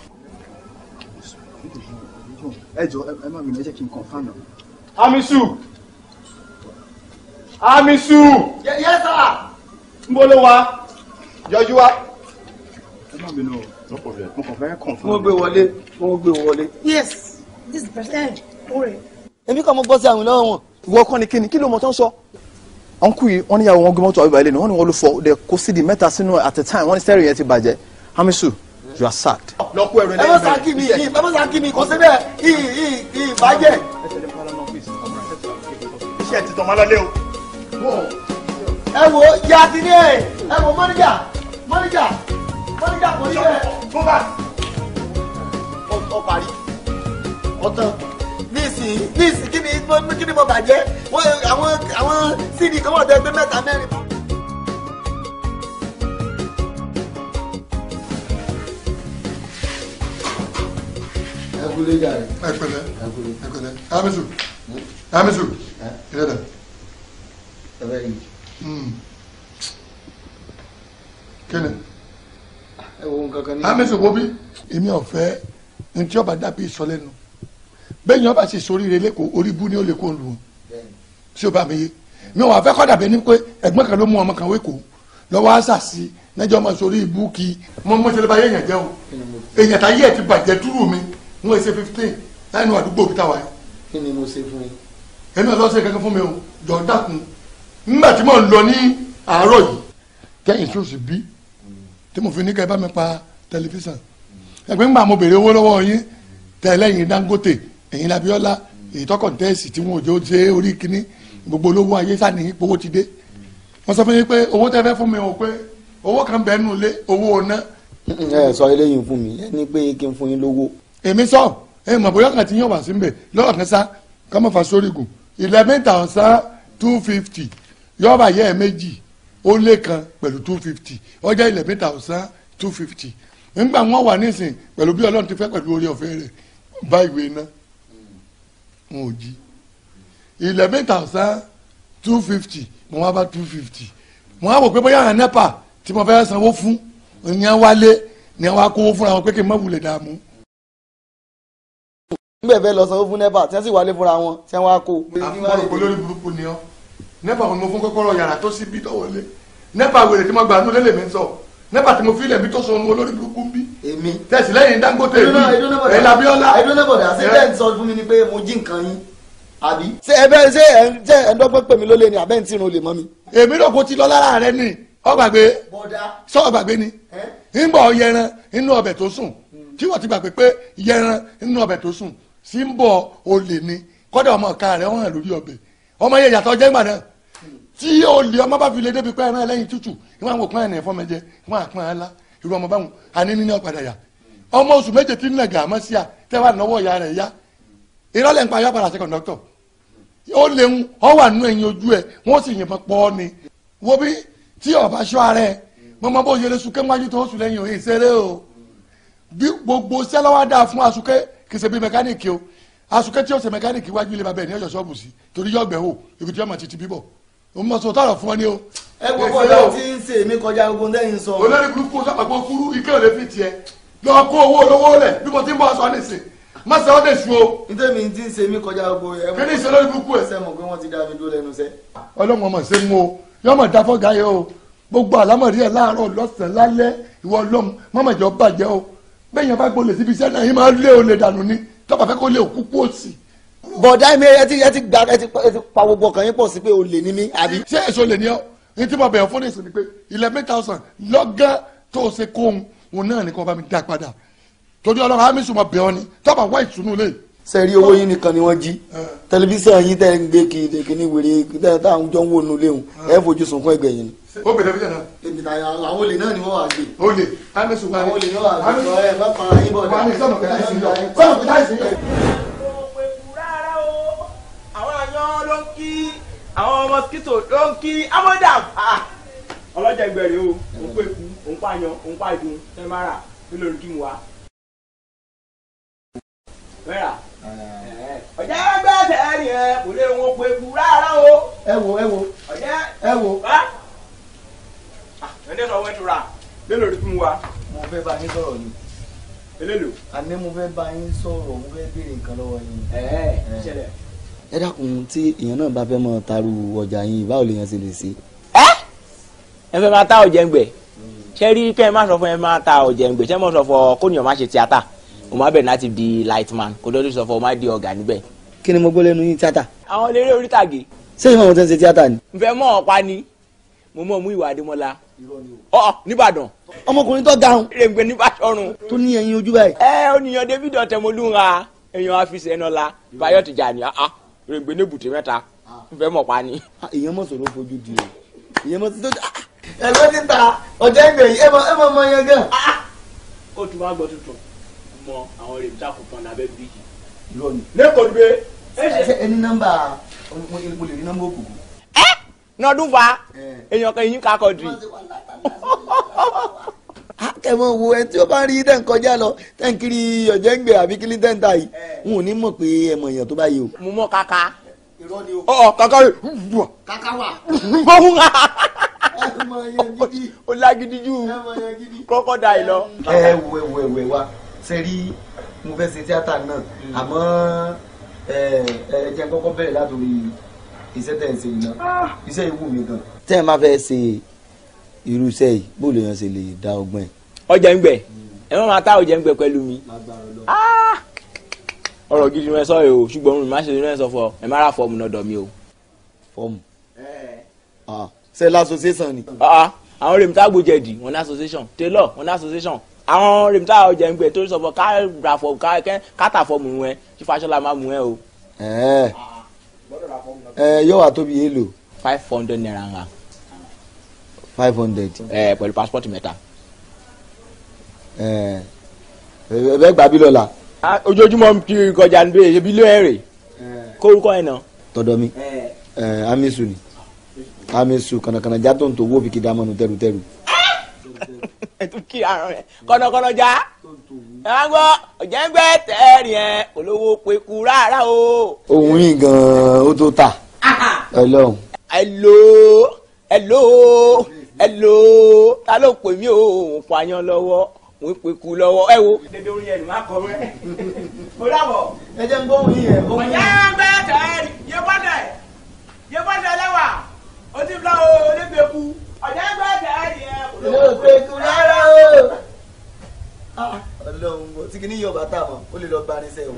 ẹ jọ ẹ má mi lẹ́jẹ̀ kí n kàn fáàn náà. Hamisu Hamisu. yẹ yẹ sá. ń bolo wa yọjú wa. ẹ má mi nù no problem mo kàn fẹ́ confirm. wọ́n gbé wọlé wọ́n gbé wọlé.
yes this is the president eh, ọ̀rẹ́.
èmi kàn mọ gbọ́ sí àwìn lọ́wọ́ wọn. ìwọ kọ́ni kí ni kí ló mọ tó ń sọ. ọ̀nkú yìí wọ́n níyàwó wọn gbé mọ́tò àbíbá ilé ni wọ́n ní wọ́n ló fọ the kó sídìí mẹ́ta sínú at a time wọ́n ní sẹ́rìn yẹn ti bàjẹ́ hamisu you are sacked. lọ́kù ẹ̀rọ ẹ̀rọ ẹ̀rọ sáàkì mi ẹ̀ bá sáàkì mi kò síbẹ̀ ìbàjẹ́. iṣẹ́ ti tọ́ malálẹ́ o. ẹ wo yàtí ní ẹ ẹ wo mọ́níjà mọ́níjà mọ́níjà kò ní bẹ́ẹ̀ tún bá ọ parí ọtán nísìnyí nísìnyí kí ni kí ni mo bàjẹ́ àwọn àwọn cd kan wà dẹ́gbẹ́ mẹ́ta mẹ́rin. ẹ kúlé jàre. ẹ pẹ̀lẹ́ ẹ kúlé ẹ pẹ̀lẹ́ amisu hm? amisu ilé dẹ. ẹ bẹ yìí.
Hmm. kí
ni amẹ́sẹ̀ wo bí èmi ọ̀fẹ́ ọba dàbí ìsọlẹ́nu bẹ́ẹ̀ ọba ṣe sórí rẹ lẹ́kọ̀ọ́ orí bú ní ó lè kó lù ú sí mi yé mi wà fẹ́ kọ́dà bẹ́ẹ̀ ni pé ẹ̀gbọ́n kan ló mú ọmọ kan wéko lọ́wọ́ àṣà sí lẹ́jọ́ máa sórí ibú kí mo mọ ṣẹlẹ̀ bá yé èèyàn o èèyàn tá yé ẹ̀ ti bàjẹ́ dúró mi wọ́n ṣe fifteen láìnú àdúgbò òkúta wa. kí ni mo ṣe fún yín. èmi ọlọ́sẹ̀ kankan fún mi o jọ̀ọ́ dákun nígbà tí mò ń lọ ní àárọ̀ yìí kẹ́yìn tó sì tí mo fi ní kẹ́ ẹ bá mi pa tẹlifíṣàn ẹgbẹ́ ńgbà mo béèrè owó lọ́wọ́ yín tẹ̀lẹ́yìn Dangote ẹ̀yin labiola èyí tọkọ̀ tẹ́ẹ̀sì tí wọn ò jẹ́ oṣù orí kínní gbogbo olówó ayé sani ipò owó ti dé wọ́n sọ fún mi pé owó tẹ́ fẹ́ fún mi ò pé owó kan bẹ́ẹ̀ nù lé owó ọ̀nà. ẹ sọ eléyìí fún mi ẹni pé kí n fún yín lówó. èmi sọ ẹ mọ̀ bóyá kàn ti yàn wá sí mbẹ̀ lọ́wọ́ kan sá kọ́mọ̀fà sórígùn eleven thousand two fifty yọ́ọ̀bà yẹ́ ẹ̀ méjì ó lé kan pẹ̀lú two fifty ó jẹ́ eleven thousand two fifty nígbà wọn wà nísìn pẹ̀lú bí ọlọ́run ti fẹ́ pẹ̀lú orí ọ̀fẹ́ rẹ̀ bá ìwé iná wọn ò jí eleven thousand two fifty wọn wá bá two fifty wọn á wò pé bóyá àwọn nepa tí mo fẹ́ sanwó fún ní wọn wálé ní wọn kówó fúnra wọn pé kí n má wulẹ̀ dààmú. nígbà bẹ́ẹ̀ lọ sanwó fún nepa tí wọ́n sì wálé fúnra wọn tí wọ́n á kó. àpò olórí burúkú ni ọ́ nẹ́pà wọn ni mo fún kọ́kọ́rọ́ yàrá tó sí bí tó wọlé nẹ́pà wèrè tí mo gbà nù lélẹ̀ mi sọ nẹ́pà tí mo fi lẹ̀ bí tó sọnù olórí burúkú bí. èmi tẹ̀sí lẹ́yìn Dangote yìí ẹ̀la bíọ́lá. àìdónẹ́bọ̀dà ṣé bẹ́ẹ̀ ń sọ fún mi ni pé mo jí nǹkan yín àbí. ṣé ẹ bẹ́ẹ̀ ṣé ẹ ṣé ẹ dọ́gbọ́n pè mí ló lé ni àbẹ́ ń tìrun lè mọ́ mi. èmi náà kò ti lọ lára rẹ ni ọgbàgbé sọ ọgbàgbé ni ńbọ yẹran inú ọbẹ̀ tó sùn tí wọ́n ti gbàgbé pé yẹran inú ọbẹ̀ tó sùn sí ń bọ̀ olè ni kọ́dà ọmọ ọ̀ka rẹ̀ wọ́n hàn lórí ọbẹ̀ ọmọ yẹn yàtọ̀ jẹ́ ìgbà náà tí olè ọmọ bá fi lè débi pẹ́ ẹran ẹlẹ́yin tútù ìwọ̀n àwọn òpin ẹ̀nà ẹ̀fọ́ mẹ́jẹ ìwọ̀n àpọn ẹ̀la irú ọmọ báwọn àníní ní ọ̀padà yà ọmọ oṣù méje tí nílẹ̀ gàmọ́ sí à tẹ́wà nọ́wọ́ ìyá rẹ̀ yá ìrọ̀lẹ́ nípa ayọ́ padà sí kọ̀ǹdọ́tọ̀ ó léwu ọ wà nú ẹ̀yìn ojú ẹ̀ wọ́n sì yìnbọn pọ́ ni wo bí tí ọba ṣọ́ ara ẹ̀ mọ́mọ́ bó yẹlẹ sùkẹ́ wájú tó sùn lẹ́yìn òye ìṣeré o bí gbogbo sẹ́lọ́wádà fún asùkẹ́ kìsẹ́bí mẹkáníìkì o asukẹ́ tí o ṣe mẹkáníìkì wájú ilé bàbá ẹ̀ ní ọ̀yọ́ ṣọ́ọ̀bù sí torí yọ̀gbẹ̀ o ibi tí ọmọ ti ti bíbọ̀ o mọ̀ sọ tààrà fún ọ ní o. ẹ gbogbo ọ̀dọ́ tí ń ṣe mí kọjá gbogbo lẹ́yìn sọ. olórí burúkú sábàgbọ́ kúrú ike òde fi tiẹ̀ lọ kó owó olówó lẹ̀ bí mo ti ń bọ́ aṣọ àdèsè má ṣe ọ́ dèṣù o. nítorí mi ti ń ṣe mí kọjá gbogbo ẹ̀. kí ni ìṣe olórí burúkú ẹ̀. sẹ́mu pé wọ́n ti dá mi dúró lẹ́nu sẹ́. ọlọ́run ọmọ ṣe mú o yọmọ dáfọ́ gáyé o gbogbo àlámọ̀rí ẹ̀ láàárọ̀ lọ́sàn-án lálẹ́ ìwọ ọlọ́run mọ́mọ̀jọ́ bàjẹ́ o bẹ́ẹ̀ yẹn bá gbolè síbi iṣẹ́ náà yín máa lé olè dànù ni tọ́ba fẹ́ kó lé òkú kú òsì. bọ̀dá mi ẹ ti ẹ ti gba ẹ ti pa gbogbo ọkàn yín pọ̀ sí pé olè ni mí àbí. ṣé èso lè ní ọ ní tí mo bẹ̀rẹ̀ fún èso ni pé eleven thousand lọ́gán tó o ṣe kóhun òun náà nìkan bá mi dá padà torí ọlọ́run á mi sùn mọ́ bẹ̀ ọ́ ni tọ́ba wá ìtùnú lè. sẹ́ẹ̀rí owó yín nìkan ni wọ́n jí tẹlifíṣàn yín tẹ́ ń gbé kiri kiri wèrè tẹ́ táwọn jọ ń wò nulẹ̀ ẹ̀ fojú sunkún ó pèlè fíjẹ náà. èmi tàyà àwọn olè náà ni wọ́n wà gbé. olè amisu wa ni amisu wa ẹ bá pa ayé bọ̀ dá. àwọn mosquito ló ń kí amọ́dàm. ọlọ́jà ìgbẹ̀rẹ̀ o òun pé kú òun pààyàn òun pààyàn ẹ má rà nílò orí kí mu wa. mẹ́ra ọ̀jẹ̀ ẹgbẹ́ kò lè wọ́n kú rárá o. ẹ wo ẹ wo ẹ wo. ẹni sọ wẹ́n tura lélo rí fún wa. mo fẹ́ bá yín sọ̀rọ̀ ni. elélo. àní mo fẹ́ bá yín sọ̀rọ̀ mo fẹ́ béèrè nǹkan lọ́wọ́ yín. ẹ ẹ ṣẹlẹ̀. ẹ dákun tí èèyàn náà bá fẹ́ mọ taru ọjà yín báwo lèèyàn ṣe lè ṣe. ẹ ẹ fẹ́ máa ta ọ̀jẹ̀ ńgbẹ̀ ṣé rí kẹ́ ẹ má sọ fún ẹ máa ta ọ̀jẹ̀ ńgbẹ̀ ṣé mo sọ fún ọ kó nìyàn má ṣe tíátà o máa bẹ̀rẹ̀ láti di lightman kó lórí sọ fún ọ má di ọ̀gá níbẹ̀. kí ni mo gbọ́ lẹ́nu yín tíátà. àwọn eléré orí tàgé. ṣé ìfọwọ́n tẹ́ ń ṣe tíátà ni. nfẹ́ mọ́ ọ̀pá ni mo mọ̀ mú ìwà Adémọ́lá nìbàdàn. ọmọkùnrin tó dáhùn. rẹ̀gbẹ̀ níbàṣọ̀rùn. tó ní ẹyin ojú báyìí. ẹ oníyan david ọ̀tẹ̀mọlúwa èèyàn àfisẹ́ ẹ̀nà la bayọ̀ tìjà ni rẹ̀gbẹ̀ ní ah, ah, bùtẹ̀ mẹ́ta ah. nfẹ́ mọ̀ pa ni. èèyàn mọ̀ sọ̀rọ̀ fojú di o èèyàn mọ̀ sọ̀rọ̀
ẹ ló ti ta ọ̀jẹ̀ ìgbẹ̀ yìí ẹ mọ̀ ẹ mọ̀
mọ̀ yẹn gan. ó ti wá gbọ́ tuntun mọ àwọn rèé ta kò pọn lábẹ́ bíríkì. lónìí. lẹ́kọ̀ọ́ gbé. ẹni nọ́mbà mo lè rí nọ́mbà òkùnkùn nọdún fa eh. èèyàn kan ìyín ká kọdì. akẹ́mọ̀ wo ẹni tí ó bá rí dẹ́n kọjá lọ tẹ́n kiri ọ̀jẹ̀ ń gbé àbí kiri dẹ́n ta yìí eh. n ò ní mọ̀ pé ẹ mọ̀ èèyàn tó bá yìí o. mo mọ kaka. irọ́ ni o. ọ̀ kaka yìí. kaka wà. mo ń wá o lágídí jù kọ́kọ́dà yìí lọ. Eh. ẹ wẹ wẹ wẹ wa ṣe rí mo fẹ́ ṣe tíátà náà hmm. àmọ́ ẹ ẹ jẹ́ kọ́kọ́ bẹ̀rẹ̀ látòrí yìí iṣẹ́ tẹ̀ ń ṣe yìí náà iṣẹ́ yìí wù mí gan. tẹ́ ẹ máa fẹ́ ṣe irú iṣẹ́ yìí bó lèèyàn ṣe lè dá ọgbọ́n ẹ̀. ọjà ń gbẹ ẹ má máa tá ọjà ń gbẹ pẹ̀lú mi ah! ọ̀rọ̀ gidi rẹ sọ yìí o ṣùgbọ́n mi má ṣe rẹ sọ fọ ẹ má ra fọ́ọ̀mù náà dọ̀ mi o. fọ́ọ̀mù ah, ṣe l'association ni. Ah, àwọn rèmítà gbòjẹ̀dì wọn ní association tailor wọn ní association àwọn rèmítà ọjà ń gbẹ torí sọ fọ ká ra fọ́ọ̀mù ká tà fọ́ọ̀mù rẹ ṣífàṣọlá má mú ẹ o ẹ eh, yóò wá tóbi five hundred naira ń five hundred. ẹ eh, pẹ̀lú passport mẹ́ta. ẹ eh, ẹ bẹ́ẹ̀ gbà bí lọ́la. ojoojúmọ́ n kiri kọjá ní bẹ́ẹ̀ ṣe bí ló ẹ̀ rè kórúkọ ẹ̀ náà. tọ̀dọ̀ mi ẹ amisu ni amisu kànàkànà já tó ń tó wó fi kí dámọ̀nù tẹ́rù tẹ́rù. ẹ tún kí àrùn rẹ kọ́nàkọ́nà já. tó ń tó wó àwọn ọ̀jẹ̀ngbẹ́ tẹ̀rì ẹ̀ olówó peku rárá o. òun yìí gan-an ó tó ta ọlọ́run. hello hello hello ta ló pè mí o òun pa yan lọ́wọ́ òun peku lọ́wọ́ ẹ wo. dédé orí ẹnu máa kọ rẹ mo dábọ̀ ẹ jẹ́ ń gbọ́ òun yìí ẹ̀ bọ́. ọ̀jẹ̀ngbẹ́ tẹ̀rì yé bọ́dà yé bọ́dà lẹ́wà ó ti bla o onígbèkú ọ̀jẹ̀ngbẹ́ tẹ̀rì ẹ̀ olówó peku rárá o. Ah. ọlọ́run tí kìíní yọ̀ bàtà mọ́ ó lè lọ gbanisẹ́ o.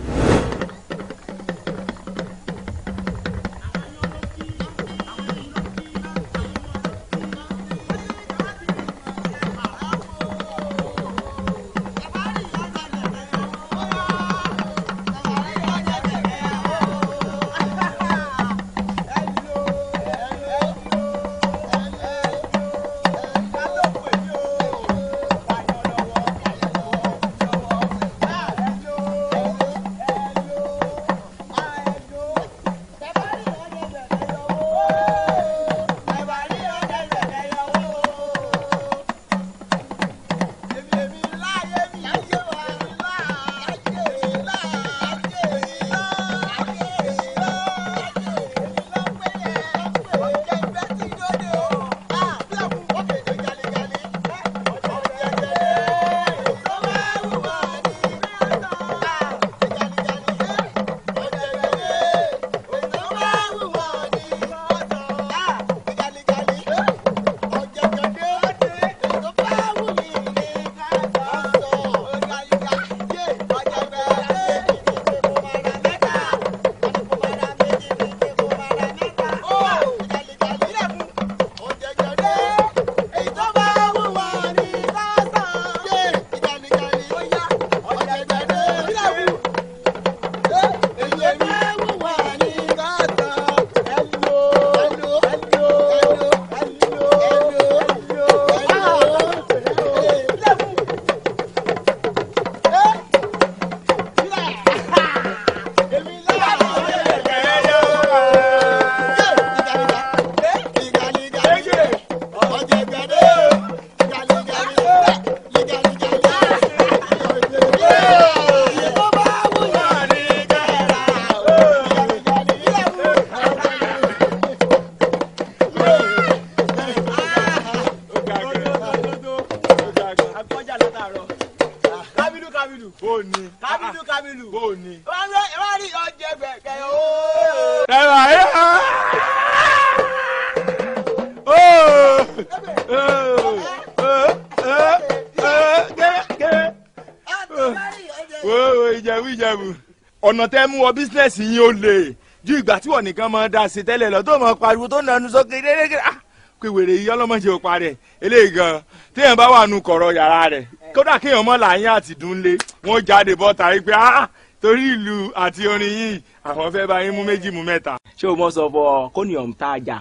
bísínẹ́sì yín ó le ju ìgbà tí wọ́n nìkan máa ń dá ṣe tẹ́lẹ̀ lọ pariwo tó nanu sókè dẹ́dẹ́gẹ́dẹ́ ah pé wèrè yìí ọlọ́mọdé ò parẹ́ eléyìí gan téèyàn bá wà nù kọ̀rọ̀ yàrá rẹ̀ kódà kéèyàn mọ́ làyín àti dúnlé wọ́n jáde bọ́ tàrí pé ah, ah torí ìlú àti orin yìí àwọn fẹ́ bá yín mú méjì mú mẹ́ta. ṣé o mọ sọ fọ kóníyàn tá a jà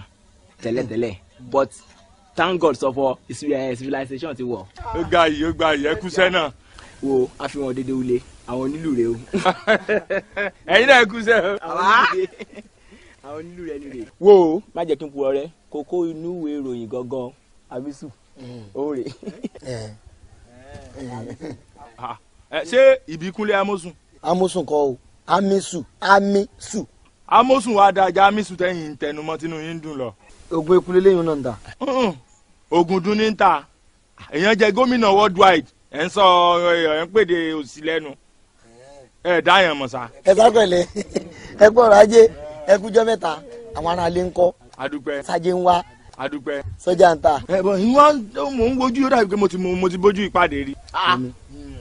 tẹ́lẹ̀tẹ́lẹ̀ but thank God sọ fọ civilization ti wọ̀. ó gbà yìí ó gbà yìí ẹ kúṣẹ́ náà. wo àfihàn dédé wulẹ̀ àwọn onílù rẹ o. ẹ̀yin náà kú sẹ. àwọn onílù rẹ nílé. wo má jẹ́ kí n pu ọrẹ kókó inú ìwé ìròyìn gangan abisu oore. Mm. Eh. Eh. Eh, ṣé ìbíkúnlé amosun. amosun kọ́ o amisu amisu. amosun wa dájà amisu tẹ̀yìn tẹnumọ́ tinú yín dùn lọ. ogun ekule lẹ́yìn náà ń ta. ogun dun ní ń ta èèyàn jẹ gómìnà worldwide ẹ̀ ń sọ ẹ̀ ń pèdè òsì lẹ́nu ẹ dá yẹn mọ̀ sá. ẹ bá pẹ̀lẹ́ ẹ gbọ́rọ̀ ajé ẹ kújọ́ mẹ́ta àwọn ará ilé ń kọ́. adúpẹ́ sájé ń wá. adúpẹ́ sọ́jà ń ta. ẹ bọ ìwọ mò ń wojú yóò dàbí pé mo ti mo ti bójú ìpàdé rí. Ah!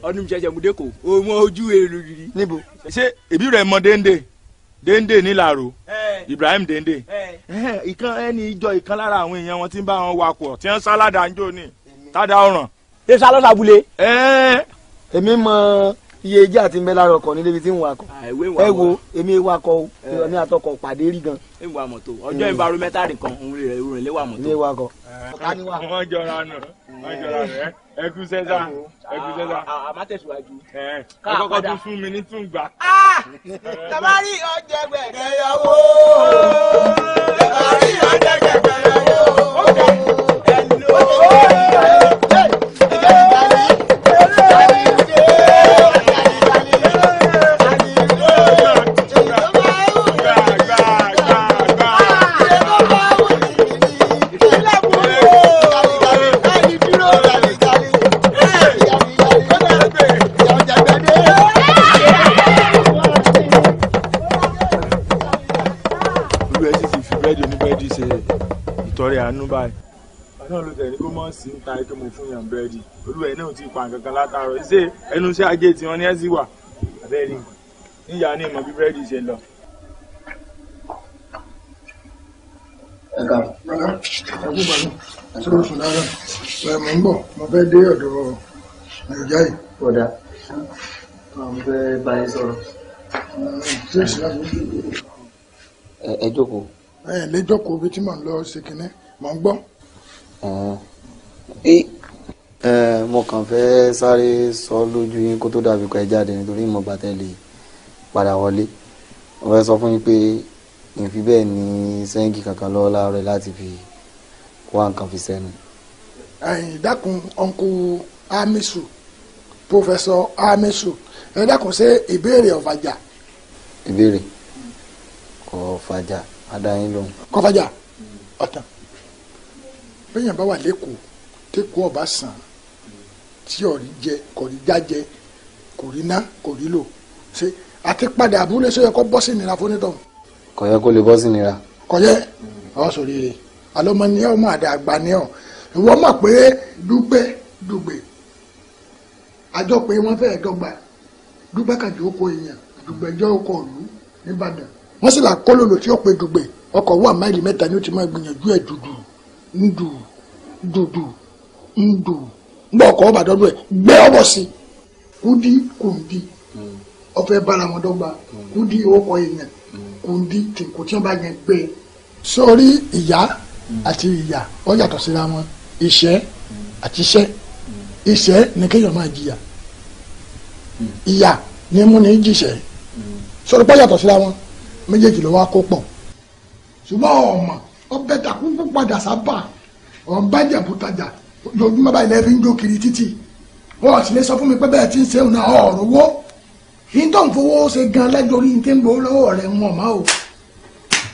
ọdún ìṣẹ̀ṣẹ̀ mú kò mọ ojú èrò rí. níbo. ṣé èbí rẹ mọ déńdé déńdé nílàró Ibrahim Dende. ìkan ẹni ìjọ ìkan lára àwọn èèyàn wọn ti ń bá wọn wakọ̀ tí wọ́n sáládà ń jò ní tádà ọ̀ràn. ṣé sálọ́sàbúlé. èmi mọ iye ijá ti ń bẹ lára ọkọ̀ níbi tí ń wakọ̀ ẹ wo èmi wakọ̀ o ní atọ́kọ̀ pàdé rí gan. ẹ wà mọ́tò ọjọ́ environmental nǹkan òun rẹ̀ òun lè wà mọ́tò. ilé wakọ̀. wọ́n jọra nù wọ́n jọra rẹ̀ ẹ kú sẹ́sà ẹ kú sẹ́sà. àmọ́ tẹ̀síwájú. ẹ kọ́kọ́ tún fún mi ní túngbà. tabari ọjẹ gbẹdẹ yọwọ tabari ọjẹ gbẹdẹ yọwọ
àánú báyìí náà ló tẹ̀lé kó mọ̀ sí ń ta ike mo fún yàn búrẹ́dì olúwa ẹ̀ náà ti pa nǹkan látàárọ̀ ṣé ẹnu iṣẹ́ ajé tí wọ́n ní ẹ́ sì wà níyà
ìmọ̀ bí ṣe lọ. ẹ jókòó. ẹ lè jókòó bí tí lọ ṣe kinní. mo ń gbọ́. mo kàn fẹ́ sáré sọ lójú yín kó tó dàbí kọ ẹ jáde nítorí mo gbà tẹ́lẹ̀ padà wọlé mo fẹ́ sọ fún yín pé n fi bẹ́ẹ̀ ni sẹ́ńkì kankan lọ́wọ́ láàárọ̀ láti fi wá nǹkan fi sẹ́nu. dákun ọ̀nkù amisu pòfẹ́sọ̀ amisu ẹ dákun ṣe ìbéèrè ọ̀fàjà. ìbéèrè kò fàjà adáyín lóhùn. kò fàjà ọ̀tàn bẹ́yàn bá wà lẹ́kọ̀ọ́ tẹ́kọ̀ọ́ ọba sàn tí ọ̀rí jẹ kò rí jájẹ kò rí ná kò rí lò ṣe àti padà abúlé ṣe yẹ kó bọ́ sí ìnira fónítọ̀. kò yẹ kó lè bọ́ sí ìnira. kò ọ sòrí rẹ àlọmọ ni ọ máa dà àgbà ni ọ ìwọ mọ̀ pé dúpẹ́ dùgbè àjọ pé wọ́n fẹ́ẹ́ dọ́gba dúpẹ́ kàjọ oko èèyàn dùgbẹ́jọ́ oko òlu nìbàdàn wọ́n sì là kólòlò tí ó pe dùgbè ọkọ̀ wà máìlì mẹ́ta ni ó ti máa gbìyànjú ẹ̀ dùdù ndù dùdù ndù gbọ́ ọkọ̀ ọba dọ́dún ẹ̀ gbẹ́ ọbọ̀ sí kúndí kùndí ọfẹ́ bára wọn dọ́gba kúndí ọkọ̀ èèyàn kùndí tìǹkù tí wọ́n bá yẹn gbé e. sórí ìyá àti ìyà ó yàtọ̀ síra wọn ìṣẹ́ àti iṣẹ́ ìṣẹ́ ni kéèyàn máa jìyà ìyà ni mú ni jìṣẹ́ sórí pọ́ yàtọ̀ síra wọn méjèèjì ló wá kó pọ̀ ṣùgbọ́n ọ̀mọ̀ ọbẹ̀ dà kúkú padà sábà ọ̀nbàjẹ́ bùtajà lójúmọ́ báyìí lẹ́ẹ̀fi ń jó kiri títì wọ́n sì lè sọ fún mi pé bẹ́ẹ̀ tí ń ṣe òun náà ọ̀rọ̀ wó yìí tó ń fowó ṣe gan lẹ́jọ́ orí tí ń gbowó lọ́wọ́ rẹ̀ ń wọ̀n mọ́ o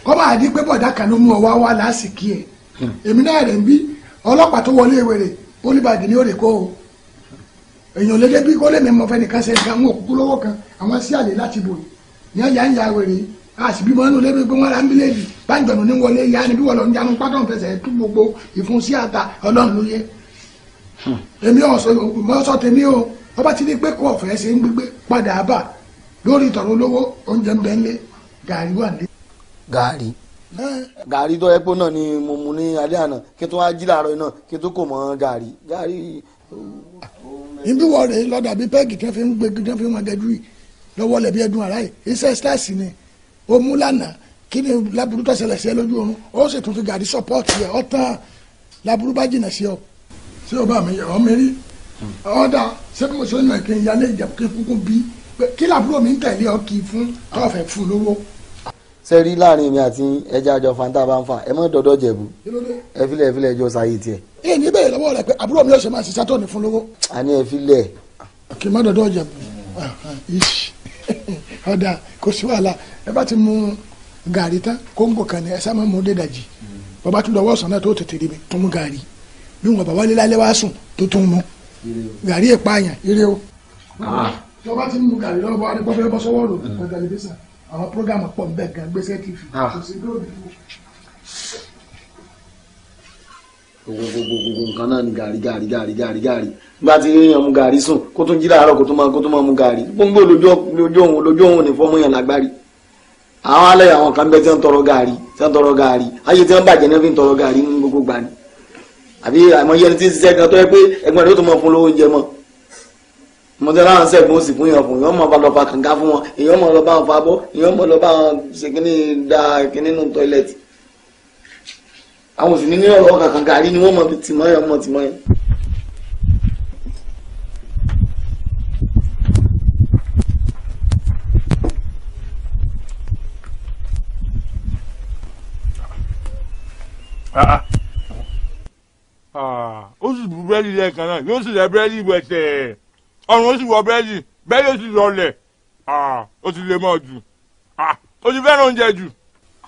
kọ́ máa di pé bọ̀dá kan ló mú ọ wá wá lásìkí ẹ̀ èmi náà rẹ̀ ń bí ọlọ́pàá tó wọlé ìwèrè olùbàdì ni ó lè kó o èèyàn lédè bí kó lè mímọ fẹ́ nìkan ṣe gan wọn òkúkú lọ́wọ́ kan àwọn sí àlè láti bòyí ní ọjà ń ya wèrè yìí àṣìbímọ inú lébi pé wọn ra mílíọnù báńgbẹ̀rún ní wọlé ìyá ni bí wọn lọ ń jánu pátọ̀ fẹsẹ̀ tún gbogbo ìfún sí àta ọlọ́run ló yẹ. Hmm. èmi ọ̀sọ̀ tèmi o ọba ti ní pé kó ọ̀fẹ́ ṣe ń gbígbé padà bà lórí ìtọ̀rọ̀ olówó oúnjẹ ń bẹ ń lé gàrí wà lé. gàrí gàrí tó ẹ pé náà ni mo mu ní alẹ́ àná kí tó wá jí làárọ̀ náà kí tó kò mọ́ gàrí gàrí. ibi wọ̀ rẹ̀ lọ́dà bíi pẹ́ẹ́gì tí wọ́n fi ń gbé tí wọ́n fi ń mọ gẹ́dúrì lọ́wọ́ lẹ̀ bí ó mú lánàá kí ni tó ṣẹlẹ̀ sí ẹ lójú oorun ó sì tuntun gàdí sọ́pọ́ọ̀tì ẹ ọ tán láburú bá jìnà sí ọ. ṣé o bá mi yẹ ọ mi rí ọ̀dà ṣé mo ṣe ń nà kí n yálé ìjẹ̀bù kí n kúkú bí kí làbúrò mi ń tẹ̀lé ọ kì í fún ọ̀fẹ́ fún lówó ṣe rí láàrin mi àti ẹja àjọ fanta bá ń fa ẹ mọ dọdọ jẹbu ẹ filẹ ẹ filẹ ẹjọ sáyé tiẹ. ẹ ní bẹ́ẹ̀ lọ́wọ́ rẹ pé àbúrò mi ọ̀sẹ̀ máa ṣiṣẹ́ tó ní fún lówó. Ah, ah, kò sí wàhálà ẹ bá ti mu gàrí tán kóńgò kan ní ẹ sá máa mú dédàjì bàbá tún dọwọ́ sàn náà tó tètè débi tó mú gàrí bí wọn bàbá lílá lẹ́wọ́ sùn tó tún mú gàrí èpa àyàn eré o. Ah. tó bá ti mu gàrí lọ́wọ́ bá wọn ní pọ́fẹ́ bọ́ sọ́wọ́ lò ní tẹlifíṣàn àwọn prógámù pọ̀ nbẹ̀ gan gbèsè tv ah. kò sí lóòdì. gbogbogbogbogbò nǹkan náà ni gàrí gàrí gàrí gàrí gàrí nígbà tí èèyàn mu gàrí sùn kó tún jí láàárọ̀ kó tún máa kó tún máa mu gàrí gbogbo lójú òun lójú òun ní fọ́mù yàn lágbárí àwọn alẹ́ àwọn kan bẹ tí wọ́n tọrọ gaari tí wọ́n tọrọ gaari ayé tí wọ́n bàjẹ́ náà fi ń tọrọ gaari ní gbogbo gbà ni àbí àmọ́ yẹn ti ṣiṣẹ́ kan tó yẹ pé ẹgbẹ́ rẹ̀ ó tún mọ fún lówó oúnjẹ mọ́ mọtẹ láwọn sẹgbọn sì fún yàn fún yàn mọ bá lọ fa kànga fún wọn èyàn mọ lọ bá wọn fa bọ èyàn mọ lọ bá wọn ṣe kíní da kíní nù tọ́ílẹ̀tì àwọn òsì ní ní ọ̀rọ̀ kàkàǹkà ni wọ́n mọ tìmọ́ yàn mọ tìmọ́ yàn.
Ah, ah. ó sì bu búrẹ́dì lẹ́ẹ̀kan náà yóò sì lẹ búrẹ́dì
wẹ̀tẹ̀ ọrùn ó sì wọ búrẹ́dì bẹ́ẹ̀ yóò sì lọlẹ̀ ah, ó ti lè mọ̀ jù ó ti fẹ́ràn oúnjẹ jù.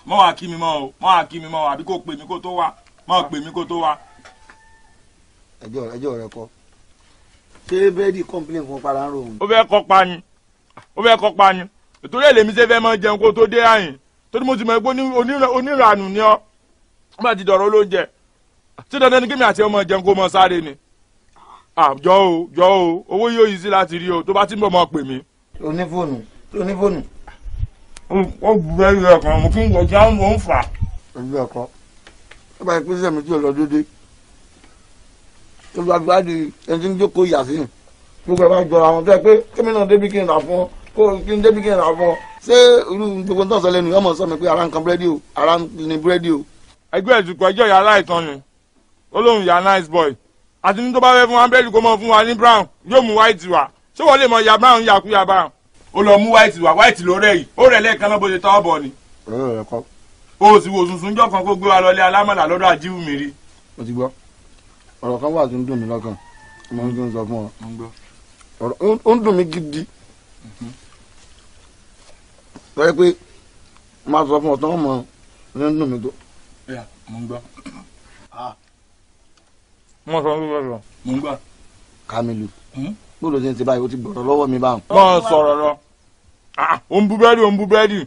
mọ wàá kí mi mọ o mọ wàá kí mi mọ o àbí kò pè mí kó tó wá mọ pè mí kó tó wá. ẹjọ́ rẹ kọ ṣé búrẹ́dì complain fún para ń ròhùn. ó fẹ́ kọ́ pa ni ó fẹ́ kọ́ pa ni ètò ìrẹ̀lẹ̀ mi ṣe fẹ́ mọ jẹun kó tó dé àyìn tó ní mo ti mọ̀ pé onírànù ni ọ́ bá ti dọ̀rọ̀ olóúnjẹ tí dandan ni kí mi àti ọmọ jẹun kó mọ sáré ni jọ o jọ o owó yóò yí sí láti rí o tó bá ti ń bọ̀ mọ́ pè mí. onífóònù onífóònù. ó gbé ìwé ọkàn mo kí n gbọ̀já mo ń fà. ìwé ọkọ ó bá yẹ pé sẹ́mi tí ò lọ déédéé olùwàgbà di ẹni tí ń jókòó yà sí gbogbo ẹ bá jọra àwọn tó yẹ pé kémi náà débi kí n rà fún ọ kó kí n débi kí n rà fún ọ ṣé irú gbogbo ń tọ̀sọ̀ lẹ́nu yọmọ sọ mi pé ara ń búrẹ́dì o ara ni búrẹ́dì o ẹgbẹ́ ìtukọ̀ ẹjọ́ ìyá aláìtàn ni ó lóun ìyá nice boy àti ní tó bá fẹ́ fún ambẹ́lì kó mọ fún wa ní brown yóò mú white wá ṣé wọ́n lè mọ ìyá brown yàkúyà brown. ó lọ mú white wá white ló rẹ̀ yìí ó rẹ̀ lẹ́ẹ̀kan náà bó ṣe tọ́ ọ̀bọ̀ ni. o sì wò sunsun jọ kan kó gbé wa lọlé alámọ̀là lọ́dọ̀ àjíwù mi rí. o ti gbọ́ ọ̀rọ̀ kan wà tó ń dùn mí lọ́kàn mo ń sọ fún ọ ó ń dùn mí gidi tọ́ ẹ pé máa sọ fún ọ tán mọ́ ọ ń dùn mí tó mo ń gbọ́.
Ah. mo sọ wípé sọ. mo ń gbọ́.
Kamilu bó ló ṣe ń ṣe báyìí o ti gbọ́dọ̀ lọ́wọ́ mi báwọn. mọ sọ̀rọ̀ lọ o ah, ń bu búrẹ́dì o ń bu búrẹ́dì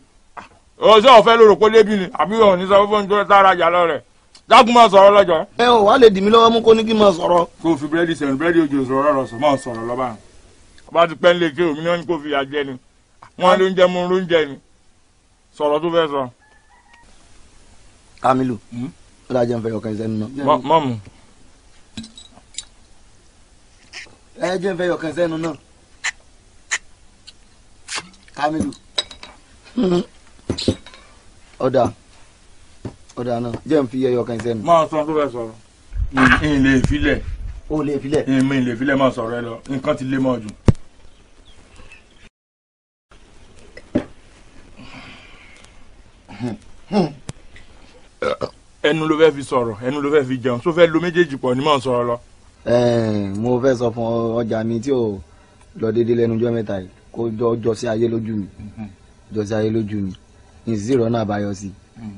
ọ̀sẹ̀ ah, ọ̀fẹ́ ló rò pé débi ni àbí ọ̀ ní sọ fún tó sára jà lọ rẹ̀ máa sọ̀rọ̀ lọ́jọ́. ẹ ò wá lè dì mí lọ́wọ́ mú kó ní kí n máa sọ̀rọ̀. kó o fi búrẹ́dì sẹ̀rìn búrẹ́dì ojú sọ̀rọ̀ rọ̀ sọ̀ máa sọ̀rọ̀ lọ́ba. ọba ti pẹ́ ń lè ké òmìnira ni kó fi àjẹ ni wọ́n ló ń jẹ́ mú ló ń
jẹ ni sọ̀rọ̀ tó fẹ́ sọ.
Hmm? Kamilu ó dájẹ́ ń fẹ́ yọkàn sẹ́nu náà. mọ́mù. ẹ jẹ́ ń fẹ́ yọkàn sẹ́nu náà Kamilu ọ̀dà ọ̀dà náà jẹ́ ń fi yọkàn sẹ́nu. máa sọ tó fẹ́ sọ̀rọ̀ n lè filẹ̀ o lè filẹ̀ èmi lè filẹ̀ máa sọ̀rọ̀
ẹ lọ nǹkan ti lé mọ́ jù. Hmm ẹnu ló fẹ́ fi sọ̀rọ̀ ẹnu ló fẹ́ fi jẹun tó fẹ́ lo méjèèjì pọ̀ ni mò ń sọ̀rọ̀ lọ.
mo fẹ́ sọ fún ọjà mi tí ò lọ déédéé lẹ́nu ọjọ́ mẹ́ta yìí kó jọ jọ sí ayé lójú mi mhm. jọ sí ayé lójú mi ní zero náà bá yọ sí. Mhm.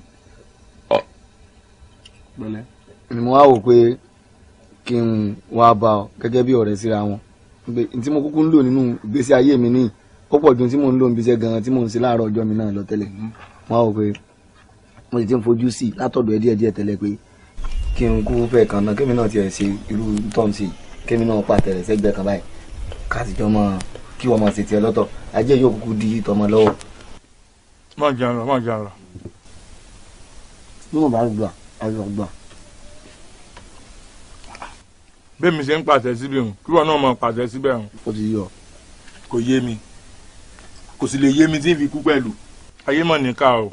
mo wá wò pé kí n wá bá ọ gẹ́gẹ́ bí ọ̀rẹ́ síra wọn tí mo kúkú ń lò nínú ìgbésí ayé mi nìyí ó pọ̀ ju tí mò ń lò ń bíṣẹ́ gan-an tí mò ń ṣe láàárọ̀ ọjọ́ mi náà lọ tẹ́lẹ̀ mhm. mo wá wò pé mo sì ti ń fojú sí i látọ̀dọ̀ ẹ díẹ̀díẹ̀ tẹ́lẹ̀ pé kí n kú fẹ́ kan náà kémi náà tiẹ̀ ṣe irú tọ́ǹsì kémi náà pa tẹ̀rẹ̀ sẹ́gbẹ́ kan báyìí káàtìjọ́ mọ́ kí wọ́n mọ̀ sí tiẹ̀ lọ́tọ̀ ajé yóò kúkú di tọmọ lọ́wọ́.
má jà lọ má jà lọ. mo bá gbà ayọ̀ gbà. bẹ́ẹ̀ mi ṣe ń pàṣẹ síbẹ̀ hàn kí wọ́n náà mọ̀ pàṣẹ síbẹ̀ hàn. ó ti yọ. kò yé mi kò sì lè yé mi tí ń fi kú pẹ̀lú. ayé mọ̀ níkà o.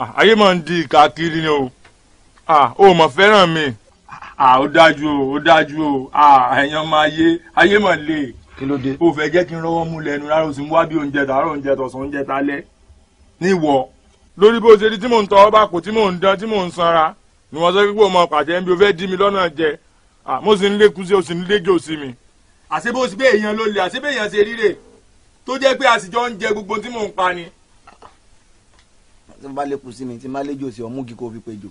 Ah, ayé máa ń di ìka kiri ni o ah, o mọ̀ fẹ́ràn mi. Ah, ó dájú o ó dájú o ẹ̀yàn máa yé
ayé máa le. kí ló dé. o fẹ́ jẹ́ kí n rọ́wọ́ mú lẹ́nu rárá o sì ń wá bí oúnjẹ tààrọ̀ oúnjẹ tọ̀sán oúnjẹ talẹ́ ní ìwọ. lórí bó ṣe rí tí mò ń tọ́ ọba kò tí mò ń dán tí mò ń sanra
ni wọ́n sọ pé o mọ pàtẹ́ bí o fẹ́ dí mi lọ́nà jẹ mo sì ń lékun sí o sì ń léjò sí mi.
àṣebó ṣe pé èèyàn ló le àṣebé èèyàn ṣe ríre tó jẹ́ pé àṣìjọ ń gbogbo tí mò ń pa ni tí mo bá lè kù sí mi tí mo bá lè jò sí ọmú kí kò fi pe jò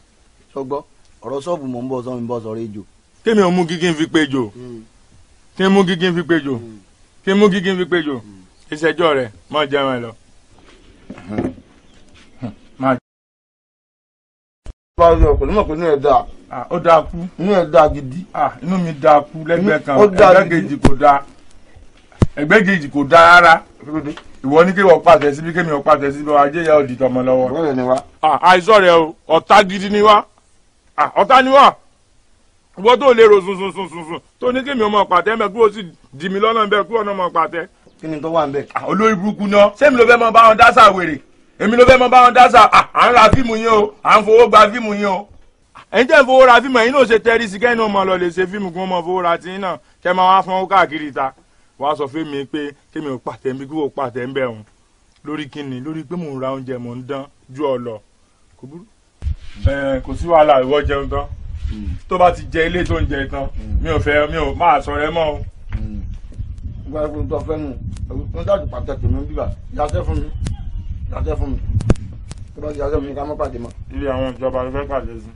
ṣọgbọ́ ọ̀rọ̀ ṣọ́ọ̀bù mò ń bọ̀ sọ́mi bọ́ sọ̀rọ̀ ejò. kémi ọmú kíkín fi pe jò hmm. kémi mú kíkín fi pe jò hmm. kémi mú kíkín fi pe jò hmm. ìṣẹ́jọ́ rẹ̀ mọ̀ jẹun ẹ̀ lọ. bá yọ pẹ̀lú mọ̀ pé inú ẹ̀ dáa. ó dáa kú. inú ẹ̀ dáa gidi. inú mi dáa kú lẹ́gbẹ̀ẹ́ kan ẹgbẹ́ kejì kò dáa ẹgbẹ́ kejì kò dáa rárá ìwọ ní kí wọ́n pàṣẹ síbi kémi
wọ́n pàṣẹ síbi wọ́n ajé ìyá òdì tọmọ lọ́wọ́. bọ́ọ̀lù ni wá. àìsàn rẹ o ọ̀tá gidi ni wá
ọ̀tá ni wá ìwọ tó lè ro sunsunsunsun tó ní kémi ọmọ pàtẹ mẹ kúrò sí dì mí lọ́nà bẹ́ẹ̀ kúrò ọmọ pàtẹ. kí ni tó wà ń bẹ. olórí burúkú náà sẹ́mi ló fẹ́ mọ báwọn dáṣà wèrè èmi ló fẹ́ mọ báwọn dáṣà à ń ra fíìmù yín o à ń fowó gba fíìmù yín o. ẹ̀yin tẹ́ ń fowó ra fíìmù ẹ̀yin náà ṣe tẹ́rí sí kẹ́ni ọmọ lọ lè ṣe fíìmù kí wọ́n mọ fowó ra tiyín náà kẹ́ máa wá fún
káàkiri ta wọ́n á sọ fún mi pé kémi ò pàtẹ́ mi kí wò pàtẹ́ ń bẹ̀ òun lórí kíni lórí pé mò ń ra oúnjẹ mò ń dán ju ọ lọ kò burú. ẹ kò sí wàhálà
ìwọ jẹun tán hmm. tó bá ti jẹ ilé tó ń jẹ tán hmm. mi ò fẹ́ mi ò máa sọ rẹ mọ́ o. Hmm. gbàgbọ́ tó fẹ́ nù wọ́n dájú pàtẹ́ tèmi bíbà yàtẹ́ fún mi yàtẹ́ fún mi tó bá ti yàtẹ́ fún mi ká má pàdé mọ́. ilé àwọn ìjọba ló fẹ́ pàdé sí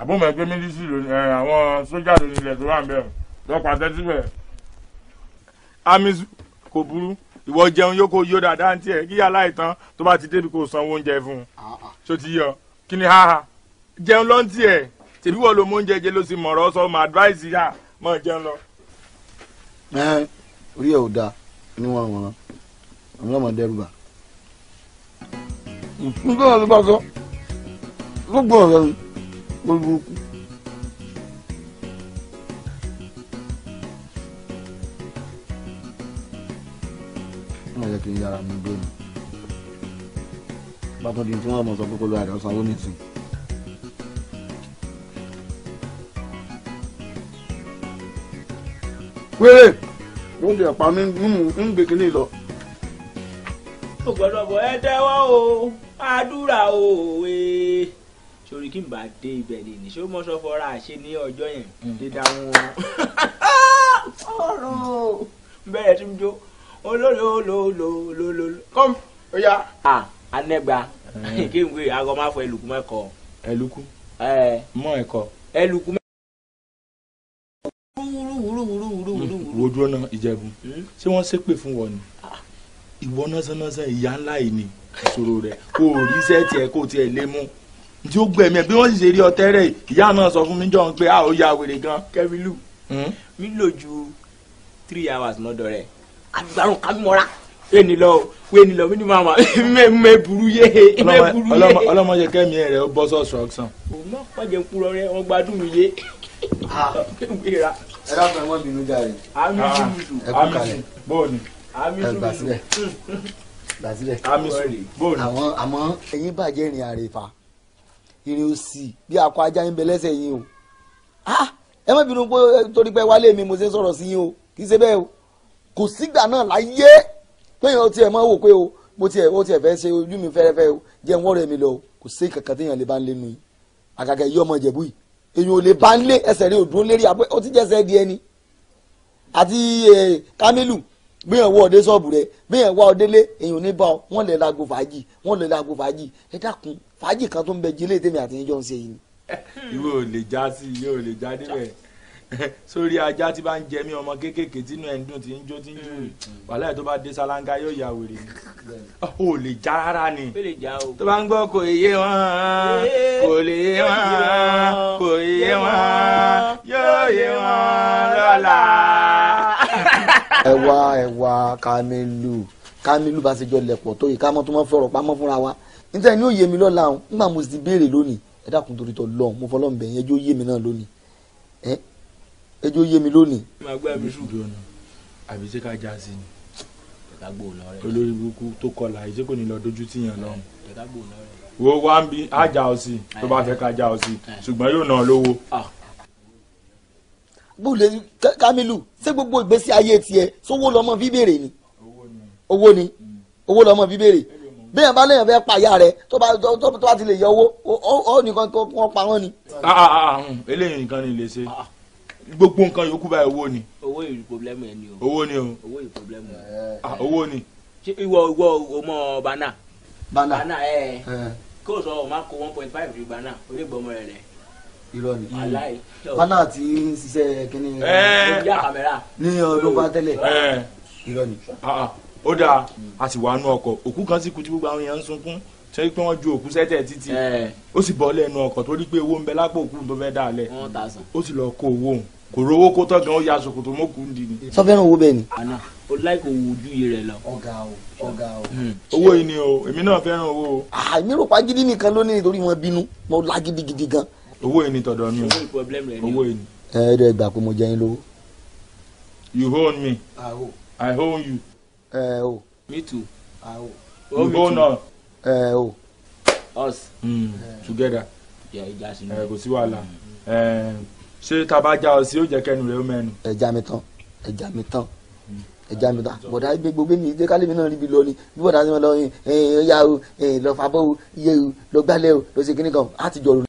àbúmọ̀ ẹgbẹ́ mílísì lónìí àwọn sójà lónìí ilẹ̀ tó wà ń bẹ̀rù lọ́pàá tẹ́tí bẹ̀rù amizu kò burú ìwọ jẹun yóò kó yó dáadáa ní tiẹ̀ kí aláìtàn tó bá ti débi kó san owó oúnjẹ fún un ah, ah. ṣó ti yọ kí ni haha jẹun lọ ní tiẹ̀ tèmi wọ ló mú oúnjẹ jẹ ló sì mọ̀rọ̀ sọ ma advice yà mọ̀ jẹun lọ.
ẹ orí ẹ ò dáa ní wọn wọn àwọn ọmọ dẹ́rù bá. nígbà tó bá sọ gbogbo ọ̀rọ̀ mi ló burúkú. kàn jẹ́ kí n yára mi gbé ni bàtọ́ di tí wọ́n mọ̀ sọ pé kó lọ àdán sanwó nìsín. wéré ló ń jẹ pa mí ń gbé kínní lọ. ògbọ́dọ̀gbọ̀ ẹ tẹ́wọ́ o àdúrà o ee sori kí n bá dé ibẹ̀ lè ní ṣé ó mọ̀ṣọ́ àṣẹ ní ọjọ́ yẹn mm. dídá wọn. ọ̀rọ̀ bẹ́ẹ̀ tún jó olólólólólóló kọ́m ó yá. a anẹgba eh. kéwìn aago máa fọ ẹlùkù mẹkọ. ẹlùkù. ẹ eh. mọ ẹkọ. ẹlùkù mẹkọ. wo dúró náà ìjẹ̀bù ṣé wọ́n ṣépè fún wọn ni ah. ìwọ násánásán ìyá ńlá yìí ni ìṣòro rẹ kò rí iṣẹ́ tiẹ̀ kò tiẹ̀ lé mú tí ó gbẹ̀mí ẹ̀ bí wọ́n sì ṣe rí ọtẹ rẹ̀ ìyá náà sọ fún mi jọ̀ ń pé a ò ya wèrè gan. kẹ́mi lù mí lò ju three hours lọ́dọ̀ rẹ̀ àgbàrún kájú mọ́ra wéni lọ wéni lọ mí ni màmá mẹ burú yé mẹ burú yé. ọlọmọdé kẹmi rẹ ó bọ sọsọ ọsàn. òun náà pàjẹ́ nkúrọ rẹ wọn gbádùn mi yé. Ah. ẹ dákun ẹ wọn bínú jáde. àmì ah, sùn ẹ kú kalẹ̀ bóòni. àmì sùn gbà sílẹ̀ gbà sílẹ̀. àmì sùn bóòni. àwọn àmọ́ ẹ̀yin bàjẹ́ ìrìn àrèfà ìrìn òsì bí akọ ajá ń bẹ lẹ́sẹ̀ yín o ah. ẹ má bínú pé torí pé wálé mi mo ṣe sọ̀rọ̀ sí yín o kì í ṣe bẹ́ẹ̀ o kò sígbà náà láyé péyàn ó tiẹ̀ máa wò pé o mo tiẹ̀ ó tiẹ̀ fẹ́ ṣe ojú mi fẹ́rẹ́fẹ́ o jẹ́ n wọ́rọ̀ mi lọ o kò sí kankan téèyàn lè bá ń lé nu yìí àgàgà yìí ọmọ ìjẹ̀bú yìí èyàn ò lè bá ń lé ẹsẹ̀ rẹ̀ òdúró lérí abẹ́ ó ti jẹ́sẹ̀ di ẹni àti e, Kamilu bíyàn wọ ọdẹ ṣọ́ọ̀bù rẹ bíyàn wá ọdẹ lé èyàn ní bá ọ wọ́n lè lago fàájì wọ́n lè lago fàájì ẹ dákun fàájì kan tó ń bẹ jílé tèmi àti ń ṣe yìí ìwé ò lè já sí ìwé ò lè já níbẹ̀. sórí ajá tí bá ń jẹ mí ọmọ kéékèèké tínú ẹ̀ ń dùn tí ń jó tí ń jù rì mm. wàhálà tó bá dé sálángá yóò ya wèrè ni ò lè já rárá ni tó bá ń gbọ́ kò yé wọn kò lè yé wọn kò yé wọn yóò yé wọn lọ́la. ẹ wá ẹ wá Kamilu Kamilu bá ṣe jọ lẹ̀pọ̀ tó yìí ká mọ́ tó mọ́ fọ̀rọ̀ pamọ́ fúnra wa níta ni ó yé mi lọ́la o nígbà mo sì béèrè lónìí ẹ dákun torí tọ lọ mo fọlọ́ ń bẹ̀ yẹn jó yé mi náà lónìí ẹjọ́ yé mi lónìí. máa gbé àbí ṣùgbọ́n
ọ̀nà àbí ṣé ká já sí ni.
tẹ̀ka gbòò lọ rẹ. olórí
burúkú tó kọlà yìí ṣé kò ní
lọ dojú tì yàn lọ́hùn. tẹ̀ka gbòò lọ rẹ. wo wá ń bí á já ọ sí i tó bá fẹ́ ká já ọ sí i ṣùgbọ́n yóò ná ọ lówó. Ah. bóòlù Kamilu ṣé gbogbo ìgbésí ayé tiẹ̀ sówó lọ́mọ bíbèrè ni owó ni owó mm. lọ́mọ bíbèrè bẹ́ẹ̀ bá lẹ́yìn fẹ́ pàyà rẹ̀ tó bá tó bá ti lè yọ owó ó nìkan tó wọ́n pa wọ́n ni. Ah, ah, hmm. eléyìí nìkan ni lè ṣe gbogbo nǹkan yòókù báyìí owó ni. owó yìí problem ẹ ni o. owó ni o. owó yìí problem ẹ. ah owó ni. ìwọ ìwọ omo bana. bana bana ẹ ẹ kí o sọ ọ máa kó one point five rí bana o lè gbọmọ rẹ rẹ. irọ́ ni aláì. bana ti ń ṣiṣẹ́ kínní. ẹ ẹ ní ọdún bá tẹ́lẹ̀. ẹ irọ́ ni. Ah, ah, ó dáa a sì wà nú ọkọ̀ òkú kan sì kú tí gbogbo àwọn èèyàn ń sunkún sẹ́yìn pé wọ́n ju òkú sẹ́tẹ̀ títì ó sì bọ́ lẹ́nu ọkọ̀ torí pé owó ń bẹ lápò òkú tó fẹ́ dà lẹ̀ ó sì lọ kó owó òun kò rówó kó tán gan ó ya ṣòkòtò mọ́kù ń di ni. sọfẹ́ràn owó bẹ́ẹ̀ ni. àná o láìkò wo ojú yìí rẹ lọ. ọ̀gá o ọ̀gá o. Hmm. owó yìí ni o èmi náà fẹ́ràn owó o. àmì ah, rò pa gidi nìkan ló nítorí wọn bínú mo la gidigidi gan. owó yìí ni tọ̀dọ̀ mi o owó yìí ni. ẹ ẹ dẹ gbà pé mo jẹ yín lówó. you own me i own you. ẹ o. me too. i owe. you own us. ẹ o. us. Hmm, together. ẹ kò sí wàhálà. Hmm ṣé taba já ọ sí ó jẹ kẹnu rẹ ó mẹnu. ẹja mi tán ẹja mi tán ẹja mi tán bọ̀dá gbé gbogbo mi jẹ́ kálí mi náà ríbi lọ ni bí bọ̀dá mi lọ ya o lọ fabọ́ o iye o lọ gbálẹ̀ o lọ sí kíní kan á ti jọ̀rọ̀.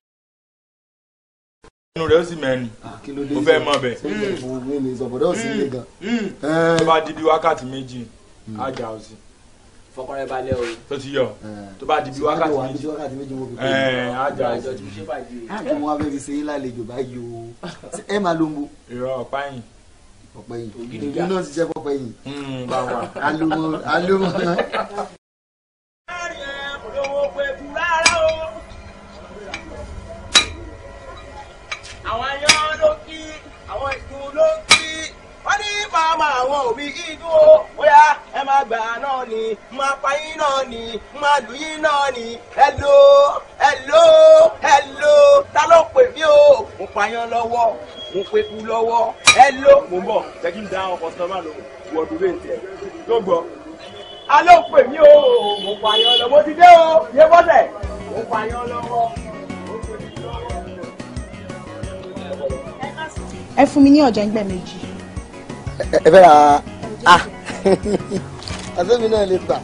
ẹnu rẹ ó sì mẹnu mo fẹ́ mọ bẹ́ẹ̀. ṣé ìjọba ò sí ilé gan. tó bá wákàtí méjì á já sí fọkànrẹ balẹ̀ o. tó ti yọ tó bá di bí wákàtí méjì ẹẹ àjọ àjọ tí mo ṣe bàjẹ́. àti wọn abẹ́ fi ṣe é lálejò báyìí o ẹ máa ló ń bo. ìrọ ọ̀pá yìí ọ̀pẹ yìí èmi náà ti jẹ́ pọ̀pẹ yìí hmm, alómọ alómọ. ọmọ àwọn òbí yìí bóyá ẹ máa gbà náà ni mo apá yín náà ni mo àlù yín náà ni hello hello hello ta ló pè mí o mo pààyàn lọ́wọ́ mo pe kú lọ́wọ́ hello mo ń bọ̀ jẹ́ kí n dá ọkọ̀ sọ́mà lọ wọ̀ọ́dún lè tẹ̀ yóò gbọ́
a ló pè mí o mo
pààyàn lọ́wọ́ ti dé o yé bọ́sẹ̀
mo pààyàn lọ́wọ́. ẹ fún mi ní ọ̀jẹ̀ ń gbẹ̀ méjì
ẹ fẹ́ ra ah àtẹ́mi náà lè gbà.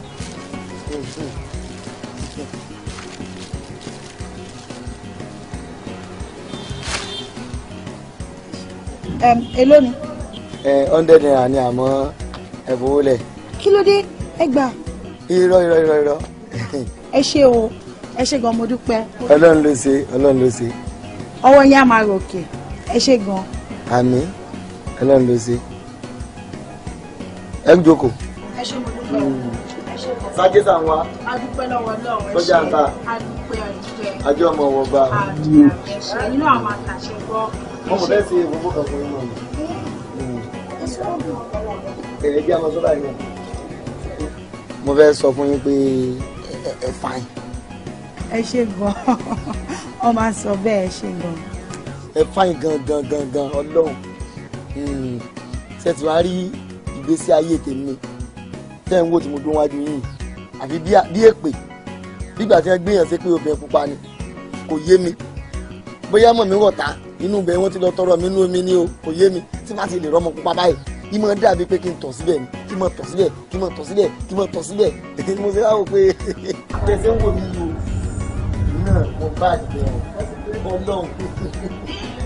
èló ni. hundred naira ni àmọ́ ẹ̀bùn owó lẹ̀.
kí ló dé ẹ gbà.
irọ́ irọ́ irọ́ irọ́.
ẹ ṣe o ẹ ṣe gan mo dúpẹ́.
ọlọ́run ló ṣe ọlọ́run ló ṣe.
ọwọ́ yín á máa ròkè ẹ ṣe gan.
àmín ọlọ́run ló ṣe ẹ ń jókòó.
ẹ ṣe mo dúpẹ́ hmm. ẹ ṣe pọ̀. sájẹ́sà ń wá. a dúpẹ́ lọ́wọ́ lọ́wọ́ ẹ ṣe a dúpẹ́ àdúpẹ́.
àjọ ọmọ wọ bá. àdúrà
ẹ ṣe nínú àwọn àtàṣe gbọ́. mo mọ̀ bẹ́ẹ̀
sí ìwọ́pọ̀ kan fún yín mọ̀
hmm. ẹ
jẹ́ sọ fún yín pé ẹ fine.
ẹ ṣe gan ọ máa sọ bẹ́ẹ̀ ẹ ṣe gan.
ẹ fine gan gan gan gan ọlọ́run hmm. ṣe ti wá rí ìgbésí ayé tèmi tẹ́ ń wò tí mo dún wájú yìí àfi bí èpè bígbà tí wọ́n gbéyàn sí pé obìnrin pupa ni kò yé mi bóyá mọ̀ mi wọ̀ta inú ibẹ̀ wọ́n ti lọ tọrọ mi inú omi ni o kò yé mi tí má ti lè rọ́mọ pupa báyìí kí mọ̀ dàbí pé kí n tọ̀ síbẹ̀ ni kí mọ̀ tọ̀ síbẹ̀ kí mọ̀ tọ̀ síbẹ̀ kí mọ̀ tọ̀ síbẹ̀ mo ṣe láwọ pé tẹ̀sẹ̀ ń wò mí yìí o náà mo bá àdìgbẹ́ ọ̀ ọlọ́run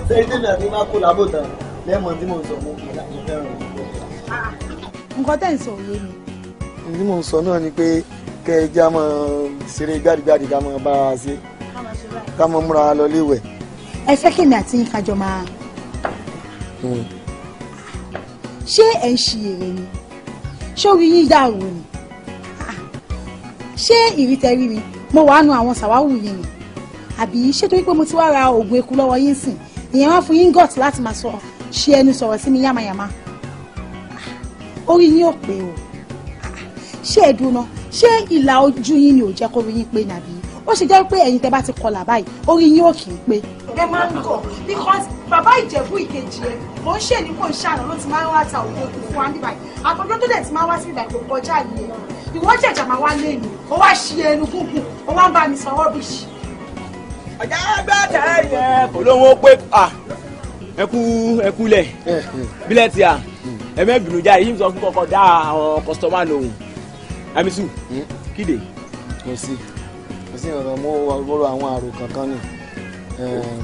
sẹ́yìn tẹ̀mí àti má kó làbò tán lẹ́mọ̀ tí mo sọ mo fẹ́ràn
nǹkan tẹ̀ ń sọ òye mi.
ní mò ń sọ náà ni pé kẹ ẹ já mọ ṣeré gbàdúgbàdù ká mọ bá a ṣe ká mọ múra lọ léwẹ̀.
ẹ fẹ́ kí ni àti yín kájọ máa. Hmm. ṣé ẹ̀ ń ṣiyèrè ni ṣórí yín dàrú ni ṣé ìrítẹ́rí mi mo wàá nu àwọn sàwáwù yìí ni àbí ṣé torí pé mo ti wá ra oògùn eku lọ́wọ́ yín sìn ìyẹn wá fún yín gọ̀t láti máa sọ ṣe ẹnu sọ̀rọ̀ sí mi yàmàyàmà orí yín ò pé o ṣé ẹ dúná ṣé ìlà ojú yín ni ò jẹ́ kó orí yín pé nàbí ó ṣe jẹ́ pé ẹ̀yin tẹ bá ti kọlà báyìí orí yín ò kì í pé. ẹ máa ń gọ̀ because bàbá ìjẹ̀bú ìkejì ẹ kò ń ṣèlú kò ń ṣàná ló ti máa ń wá ta òkè òkú fún wa níbàyí àtọ́jọ́ tó dẹ̀ ti máa wá sí ìdàgbò kọjá yìí ìwọ jẹ̀jà máa wá lé mi ó wá ṣí ẹnu kúkú ó wá ń bá mi sọ rọ́bìṣì. ọ̀já gbọ́dọ̀ ẹ̀ yẹ kò
lóun ó pé ẹkú ẹkúlẹ̀ eh, eh. bílẹ̀ tí a ẹ mẹ́bìnú jáde yìí ń sọ fún kọ́kọ́ dá àwọn lòun amisu hmm? kíde. kò sí kò sí nǹkan mo rọrọ àwọn àrò kankan ni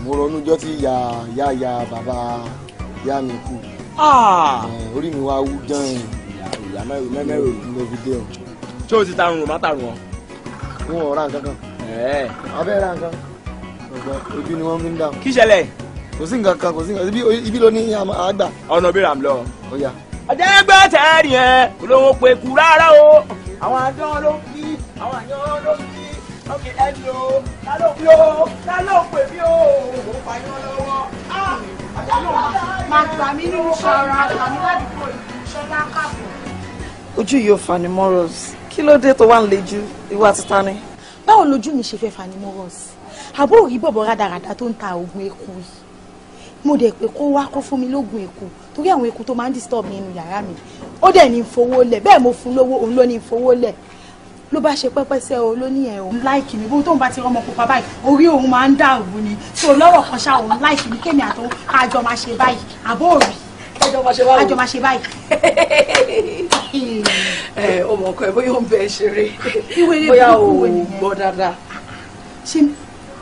mo ronú jọ́ tí ìyá ìyá ìyá bàbá ìyá mi kú
ah!
orí mi wá wú dán in. ìyá mẹ́rẹ̀ẹ́rẹ́ ló fi dé o. ṣé o ti tarun o má tarun ọ. wọn ò ra nǹkan kan abẹ́ ra nǹkan ojú ni wọ́n fi ń dà. kí ṣẹlẹ̀. kò sí nǹkan kan kò sí nǹkan ibi ló ní àgbà. ọ̀nà bí ràm lọ. ó yá ọ̀jẹ̀gbẹ́ tẹ̀rì ẹ̀ olówó pé kú rárá o àwọn àdán ló ń kí àwọn àyàn ló ń kí lókè ẹni o ta ló pé o ta ló pè mí o òun pààyàn
lọ́wọ́ ah, máa gbà mí nínú ṣọ́ra gbà ládùúgbò ìṣọ́lá kàbọ̀. ojú yóò fani moros. kí ló dé tó wà ń lejú ìwà títa ni. báwo lójú mi ṣe fẹ́ fani moros. àbúrò rí bọ̀bọ̀ rádaràda tó ń ta oògùn eku yìí mo dẹ̀ pé kó wá kó fún mi lóògùn eku torí àwọn eku tó máa ń disturb nínú yàrá mi ó dẹ̀ ní fowó lẹ̀ bẹ́ẹ̀ mo fún lówó òun ló ní fowó lẹ̀ ló bá ṣe pẹ́pẹ́ sẹ́ o ló ní ẹ̀ òun láìkì mi bó tóun bá ti rọmọ pupa báyìí orí òun máa ń dà òun ni tó lọ́rọ̀ kan ṣá òun láìkì mi kémi àtọ́ àjọ máa ṣe báyìí àbó òrì àjọ máa ṣe báyìí. ẹ ọmọ ọkọ ẹ bóyá ó ń bẹ ṣeré bóyá ò gbọ́ dáadáa.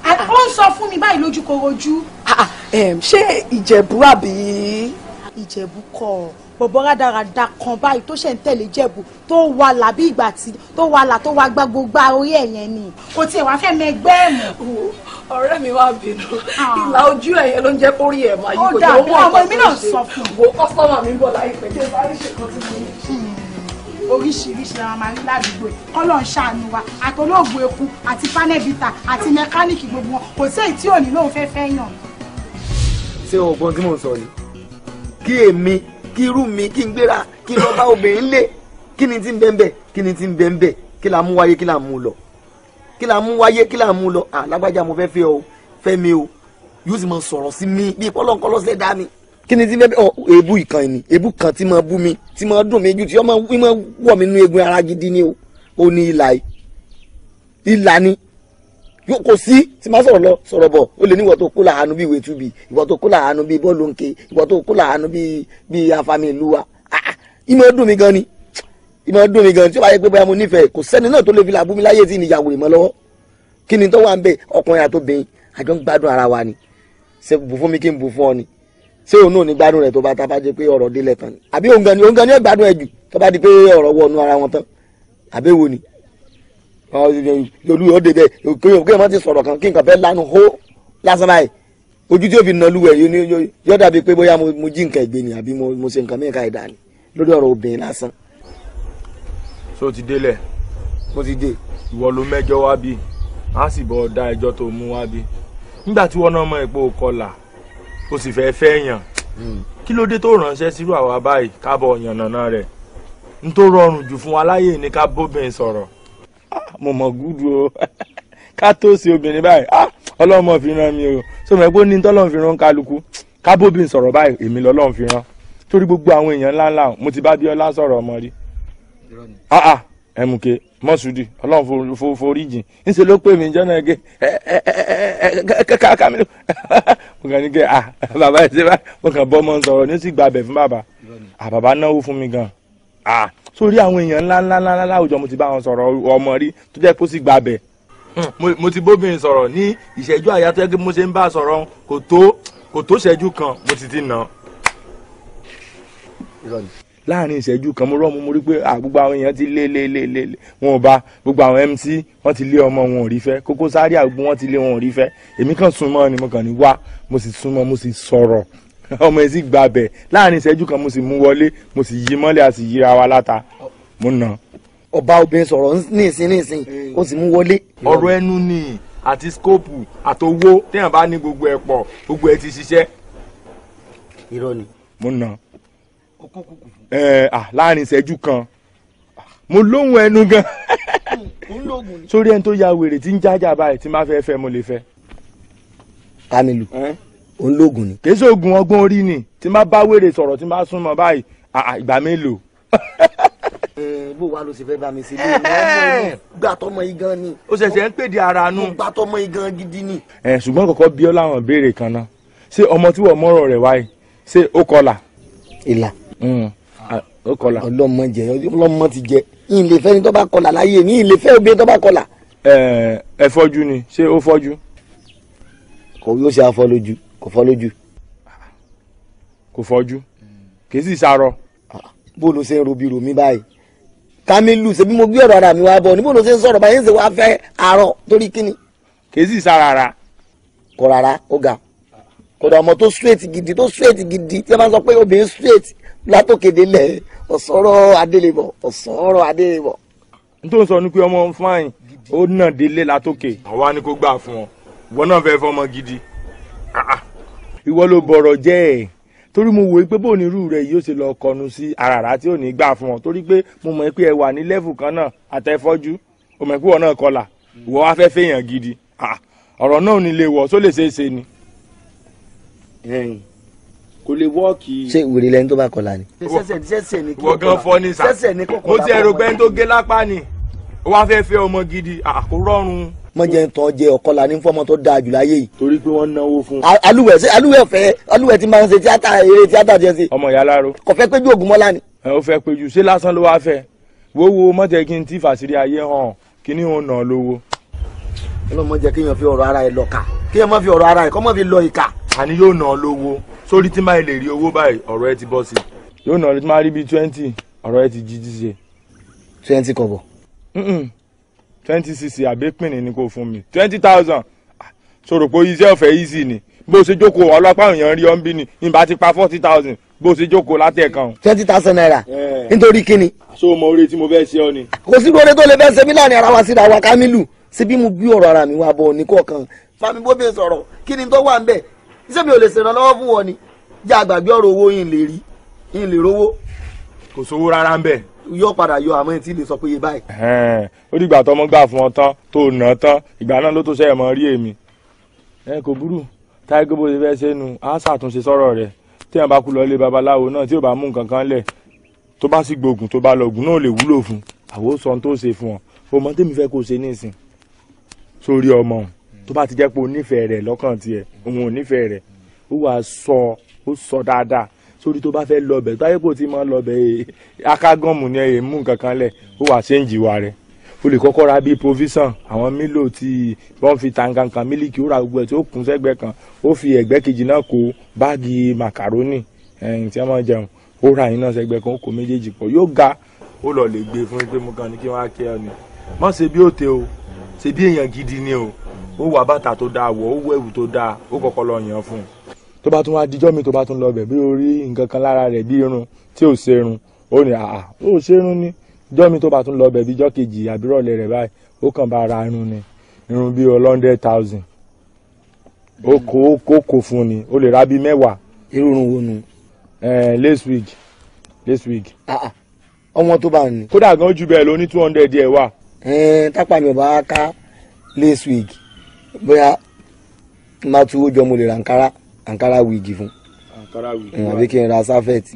ó ń sọ fún mi báyìí lójú korojú. Ah, ah, ṣé ìjẹ̀bú àbí ìjẹ̀bú kọ̀ bọ̀bọ̀ rádaràda kan báyìí tó ṣẹ̀ ń tẹ̀lé jẹ̀bú tó wà là bí ìgbà tí tó wà là tó wà gba gbogbo orí ẹ̀ yẹn ni kò tiẹ̀ wá fẹ́ mẹgbẹ́ ẹ̀ mọ́. ọ̀rẹ́ mi wá bínú ah. ìlà ojú ẹ̀ yẹn ló ń jẹ́ kórìí ẹ̀ máa yí kò jẹ́ owó ọmọ mi náà sọ fún un. wo kọ́sọ́mà mi bọ̀ láìpẹ́ kí ẹ bá rí ṣèkọ́ tí mo ní hmm. oríṣiríṣi la máa rí ládùúgbò ẹ kọlọ́n ṣàánú wa àtọlọ́ọ̀gbọ̀ eku àti panẹ́bìtà àti mẹkáníìkì gbogbo wọn kò sí èyí tí ò ní lóun fẹ́ fẹ́ yàn.
ṣé o tí mò ń sọ ni kí èmi kí irú mi kí n gbéra kí n lọ bá obìnrin lé kí ni ti ń bẹ́ẹ̀ bẹ́ẹ̀ kí ni ti ń bẹ́ẹ̀ bẹ́ẹ̀ kí la mú wáyé kí la mú lọ kí la mú wáyé kí la mú lọ à mo fẹ́ fẹ́ o fẹ́ mi o yóò sì máa sọ̀rọ̀ sí mi bí kọ́lọ́kọ́lọ́ ṣe dá mi. kí ni ti fẹ́ ọ èébú ìkan ni èébú kan tí máa bú mi tí máa dùn mí ju tí ó máa wọ̀ mí nú egun ara gidi ni o ó ní ìlà yìí ìlà ni yóò kò sí tí máa sọ̀rọ̀ lọ sọ̀rọ̀ bọ̀ ó lè ní ìwọ tó kó làánú bíi ìwé túbì ìwọ tó kó làánú bíi bọ́ọ̀lù ńke ìwọ tó kó làánú bíi bíi afami ìlú ah, ah. ìmọ̀ dùn mí gan ni ìmọ̀ dùn mí gan tí ó bá yẹ pé bóyá mo nífẹ̀ẹ́ kò sẹ́ni náà tó lè fi làbúmi láyé tí ìyàwó rẹ̀ mọ́ lọ́wọ́ kí ni tó wà ń bẹ ọkùnrin àtobìnrin àjọ ń gbádùn ara wa ni ṣe bù fún mi kí n bù fún ọ ni ṣé òun náà ní gbádùn rẹ̀ tó bá ta bá jẹ́ pé ọ̀rọ̀ délẹ̀ tán àbí òun gan ni òun gan ni ó gbádùn ẹ̀ jù tó bá di pé ọ̀rọ̀ wọnú ara wọn tán àbẹ́wò ni olùyọ̀ débẹ̀ kéèyàn ọ ti sọ̀rọ̀ kan kí nǹkan fẹ́ lanu hó lásán báyìí ojú tí yóò fi nàlú ẹ̀ yóò dàbí pé bóyá mo jí nǹkan àbí mo ṣe nǹkan mìíràn káyìí dání lórí ọ̀rọ̀ obìnrin lásán. so ti délẹ̀. mo ti dé. ìwọ ló mẹjọ wá bí a sì bọ da tó mú wá bí nígbà tí wọn náà mọ kọlà
o sì fẹ́ fẹ́ yàn kí ló dé tó ránṣẹ́ sírú àwa báyìí
rẹ̀ fún wa láyé ká bóbìnrin sọ̀rọ̀ mo mọ̀ gúdù o ká tó sí obìnrin báyìí ah, ọlọ́mọ fi ràn mí o so mọ̀ ẹ́ pé ní tọ́lọ́mọ fi ràn kálukú kábòbí sọ̀rọ̀ báyìí èmi lọ́lọ́mọ fi ràn torí gbogbo àwọn èèyàn ńláńlá mo ti bá bíọ́lá sọ̀rọ̀ ọmọ rí ah, ah, ẹmùkẹ́ mọ́sùdì ọlọ́run forí jìn ńṣe ló pè mí jọ́nà ẹ̀gẹ́ kákàmílò mo kàn ní kẹ́ à bàbá ẹ̀ ṣe bá mo kàn bọ́ ọmọ sọ̀rọ̀ ní ó sì gbàbẹ̀ fún bàbá à bàbá náwó fún mi gan à sórí àwọn èèyàn ńlá ńlá ńlá láwùjọ mo ti bá wọn sọ̀rọ̀ ọmọ rí tó jẹ́ kó sì gbà bẹ̀. Hmm. mo ti bóbìnrin sọ̀rọ̀ ní ìṣẹ́jú àyà tó yẹ kí mo ṣe ń bá a sọ̀rọ̀ kò tó kò tó ìṣẹ́jú kan mo ti ti nà. láàrin ìṣẹ́jú kan mo rọ́ọ̀mù mo rí pé gbogbo àwọn èèyàn ti lé lé lé lé wọn ò bá gbogbo àwọn MC wọn ti lé ọmọ wọn ò rí fẹ́ Koko Zaria àgbo wọn ti lé wọn ò rí fẹ́ èmi kàn súnmọ́ ni mo kàn ní wá mo sì súnmọ́ mo sì sọ̀rọ̀ ọmọ ẹ̀ sì gbàbẹ̀ láàrin ìṣẹ́jú kan mo sì mú wọlé mo sì yí mọ́lẹ̀ a sì yíra wa láta mo nà. ọba obìnrin sọ̀rọ̀ nísìn nísìn ó sì mú wọlé. ọ̀rọ̀ ẹnu ni àti skóòpù àtowó téèyàn bá ní gbogbo ẹ̀ pọ̀ gbogbo ẹ̀ ti ṣiṣẹ́. irọ́ ni. mo nà. ẹ ẹ láàrin ìṣẹ́jú kan mo lóhùn ẹnu gan. sórí ẹni tó ya wèrè tí ń jájà báyìí tí má fẹ́ fẹ́ mo lè fẹ́. tamilu. Eh? òun lóògùn ni. kèsì oògùn ọgbọ́n orí ni tí n bá bá wèrè sọ̀rọ̀ tí n bá súnmọ́ báyìí ìgbà mélòó. Eh, bó wa ló ṣe fẹ́ bá mi ṣe lé gbà tọmọ yìí gan ni. ó ṣẹ̀ṣẹ̀ ń pèdè ara nu. gbà tọmọ yìí gan gidi ni. ẹ ṣùgbọ́n kọ̀kọ́ bí ọ láwọn béèrè kan náà ṣé ọmọ tí wọ́n mọ́rọ̀ rẹ̀ wáyé ṣé ó kọlà. ìlà hmm, ó kọlà. ọlọmọ jẹ ọlọmọ ti jẹ ìlè fẹ́ ni tó bá kọlà láyé ni ìlè fẹ́ obìnrin tó bá kọlà. ẹ ẹ fọjú ni ṣé ó fọjú. kò yóò ṣe afọ lójú kò fọ́ lójú. kò fọ́jú kì í sì sarọ. Ah, bó ló ṣe ń robi rò mí báyìí Kamilu ṣebí mo gbé ọ̀rọ̀ ara mi wá bọ̀ níbo ló ṣe ń sọ̀rọ̀ báyìí ń ṣe wá fẹ́ àárọ̀ torí kíni. kì í sì sára ra. kò rárá ó ga kódà ọmọ tó straight gidi tó straight gidi tí a bá sọ pé obìnrin straight látòkèdè lẹ ọ̀sọ́rọ̀ adélébọ̀ ọ̀sọ́rọ̀ adélébọ̀. n tó ń sọ ni pé ọmọ fáìn ó nà délé látòkè àwa ni kò gbà fún ọ ìwọ náà fẹ́ fọmọ gidi. Ah, ah ìwọ ló bọ̀rọ̀ jẹ́ ẹ̀ torí mo wòye pé bóun irú rẹ yóò ṣe lọ kọnu sí àràrà
tí ò ní gbà fún ọ torí pé mo mọ̀ pé ẹ wà ní lẹ́fù kan náà àtẹ̀fọ́jú o mọ̀ pé wọn náà kọlà
ìwọ wá fẹ́ fẹ́yàn gidi ọ̀rọ̀ náà ò ní lè wọ̀ só lè ṣeé ṣe ni. kò lè wọ́ọ̀kì. ṣé ìwúrí lẹni tó bá kọlà ni. wọ́n gan fọ́ ní sà mo ti ẹ̀rọ pé ẹni tó gé lápá ni ó wá fẹ́ fẹ́ ọmọ gidi àkórọ́rùn mọ̀jẹ̀ ń tọ́ jẹ ọ̀kọ́lá ní fọ́mọ tó dáa jù láyé yìí. torí pé wọ́n náwó fún. alúwẹ̀ ṣe alúwẹ̀ fẹ́ alúwẹ̀ ti máa ń ṣe tíátà eré tíátà jẹ sí. ọmọ ìyá láro. kò fẹ́ péjú ògùnmọ́lá ni. ẹ ò fẹ́ péjú ṣé lásán ló wáá fẹ́ wo wo mọ̀jẹ̀ kí n ti fàṣírí ayé hàn kí ni òun nà lówó. ọlọ́mọdé kéèyàn fi ọ̀rọ̀ ara ẹ̀ lọ kà kéèyàn má fi ọ̀rọ̀ ara ẹ̀ kọ́ má fi lọ ìkà. àní yóò nà lówó sórí tí máa lè rí twenty ọ̀rọ̀ ẹ ti twenty six àbẹ́pìnì ni kò fún mi twenty thousand sọ̀rọ̀ ah, pé iṣẹ́ ọ̀fẹ́ easy ni bó ṣe jókòó wà lọ́pàá èèyàn rí ọ́n bí ni ìbá ti pa forty thousand bó ṣe jókòó látẹ̀kan. twenty thousand naira nítorí kíni. ṣé o mọ oore tí mo fẹ́ ṣe ọ ni. kò sí lóore tó lè fẹ́ ṣe mí láàrin ara wa síra wa Kamilu ṣe bí mo bí ọ̀rọ̀ ara mi wá bọ̀ ní kọ̀ọ̀kan. mami bó bẹ sọ̀rọ̀ kí ni tó wà ń bẹ̀ iṣẹ́ mi ò lè ṣèrànlọ́wọ́ fún wọn ni jẹ́ àgbàgbé ọ̀rọ̀ owó yìí lè rí yìí lè rówó. kò sówó rárá ń bẹ̀ yọ padà yọ àmọ́ tí lè sọ pé iye báyìí. ó dìgbà tó mọ́ gbà fún ọ tán
tó nà tán ìgbà náà ló tó ṣe ẹ̀mọ́ rí èmi.
ẹ kò burú táyégé bó ṣe fẹ́
ṣe nu á ṣàtúnṣe sọ̀rọ̀ rẹ̀ tí ẹ̀ bá kú lọ ilé babaláwo náà tí ò bá mú nǹkan kan lẹ̀ tó bá sì gbógun tó bá lọ́gùn náà lè wúlò fún àwo sọ tó ṣe fún ọ ọmọ tèmi fẹ́ kó ṣe nísìn sórí ọmọ tó bá ti jẹ́ pé o nífẹ̀ẹ́ rẹ̀ lọ́kàn tiẹ̀ òun ò nífẹ̀ẹ́ rẹ̀
ó wàá sọ ó sọ dáadáa sórí tó bá fẹ́ lọbẹ̀ táyé kò tí máa lọbẹ̀ eh, akágọ́mù ni ẹ̀ mú nǹkan kan lẹ̀ ó wà ṣe ń jìwà rẹ̀ o lè kọ́kọ́ ra bíi provision àwọn mílò tí wọ́n fi tangankan mílíkì ó ra gbogbo ẹ̀ tí ó kún sẹ́gbẹ́ kan ó fi ẹ̀gbẹ́ kejì náà kó báàgì màkàrónì ẹ̀yìn tí wọ́n máa jẹun ó ra yín náà sẹ́gbẹ́ kan ó kó méjèèjì pọ̀ yóò ga ó lọ lè gbé e fún pé mo kàn ní kí wọ́n á kí ọ ni
mọ̀ ṣe bí òtẹ o ṣe bí èèyàn gidi ni o ó wà bàtà tó dáa wọ̀ ó wẹ̀wù tó dáa ó kọ́kọ́ lọ yàn fún un
tó bá tún wá dijọ́ mi tó bá tún lọ bẹ̀ bí o rí nǹkan kan lára rẹ̀ bí irun tí ò ṣe irun ó ní àà ó ṣe ní jọ́ mi tó bá tún lọ bẹ̀ bí jọ́ kejì àbírọ̀lẹ̀ rẹ̀ báyìí ó kàn bá ra irun ni irun bí ọlọ́ndẹ̀ thousand ó kó ó kó fún ni ó lè ra bí mẹ́wàá. irun wo nu. lace wig lace wig. ọmọ tó bá ní. kódà gan ojú bẹ́ẹ̀ ló ní two hundred díẹ̀ wà. tápà mi ò bá ká lace wig bóyá má tún ó jọ mo lè ra nkárá ankara wigi fún
ankara wigi àbí
kí n ra sáfẹ̀tì.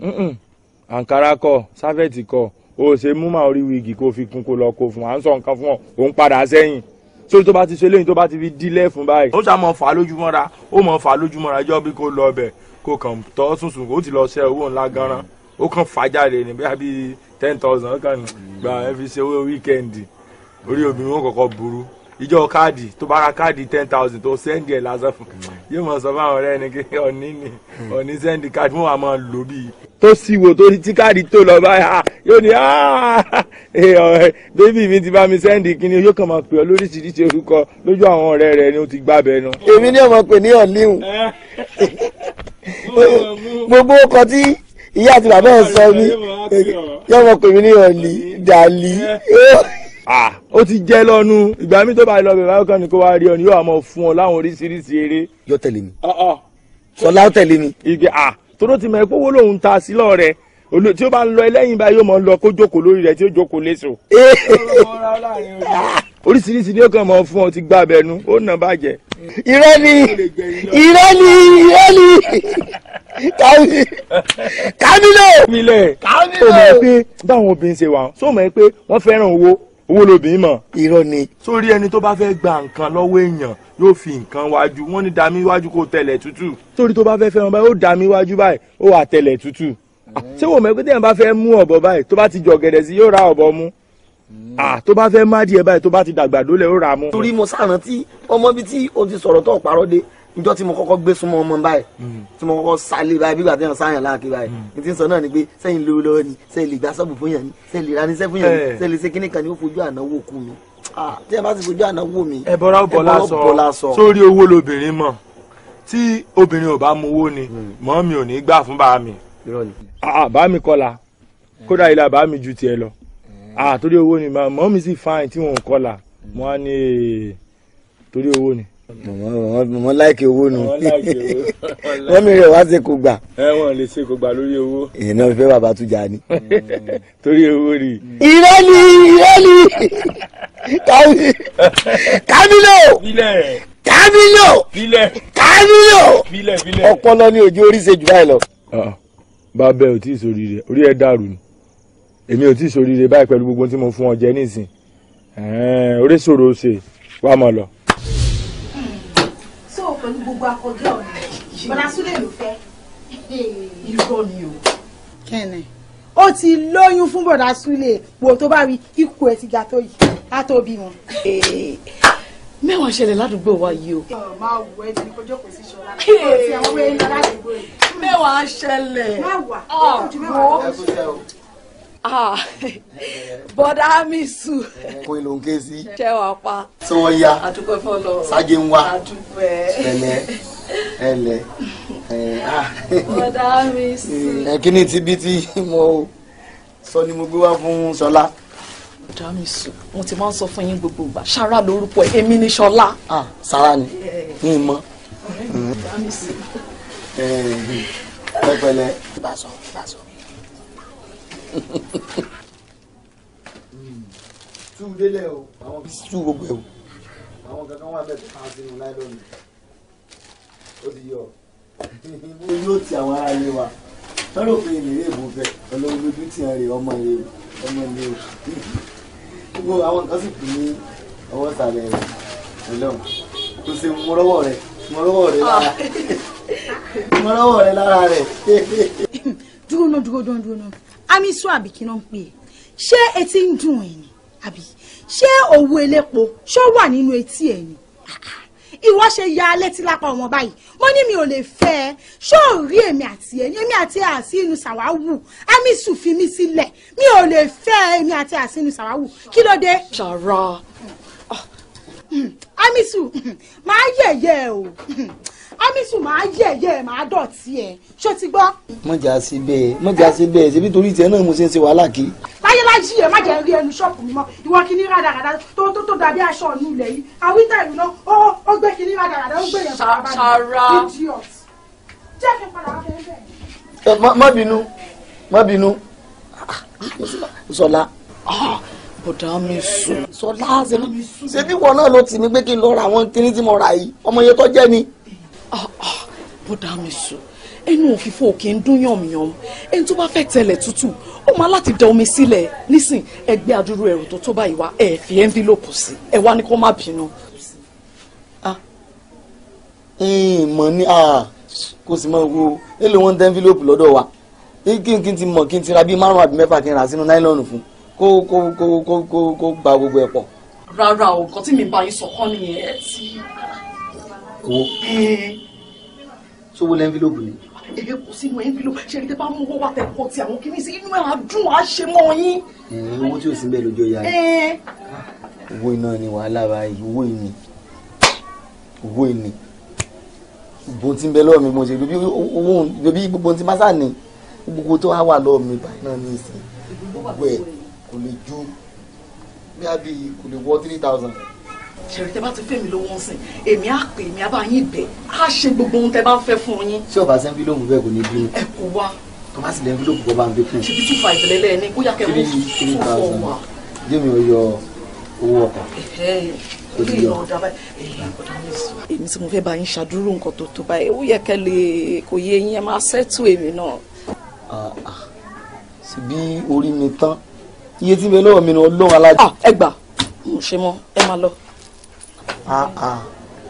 ankara kọ́ sáfẹ̀tì kọ́ o ṣe mú màá rí wigi kó fi kún kó lọ kó fún à ń sọ nǹkan fún ọ òun padà sẹ́yìn sórí tó bá ti ṣe léyìn tó bá ti fi dílé fún báyìí. ó ṣàmọ̀ fà lójúmọ́ra ó mọ̀ fà lójúmọ́ra jọ́ bí
kò lọ bẹ̀ kò kàn tọ́ sùnsùn kó ti lọ ṣe owó ńlá gan-an ó kàn fà jáde ní bíi bíi ten thousand ó kàn gba ẹ fi ṣe owó wíkẹ́ndì orí obìnrin ó kọ̀kọ́ burú ìjọ káàdì tó bá ra káàdì ten thousand tó sẹ́ndì ẹ̀ lásán fún yóò mọ̀ sọ fáwọn ọ̀rẹ́ ni kí ọ̀ní ni ọ̀ní sẹ́ndì káàdì fún wa máa lò bí. tó sì wò tó ti káàdì tó lọ báyà ah, yóò ní ah, eh, ọ̀rẹ́ eh, bébí mi ti bá mi sẹ́ndì kíni yóò kàn máa pè ọ́ lóríṣiríṣi orúkọ lójú àwọn ọ̀rẹ́ rẹ̀ ni ó ti gbá bẹ́ẹ̀ nu. èmi ní ọmọ pè ní ọ̀níhùn gbogbo ọkọ tí ìyá àti bàbá ẹ̀ sọ mi yọmọ ó ti jẹ́ lọ́nu ìgbà mi tó bá lọ bẹ̀rẹ̀ báyọ̀ kan ni kó wá rí ọ ni yóò máa fún ọ láwọn oríṣiríṣi eré. yóò tẹ̀lé mi sọlá ó tẹ̀lé mi. ìgbà à tóró ti mọ̀ ẹ́ pọ́wọ́ lòun ta sílọ̀ rẹ̀ tí ó bá ń lọ ẹlẹ́yìn báyìí yóò máa lọ kó jókòó lórí rẹ̀ tí ó jókòó léṣo. Eh. oríṣiríṣi ni ó kàn máa fún ọ ti gbà bẹnu ó nà bàjẹ́.
irọ́ ni irọ́ ni
irọ́ ni kàmí kàmí lò. kàmí lò. o mọ̀ pé báwọn obìnrin ṣe wà sọ mọ̀ pé wọ́n fẹ́ràn owó owó lobìnrin mọ̀. irọ́ ni. sórí ẹni tó bá fẹ́ gba nǹkan lọ́wọ́ èèyàn yóò fi nǹkan wájú wọ́n ní dami wájú kó tẹ̀lẹ̀ tútù. sórí tó bá fẹ́ fẹ́ràn báyìí ó dami wájú báyìí ó wà tẹ̀lẹ̀ tútù. Mm. ṣé wò mọ̀ pé téèyàn bá fẹ́ mú ọ̀bọ báyìí tó bá ti jọ gẹ̀dẹ̀ sí yóò ra ọ̀bọ mú. Mm. tó bá fẹ́ má díẹ̀ báyìí tó bá ti dàgbà dólẹ̀ ó ra mú. torí mo sáà rántí ọmọ bíi tí o ti sọ̀rọ̀ tó ọ̀pá njọ́ tí mo kọ́kọ́ gbé súnmọ́ ọmọ báyìí mm. tí mo kọ́kọ́ sálé báyìí bígbà tí yàn sáyàn láàkí báyìí ní mm. ti sọ náà ni pé sẹ́yìn lówó lọ́wọ́ ni sẹ́yìn lè gbá sọ́ọ̀bù fún yàn ni sẹ́yìn lè ra ní yàn ni sẹ́yìn eh. lè ṣe kíní kan ni ó fojú àná wò kú mi ah, tí ẹ bá ti fojú àná wò mí. ẹbọra bọlá sọ sórí owó lobìnrin mọ tí obìnrin ò bá mowó ni hmm. mọ́ mi ò ní gbà fún bá mi ah, ah, bá mi kọlà hmm. kódà
ilà bá mi ju tiẹ̀ lọ hmm. torí owó ni mọ́ mi sì fáìn tí wọn kọlà
wọn á ní torí owó ni mọ̀mọ́ mọ̀mọ́ mọ̀mọ́ láìkí owó nu wọ́n mi rẹ̀ wá ṣe kò gbà. ẹ wọn lè ṣe kò gbà lórí owó. ìyẹn náà fẹ́ bàbá tún jà ni. torí owó ni. ìrẹ́ ni ìrẹ́ ni kábílò kábílò kábílò ọpọlọ ní ojú orí ṣe jù báyìí lọ. Ah, ah. bàbá ò tí ì ṣoríire orí ẹ dàrú ni
èmi ò tí ì ṣoríire báyìí pẹ̀lú gbogbo tí mo fún ọ jẹ nísìn orí ṣòro ṣe wàá mọ̀ lọ
pẹ̀lú gbogbo akọjọ́ ọ̀nà bọ́lá súlè ló fẹ́ irọ́ ni o. kẹ́nẹ̀ ó ti lóyún fún bọ̀dá súlè wò tó bá rí ikú ẹ̀ ti ga tó yìí á bí wọn. mẹ́wàá ṣẹlẹ̀ ládùúgbò wa yìí o. máa wọ ẹ ní kọjọ́ kò sí ṣọlá ọ̀sẹ̀ àwọn ẹ̀yìn ládùúgbò yìí. mẹ́wàá ṣẹlẹ̀. mẹ́wàá ó ah, ju mẹ́wàá lọ. Ah, mi sù.
kó ló ń ké sí. ṣé wàá pa. tí wọ́n ya sájé ń wá
ẹlẹ ẹlẹ bọ́dá mi sù.
kí ni tibí tí mo sọ ni mo gbé wá fún Ṣọlá. bọ́dá mi sù mo ti máa ń sọ fún yín gbogbo ìgbà Sàrà lórúkọ ẹ̀ èmi ni Ṣọlá. Sàrà ah, ni ní ìmọ̀.
bọ́dá mi sù.
ẹ pẹ̀lẹ́.
bá a sọ
tú délẹ̀ o. tú gbogbo ẹ̀ o. àwọn kankan wà bẹ́ẹ̀ tó kàn sínú láìlọ́ọ̀nù ó ti yọ yóò ti àwọn ará ilé wa tọ́lọ̀ pé ìlérí èbò fẹ́ ọlọ́run lójú ti hàn rè ọmọ ilé ọmọ ilé o gbogbo àwọn nǹkan sì kù ní ọwọ́ sàlẹ̀ rẹ̀ ọlọ́run kò sí mo rọ́wọ́ rẹ̀ mo rọ́wọ́ rẹ̀ lára ah. mo rọ́wọ́ rẹ̀ lára rẹ̀.
dúró náà dúró dúró dúró náà amisu àbí kí náà ń pè é ṣé etí ń dùn ẹ̀ ni àbí ṣé òwú elépo ṣó wà nínú etí ẹ̀ ni ìwọ ṣe ya létí lápá ọmọ báyìí mo ní mi ò lè fẹ́ ẹ ṣó ò rí èmi àti ẹni èmi àti àsínú sàwáwù amisu fi mí sílẹ̀ mi ò lè fẹ́ èmi àti àsínú sàwáwù kí ló dé. ṣàrà. Hmm. Hmm. amisu hmm. máa yẹ̀yẹ́ o amisu máa yẹ̀yẹ́ máa dọ̀tí ẹ̀ ṣó ti gbọ́.
mọ̀jà sí bẹ́ẹ̀ mọ̀jà sí bẹ́ẹ̀ ṣebí torí tiẹ̀ náà mo ṣe ń ṣe wàhálà kí.
láyé láyé ẹ má jẹ́ rí ẹnu ṣọ́ọ̀pù mi mọ́ ìwọ kìíní rádaràdà tó tó tó dàbí aṣọ ọ̀nù ilẹ̀ yìí àwítà ìrìnà ó gbé kìíní rádaràdà ó gbé yẹn fara balẹ̀ idiot. jẹ́ kí n padà wá
bẹ́ẹ̀ bẹ́ẹ̀. má bínú má bínú sọlá bọ̀dá mi sùn sọlá ṣe bí wọn náà ló ti ní pé kí n lọ ra àwọn kíní tí mo rà yìí ọmọ yẹn tó jẹ́ ni.
Ah, ah, bọ́dà mi sùn ẹnu òfìfo òkè ń dún yànmùyànmù ẹni tó bá fẹ́ tẹlẹ̀ tútù ó máa láti da omi sílẹ̀ nísìn ẹgbẹ́ adúrú ẹ̀rù tó tó báyìí wá ẹ̀ fi ẹ́ńfílòpù sí ẹ wá ní kó má bínú.
ìmọ̀ ah, ni kò sì mọ owó èlò wọn ń tẹ́ ẹ́ńfílòpù lọ́dọ̀ wa kí n kí n ti mọ̀ kí n ti ra bíi márùn-ún àbí mẹ́fà kí n rà sínú náílọ̀nù fún kó kó kó kó kó gba gbogbo ẹ̀ pọ̀.
rárá o nǹkan tí mi bá yín sọ kọ́ nìyẹn
kó. sówó lẹ́ envelope ni.
èyí kò sínú envelope ṣe èyí tẹ bá mú owó wá tẹ̀kọ́ ti àwọn kìíní sí inú ẹ̀ dùn á ṣe mọ́ yín.
owó tí ò sí bẹ́ẹ̀ lójú ọ̀yà rẹ̀. owó iná ni wàhálà báyìí owó ìní owó ìní bó ti ń bẹ lọ́wọ́ mi mo ṣe bí owó bí gbogbo ti máa sàní gbogbo tó wá wà lọ́wọ́ mi báyìí náà ní ìsìn gbogbo ẹ̀ kò lè ju bí a bí kò lè wọ three thousand
ṣẹ̀rí tẹ́ bá ti fẹ́ mi lówó ń sìn èmi á pè mí abá yín bẹ̀ á ṣe gbogbo ohun tẹ́ bá fẹ́ fún yín.
tí ọba sẹ́ńfì lóhùn bẹ́ẹ̀ kò ní bí mi. ẹ kò wá. tó bá sì lẹ́ńfì lóhùn kò bá ń fi kún. ṣe bí two five
lẹ́lẹ́ ní kó yá kẹ́ mú two four wa.
jẹ́mi ò yọ owó ọkọ̀.
èmi tí mo fẹ́ bá yín ṣàdúró nǹkan tó tó báyìí ó yẹ kẹ́ lè kò yé yín ẹ máa ṣẹ́tù èmi náà. sì ah, ah. bí orí mi
tán iye tí mi lọ́wọ́ mi ni ọlọ́run alájà. Ah,
ẹ gbà mo ṣe mọ ẹ máa lọ
ah ah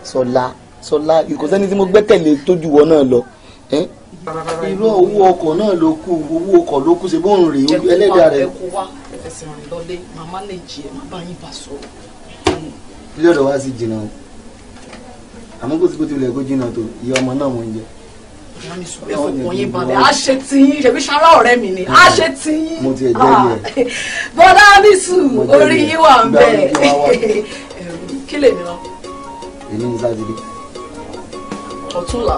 sọlá sọlá kò sẹ́ni tí mo gbẹ́kẹ̀lé tójú wọ náà lọ irú owó ọkọ̀ náà ló kú owó ọkọ̀ ló kú ṣe bóun rèé ẹlẹ́dàá rẹ̀. ẹ kú
wá ẹsẹ̀ rìn lọlé màmá lè jí ẹ má bá yín bá sọ̀rọ̀.
ilé ọ̀dọ̀ wa sì jìnnà o àmọ́ kó tí kò tilẹ̀ kó jìnnà tó iye ọmọ náà mò ń jẹ.
a ṣe tí yín ṣèbí sara ọ̀rẹ́ mi ni a ah, ṣe tí yín. mo ti ẹ̀ jẹ́ yẹn. bọ́dá nísù orí yín wà ń bẹ̀. kí lè mìíràn.
èmi ní sátidé. ọ̀túnla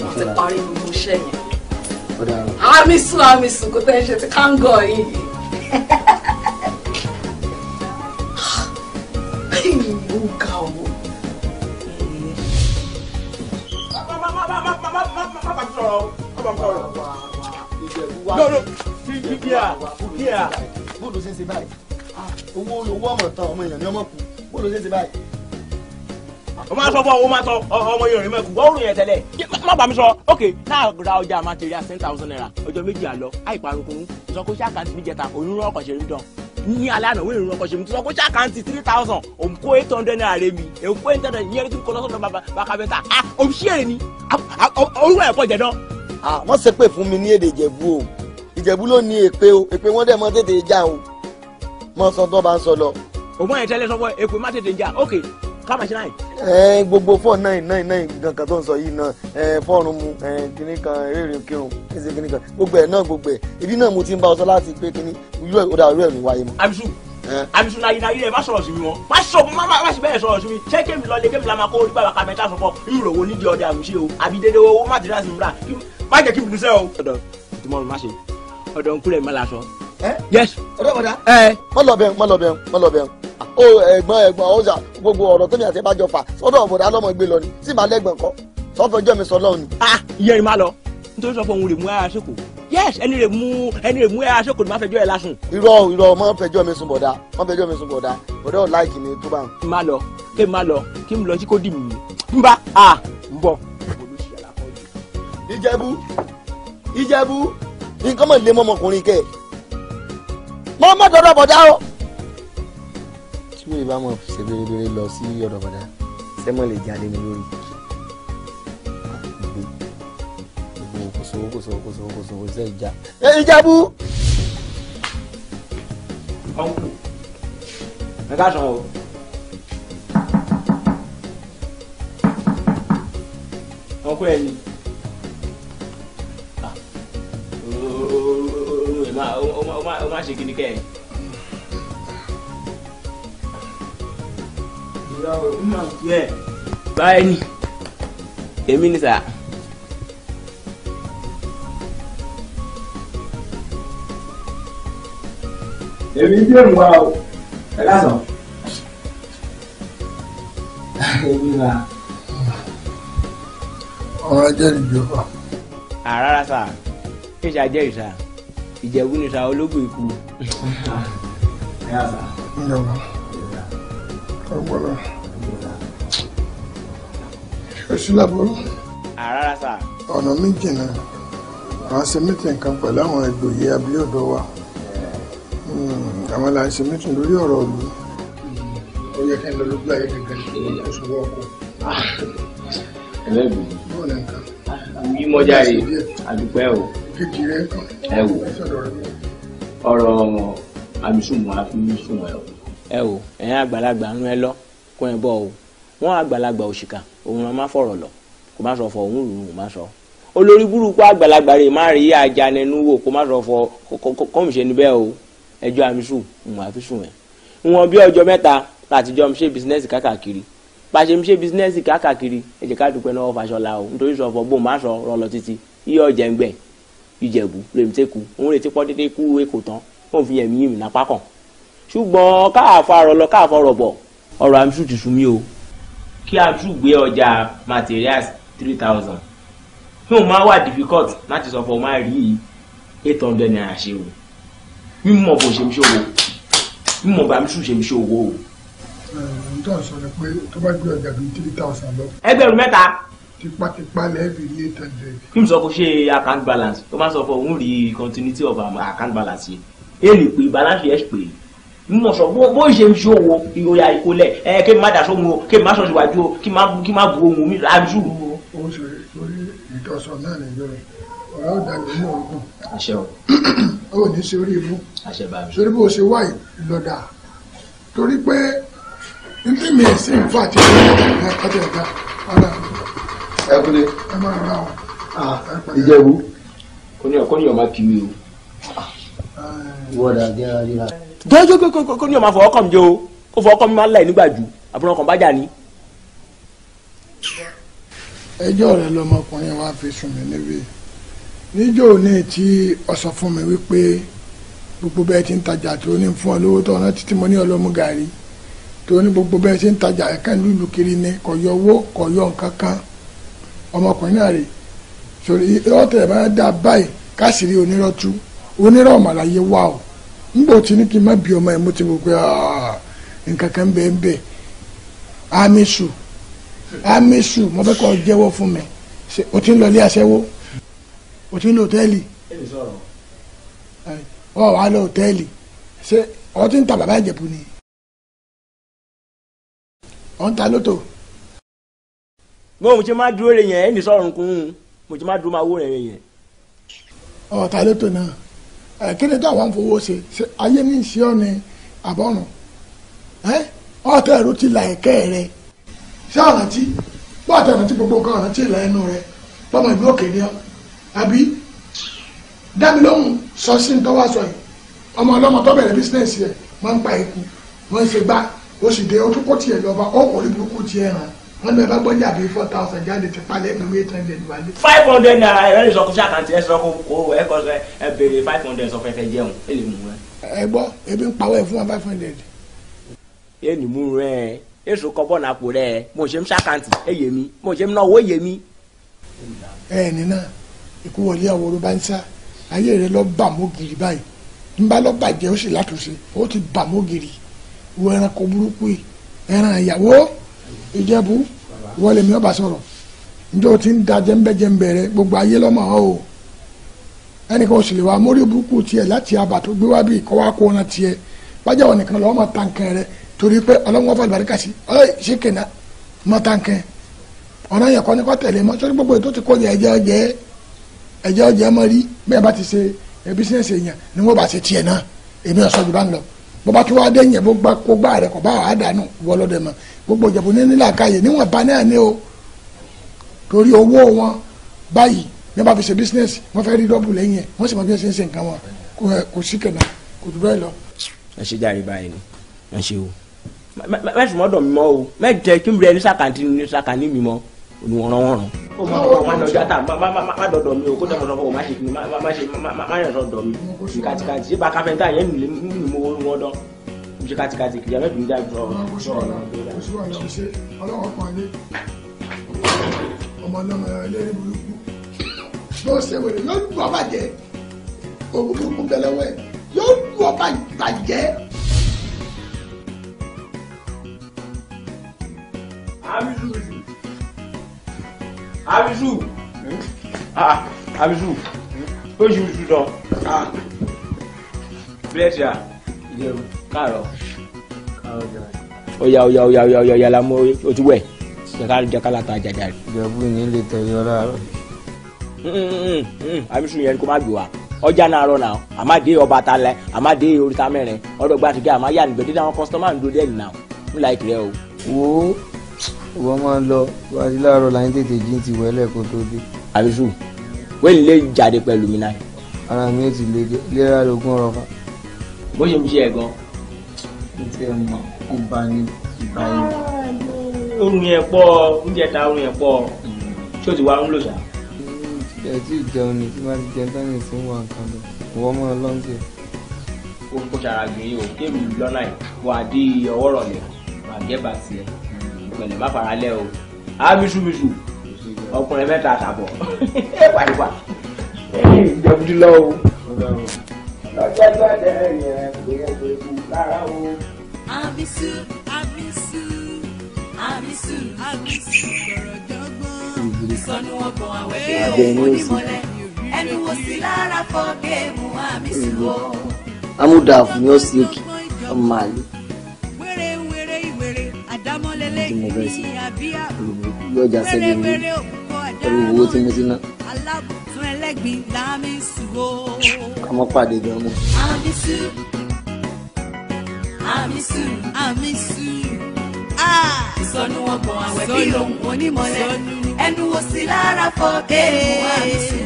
wọ́n ti parí
gbogbo iṣẹ́ yẹn. ó dára. amisu amisu kò tẹ́ ẹ ṣe ti kángọ̀ yìí. ó
ga o. Bóòlù ṣe ń ṣe báyìí, ah, owó olówó ọmọ tán ọmọ èèyàn ni ọmọ kù bó ló ṣe ti báyìí. o máa sọ fún ọ máa sọ ọmọ yorùbá mẹ́kù wọ́n rìn yẹn tẹ́lẹ̀. má bàa mi sọ ok náà ra ọjà material ten thousand naira ọjọ́ méjì àlọ́ àìparukunu sọ kó ṣáà kàǹtì níjẹta onírúurú ọkọ̀ ṣe ń dán ní alẹ́ àná wẹ́rẹ́ ìrànlọ́kọ̀ ṣe mi tí wọ́n kó ṣàkáǹtì three thousand òun kó eight hundred naira rẹ mi èun kó eight hundred yẹn tí kò lọ́sọ̀dọ̀ bàbá bẹ́tà a òṣìṣẹ́ ni orúkọ ẹ̀kọ́ jẹ̀ dán. wọ́n ṣe pé fún mi ní èdè ìjẹ̀bú o ìjẹ̀bú ló ní èpè o èpè wọ́n dẹ̀ mọ́ tètè já o mọ́ sọ tó bá ń sọ lọ ògbọ́n yẹn tẹ́lẹ̀ sọ́wọ́ èpè má tètè jà ok ká màṣí náà. ẹ gbogbo four nine nine nine nǹkan tó ń sọ yìí náà ẹ fọ́ọ̀rùn mu ẹ kìnnì kan eré kírun ẹsẹ kìnnì kan gbogbo ẹ náà gbogbo ẹ ibi náà mo ti ń bá ọ láti pé kìnnì irú ẹ òdà irú mi wáyé mọ. abisu abisu na yìnyín ayé ẹ má sọ̀rọ̀ sí mi wọn má sọ má má sì bẹ́ẹ̀ sọ̀rọ̀ sí mi ṣé kémi lọ lé kémi la máa kó orí bàbá kàmẹ́ tá a sọ fọ irú òwò ó ẹ̀gbọ́n ẹ̀gbọ́n ó sà gbogbo ọ̀rọ̀ tó ní àti bá jọ fà sọ́dọ̀ ọ̀bọ̀dá lọ́mọ gbé lọ ni sì máa lẹ́gbọ̀n kọ́ sọ́fẹ̀jọ́ mi sọ lọ́hùn ni. Ah, ìyẹn ni máa lọ nítorí sọ fún òun lè mú ara ṣòkò yes ẹni lè mú ẹni lè mú ara ṣòkò ni máa fẹjọ́ ẹ lásùn. irọ́ irọ́ mọ́ fẹjọ́ mi sùn bọ̀dá mọ́ fẹjọ́ mi sùn bọ̀dá bọ̀dá ò láìkì mi tó bá ń. má lọ kí n má lọ kí n lọ sí kó dì mí n bá a ń bọ̀. ìjẹ̀bú ìjẹ̀bú nǹkan mọ̀ lé mọ́mọkùnrin kẹ́ ẹ̀ mọ́ mọ́ dọ́dọ̀ bọ̀dá o bí ìbá mọ̀ ṣe bérebére lọ sí ọ̀dọ̀ bàdá sẹ́mọ̀ lè jalè mi lórí gbogbo kòsòwò kòsòwò kòsòwò kòsòwò ṣe ìjà ẹ ìjàbú. ọ̀nkù ẹ ká sàn o. ọ̀nkù ẹ̀ ni. o ma ṣe kí ni kẹ́ ẹ̀. báyìí ni èmi ni sà. èmi ń dèrò wa o ẹ lásán. èmi wa.
ọ̀rọ̀ jẹ́ ìjọba.
àràrà sà ìṣà jẹ́ ìṣà ìjẹ̀bú ni sà ológun ikú. ẹ yà sà
ọgbọ́nà oṣù làbúrú.
àràrà sà. ọ̀nà mi jìnnà à ń ṣe mítìn kan pẹ̀lú àwọn ìgbòye abíọ́dọ̀ wa hmm, àwọn là ń ṣe mítìn lórí ọ̀rọ̀ òlu. ó yẹ kí n lọ lójú ayé kankan ní ìṣòwò ọkọ. ẹlẹ́gbẹ̀ẹ́.
bọ́ọ̀ ní nǹkan. yí mọ jáde àdúpẹ́ o. kékeré kan. ẹ wò
ọ̀rọ̀ àmì sùnmọ́ àfi sùnmọ́ ẹ̀ o ẹ o ẹ̀yin àgbàlagbà ń rẹ lọ kó ẹ bọ́ o wọ́n àgbàlagbà òṣìkà òun máa fọ̀rọ̀ lọ kó má sọ fọ òun rù ú má sọ olórí burúkú àgbàlagbà rẹ̀ má rí ajanẹnu wò kó má sọ fọ kọ́mùṣe níbẹ̀ o ẹjọ́ àmísù ìwọ̀n àfisùn ẹ̀ ìwọ̀n bí ọjọ́ mẹ́ta látijọ́ mi ṣe bísínẹ́sì káàkiri bá a ṣe mi ṣe bísínẹ́sì káàkiri ẹ jẹ́ ká dúpẹ́ náà fàṣọlá o nítorí sọ fọ bó má sọ rọlọ títí iye ọ̀jẹ̀ ń gbẹ̀ ìjẹ̀bù lèmi tẹ́kù òun retí pọ́ dédé kú èkó tán òun fi yẹ̀mí yìí nà pákàn ṣùgbọ́n káàfọ àrọ̀lọ káàfọ rọ̀bọ̀ ọ̀rọ̀ amṣu ti sùn mí o. kí amṣu gbé ọjà materials three thousand fún un máa wà difficult láti sọ fún ọ máa rí eight hundred naira ṣe o mímọ̀ bó ṣe mi ṣòwò mímọ̀ bá amṣu ṣe ń ṣòwò o.
ǹjọ́ sọ ni pé
tó bá gbé ọjà bíi three thousand lọ. ẹgbẹ̀rún mẹ́ta. tipátipá lẹ́ẹ̀bì ní eight hundred. kí n sọ fún ṣe account balance tó máa sọ fún òun rí continuity of account balance yẹn èèlì pé balance yẹn pè mo sọ bó ṣe ń ṣòwò ìròyà ìkólẹ̀ ẹ kí n má daṣọ mu o kí n má sọ síwájú o kí n má bu ohun mi lájú. o
ṣe torí ìtọ̀sọ̀
náà nìyẹn ọ̀rọ̀ ọ̀dàlẹ̀ mọ̀ ọ̀gùn. àṣẹ o. ó ní sórí ibú. àṣẹ bá mi. sórí bó ṣe wá ìlọ́dà torí pé nítorí mi ẹ̀ sì ń fà tí ó ń bá ọjọ́ ẹ̀dá ọ̀dà. ẹ kúlẹ̀. ẹ máa ra o. Ah, ìjẹ̀bú. kò ní ọ̀kọ́ ní ọ̀ máa kiri o. Ah. wọ́n dà gẹ́gẹ́ rí ra jọjọ pé kó ní ọmọ àfọwọ́ kàn mí jẹ o kó fọwọ́ kàn mí máa ń láì nígbà jù àbúrò ọkàn bá jà ní. ẹjọ́ rẹ lọmọkùnrin wa fi sùn mí níbí níjọ́ òní tí ọ sọ fún mi wípé gbogbo bẹ́ẹ̀ ti ń tajà tó ní fún ọ lówó tó ọ̀nà títí mo ní ọlọ́mú gàrí tó ní gbogbo bẹ́ẹ̀ ti ń tajà ẹ̀ka lùlù kiri ni kò yọ owó kò yọ nǹkan ọmọkùnrin náà rè sórí ọ̀tẹ̀ bá dà báyìí káṣírí onírọ̀ tú onírọ̀ màláyé wà o nígbà tí ní kí n má bí ọmọ yẹn mo ti mọ̀ pé ah, nǹkan kan bẹ́ẹ̀ ń bẹ́ẹ̀ amisu amisu mo fẹ́ kọ́ jẹ́wọ́ fún mi o ti ń lọ ilé aṣẹ́wó o ti ń lọ hòtẹ́ẹ̀lì ọ wà lọ hòtẹ́ẹ̀lì
ṣé ọ ti ta bàbá ìjẹ̀bù ni
ọ ń ta lóto. mo mo ti máa dúró rè yẹn ẹnì sọ̀rọ̀ nkùn mo ti máa dúró máa wó rẹ̀ yẹn. ọ̀ ta lóto náà ẹ kí ni táwọn fowó ṣe ṣe ayé ní ìṣe ọ ni àbọ̀rùn ẹ ọ̀tẹ̀ ẹ̀rọ ti là ẹ̀kẹ́ rẹ ṣé àrántí bó àti àrántí gbogbo nǹkan àrántí ìlà ẹnu rẹ bọ́mọ ìlú òkè ni ọ àbí dámilóhùn sọ sí ní tọ́wọ́ sọ yìí ọmọ ọlọ́mọ tó bẹ̀rẹ̀ bísíǹsì rẹ̀ máa ń pa ikú wọ́n ń ṣe gbá ó sì dé ó tún kó tiẹ̀ lọ́ba ó kò burúkú tiẹ̀ hàn wọ́n lọ bá gbọ́jà bíi four thousand jáde ti palẹ̀ ẹ̀gbọ́n mi eight hundred wálé. five hundred naira ẹ̀rọ ìsọkúnṣe àkàntì ẹ̀sọ́ kó ẹ̀kọ́ sọ ẹ̀ béèrè five hundred sọ fẹ́fẹ́ jẹun ẹ̀ lè mú rẹ. ẹ gbọ́ ebi ń pawọ́ ẹ̀ fún wa five hundred. yé ni mú rẹ èso kan bọ́ nàpò rẹ mo ṣe ń ṣàkàntì ẹ yé mi mo ṣe ń náwó yé mi. ẹ nínà ikú wọlé àwòrán bá ń sá ayé rẹ lọ bà mọ́ gírí báyìí ń bá lọ bàjẹ́ ó sì látúnṣe ó ti bà mọ́ gírí wo ẹranko burúkú yìí ẹran ìyàwó ìjẹ́bú wọlé mi ọba sọ̀rọ̀ njẹ́ o ti ń da jẹ́ńbẹ́jẹ́ńbẹ́ rẹ gbogbo ayé lọ́mọ ọ́ o ẹnìkan oṣù lè wa mórí burúkú tiẹ̀ láti abà tó gbé wá bí kọ́ wá kó ran tiẹ̀ bájà wọn nìkan lọ́wọ́ máa rẹ torí pé ọlọ́wọ́ fà ọ ṣé ta ọ̀nà yẹn kọ́ gbogbo ètò ti kó bọ́ba tó wá dé yẹn bó gbá kó gbá rẹ̀ kọ́ bá wàá dànù wọ́ lọ́dẹ mọ́ gbogbo ìjẹ̀bù ní nílà káyè níwọ̀n bá náà ní o torí owó wọn báyìí ní wọ́n bá fi ṣe bísínẹ́sì wọ́n fẹ́ rí dọ́bù lẹ́yìn ẹ̀ wọ́n sì mọ bí wọ́n ṣe ń ṣe nǹkan wọn kò sí kẹ̀nà kò dúró ẹ̀ lọ. ẹ ṣe jáde báyìí ni ẹ ṣe o mẹ́sùn mọ́dọ̀ o mẹ́jẹ kí n rí ẹni sàkàntì ní sàkàntì mi olùwọ̀nrànwọ̀nràn. ó máa bọ̀ wá lọ́jọ́ àtà má dọ̀dọ̀ mi o kó dọ̀dọ̀ fọwọ́ má ṣe kí má ṣe má yàn dọ̀dọ̀ mi ṣe kàtìkàtì ṣé bá káfíńtà yẹn nù nù mọ́ wọn dán ṣe kàtìkàtì kìlẹ̀ mẹ́bí ń jáde ọ̀rọ̀. kò sí wàhálà kò sí wàhálà kò sí ọlọ́wọ́ pa ní ọmọ ọlọ́mọ ẹlẹ́rìí burúkú yóò ṣe wèrè yóò lu ọba jẹ òkú burúkú yóò lu ọba bàjẹ́. àmì sùn sùn abisu abisu ó ṣe oṣù lọ ah. bless ya káàárọ̀ oya oya oya oya oya oya la mo o ti wẹ jaka jaka la ta jaja rẹ. ìjọba yìí lè tẹ̀lé ọ láàárọ̀. Mm, mm, mm, abisu yẹn kó má gbé wa ọjà náà rọ náà àmàdé ọba ta lẹ àmàdé oríta mẹ́rin ọdọgba àti gẹ àmàyà nígbẹdẹdẹ àwọn kọsítọmà ń do dẹ nìyà ń láìpẹ́ rẹ o. wo ìwọ máa ń lọ wá sí láàárọ̀ láyé tètè jí ti wẹ́lẹ̀ kó tó dé. àbísù wẹ́ẹ̀lì lè jáde pẹ̀lú mi náà. ara mi ò ti lè dé lera lógún ọ̀rọ̀ fa. bó ṣe ń ṣe ẹ̀ gan. mo ti ẹ̀ mọ̀ kó bá ní
ìgbà yìí. orun
yẹn pọ̀ oúnjẹ ta orun yẹn pọ̀ tí o ti wá ń lò sá. ẹ ti jẹun ní tí má ti jẹun tán ní ìsìn wà nǹkan lọ ìwọ máa lọ ń jẹ. ó kó ṣàràgbé yìí o kéèmí lọ́nà yìí wà á dé ọwọ́ rọ̀lẹ́ wà pẹ̀lẹ́ má fara lẹ́ o á mísúmísú ọkùnrin mẹ́ta àtàbọ̀ ẹ pàdùpà jẹ̀bùdì o. lọ́jọ́ gbọ́dọ̀ yẹn
gbẹ̀gbẹ̀gbù lára o.
àbísú àbísú àbísú àbísú ọ̀rọ̀ jọgbọ́n ìsọnù
ọkàn àwẹ̀
òkú
nímọ̀lẹ́ ẹnu wo sí lára fọ́ géèmù àbísú o.
amúdàfún
yóò sí òkè ọmọ àlè ní tí mo fẹ́ sí yóò já sẹ́lẹ̀ mi pẹ̀lú owó tí mo ti ná.
kọ́mọ́ pàdé jọ mọ́.
Amisu Amisu Amisu ìsọnù ọgbọ̀n àwẹ̀ bí òun onímọ̀lẹ́ ẹnu wo sí lára fọ́ọ̀kẹ́ Amisu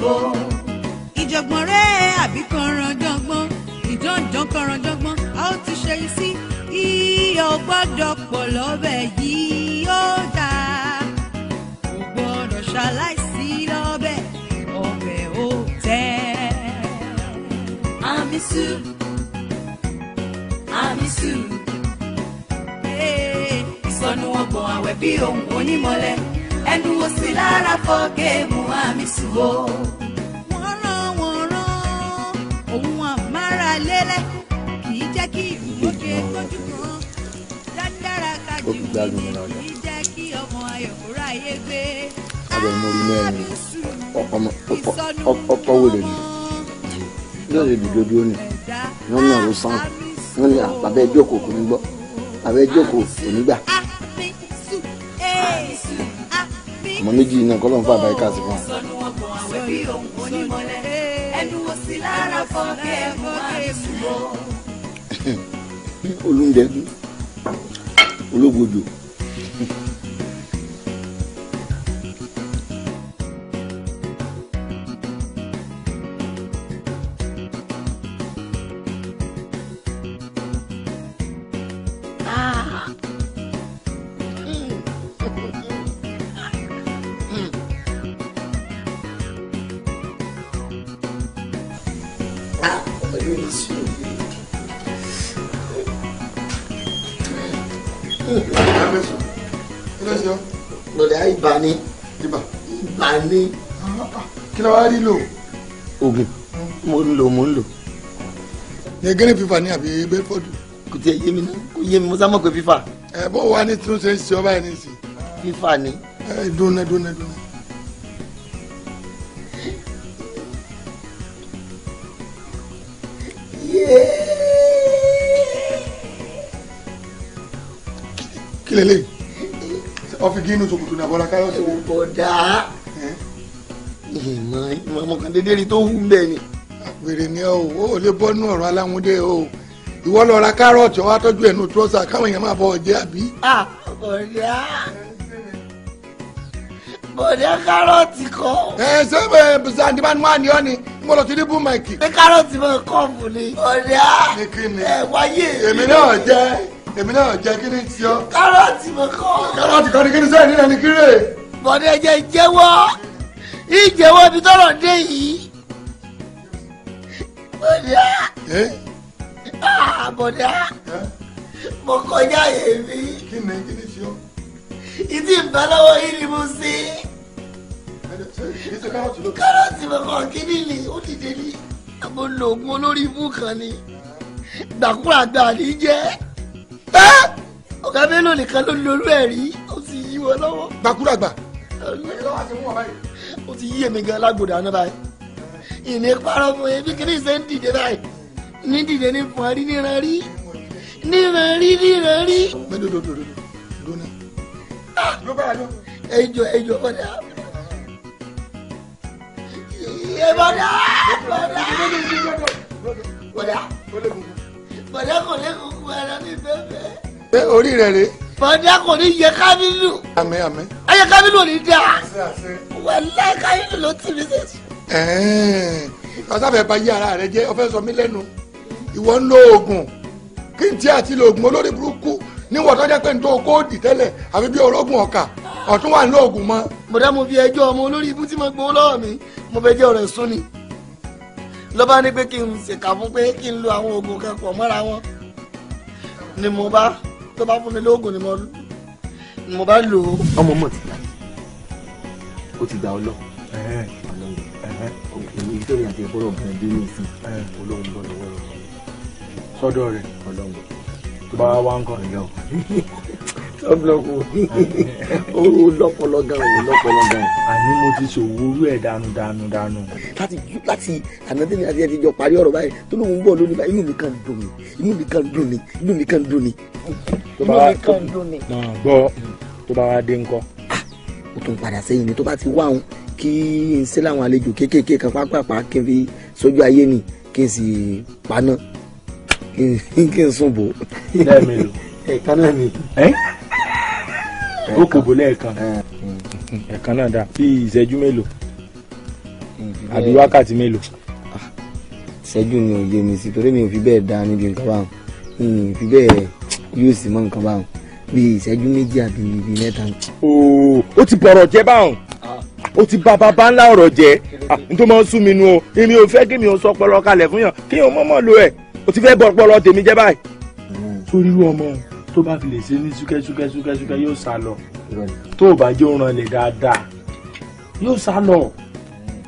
ìjọ̀gbọ̀n rẹ̀ àbí kọ̀ọ̀rọ̀ dọ́gbọ́n ìdán ìdán kọ̀ọ̀rọ̀ dọ́gbọ́n a ó ti ṣe yìí sí igi ò gbọ́dọ̀ pọ̀ lọ́bẹ̀ yìí ó dáa kò gbọ́dọ̀ ṣaláìsí lọ́bẹ̀ ọbẹ̀ ó tẹ́. Amisu Amisu ìsọnù ọgbọ̀n àwẹ̀ bí ohun onímọ̀lẹ́ ẹnu wo sí lára fọ́ géèmù Amisu o. wọ́n rán wọ́n rán òun àmáralélẹ̀ kì í jẹ́ kí ìlú
lókè kọjú ó fi gbádùn mi lọ́dọ̀.
abẹ mo rí mẹ́rin ọkọ wèrè ni wọn náà ló sàn wọn ní àbẹ jókòó kò ní gbọ́ àbẹ jókòó kò ní gbà. ọmọ méjì náà kọ́ ń fà báyìí káàsì fún wa. olùdẹ́nu ológbòjò wá rí lò. oògùn mo ń lò mo ń lò. ní gẹ́rẹ́ fífa ní àbí bẹ́fọ́dù. kò tiẹ̀ yé mi náà kò yé mi mo sá mọ̀ pé fífa. ẹ bó wa ní tí ó ṣe ń ṣe ọba yẹn ní ìsìn. fífa ni. ẹ dúnná dúnná dúnná. kí lè lè ọ fi gínú sòkòtò ní abọ́lá káyọ̀ sí. ẹ ìmọ̀ ìmọ̀ ọmọkàn dédé rí tó hù bẹ́ẹ̀ ni. àpèrè ni o ò lè bọ́ ọ̀rọ̀ aláwọ̀dé o ìwọ lọ ra kárọ̀tì ọwọ́ àtọ́jú ẹ̀ nù trọ́sà káwọn èèyàn máa bọ̀ ọ àbí.
ọ̀rẹ́ á bọ̀dẹ́
kárọ̀tì kọ́. ẹ ṣé sandy man wà ní ọ ni mo lọ ti rí bú mike. ṣé kárọ̀tì máa kọ́ fún ni. bọ̀dẹ́ á ẹ wáyé. èmi náà jẹ èmi náà jẹ kí ni tiọ́. kárọ̀tì
máa kọ́. kárọ̀tì
kọ́ ni kí ni sẹ́yìn nílẹ̀ ni kí rè. bọ̀dẹ́ jẹ jẹ́wọ́ ìjẹ́wọ́ bí tọ́rọ̀ dé yìí ah! Ah, bọ̀dá bọ̀dá mo kọjá èmi ìdí ìbálọ́wọ́ yìí ni mo sí kárọ̀tì bàbá kínní ni ó ti dé ní mo lo oògùn olórí ibú kan ni gbàkúrà gbà ní jẹ́ ọ̀gá mélòó nìkan ló lolú ẹ̀ rí ó sì yí wọn lọ́wọ́. gbàkúrà gbà. ọ̀gá mélòó wá sí fún wọn báyìí ó ti yé mi gan lágbòdò àná báyìí ìní parọ́ fún yẹn bí kìíní ṣe ń dìde báyìí ní dìde ní fún arí níran rí níran rí níran rí. gbẹdọ dòdò dòdò dòdò náà. Ah, ló bá a lọ. ẹjọ ẹjọ ọdà bọ̀dá bọ̀dá bọ̀dá bọ̀dá kò lè kúkú ara mi fẹ́fẹ́. orí rẹ̀ rèé bọ̀dá kò ní yẹ kábílù. àmín àmín. ayé kábílù ò ní dá. wàlá kábílù ló ti mi sẹ́sì. ọ̀sáfẹ́ bá yí ara rẹ jẹ́ ọ̀fẹ́ sọ mí lẹ́nu ìwọ ń lo oògùn kí n tí àti lo oògùn olórí burúkú níwọ̀n tó jẹ́ pé n tó kóòdì tẹ́lẹ̀ àfi bí orógùn ọ̀kà ọ̀tún wà ń lo oògùn mọ́. bọ̀dá mo fi ẹjọ́ ọmọ olórí ibú tí mo gbowó lọ́wọ́ mi mo fẹ́ jẹ́ ọ̀rẹ́ sún ni lọ́ba ní pé kí n ṣèkà fún pé kí n lo àwọn oògùn kan mọ́ra wọn ni mo bá tó bá fún mi lóògùn ni mo bá lò ó. ọmọ mọ̀ ti dà ó ti dà ọ lọ ọkùnrin tó ní àti ìfọwọ́ ọkùnrin dé ní ìsìn olóhùn bọ́ lọ́wọ́ lọ́wọ́ sọ́dọ̀ rẹ̀ tó bá wá ń kọ́ ìyá tọ́bùlọ́kù owó lọ́pọ̀lọ́ gan owó lọ́pọ̀lọ́ gan. àní mo ti ṣòwò orú ẹ̀ dànù dànù dànù. láti láti ànádẹ́ni àti ẹ̀ ti jọ parí ọ̀rọ̀ báyìí tó lóun ń bọ̀ lónìí báyìí inú mi kàn dùn mí inú mi kàn dùn mí inú mi kàn dùn mí. inú mi kàn dùn mí. náà gbọ́ tó bá wá dé ńkọ́. Ah, ó tún padà sẹ́yìn ni tó bá ti wá òun kí n ṣe láwọn àlejò kéékèèké kan pápápá kí n fi sójú ayé ni kí n sì paná kí n sùn bò. lẹ́ẹ̀mẹ́lò ẹ̀ka ni ó kò bó lẹ́ẹ̀kan ẹ̀kan náà dà bí ìṣẹ́jú mélòó àbí wákàtí mélòó. Ah, ìṣẹ́jú ni ò yé mi sí torí mi ò fi bẹ́ẹ̀ dá níbi nǹkan báwọn mi ò fi bẹ́ẹ̀ yóò sì mọ nǹkan báwọn bí ìṣẹ́jú méjì àbí ibi mẹ́ta. ooo ó ti bọ̀rọ̀ jẹ́ báwọn ó ti ba bàbá ńlá ọ̀rọ̀ jẹ́ ah, nítorí mo ń sún mi nu o èmi ò fẹ́ kí mi ò sọ pọlọ kalẹ̀ fún yàn kí n ò mọ̀mọ́ lo ẹ̀ ó ti fẹ́ bọ̀ pọlọ tèmi jẹ́ báyìí. Mm. sórí ọmọ tó bá fi lè ṣe ní súkẹ́súkẹ́ súkẹ́súkẹ́ yóò sá lọ
tó o bá jẹ́ òun rànlẹ̀ dáadáa yóò sá lọ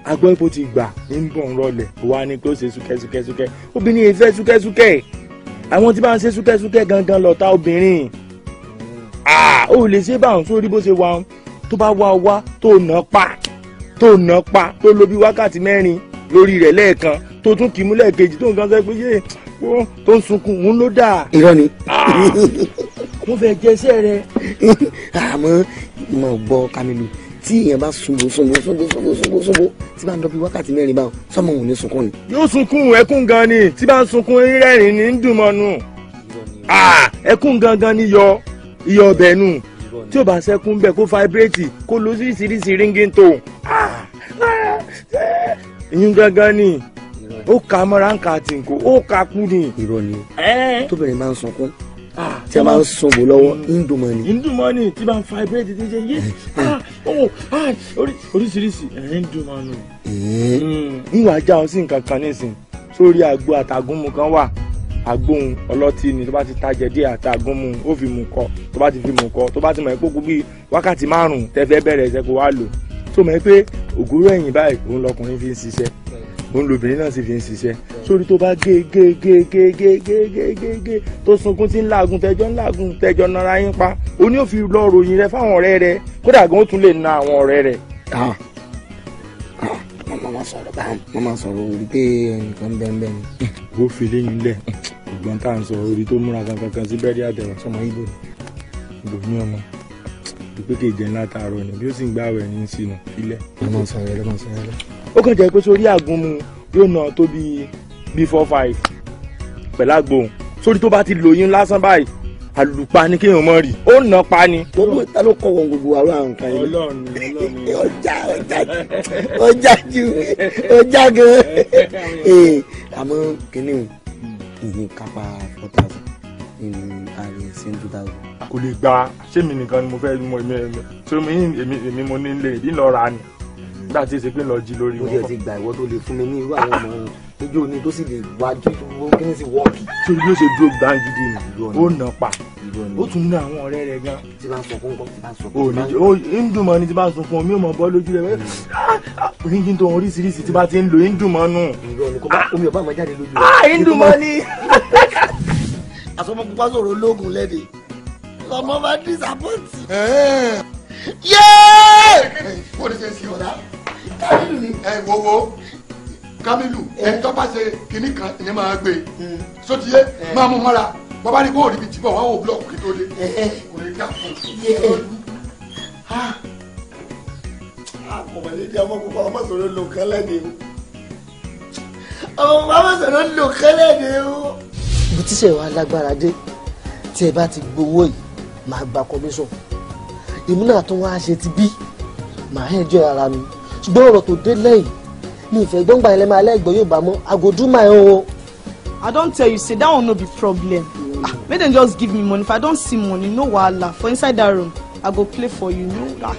agbọ́n ipò ti
gbà ní bọ̀ ń rọlẹ̀ wá ní pé ó ṣe súkẹ́súkẹ́súkẹ́ obìnrin yìí fẹ́ súkẹ́súkẹ́ àwọn tí bá ń ṣe súkẹ́súkẹ́ gangan lọ́ta obìnrin ó lè ṣe báwọn sórí bó ṣe wà ń tó bá wá wá tó nà pa tó nà pa tó lo bí wákàtí mẹ́rin lórí rẹ̀ lẹ́ẹ̀kan tó tún kì í mú lẹ́ẹ̀kejì tó nǹkan sẹ́ pé yé pọ́ tó ń sunkún òun ló dà. irọ́ ni. Ah! mo fẹ́ jẹsẹ́ rẹ. àmọ́ mo gbọ́ kamilu tí èèyàn bá sunbo sunbo sunbo sunbo sunbo sunbo tí bá ń dọ́ bí wákàtí mẹ́rin báwọn sọ́mọ òun ní sunkún ni. yóò sunkún ẹkún gan ni tí bá ń sunkún rẹ́rìn ní ń dùn mọ́nu ah! ẹkún gangan ni yọ iyọ̀ ọbẹ̀ nù tí o bá sẹ́kún bẹ́ẹ̀ kó fáibrétì kó lóṣìṣìṣì ríngin ah! eh! ìyún gangan ni ó ka mọ́ra ń ka tìǹkù ó ka kú ni. irọ́ ni
o
tóbìnrin máa ń sunkún tí a máa ń sun bò lọ́wọ́ mm. ndùmọ̀nì. ndùmọ̀nì tí bá ń fa ibẹ̀ tètè jẹ yé ah, ah, oríṣiríṣi ndùmọ̀nì. Mm. ń wàá já ọ sí nǹkan kan nísìn sórí àgbo àtàgùnmu kan wà agbóhun ọlọ́tí ni tó bá ti tajẹ díẹ̀ àtàgùn mu ó fi mú kọ tó bá ti fi mú kọ tó bá ti mọ̀ ẹ́pọ̀ bíi wákàtí márùn-ún tẹ́fẹ́ bẹ̀rẹ̀ ẹ̀sẹ̀ kó wá lò tó mọ̀ ẹ́ pé ògúrò ẹ̀yìn báyìí òun lọkùnrin fi ń ṣiṣẹ́ òun lobìnrin náà sì fi ń ṣiṣẹ́ sórí tó bá gé gé
gé gé gé gé gé
gé gé tó sunkún tí ń làágùn tẹjọ́ ń làágùn tẹjọ́ nara yín pa o ní òfin lọ ròyìn rẹ fáwọn ọ̀rẹ́ rẹ kódà gan ó tún lè na àwọn ọ̀rẹ́ rẹ. mo
ah, ah, máa
sọ̀rọ̀ bá mo máa sọ̀rọ̀ orí pé ẹnìkan bẹ́ẹ̀ bẹ́ẹ̀ ni. ó fi léyìn lẹ̀ ìgbọ́n tá à ń sọ orí tó múra kankan sí bẹ́ẹ̀rì àtẹ̀wọ̀ sọmọ ibo ni ibo ni ọmọ
pé kì í jẹun látàárọ̀ ni bí ó sì ń gbààwẹ̀ ní sínú ilẹ̀. ẹ máa sọ̀rọ̀ ẹ máa sọ̀rọ̀ ẹ.
ó kàn jẹ́ pé sórí àgúnmu yóò nà tó bíi bíi four five pẹ̀lú àgbòhùn sórí tó bá ti lóyún lásán báyìí àlùpà ni kéèyàn mọ rí ó nà pa gbogbo ta ló kọ wọn gbogbo àwọn nǹkan yìí. ọjà ju ọjà gan. àmọ́ kínní ìyín kápá four thousand àrùn sí two thousand. kò lè gba ṣé mi nìkan ni mo fẹ́ mọ èmi èmi tí mo ní èmi èmi mo ní lè ní lọ́ọ́ ra ni nígbà tí èsì pé lọ́ọ́ jí lórí wọn. mo jẹ́ ti gbà ìwọ tó lè fún mi ní irú àwọn ọmọ níjó ni tó sì lè wájú kí ni sì wọ́ọ̀kì. ṣé bí ṣe dúró gbàǹgídì ni ó nà pa ó tún ní àwọn ọ̀rẹ́ rẹ̀ gan. tí bá ń sọkún kọ́ tí bá ń sọkún. ò ní jẹ́ ó ń dùn mọ́ ni tí bá ń sunkún omi ò mọ̀ bọ́ lójú rẹ̀ hmm. ah, ah, ní tó oríṣiríṣi tí bá ti ń lò ń nù. Ah. omi ò bá wọn jáde lójú rẹ̀. ń ni àsọmọpupa sọ̀rọ̀ ológun lẹ́dẹ̀ ọmọ bá dísàpọ́ǹtì. yéé. kó o ní ṣe sí ọ̀dà kábílù ni. ẹ wo wo kábílù ẹni tó bá ṣe kinní kan ìyẹn máa gbé sotiye hmm. eh. máa mú mọ́ra bàbá ni kó o rí ibi tìbọ̀ wá wò búlọ̀kù kí tó dé. Eh, eh. kò ní ká fún un. àpọ̀mọ̀lẹ́ di ọmọkùnrin ọmọ sọ̀rọ̀ lò kán lẹ́dẹ̀ o ọmọ sọ̀rọ̀ lò kán lẹ́dẹ̀ o ibi tíṣẹ́ wa lágbára dé tí ẹ bá ti gbowó yìí màá gba commission èmi náà tún wá ṣe ti bí màá ẹjọ́ ara mi ṣùgbọ́n ọ̀rọ̀ tó dé lẹ́yìn ní ìfẹ́ gbọ́ngbà ẹlẹ́mọ alẹ́gbọ́ yóò bá mọ́ àgòdú máa ń wo. I don tell you say that one no be problem ah make dem just give me money if I don see money no wahala for inside that room I go play
for you no ah.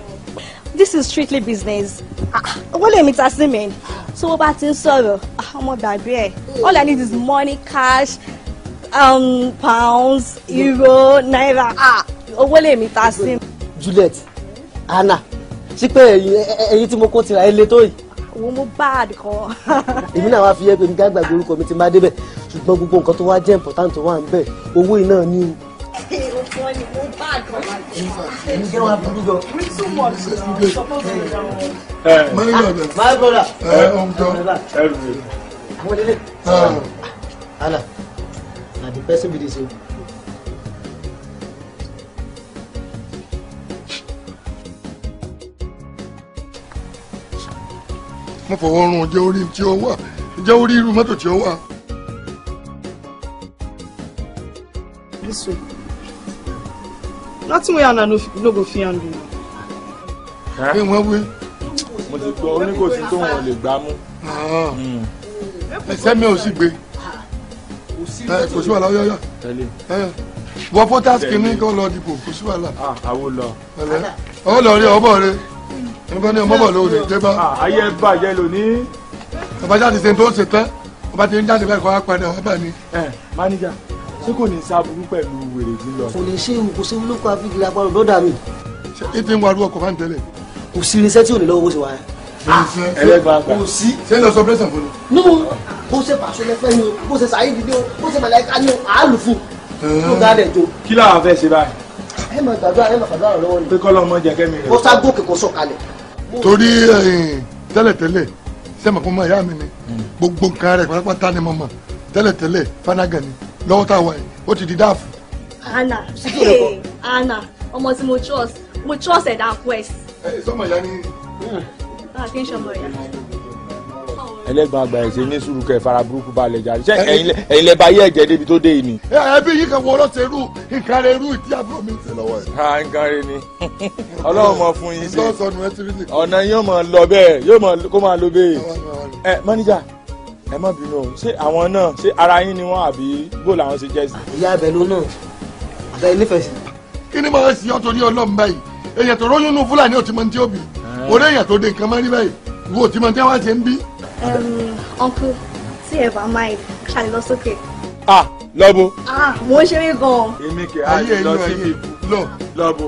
this is strictly business ah, ah, wọ́n lè mi ta sí mi tí wọ́n bá ti ń sọ̀rọ̀ ah, ọmọ gbàgbé ẹ̀ all I need is money cash um, pounds euro naira ah owó lè mi ta sí. Juliet Anna sí pé ẹyin tí mo kó tira ẹ lé tó yìí. àwọn mo bad kan.
èmi náà wá fi ẹgbẹ́ mi gbàgbé orúkọ mi ti máa débẹ̀ ṣùgbọ́n gbogbo nǹkan tó wá jẹ́ important wà ń bẹ̀ owó yìí náà ní.
Wọ́n ní mo bá àgbọ̀n máa ṣe é. Ǹjẹ́ wàá burú gan? We too much now. Suppose we
don. My brother. Ẹ ọ̀n jọ. Mo lélẹ̀. Anna person be the same. mo fọwọ́ rún jẹ́ orí tí ó wà jẹ́ orí irú mọ́tò tí ó wà.
This way. Nothing wey Anna no, no go fit handle.
Ẹ wọ́n wé. Mo ti gbọ́ oníkòsí tó wọ́n lè gbámú. Ah. Ẹsẹ̀ mi ò sì gbé
ẹ eh, kò sí wàhálà ó yọ̀yọ̀
eh, eh. wọ fọ́tàsì kìíní kó lọ dìbò kò sí wàhálà. Ah, àwọn lọ. ọ lọ rí ọbọ rẹ
nígbà ní ọmọbọ ló lè dé ah, bá. ayé bàjẹ́
lónìí. ọbàjá ti ṣe tó ṣe tán ọba ti ń jáde báyìí kó wá padà wá bá mi. ẹ máníjà ṣé kò ní í sábùkù pẹ̀lú wèrè yìí lọ. kò lè ṣe kò sí olóko àfihàn agbára lọ́dà mi. ṣé ètò ìwà àdúgbò kò máa ń tẹ̀lé kò sí. ṣé lọ sọ pẹ́sẹ̀ fún mi. nù bó ṣe pàṣẹ lẹ́fẹ́ ni o bó ṣe ṣàyè dídí o bó ṣe màláìka ni o àálù fún un. ló dáa dẹ̀ jo. kí làwọn fẹ́ ṣe báyìí. ẹ máa gbàdúrà ẹ máa gbàdúrà lọ́wọ́ ni. pé kọ́ lọ́mọ jẹ kẹ́mi rẹ̀. kọ́sá gòkè kò sọ̀kalẹ̀. torí tẹ́lẹ̀tẹ́lẹ̀ sẹ́mi kò mọ ìyá mi ni gbogbo nǹkan rẹ̀ pátápátá ni mo mọ̀ tẹ́lẹ̀tẹ́lẹ̀ fanagan ni lọ́wọ́ tá a wà yìí ó ti di dáàfù.
ana ana ọmọ tí mo trust mo trust ẹ̀dá quest.
ẹ sọmọ ìyá ni.
Hmm.
Ah,
ẹlẹgbọn àgbà ẹsẹ ní sùúrù kẹ burúkú balẹ̀ jàre ṣé ẹ̀yin lẹ bá yẹ débi tó dé yìí ẹbí yìí kan wọ ọlọsẹ irú nǹkan irú ìdí àbúrò mi ti lọ́wọ́ ẹ. ha nǹkan ni Ọlọ́run mọ fún yín ṣe ọ̀nà yóò mọ lọ bẹ́ẹ̀ yóò mọ kó máa lọ bẹ́ẹ̀. ẹ mọ́níjà ẹ má bínú o ṣé àwọn náà ṣé ara yín ni wọ́n àbí bó làwọn ṣe jẹ́ sí. ìyá abẹ náà àbẹ ilé fẹsẹ̀. kí ni màá ṣe ọtọ orí èèyàn tó dé nǹkan mọ́ rí báyìí wo tí mo tẹ́ wá ṣe ń bí.
uncle tí ẹ bá máa ṣàlè lọ sókè.
ah lọ́bù.
ah mo ń ṣeré gan-an.
èmi kì í àyè lọ síbi lọ lọ́bù.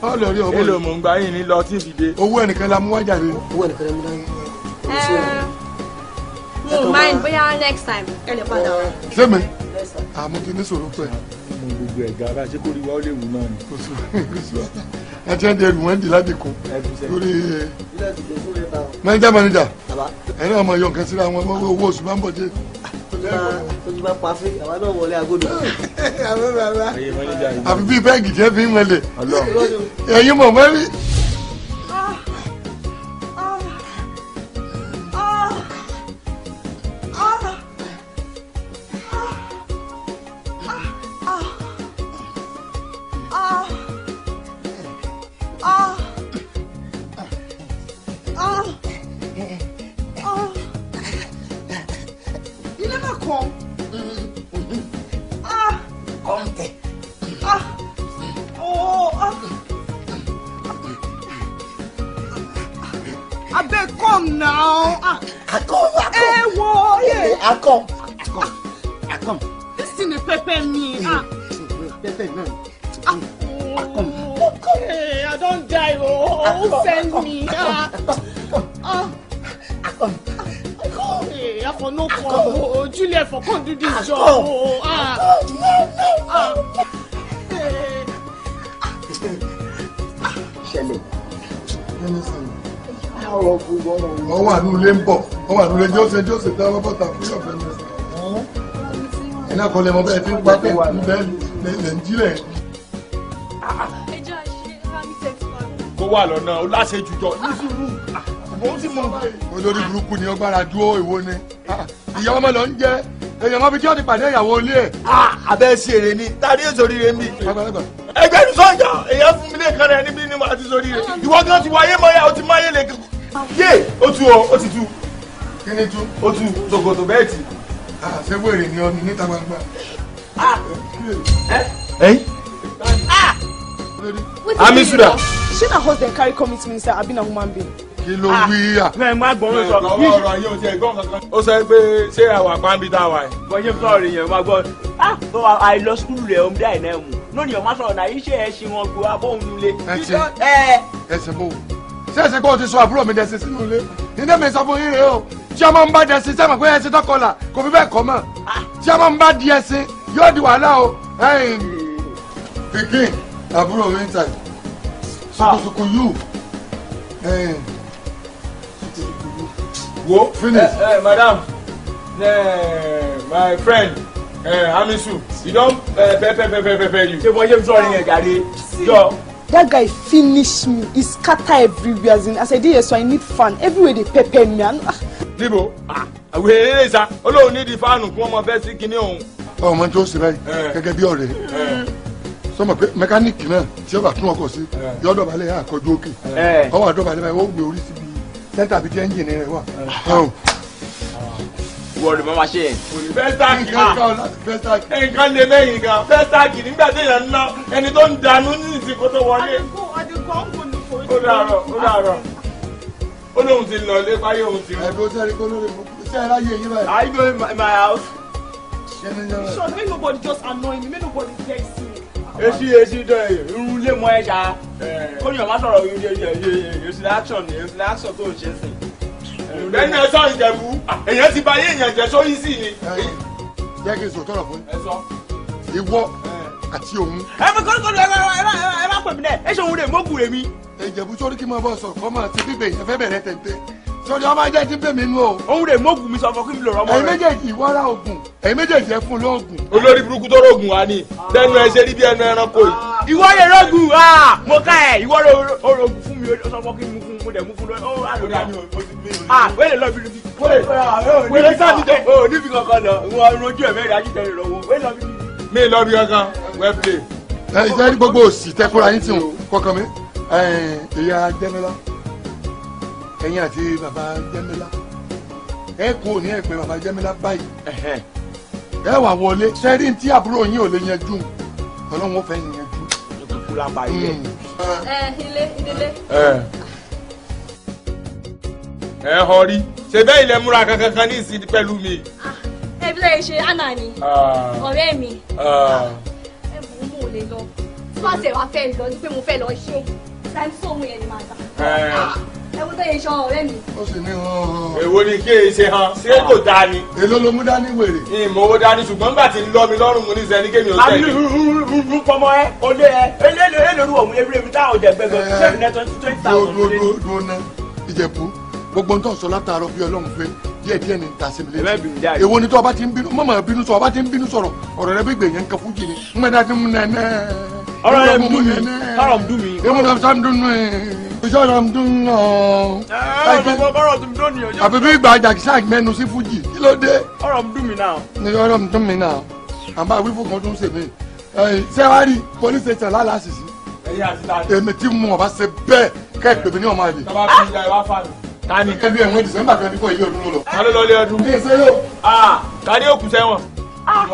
báwo lọ rí ọmọ yìí. èlò mò ń gbà yìí ní lọ síbi dé. owó ẹnìkan la mú wájà rẹ. owó ẹnìkan la mú wájà rẹ. mo mind
bóyá next time ẹ lè padà wá.
sẹ́mi àmọ́ kí ní sọ̀rọ̀ pẹ̀. mo gbogbo ẹ̀gá ara ṣé kórìíwá ó lè wù náà ni. kò sí wàhálà ẹ ti ń dẹrù wọn di láti kún lórí eh, manager manager ẹ náà mọ yọǹkan síra wọn owó oṣù máa ń bọ̀ dé. tójú bá pa fí àwa náà wọlé agodo. àfi bíi bẹ́ẹ̀gì jẹ́ fi ń wọlé ẹ̀yin mọ̀ mẹ́rin.
now. I come, Ẹ eh, wo ye. Akọ akọ akọ. Sísìn ni pẹpẹ
mi. Pẹpẹ náà. Akọ. Hey, I don't
die Oh, Who send me? I Akọ.
Akọ.
Hey, I for ah. eh, no come Oh, Juliet for come do this job Oh, ah. no,
no. o. Akọ.
Ṣẹlẹ̀. Ṣẹlẹ̀ ọ̀rọ̀ kù bọ̀rọ̀. wọ́n wà ní ilé ń bọ̀ wọ́n wà ní ilé jọ́sẹ̀ jọ́sẹ̀ dáwọ́ bọ́tà fúlọ̀ fẹ́ mi. iná kan lè mọ bẹ́ẹ̀ fi ń pa bẹ́ẹ̀ bẹ́ẹ̀ lẹ́ńjílẹ̀. kó wà lọ́nà ó láṣẹ jùjọ nísìnyí olórí burúkú ni ọgbára dúró ìwo ni ìyá ọmọ lọ ń jẹ èèyàn máa fi kí ọdún pàdé ìyàwó ilé ẹ. abẹ́ sí èrè ni tàbí èso rire mi. ẹgbẹ́ ìsọ̀njà èèyàn fún mi lè kán rẹ níbi ni màá ti sọ rire. ìwọ gan ti wáyé mọ́ ya o ti máyé lè kékeré yé ó tu ọ ó ti tu kí ni tu ó tu ṣòkòtò bẹ́ẹ̀tì. ṣé wèrè ni ọdún níta gbangba.
ami suda. ṣé na husband carry come meet minister abi na human being.
kí ló wí à. ẹ má gbọ́n sọ. ọ̀rọ̀ ọ̀rọ̀ ayé o ti ẹ̀ gbọ́n kankan. ó sọ pé ṣé àwa pàǹbí tá a wà yìí. bọ́n yé fúláwọ̀ rẹ̀ yẹn má gbọ́. ah bọ́n àìlọ sùkúlù rẹ̀ ọmọdé àìná ẹ̀ mú lónìí ọmọ sọ̀rọ̀ náà iṣẹ́ ẹ̀ ṣe wọn gbọ́ abóhun nílé. ẹ ṣe ẹ ṣe bó ṣẹ̀ṣẹ̀ kó o ti sọ àbúrò mi dẹ̀sí sínú ilé nílé mi sọ fún yín o tí ọmọ ń bá dẹ̀sí sẹ́mọ̀ pé ẹṣin tọkọlà kò fi bẹ́ẹ̀ kọ́ mọ̀ tí ọmọ ń bá di ẹṣin yóò di wàhálà o pikin àbúrò mi ń sukusuku yù wo finish. ẹ eh, ẹ eh, madam ẹ eh, my friend ẹ Hamisu you don pẹpẹpẹpẹpẹ you. ṣé mo yé mi sọ̀rọ̀ yẹn gàdé that guy finish me he scatter everywhere as in as i dey here so i need fan everywhere dey pepper me. Ah. níbo ah, àwọn eré sa olóhùn nídìí fáànù kí wọ́n máa fẹ́ sí kinní ọ̀hún. ọmọ tí ó ṣe báyìí eh. gẹ́gẹ́ bí ọ̀rẹ́ eh. sọmọ pé mẹkáníìkì náà tí ó bá tún ọkọ̀ sí eh. yọ dọ̀bálẹ̀ yà á kọjú òkè ọwọ́ àdọ̀bálẹ̀ báyìí ó gbé orí síbi sẹ́ńtà bíi tí ẹ́ńjìnì rẹ̀ wà wọ́ọ̀rì máa ma ṣe yẹn. fẹ́tàkì nǹkan lè mẹ́yìn gan fẹ́tàkì nígbà tí èèyàn ná ẹni tó ń dànù ní ìsìn kó tó wọlé.
ó dàrọ̀ ó dàrọ̀
ó lóun ti lọ lé páyé òun ti rú. ẹ̀bùn sẹ́ni kó lórí fún sẹ́ni ayé yìí báyìí. are you going in my house. sure make nobody just annoy make nobody vex irun lè mọ ẹ ṣá. ní ọmọ ẹni ẹ sọ ìjẹ̀bú èyàn ti ba ayé èyàn jẹ sóyún sí ni. jẹ́ kí n sọ tọrọ fún yín ìwọ àti òun. ẹ fi kọ́ni kọ́ni ẹ bá pè mí dẹ ẹ ṣe òun rè mọ́gùn rè mí. ìjẹ̀bú sórí kí n máa bọ́ sọ̀rọ̀ kọ́ máa ti bíbẹ̀ ìyẹn fẹ́ bẹ̀rẹ̀ tẹ̀ntẹ́ sọdọ ọmọ ajá ti bèmí nù o. òun rè mọ́gùn mi sọ kí n lò rọmọ rẹ. ẹ̀yin méjèèjì ìwọ́ra oògùn ẹ̀yin méjèèjì ẹ fún lóògùn. olórí burúkú tó rògùn wa ni lẹ́nu ẹ ṣe rí bí ẹnu ẹranko yìí. ìwọ lè rògùn wa mo ká ẹ ìwọ rògùn fún mi sọ fún kí n mú fún mo dẹ̀ mú fún lórí ó àlòdà mi ò wẹ́lẹ̀ lọ bíi wẹ́lẹ̀ sátidé ò níbi kankan lọ wọ́n rojú ẹ̀ mẹ́rin ajíjẹ́ ìrọ̀wọ́ wẹ́lẹ̀ lọ bíi. mi lọ kankan wẹ́ pè. ẹ ìṣe gbogbo òsì tẹ fúnra yín tí wọn kọkàn mi ẹ̀yà jẹ́mẹ́lá ẹ̀yin àti bàbá jẹ́mílá ẹ kú òní ẹ̀ pé bàbá jẹ́mílá báyìí ẹ wà wọlé sẹ́rí tí àbúrò yín ò lè yanjú ọlọ́run ó fẹ́ yanjú. kúkú hmm.
ẹ ilé
ìdílé.
ẹ họ rí ṣe bẹ́ẹ̀ ilẹ̀ múra kankan ní ìsìn pẹ̀lú mi. Ah,
ẹbí lẹ́yìn ṣe anna ni ah. ọ̀rẹ́ mi ah. ẹ bù ú mú un lè lọ tí wàá tẹ̀ fẹ́ lọ ni pé mo fẹ́ lọ ṣe ṣáà ń yẹn ni màá dà ẹwú tó yẹ sọ ọ̀rẹ́ mi. ó sì ní
hàn.
èwo ni kí èyí ṣe hàn ṣé kò dáa ni. èló ló mú dání wèrè. ìmọ̀wó dání ṣùgbọ́n nígbà tí ń lọ mi lọ́rùn mo ní sẹ́ni kémi ò sẹ́ni. àbí pọmọ ẹ olé ẹ eléèlò eléèlò ọ̀hún ebi ebi táwọn ọjà gbẹgbẹ eh, ṣẹ́ẹ̀fì náà tó ń tó ń ta àwọn ọ̀hún lé. dúró dúró ná ìjẹ̀bú gbogbo ntọ́ sọ látàárọ̀ bí ọlọ́run fẹ́ díẹ̀ díẹ̀ ni ta sí mi létí èwo ni tó ọba ti ń bínú mọ̀mọ́ bínú sọ ọba ti ń bínú sọ̀rọ̀ ọ̀rọ̀ rẹ bí gbèyàn kan fújì ni ń mẹ́ta ti ń nẹ́ẹ́ ọ̀rọ̀ rẹ ń dùn mí ọ̀rọ̀ ń dùn mí. èwo ni ọba ti ń dùn mí iṣẹ́ ọ̀nà ń dún náà. Ah, ẹ ẹ ọmọ bọ́rọ̀ tó ń dún nìyẹn. àbí bí ìgbà Jakisak mẹ́nu sí fújì kí ló dé. ọ̀rọ̀ ń dùn mí náà. ní ọ̀rọ̀ ń dùn mí náà àbá wífò kan tó ń sèmi ṣé wàá rí police station lálẹ́ àṣìṣe. èmi tí mo bá ṣe bẹ́ẹ̀ kẹ́ ẹ pèmí ní ọmọ àlè. tọ́ba fi ìjà ìwá fà mí. tani kẹ́bí ẹ̀wọ̀n December twenty four yìí ọdún lọ. ta ló lọ lé ọdún. kí n ṣe yóò. kárí ah, òkú sẹ́wọ̀n ah.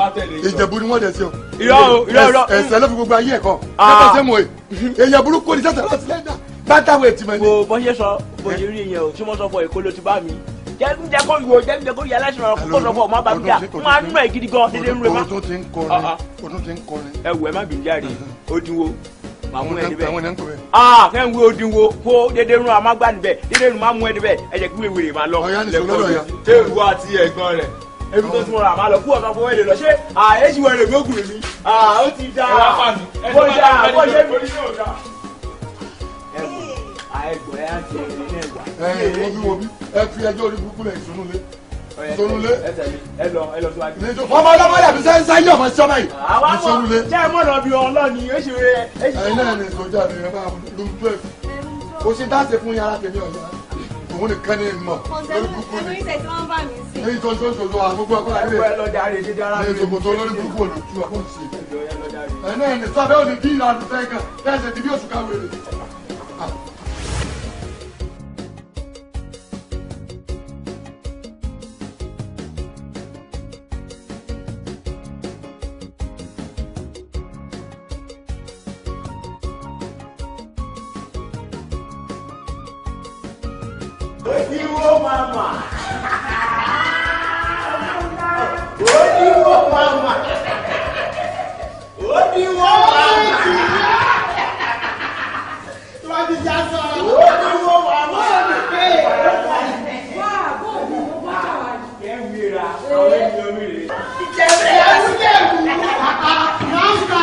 ìjẹ̀bú ni wọ́n dẹ̀ sí o. ìrọ̀ ìrọ̀ ìrọ̀ ẹ̀sẹ̀ ló fi gbogbo ayé ẹ̀kọ́. ẹ̀sẹ̀ mo èyí ẹ̀yà burúkú ni sẹ́sẹ̀ lọ́sílẹ̀ dà bátàwé tì mọ́ ni. wo bó ṣe sọ bó ṣe rí yẹn o tí mo sọ fọ èkó ló ti bá mi jẹ n jẹ kó yọ jẹ n jẹ kó yẹ aláṣẹ ọ̀rọ̀ kó sọ fọ ọmọ bá mi jà máa nù ẹ gidi gan ṣẹṣẹ ń rẹ ma. ọdún ti ń kọrin ọdún ti ń kọrin. ẹ wù ẹ má bìí jáde ó dín wo màá mú ẹni bẹ́ẹ̀ aa fẹ́ ń wo dín wo kó dédé rún amágbá níbẹ̀ dédé rún má mú ẹni bẹ́ẹ̀ ẹ jẹ́ kí wèrè máa lọ. ọ̀ya nìṣó lọ́dọ̀ ya. téèwù àti ẹ̀gbọ́n rẹ̀ ebi tó ti mọ̀ra àmà lọ kú ọ̀sán fún wẹ́ẹ̀dẹ̀ lọ ṣé àyè ìṣìwẹ̀rẹ̀ gbógun mi ó ti dáa bó ṣe àbọ̀ mi
ẹgbọ̀n ẹ á jẹ
ẹ̀rẹ́ ẹ fi ẹjọ́ orí burúkú lẹ̀ ìsúnulẹ̀ ìsọlulẹ ọmọ ọlọmọ yàtọ̀ sẹ ń ọmọ sọmọ yìí. àwa mọ jẹ ẹ mọ lọ bí ọlọni èsì rẹ. náà ni sọjà mi ẹ bá lu twelve o ṣe dá ṣe fún yàrá tèmi ọ̀yà òun nìkan ni mọ
lórí burúkú ni
ní tó tó tó tó àgbógbó ọkọlá
mama? oníwọ̀ màmá. oníwọ̀ màmá. oníwọ̀ màmá. tí wọ́n ti já sọ̀rọ̀. oníwọ̀ màmá.
Jẹ́rìí ẹ̀rú jẹ̀rù. Nàǹkà.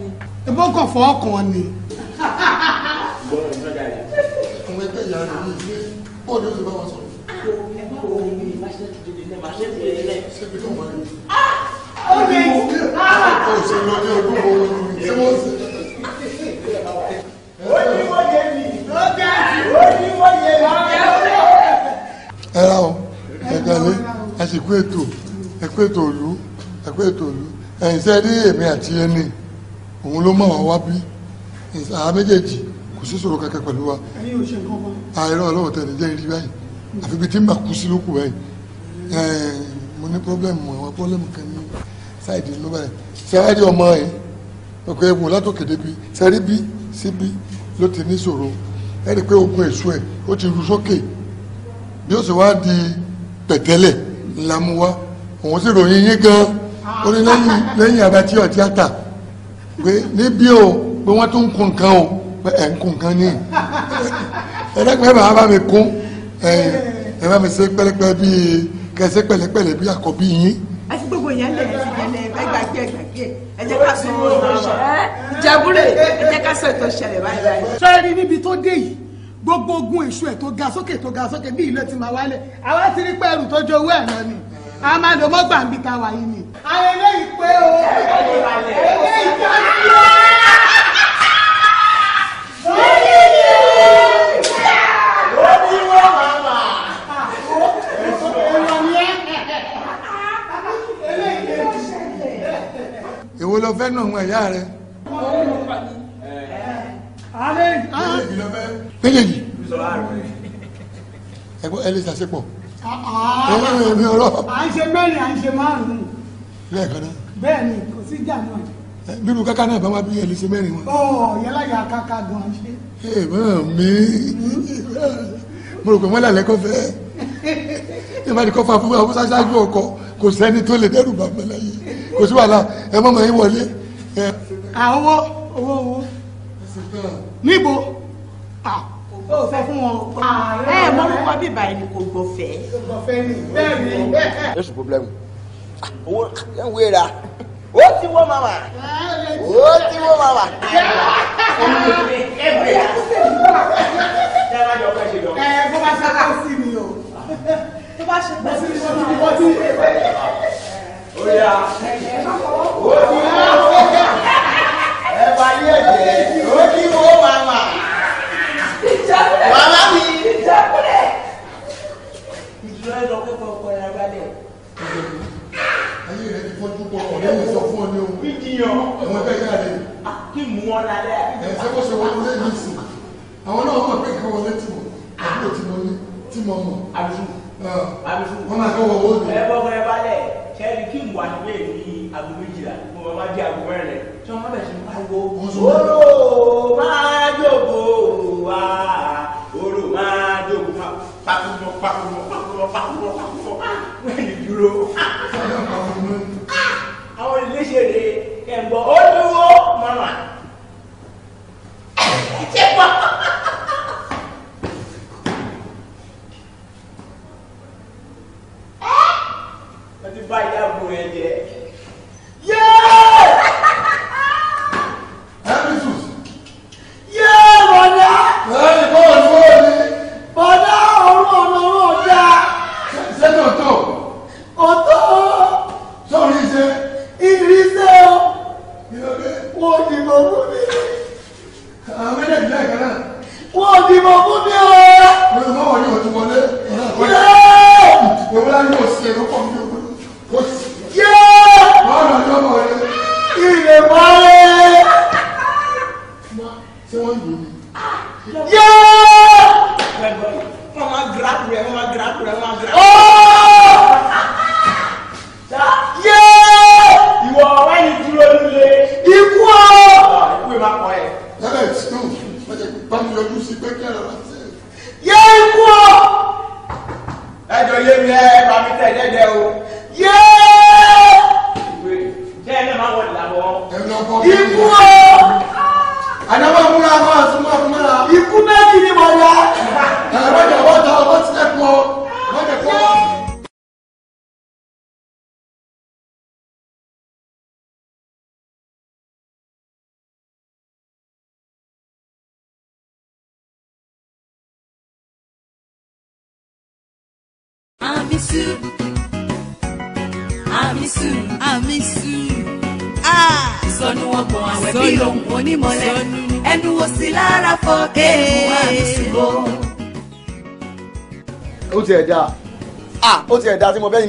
ebó kàn fọ́ ọkàn ni. ọmọ ẹgbẹ́ ìyá rẹ̀ yìí ṣé bọ́ọ̀lù ó ti bá wa sọ̀rọ̀. ẹ ra o ẹ gbàlẹ àsìkò ètò ẹkọ ètò òlu ẹkọ ètò òlu ẹ̀yin sẹ ẹ rí èmi àti ẹni òun ló mọ̀ wá wá bí àwọn méjèèjì kò sí sọ̀rọ̀ kankan pẹ̀lú wa àìrọ̀ ọlọ́wọ́ tẹ̀lé jẹ́ ìrí báyìí àfi ibi tí mà kú sí lókù báyìí mo ní pọ́blẹ́mù àwọn pọ́blẹ́mù kan ní sáìdì ló báyìí sáìdì ọmọ ẹ̀ ọkọ̀ ewu látòkè débi sẹ́rí bí síbi ló ti ní sọ̀rọ̀ ẹ̀ pé ogun èso ẹ̀ ó ti ru sókè bí ó sì wá di pẹ̀tẹ́lẹ̀ ńlá mu wá òun sì ròyìn yín gan-an ó ní lẹ́yìn lẹ́yìn abatí ọ̀tí àtà pé níbí o pé wọ́n tún ń kun nǹkan o pé ẹ̀ ń kun nǹkan ní ẹ̀ẹ́dẹ́gbẹ́ bàbá bá mi kún ẹ̀yìn ẹ̀ bá mi ṣe pẹ́lẹ́pẹ́ bíi kẹsẹ́ pẹ̀lẹ́pẹ̀lẹ́ bíi àkọ́bí yín.
àti gbogbo ìyẹn lẹ̀ ẹ̀ ti yẹn lẹ̀ ẹ̀ gbàgbé ẹ̀ gbàgbé ẹ̀ jẹ́ ká sọ ohun tó ṣẹlẹ̀ ìjàbúrè ẹ̀ jẹ́ ká sọ ètò ìṣẹ̀lẹ̀ báyìí báyìí. sọ́ọ́rí níbi
tó dé yìí gbogbo ogun èṣù ẹ̀ tó ga sókè tó ga sókè bí ilé ti máa wálẹ̀ àwa ti rí pẹ́ẹ́rù tó jọ owó ẹ̀ lọ ni a máa lò ni
ayẹyẹ ìpè o ayẹyẹ ìpè o.
èwo ló fẹ́ nà ọmọ ẹ̀yà rẹ. méjèèjì ah, ah. ẹ lè ṣàṣepọ̀.
à
ń ṣe mẹ́rin à ń ṣe márùn-ún lẹ́ẹ̀kan náà. bẹ́ẹ̀ni kò sí ìjà náà. Eh, bíbu kaka náà bá wá bí ẹlẹsẹ mẹ́rin wọn. ọ yálàyà kaka gan ṣe. Eh, ẹ máa mi mo rò pé wọn lálẹ́ kọ fẹ ẹ má ní kọfà fún abúlé ṣáájú ọkọ kò sẹ́ni tó lè dẹ́rù bá mi láyé kò sí wàhálà ẹ má máa yín wọlé. Eh.
àwọ owó owó níbo o sọ fún wọn. ẹ mọ orúkọ
bíbá ẹni kò gbọfẹ. gbọfẹ ni bẹ́ẹ̀ ni. yóò problem owó ẹ ti wọ́ màmá o ti wọ́n ti wọ́n. ó ayé rẹ ti fọ́jú pọ̀ ọ̀rẹ́ mi sọ fún ọ ní o. ìdíyàn. àwọn yára rẹ. kí mú ọ lálẹ́ àbí. ẹ sẹ́kọ̀ ṣe wọlé lé mi àwọn náà mọ̀ pé kí wọ́n lé tìmọ̀ ah. àbúrò tí mo ní tí mo mọ̀. àbùsù. Ah. àbùsù. wọ́n máa kọ́ wọ́wọ́ òde. ẹ bọ́kọ ẹ balẹ̀ kẹ́rì kí mú àdúgbò ní aago méjìlá mo máa di aago mẹ́rin tí wọ́n bẹ̀ sí pariwo. oró dúró àwọn ìléṣèré ẹ̀gbọ́n ó dúró mọ́mà ẹ̀jẹ̀ pọ̀. ẹ ti bá ìyá àbúrò ẹ jẹ.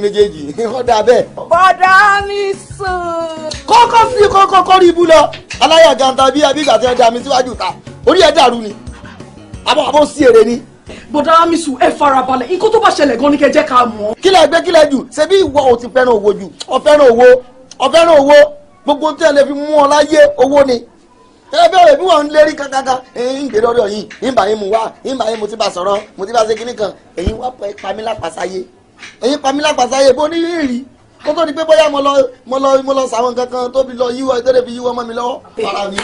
méjèèjì ọ̀dà bẹ́ẹ̀.
bọ́dà mi sùn. kọ́kọ́ sí
kọ́kọ́ kọ́rí ibú lọ aláyà gàǹtà bíi abígbà tí wọ́n dá mi síwájú ta orí ẹ̀ dàrú ni àbọ̀ àbọ̀ sí èrè ni. bọ́dà mi sùn ẹ farabalẹ̀ nǹkan tó bá ṣẹlẹ̀ gan ni kẹ́ jẹ́ ká mọ̀. kílẹ̀ gbé kílẹ̀ jù ṣebí ìwọ ò ti fẹ́ràn owó jù o fẹ́ràn owó o fẹ́ràn owó gbogbo tí ẹ lè fi mú ọ láyé owó ẹbẹ rẹ bí wọn lérí kankankan ẹ̀yin ń gbèrò ọ̀rọ̀ yìí ń wá ń bá ti bá sọ̀rọ̀ mu ti bá ṣe kíní kan ẹ̀yin wá pa mí lápasáyé ẹ̀yin pa mí lápàsá yẹ bó ní rírì kó tó di pé bóyá mo lọ mo lọ mo lọ sàwọn kankan tó fi lọ yíwọ ìtẹ́lẹ̀ fi yíwọ ọmọ mi lọ́wọ́ fara mi.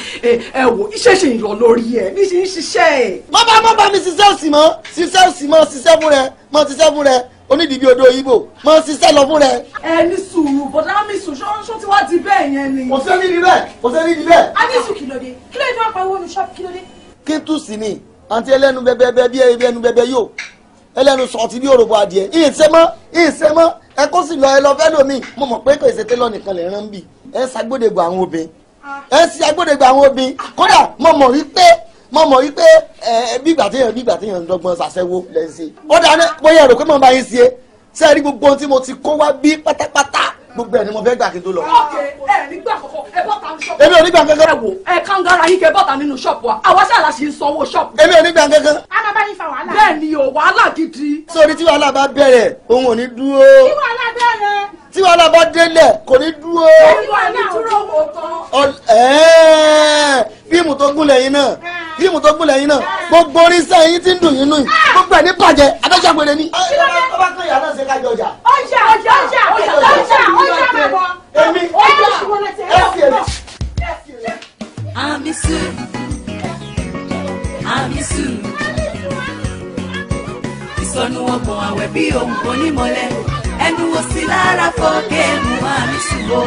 ẹ wo iṣẹ́ ṣe ìrọ̀ lórí ẹ̀ ní ṣe ń ṣiṣẹ́ ẹ̀. má bá má bá mi ṣiṣẹ́ òsì mọ́ ṣiṣẹ́ òsì mọ́ ṣiṣẹ́ fún rẹ mọ́ ṣiṣẹ́ fún rẹ onídìbí odò ibo mọ́ ṣiṣẹ́ lọ fún rẹ. ẹ ní sùúrù bọ̀dá mi sùn ṣó ti wá di bẹ́ẹ̀ yẹn ni. kò sẹ́ni di bẹ́ẹ̀ kò sẹ́ni di bẹ́ẹ̀. a ní sùn kìlódé kílódé wàá pariwo nu ṣọ́ọ̀bù kìlódé. kí tùsí ni àǹtí ẹlẹ́nu bẹ́ẹ̀ bẹ́ẹ̀ ẹlẹ́nu sọ̀tì bí òròbó adìẹ ìṣẹ́mọ́ ìṣẹ́mọ́ ẹ kó sì lọ ẹ lọ fẹ́ lómi mo mọ̀ pé kò ṣe tẹ́lọ̀ nìkan lè rán bì ẹ ṣàgbọ́dẹ̀gbọ̀ àwọn obìnrin ah. ẹ ṣe agbódegbà àwọn obìnrin kódà mo mọ̀ wípé mo mọ̀ wípé ẹ bígbà téèyàn bígbà téèyàn ń dọ́gbọ́n ṣàṣẹ́wó lẹ́sìn ó dáná bóyá èrò pé mo bá yín ṣe ṣe é rí gbogbo ohun tí mo ti kó wá bí pátápátá gbogbo ẹ ni mo fẹ́ gbà kí n tó lọ.
ẹ nígbà kọ̀kọ́ ẹ bọ́ta ní ṣọ́ọ̀bù. èmi ò ní gbà
kankan. ẹ kangara yín kẹ bọ́ta nínú ṣọ́ọ̀bù wa àwa ṣàlà sì ń sanwó ṣọ́ọ̀bù. èmi ò ní gbà kankan. a máa bá
yín fa wàhálà. bẹ́ẹ̀
ni o wàhálà gidi. sórí tí wàhálà bá bẹ̀rẹ̀ òun ò ní dúró. tí
wàhálà bẹ̀rẹ̀
tí wàhálà bá délẹ̀ kò ní dúró. ẹ̀wọ̀n ní dúró wò fíìmù tó gúnlẹ̀ yín náà fíìmù tó gúnlẹ̀ yín náà gbogbo oríṣẹ́ yín ti ń dùn yín nù yìí gbogbo ẹ̀ ní bàjẹ́ adájàgbére ni. ọba tó yà náà ṣe ká jọjà. ọjà ọjà ọjà ọjà ọjà ọjà bàbá. èmi ọjà
ẹsì èmi.
Amisu Amisu ìsọnù ọgbọ̀n àwẹ̀ bí ohun onímọ̀lẹ́ ẹnu wo sí lára fọ géèmù àmísù o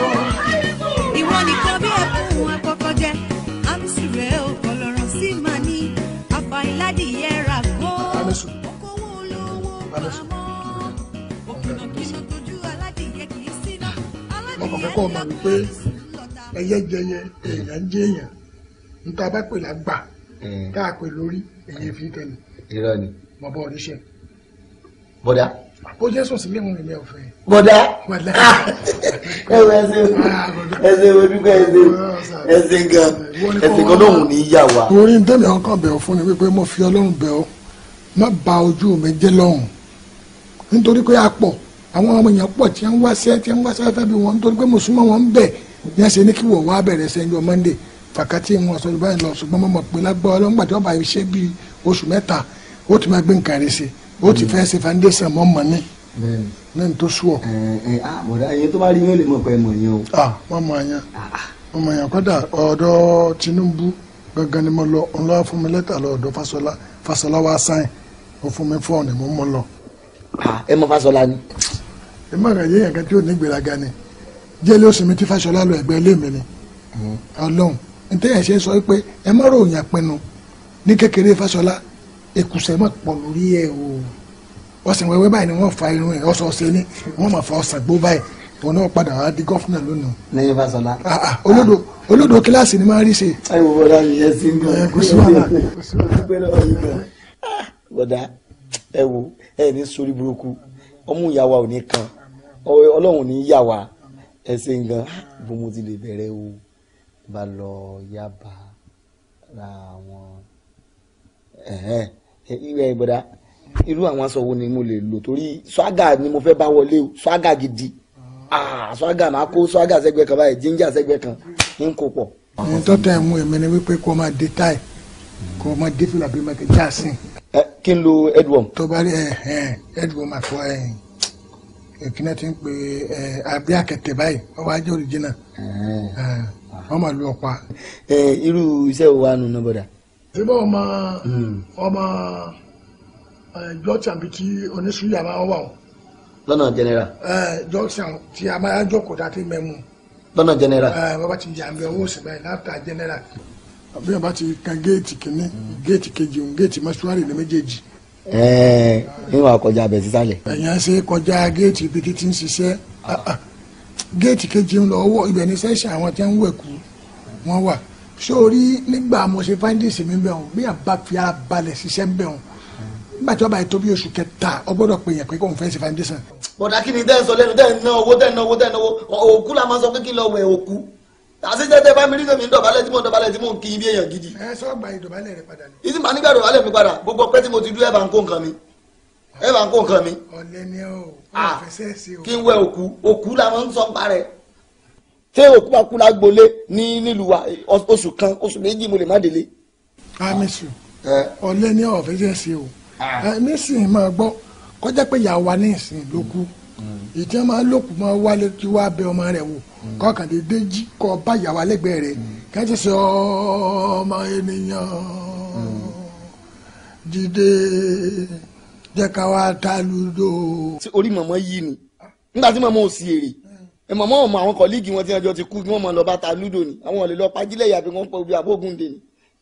ìwọ nìkan bí ẹkún akọkọ jẹ àmísù rẹ ò kọlọrọ sí màá ní àfàìládì yẹra kó okòwò
olówó pamọ́
òkìnàkìnà tójú aládìyẹ
kì í síná aládìyẹ
ńlá kó ẹyẹ jẹyẹ èèyàn ń jẹyàn níta bá pè lágbà hmm. tá a pè lórí èyí fi tẹlẹ. irọ́ ni. mo bọ́ ọ níṣẹ́. bọ́dà ó jẹ́ sùn sílé wọn ìlẹ̀ ọ̀fẹ́. bọ̀dá ẹsẹ̀ ẹsẹ̀ olùkọ́ ẹsẹ̀ ah, ẹsẹ̀ gan ẹsẹ̀ gan lóhùn ní yà wá. orí ń tẹ̀lé ọkàn bẹ̀ ọ́ fún ni wípé mo fi ọlọ́run bẹ̀ ọ́ má bà ojú mi jẹ́ lọ́hùn nítorí pé a pọ̀ àwọn ọmọ èèyàn pọ̀ tí wọ́n wá sẹ́ tí wọ́n wá sẹ́ fẹ́ bí wọn nítorí pé mo súnmọ́ wọn ń bẹ̀ yẹn ṣe ní kí wọ́n wá bẹ̀rẹ̀ sẹ́yìn ọmọ ndé fàkàtì wọn sọ̀rọ̀ báyìí lọ ṣùgbọ́n mo mọ̀ pé lágbọ́ ọlọ́ngbàdì ọba iṣẹ́ bíi oṣù mẹ́ta ó ti máa gbé nǹkan rẹ̀ sí ó ti fẹ́ ṣe foundation mọ́ mọ́ ní ní n tó sú ọ. ẹ ẹ àbọ̀dá ah, yẹn tó bá rí yín ó lè mọ̀ pé mọ̀ yẹn o. ah wọ́n mọ̀ yẹn wọ́n ah, ah. mọ̀ yẹn kọ́dà ọ̀dọ̀ Tinubu gangan ni mo lọ ń lọ́wọ́ fún mi lẹ́tà lọ ọ̀dọ̀ Fasola Fasola wa sáyìn ó fún mi fọ́ọ̀nù mo mọ̀ lọ. ẹ mọ̀ Fasola ni. ẹ mọ̀ rẹ̀ yéèyàn kan tí ò ní gbéraga ni jẹ́lẹ́ oṣù mi tí Fasola lọ ẹ̀gbẹ́ ilé mi ni Ọlọ́run ntẹ́yẹ̀ ṣe sọ pé ẹ mọ̀ ròyìn àpinnu ní kékeré Fasola èkùsẹ̀ mọ̀ pọ̀ lórí ẹ̀ o ọ̀sìn wẹ́wẹ́ báyìí ni wọ́n fa irun ẹ̀ ọ̀sọ̀ọ̀sẹ̀ ni wọ́n máa fa ọ̀sán gbó báyìí òun náà padà wá di gọ́fúnà lónìí. lẹ́yìn fasola. Ah, ah, olódò olódò kíláàsì ni máa rí ṣe. ẹ wò bọ́dà mi yẹ sí mi. kò sí wàhálà kò sí wàhálà. bọ́dà ẹ wo ẹ ní sórí burúkú ọmú ìyàwó ò ní kan ọlọ́run ní yàwá ẹ ṣe ń gan bó mo ti lè bẹ̀rẹ̀ o bá lọ yaba ra àwọn ìwé ìbọ̀dá irú àwọn aṣọ ni mo lè lò torí swaga ni mo fẹ́ bá wọlé o swaga gidi swaga máa kó swaga sẹ́gbẹ́ kan báyìí ginger sẹ́gbẹ́ kan ń kó pọ̀. tó wípé kó máa dé táì kó máa dé fìlà bí já sí. kí n lo edwom. tó bá rí edwom àfọ ti ń pè báyìí lu irú iṣẹ́ wo nù síbẹ̀ ọmọ ọ junction ọ ọ ọ ọ ọ ọ ọ ọ ọ ti a ọ ọ ọ ọ ọ ọ ọ ọ bàbá ti ọ ọ ọ ọ ọ láta ọ àbí ọ ti ọ géètì kìíní géètì kejì òun géètì ọ eh, ní méjèèjì. ọ ọ kọjá abẹ ọ ọ ṣe kọjá géètì ibi ọ ń ọ ah, ah. géètì kejì ń lọ ọ ọ ní ọ àwọn tí ń wà. sórí nígbà mo ṣe fáńdíìsì mi bẹ̀ wọn bí àbá fi ara balẹ̀ ṣiṣẹ́ bẹ̀ wọn nígbà tí wọ́n bá yẹ tó bí oṣù kẹta ọ gbọ́dọ̀ pè yẹn pé kóun fẹ́ ṣe fáńdíìsì. bọ̀dà kí ni dẹ́n sọ lẹ́nu dẹ́n ná owó dẹ́n ná owó dẹ́n ná owó òkú la máa sọ pé kí lọ wẹ̀ òkú àṣìṣe tẹ bá mi rí sẹ́mi dọ̀bálẹ̀ tí mo dọ̀bálẹ̀ tí mo ń kí bí èèyàn gidi. ẹ sọ gba ìdọ̀bálẹ̀ rẹ padà ni. ìsì máa nígbà dọ̀bálẹ̀ mi padà gbogbo ọpẹ́ tí mo ti dúró ẹ̀ bá ń kó nǹkan mi ẹ̀ bá ń kó nǹkan mi. ọ̀lẹ́ni o kí n wẹ òkú òkú la máa ń sọ ń parẹ́ ṣé òkú bá kú lágbolé ní nílùú wa oṣù kan oṣù méjì mo lè má délé. amisu ah, ọ̀lẹ ní ọ̀fẹ́ jẹ́ sí o nísìnyí ah. máa gbọ́ kọjá pé ìyá wa ní ìsìn ló kú mm. ìjẹ́ máa lókun máa wálé kí wá bẹ ọmọ rẹ̀ wò mm. kọkàn dédé kọ bá ìyá wa lẹ́gbẹ̀ẹ́ rẹ̀ mm. kẹ́tí sọ ọmọ ènìyàn dìde jẹ́ ká wá ta lúdò. orí màmá yìí ni nígbà tí màmá ò sí èrè ẹ mọ̀ mọ́ ọmọ àwọn kọ̀líìgì wọn tí ọjọ́ ti kú kí wọ́n mọ̀ lọ bá ta lúdò ni àwọn ọ̀lẹ́ lọ pajílẹ̀ yàbí wọn pé obi àbógunde ni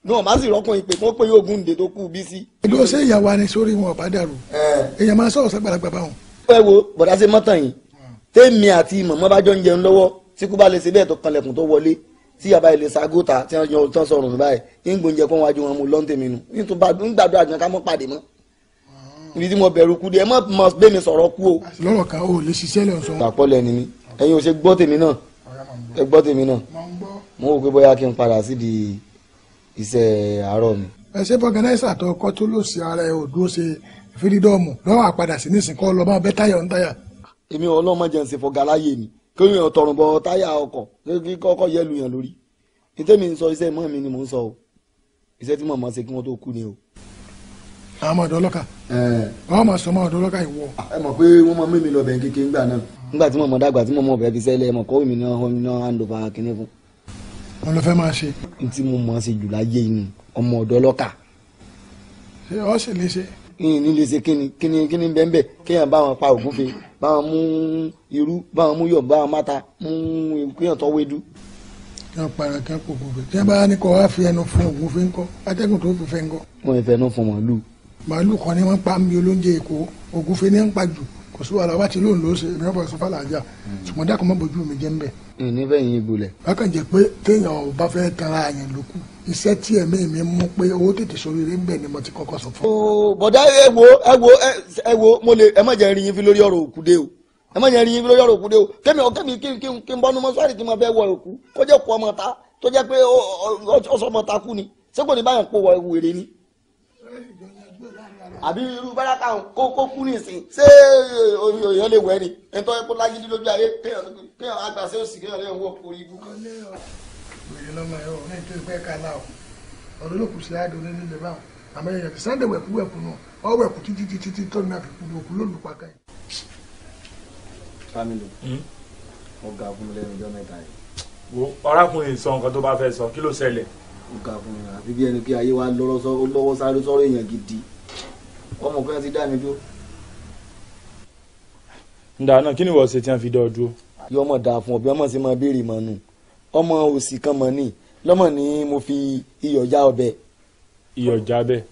ní wọn bá sì rọ́kùnrin pé wọ́n pé Ògúndé tó kú bí sí. ìlú ọ̀sẹ̀ ìyàwó ni sórí wọn ọ̀bá dàrú èèyàn máa sọ̀rọ̀ sàgbàlagbà báwọn. ẹ wo bọ̀dá ṣe mọ́tàn yìí tèmi àti mọ̀mọ́ bá jọ ń jẹun lọ́wọ́ tí kú bá lè ṣe bẹ́ẹ̀ tó kanlẹ̀kùn tó wọlé tí yàrá ilé sagota tí mo bẹ̀rù kú dé ẹ mọ̀ bẹ́ẹ̀ mi sọ̀rọ̀ kú o. lọ́rọ̀ kan o lè ṣiṣẹ́ lẹ́yìn sọ. àpọ̀lẹ̀ ni mí ẹ̀yin o ṣe gbọ́ tèmi náà ẹ gbọ́ tèmi náà mo wò pé bóyá kí n padà sí di iṣẹ́ àárọ̀ mi. ẹ ṣe fọgànáìsà tó kọ́ tó lò sí ara ẹ ò dúró ṣe fírídọ́ọ̀mù lọ́wọ́ àpadà sí nísìn kọ́ lọ́mọ bẹ́ táyà ń táyà. èmi ọlọ́mọ jẹ́ ń ṣe fọgà láyé mi kí èèyàn tọrùn bọ táyà ọkọ̀ kí kọ́kọ́ yẹ lu yàn lórí ní tèmi ń sọ iṣẹ́ mọ́ mi ni mò ń sọ o iṣẹ́ tí màmá ṣe kí wọ́n tó kú ni o àwọn ọmọ ọdọlọka. ọmọ ma sọ ọmọ ọdọlọka ìwọ. Ah, ẹ mọ̀ pé wọ́n mọ mímí lọ bẹ̀rẹ̀ kékeré ńgbà náà. nígbà tí mo mọ̀ dàgbà tí mo mọ̀ bẹ̀rẹ̀ fi sẹ́lẹ̀ mọ̀ kọ́ mi náà hàn náà hand over kínní fún. wọn lọ fẹ́ máa ṣe. n tí mo mọ̀ ṣe jùlá yé inú ọmọ ọdọlọka. ṣé ọ sì lè ṣe. kíni ní lè ṣe kíni kíni kíni bẹ́ẹ̀ kéèyàn bá wọn pa ògúnfe bá wọn mú irú bá wọn mú yọ̀ bá wọn máta mú kéèyàn tọ́ wédú kí wọn para kí wọn kò gbogbo tí wọn bá ní kọ wá fi ẹnu fún ògùn fi ń kọ atẹ́gùn tó fi fẹ́ ń kọ. wọn ìfẹ́ náà fọmọ lù màálù kan ní wọ́n pa mi olóúnjẹ èkó ògúnfe ní ń pa jù kò sí wàhálà wá ti lóun ló ṣe èmi ọ̀pọ̀ sọ́fà làájà ṣùgbọ́n dákun má bójú mi jẹ́ ń bẹ̀. níbẹ̀ yín gbolẹ̀. bákan jẹ́ pé téèyàn ò bá fẹ́ tanra àyàn ló kù iṣẹ́ tí ẹ̀mí mi mú pé owó tètè sórí rẹ̀ ń ni mo ti kọ́kọ́ sọ fún. ooo bọ̀dá ẹ wo ẹ wo ẹ wo mo lè ẹ má jẹ́ rin yín fi lórí ọ̀rọ̀ òkú dé o ẹ má jẹ́ rin yín fi lórí ọ̀rọ̀ òkú dé o kémi ọ kémi kí n bọ́nu mọ́ṣúárì tí mo fẹ́ wọ òkú kó jẹ́ kó ọmọ ta tó jẹ́ pé ó sọ ọmọ ta kú ni ṣé kò ní báyọ̀ pò wọ ìwèrè ni àbí irú báraka kókó kú nìsín ṣé omi òyìn lè wẹ̀ ni ẹni tó yẹ kó lágídí lójú ayé kéèyàn àgbà sí òsì kéèyàn lẹ́yìn owó orí ibú. wèrè lọ́mọ ẹ̀ ọ́ ní ètò ìpẹ́ kálá o ọ̀rọ̀ ló kù sí àdó nínú ilẹ̀ báwọn àmọ́ ẹ̀yàn ti sáńdẹ̀ wẹ̀kú wẹ̀kú náà ọ wẹ̀kú títí títí tó ní àfikún òkú lólùpàkà yìí. Fámìlì hmm? mo ga fún mi lẹ́nu ọjọ́ mẹ́ta yìí. wo arákùnrin sọ nǹkan tó bá fẹ́ sọ kí ló ṣẹlẹ̀. mo ga fún mi àfi bí ẹni pé ayé wa lọ́wọ́ sáré sọ́rọ̀ èèyàn gidi ọmọ kan ti dá mi dúró. ǹda náà kí ni wọ́n ṣe tí wọ́n fi dá ọ dúró. yọ ọmọ dà fún ọ bí ọmọ sì máa béèrè mọ nù ọmọ òsì kan mọ ní lọmọ ni mo fi iyọ̀ já ọbẹ̀. iyọ̀ já bẹ́ẹ̀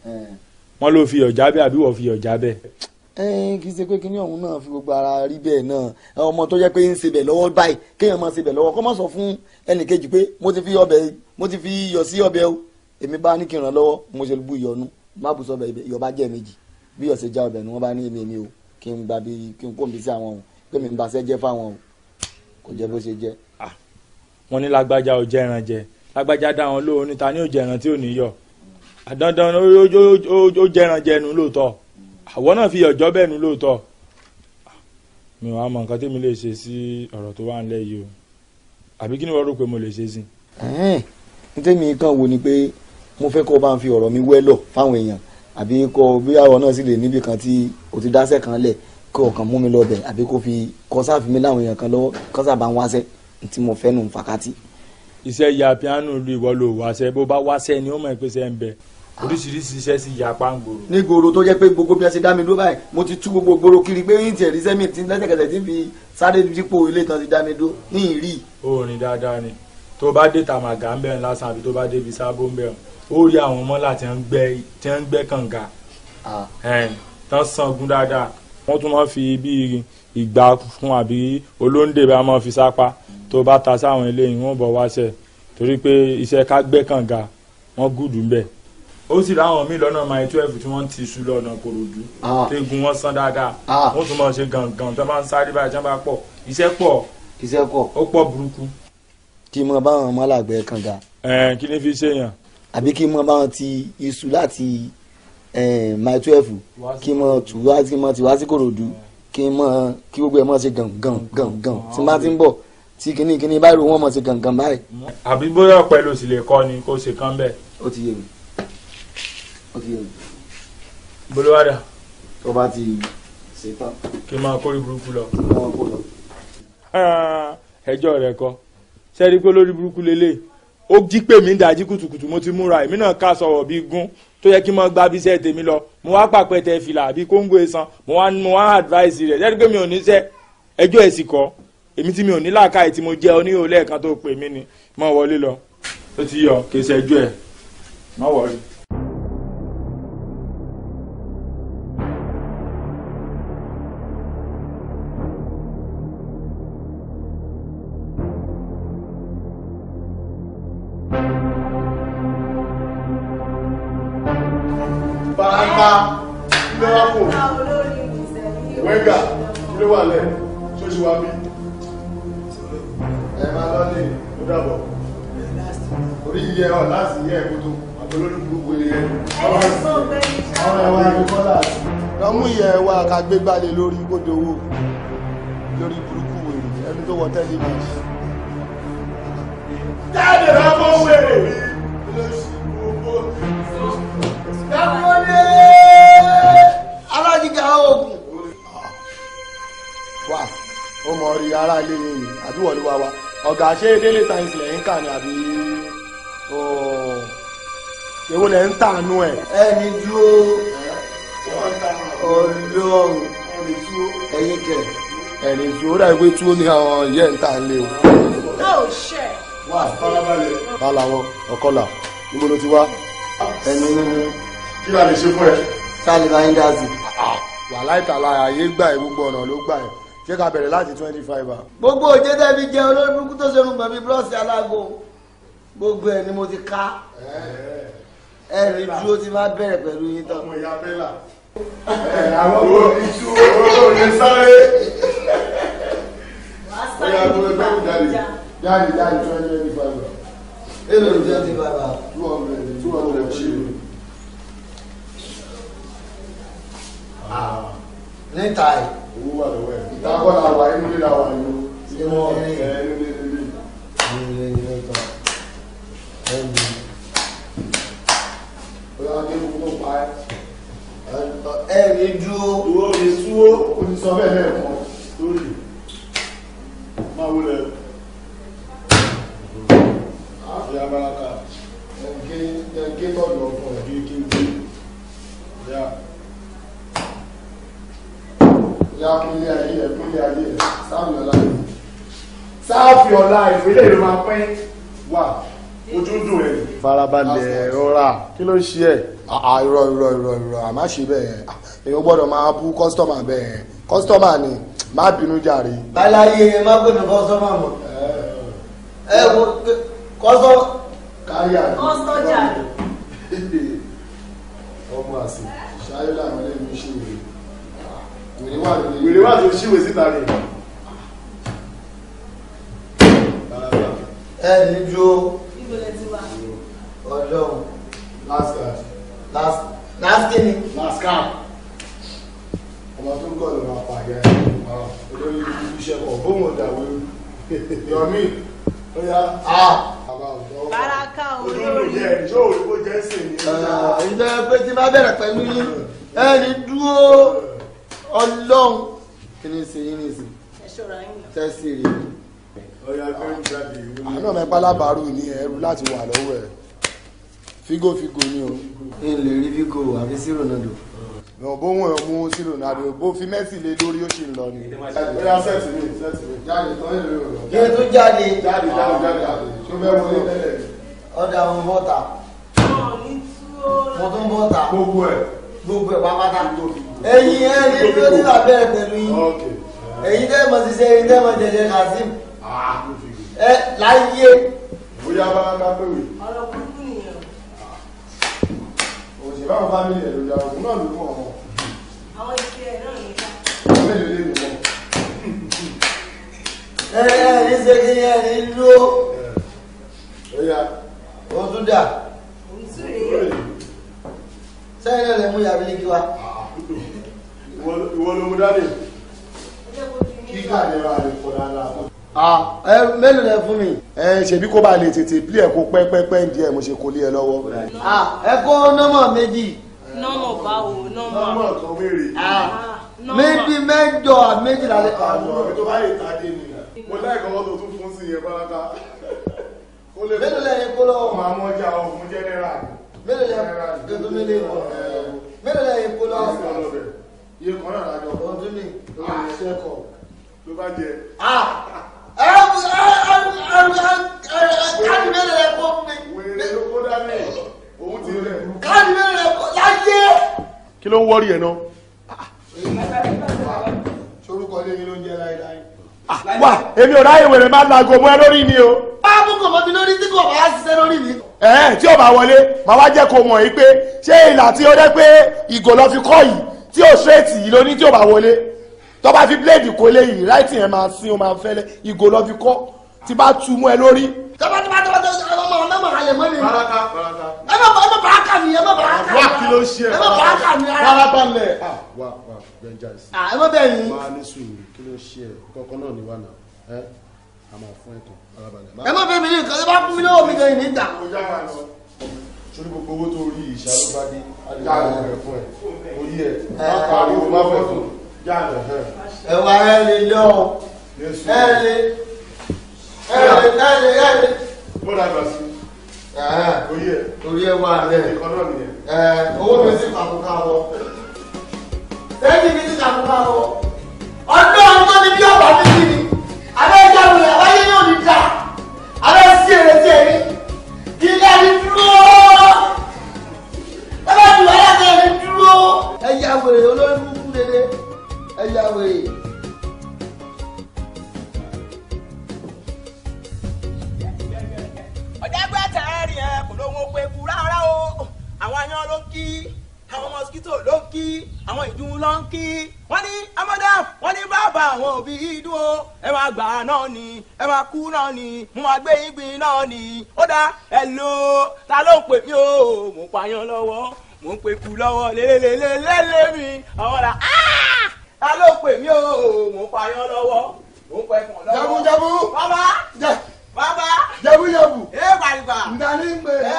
wọ́n ló fi iyọ̀ já bẹ́ẹ̀ àbí wọ́n fi iyọ̀ já bẹ́ẹ̀ kì í ṣe pé kí ní ọ̀hún náà fi gbogbo ara rí bẹ́ẹ̀ náà ọmọ tó yẹ pé ń ṣe bẹ̀ lọ́wọ́ báyìí kéèyàn máa ṣe bẹ̀ lọ́wọ́ kó má sọ fún ẹnìkejì pé mo ti fi ọbẹ̀ mo ti fi iyọ̀ sí ọbẹ̀ o èmi bá ní kí n ràn lọ́wọ́ mo ṣe bú iyọ̀ nu má bù sọ bẹ̀ iyọ̀ bá jẹ́ méjì bí ọ̀sẹ̀ já ọbẹ̀ ni wọ́n bá ní èmi èmi o kí n gba bí kí n kó mi sí àwọn o pé mi ń baṣẹ́ jẹ́ fáwọn o kò jẹ́ bó ṣe jẹ́. wọ́n ní lágbájá ò jẹ ẹran jẹ lágbájá dá wọn lóhùn níta ní ò jẹ ẹran tí ò ní yọ dandan ó
jẹ ẹran jẹ nu lóòótọ́ àwọn náà fi ọjọ́ bẹ́ẹ̀ nu lóòótọ́ mi wàá mọ nǹkan tí mi lè ṣe sí ọ̀rọ̀ tó wà nílẹ̀ yìí o àbí kí ni wọ́n rò pé mo lè ṣe sí.
n tẹ́mi kan wo ni pé mo fẹ́ kó o bá ń fi ọ̀rọ̀ mi wẹ́lọ̀ fáwọn èèyàn àbí kọ bí àwọn náà sì lè níbi kan tí o ti dáṣẹ́ kan lẹ̀ kí ọkàn mú mi lọ́bẹ̀ àbí kó fi kọ́sà fún mi láwọn èèyàn kan lọ́wọ́ kọ́sà bá ń wáṣẹ́ tí mo fẹ́ nù ń fàkátì. iṣẹ́ ya piano lu ìwọ ló wáṣẹ́ bó bá wáṣẹ́ ni ó mọ̀ pé ṣe ń bẹ ah. oríṣiríṣi iṣẹ́ sì ya pangoro. ní gbòòrò tó jẹ́ pé gbogbo bí a ṣe dá mi dúró báyìí mo ti tú gbogbo gbòòrò kiri pé yín tiẹ̀ ríṣẹ́ mi ti lẹ́sẹ̀kẹsẹ̀ ti fi sáré dípò ilé tán ti dá mi dúró ní ìrì. orin dáadáa ni tó bá dé tàmàgà ń bẹ̀rẹ̀ lásán àbí tó bá débi sábó ń bẹ̀rẹ̀ ó rí àwọn mọ́là tí wọ́n ń gbẹ́ kànga
ah. tán sangun dáadáa wọ́n tún máa fi bí ìgbà fún àbí olóńdè bá máa fi sápá tó bá ta sáwọn eléyìí wọ́n bọ̀ wáṣẹ̀ torí pé iṣẹ́ ká gbẹ́ kànga wọ́n gùdù ńbẹ̀ ó sì ráwọn míì lọ́nà máa twelve tí wọ́n ti ṣú lọ́nà korodu ah. tegun wọn san dáadáa ah. wọ́n tún máa ṣe gangan tó bá ń sáré báyìí tó bá pọ̀ iṣẹ́ pọ̀ iṣẹ́ pọ̀ ó
pọ̀ burúkú. tí mo bá wọn mọ́là gbẹ́ kànga. ẹ kí ni fi ṣe yàn àbí kí n mọ báwọn ti iṣu láti eh, mile twelve kí n mọ tù wá kí n mọ tì wá sí kòròdú kí n mọ kí gbogbo ẹ mọ ṣe gàn gàn gàn gàn tí n bá ti ń bọ̀ tí kìíní kìíní báyìí wọn mọ ṣe gàn gàn báyìí.
àbí bóyá pẹ̀lú sì lè kọ́ ni kó ṣe kán bẹ́ẹ̀. ó ti yé mi ó ti yé mi. bolówádà. tó bá ti ṣe tán. kí n máa kórè burúkú lọ. Ah, ẹjọ́ rẹ̀ kọ́ sẹ́ẹ́rí pé lórí burúkú lélẹ́yìí ó jí pé mi ń dájí kùtùkùtù mo ti múra èmi náà ká sọ̀rọ̀ bíi gún tó yẹ kí n mọ gba bíṣẹ́ tèmi lọ mo wá pàpẹ́tẹ fìlà àbí kóńgò esan mo wá mo wá advice rẹ̀ jẹ́ pé mi ò níṣẹ́ ẹjọ́ ẹ̀sìn kọ́ èmi tí mi ò ní làákàyè tí mo jẹ́ oníhòòhò lẹ́ẹ̀kan tó pè mí ni mo wọlé lọ ó ti yọ kèsì ẹjọ́ ẹ̀ má wọlé.
lé lórí kó dowó lórí burúkú wèrè ẹni tó wọ tẹlifíṣì. jáde bá mọ wèrè.
dábúlé
alájígá oògùn. wà ó mọ rí ara ilé yìí àbí wọlé wá wá ọ̀gá ṣé délé times lẹ́yìn kà ní àbí èwo lẹ́ ń tànú ẹ̀. ẹni dúró ọlọ́run ẹyin kẹ ẹ̀rìn tí ó rà ìwé tí ó ní àwọn ìyá ẹ̀ ń tà lé o.
yóò ṣe.
wà á farabalẹ̀. bá làwọn ọ̀kọ́là níbo ló ti wá. ẹni nínú. kí la lè ṣe fún ẹ. sáàlì bá ń dá sí. wàhálà ìtàlá ààyè gbà ẹ gbogbo ọ̀nà ló gbà ẹ ṣé ká bẹ̀rẹ̀ láti twenty five hour. gbogbo òjé dẹ́bi jẹ́ olórúkú tó ṣe rúgbọ̀n bíi búrọ́ọ̀sì alágo gbogbo ẹ̀ ni mo ti ká ẹ̀rìn tí ó ti máa bẹ̀rẹ̀ pẹ̀lú yín tán. ọmọ ìyá bẹ́là àwọn owó iṣu
owó òye sáré. Oya kò lè gbẹ́kùn jáde.
Jáde jáde tó ẹni ẹni bàbà. Èlò ìjẹ́ ti bàbà. Two hundred two hundred two. Ah. Níta yìí. Owó wà lọ́wọ́ ẹ̀. Ìta kọ́lá wà inú lílà wà inú. Inú ọ̀rẹ́ ẹ̀ inú lílà ẹ̀yìn. Oya kí n kú tó pa ẹ́ ẹ̀rí dúró. ìwọ ò ní súwó. o ti sọ bẹ́ẹ̀ lẹ́ẹ̀kan lórí máa wúlẹ̀. ìyá baraka. ẹ̀gẹ́ ẹ̀gẹ́ bọ́ọ̀lù ọkọ̀ ẹ̀gẹ́ kí n gbé. ìyá. ìyá kúnlé ayé ẹ̀ kúnlé ayé ẹ̀ sáàmì ọ̀la ẹ̀ sáàfì ọ̀la ìfẹ́lẹ́ ìlú máa pẹ́ wà ojú ń dùn ẹ̀. farabalẹ̀ rọra kí ló ń ṣe ẹ̀. Ah, ah, irọ́ irọ́ irọ́ irọ́ àmá ṣe bẹ́ẹ̀ èèyàn gbọ́dọ̀ máa bú kọ́sítọ́mà bẹ́ẹ̀ kọ́sítọ́mà ni má bínú jàre. balaye má gbọ́dọ̀ kọ́sítọ́mà mọ̀ ẹ wo kọ́sọ́ káríà kọ́sítọ́jà ọmọ àṣẹ ṣáyé làwọn ẹlẹ́nu ṣe wèrè wèrè wà tó ṣíwèé síta ni. ẹ ní ju ọlọ́run last card last last kini. last card ọmọ tó ń kọ́ ló máa pààyà olórí iṣẹ́ kọ̀ bóun ò dàwé yọmí ó yá a.
baraka olórí olórí ẹ̀ ṣó
òrùkó jẹ́ sè ní. Ah, ìjọba pé tí bá bẹ̀rẹ̀ pẹ̀lú yín ẹni dúró ọlọ́run kí ni ṣe yín nìsín. ẹ ṣọ́ra yín. tẹ́sí rèé. Oh, àná mẹ́pá lábàárù ní ẹrú láti wà lọ́wọ́ ẹ̀ fígò fígò ni o. n lè rí fígò àfi sí Ronaldo. lọ bó wọn mú sí Ronaldo bó fi Messi lé lórí ó sì ń lọ ni. ẹgbẹ́ sẹ́ẹ̀tì mi sẹ́ẹ̀tì mi jáde tán èrè rẹ̀. kí ló tún jáde. jáde jáde jáde tó bẹ́ẹ̀ wọlé tẹ́lẹ̀. ọ̀dà àwọn bọ́tà. mo tún bọ́tà. gbogbo ẹ̀. gbogbo ẹ̀ pápátá. ẹ̀yin ẹ̀ ní bí ó ti bàbẹ́ ẹ̀ pẹ̀lú yín. ẹ̀yin tẹ́ mọ̀ sí sẹ́yìn tẹ́ mọ̀ jẹjẹ Kazeem ẹ láyé. bóyá bá bá pè wé. ọ̀rọ̀ burúkú nìyẹn. òṣèlú àwọn fámìlì ẹ̀ ló ya òun náà ló mọ̀ ọ́. àwọn ìṣe ẹ̀ náà ní ká. àwọn èlò lè mọ̀. ẹ ẹ ní sẹ́kí ẹ ní ló. ó yá. ó tún dà. òun sì rèé. sẹ́yìn náà lè mú yàrá ilé kí ìwọ ló mú dání. kíkà ni ra rẹ̀ kọ́ dáadáa ah ẹ mélòó lẹ fún mi. ẹ ṣèbí kó bá lè tètè pílẹ̀ kó pẹ́pẹ́pẹ́ ń di ẹ̀ mo ṣe kó lé ẹ lọ́wọ́. Ah, ẹ kó nọ́mọ̀ méjì. nọ́mọ̀ báwo nọ́mọ̀. nọ́mọ̀ kan wéèrè. Ah, méjì mẹ́jọ méjì lálẹ́. àwọn ah, ọ̀rẹ́ tó bá lè ta dé ni mo lẹ́ẹ̀kan wọ́n tó tún fún sí yẹn báraká. mélòó lẹ kó lọ́wọ́. màá mọ ọjà ọ̀hún jẹ́nẹ́rà. mélòó lẹ kó tó mélòó kọ̀. mélòó lẹ kó lọ́wọ́. iye kan náà lájọ. ọdún ni àṣẹ kọ. ló
bá jẹ kánìmẹ́rẹ̀ rẹ̀ kọ́ mi kánìmẹ́rẹ̀
rẹ̀ kọ́ láyé. kí ló ń wọ́rí ẹ̀ náà. sorúkọ lé yín ló ń jẹ́ láéláé. wà èmi ò ráyè wèrè máa lago mọ́ ẹ lórí mi o. báàbù kò mọ́ mi lórí tí kò bá ṣiṣẹ́ lórí mi. ẹ tí ò bá wọlé màá wá jẹ́ kó mọ̀ yìí pé ṣé ìlà tí ó dẹ́ pé ìgò lọ fi kọ́ yìí tí ò ṣèètì yìí ló ní tí ò bá wọlé tó bá fi bíléèdì kó léyìí ráìtì yẹn máa sin o máa fẹ́lẹ́ ìgò lọ fi kọ́ tí bá tu mú ẹ lórí.
tọ́ba tọ́ba tọ́ba tọ́ba
ọmọ ọ̀nà mọ̀ àlẹ́ mọ́ ni. baraka baraka. ẹ má bọ̀ ẹ má bàákà ni ẹ má bàákà ni. wá kí ló ṣe é. ẹ má bàákà ni. baraba lẹ. wá wá gbẹjà sí. ẹ má bẹ́ẹ̀ yín. máa ní sùúrù kí ló ṣe é kọ́kọ́ náà ni wà náà ẹ a máa fún ẹ kan baraba lẹ. ẹ má bẹ́ẹ̀ mi ní nǹkan ẹ bá fún mi lọ́wọ́ mi gan-an ní ìdá. sori gbogbo owó tó rí ìṣàlùbádé á lè fún ẹ fún ẹ orí ẹ má pariwo má fẹ́ fún ẹ ẹ̀wà ẹ̀ lè lé ọ ẹ̀ lè ẹ̀ lè ẹ̀ lè ẹ̀ lè. mo dàgbà sí i. torí ẹwà rẹ̀ owó mi sì kàkúkà wọ. sẹ́yìn mi sì kàkúkà wọ. ọdún ọmọ ni bí ọ̀bà mi kì í abẹ́ ìjáwé àbáyé yóò ní dà abẹ́ sí èrè sí èrè kí ilé ẹni dúró bàbá mi wà láti ẹni dúró. ẹ yà wèrè olórí kúkú dédé ẹ yá wèrè. ọ̀dẹ́gbẹ́ tẹ̀rì ẹ̀ kò lóhun oko eku rárá mosquito ló ń kí àwọn ìdun ló ń kí wọ́n ní amọ́dá wọ́n ní bàbá àwọn òbí ìdun o ni ẹ máa kú ni mo máa ni ó dá ẹ lò ta ló ń pè mí o mò ń pààyàn lọ́wọ́ mò kú lọ́wọ́ lélẹ́lẹ́lẹ́lẹ́ mi àwọn ta ló pè mí o mò ń payán lọ́wọ́ mò ń pẹ́ fún ọ lọ́wọ́. jabu jabu. bàbá bàbá. jabu jabu. ee gbàgbà.
ntani ń gbèrè.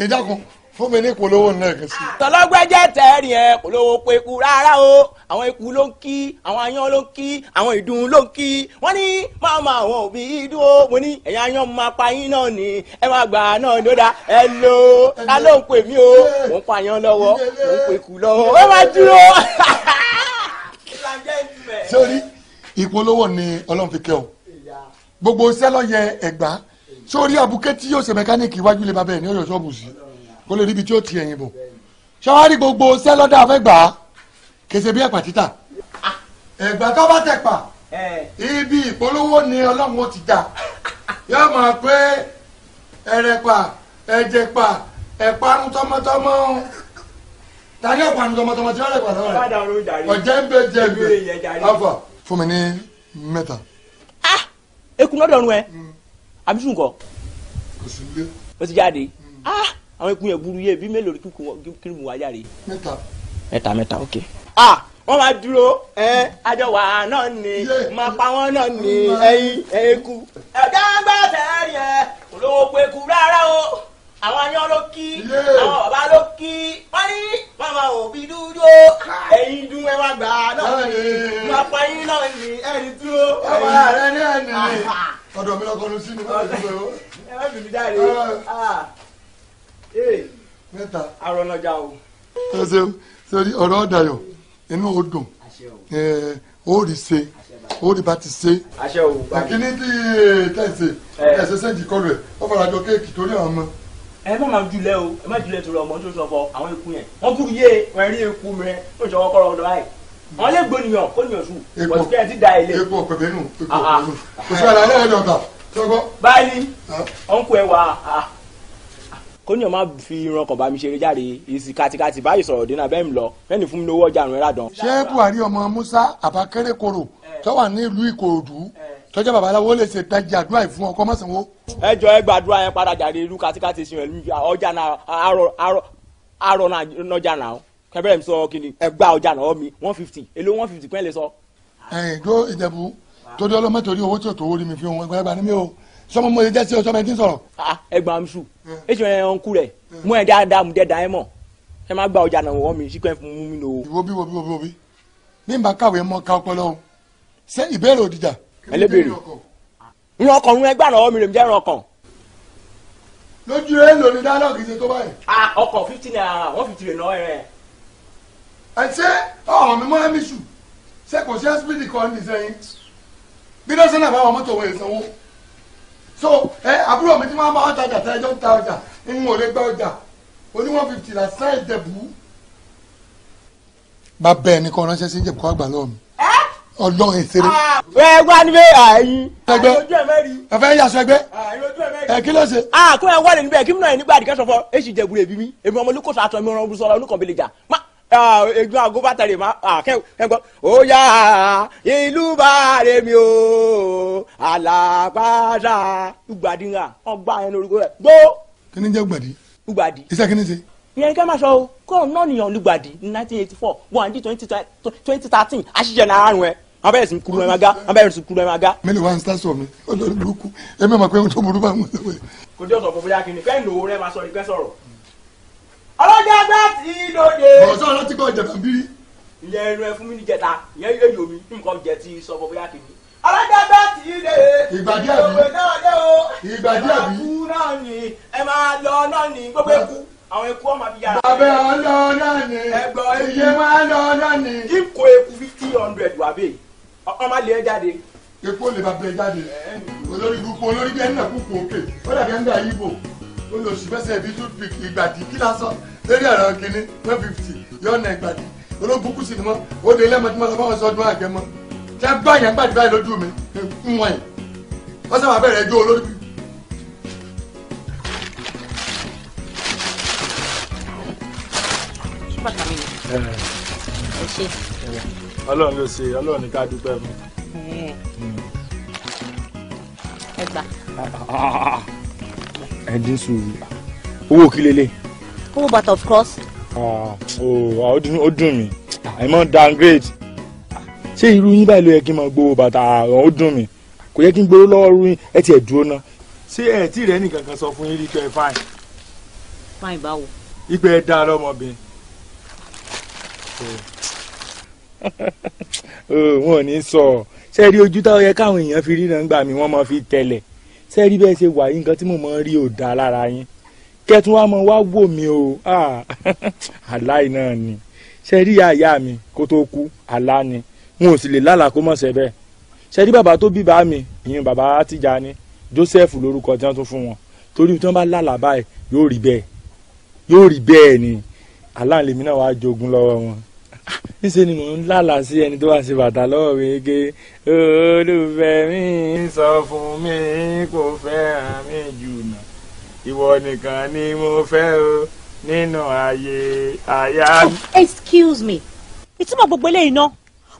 ẹ dákun fún mi ní polówó nẹ́ẹ̀kan sí. tọ́lọ́gbẹ́jẹ́ tẹ̀rìn ẹ polówó pé ikú rárá o àwọn ikú ló ń kí àwọn ayán ló ń kí àwọn ìdùn ló ń kí wọ́n ní máa ma àwọn òbí dúró mo ní ẹ̀yin ayán máa pa yín náà ni ẹ máa gbà náà ni ó dáa ẹ lò ó ta ló ń pè mí o mò ń pa ayán lọ́wọ́ mò ń pè kú lọ́wọ́ ó máa dúró. sórí ìpolówó ni ọlọ́run fi kẹ́ ọ gbogbo sẹ́lọ̀ ẹ̀gbá sórí àbúkẹ́ yóò ṣe mẹkáníìkì iwájú lè bá bẹ́ẹ̀ ní ọ̀yọ́ ṣọ́ọ̀bù kó lè ríbi tí ó ti ẹ̀yìn bò ṣáwárí gbogbo sẹ́lọ́dà fẹ́ gbà á kèsè bí ẹ̀pà títà ẹ̀gbà tó bá tẹ̀pà ibi ìpolówó ni ọlọ́run ó ti dà yóò mọ̀ pé ẹ̀rẹ̀pà ẹ̀jẹ̀pà ẹ̀panu tọmọtọmọ tani ọ̀panu tọmọtọmọ tí wọ́n rẹ̀ pàdánù rẹ̀ ọ̀jẹ̀ ń bẹ jẹ̀gbẹ̀ ọ̀fọ̀ fún mi ní mẹ́ta. Ah! ekun lọ́dọ̀ ọ̀run ẹ mm. àbísùn kọ. kò sí ilé. o ti jáde. Mm. ah àwọn ikú yẹn burú yẹ bí mélòó kírìmù wájà rè. mẹ́ta. mẹ́ta mẹ́ta ok. ah wọ́n máa dúró ẹ àjọwà náà ni máa pa wọ́n náà ni ẹyin ẹ̀ẹ́kú. ẹ̀dá bá tẹ̀rí ẹ olówó peku rárá o àwọn ayan ló kí àwọn bàbá ló kí wọ́n ní màmá òbí dúró ẹ̀yin dún ẹ wá gbà náà ni máa pa yín náà ni ẹ̀rí dúró. ọmọ rẹ náà ni ọ̀dọ̀ mi lọkọ ló sí ní
báyìí.
ẹ má bìbí dáre mẹ́ta arọ́nàjà o. ẹ ṣeun sori ọ̀rọ̀ ọ̀dàyọ̀ inú o dùn ó rí ṣe ó rí bá ti ṣe. ìkíní tí tẹ̀sí ẹ̀sẹ̀ ṣe jìkọ́ rẹ̀ ó fara jọ kéèkì torí àwọn ọmọ. ẹ má máa julẹ̀ o ẹ má julẹ̀ torí ọmọ tó sọ fọ àwọn eku yẹn wọ́n kú yé wọ́n rí eku mìíràn ó sọ kọ́kọ́rọ́ ọ̀dọ́ báyìí wọ́n lè gbóníyàn kó níyàn sùn bọ̀tí kẹ́hìn ti da ilé. epo ọ̀pẹ̀bẹ̀ nù epo ọ̀pẹ̀bẹ̀ nù kò sí àlàyé ẹ̀dọ̀ta. báyìí ah. ọ̀nkù ẹ̀ wà á ah kóníyàn má fi irun ọkàn bá mi ṣeré jáde èsì kàtìkàtì báyìí sọ̀rọ̀ dínà bẹ́ẹ̀ mi lọ mẹ́ni fún mi lówó ọjà àrùn ẹ̀rá dán. ṣé buhari ọmọ musa àbákẹ́rẹ́ koro tó wà ní ìlú ìkòròdú tọ́jà babaláwo lè ṣe tajà àdúrà ìfún ọkọ mọ́sánwó. ẹ jọ ẹ gbàdúrà yẹn padà jáde irú kàtìkàtì ìsìn rẹ ọjà náà àárọ̀ náà náà kẹbẹrẹ mi sọ kí ni ẹ gbà ọjà náà mi one fifty èlò one fifty pẹ́ẹ́lẹ̀ sọ. ẹ ìjọ ìjẹ̀bù tó dé ọlọ́mọ torí owó tí ò tó wọlé mi fi hàn ẹgbẹ́ sọmọ mo lè jẹ́ sí ọ sọmọ ẹ ti ń sọ̀rọ̀. Ah, ah, ẹgbàá mi sùn èsì ẹ ọ̀nkú rẹ̀ mú ẹ dáadáa mú dẹ́dá ẹ mọ̀ ẹ má gba ọjà náà wọ́n mi síkẹ́ fún mú mi lò. ìwo bí wo bí wo bí wo bí bí n bá kàwé mọ ká ọpọlọ o ṣé ìbéèrè òdìjà. ẹ lè béèrè ń rán ọkàn ń ẹgbàá náà mi rè mí jẹ́ rán ọkàn. lójú rẹ lòdì dáná kì í ṣe tó báyìí. Ah, ọkọ̀ fifty naira one fifty rẹ̀ náà rẹ̀. ẹ ṣe ọ̀hún mi mọ́ ẹ́mísù ṣe kò sí ẹ́sípìtì kan ní sẹ́yìn bí lọ́sẹ̀ náà bá wọn mọ́tò wọn èso wọn so ẹ àbúrò mi tí wọ́n máa ń tajà tẹ́lẹ̀ jọ ń ta ọjà ń wò lè gba ọjà oní one fifty la sáà ìjẹ̀bù. bá bẹ́ẹ̀ ni kò ránṣẹ́ sí ìjẹ̀bù kó àgbà lọ́wọ́ mi ọlọ́run ìṣeré. Ah. ẹ wá níbẹ̀ àyín. ẹgbẹ́ ah, ẹ fẹ́ yasọ ẹgbẹ́ ah, ẹ kí ló ṣe. a kó ẹ wọlé níbẹ̀ kí mi náà yẹn nígbà àdìgẹ́ sọ fọ èsì ìjẹ̀bù rẹ̀ bí mi èmi ọmọ olùkọ́sọ àtọ̀ mi ọ̀rọ̀ ọ̀rọ̀ sọ̀rọ̀ olùkọ́ bẹ̀lẹ̀ jà má Ah, egun aago bàtà rè máa ah, kẹ́gbọ́n ó yá ìlú bá rè mi o àlàpàdà ugbadi ńlá ọgbà ẹni orúkọ rẹ gbó. kí ni jẹ́ ugbadi. ugbadi. iṣẹ́ kí ni ṣe. ìyẹn ká máa sọ o kọ́ọ̀ náà nìyàn lùgbàdì ní nineteen eighty four one di twenty thirteen àṣìṣe náà àrùn ẹ̀ wọn bẹ̀rẹ̀ sí kuru ẹ̀ máa ga wọn bẹ̀rẹ̀ sí kuru ẹ̀ máa ga. mélòó wa ń sá sọ mi olórí burúkú ẹ mẹ́ma pé ohun tó burú bá ń wọlé. kò dé ọ̀sọ̀ fún bóyá kí ni fẹ́ẹ́ lòó rẹ máa sọ ìpẹ́ sọ̀rọ̀ ọlọ́jà bá ti lóde. bọ̀sán ọlọ́tí kọ́ ìjàkà bírí. ilẹ̀ ẹnu ẹ fún mi ní jẹta ìyẹn èyí omi nǹkan jẹ ti sọ fọ bóyá kìíní. ọlọ́jà bá ti lè. ìgbàdí àbí ìgbàdí àbí. ẹkú náà ni ẹ máa lọ náà ni gbogbo ẹkú àwọn ẹkú ọmọ bíi yàrá. bàbá ọlọ náà ni iye máa lọ náà ni. kíkó eku fifty hundred wà bẹ́ẹ̀ ọmọ lè jáde epo lè ba bẹ jáde olórí gbogbo olórí bí ẹni náà kúkú òkè ó dàbí ẹni náà yíbo olóṣù fẹsẹ̀ bíi two fifty ìgbàdí kí lásán lórí ọ̀rọ̀ kínní one fifty yọ̀ọ̀nà ìgbàdí ológun kù sí ni mọ́ ó de ilé mọ́tí mọ́tí fọwọ́ sọdún àgẹ́ mọ́ tí a gbá yẹn gbàdí báyìí lójú mi ń wọ̀nyí wọ́n sábà bẹ̀rẹ̀ ẹjọ́ olórí
ọlọ́run ló ṣe ọlọ́run ní ká dúpẹ́
fún. ẹ gbà
ẹ̀dín sùúrù owó kí lélẹ̀.
owó bàtà of course.
Ah, oh, ó dùn mí àìmọ́ downgrade ṣé irú yín báyìí ló yẹ
kí n máa gbowó bàtà àrùn ah, ó dùn mí kò yẹ kí n gbowó lọ́wọ́ rú yín ẹ tiẹ̀ dúró ná. ṣé ẹ tí rẹ nìkan kan sọ fún yín rí pé fine. fine báwo. ìgbẹ́ ẹ dá lọ́mọbìnrin. Oh, wọn ò ní sọ ṣé rí ojú táwọn yẹ káwọn èèyàn fi ríran gbà mí wọ́n máa fi tẹ̀lẹ̀ sẹ́rí bẹ́ẹ̀ ṣe wà yín nǹkan tí mo mọ̀ ń rí ò dáa lára yín kẹtùn wa mọ̀ wá wò mí o ah, aláì náà ni sẹ́rí àyà mi kó tó kú àlá ni n ò sì lè lálàá kó mọ̀ ṣe bẹ́ẹ̀ sẹ́rí bàbá tó bí bá mi ìyẹn bàbá Àtìjàní Joseph lórúkọ tí wọ́n tún fún wọn torí tí wọ́n bá lálàá báyìí yóò rí bẹ́ẹ̀ yóò rí bẹ́ẹ̀ ni aláǹlẹ̀mí náà wàá jogun lọ́wọ́ wọn níṣẹ́ ni mò ń lálàá sí ẹni tó wá sí bàtà lọ́wọ́ mi ké olùfẹ́ sọ fún mi kò fẹ́ràn mi jù ìwọ nìkan ni mo fẹ́ o nínú ayé
àyà. Oh,
excuse me ìtumọ̀ gbogbo eléyìí ná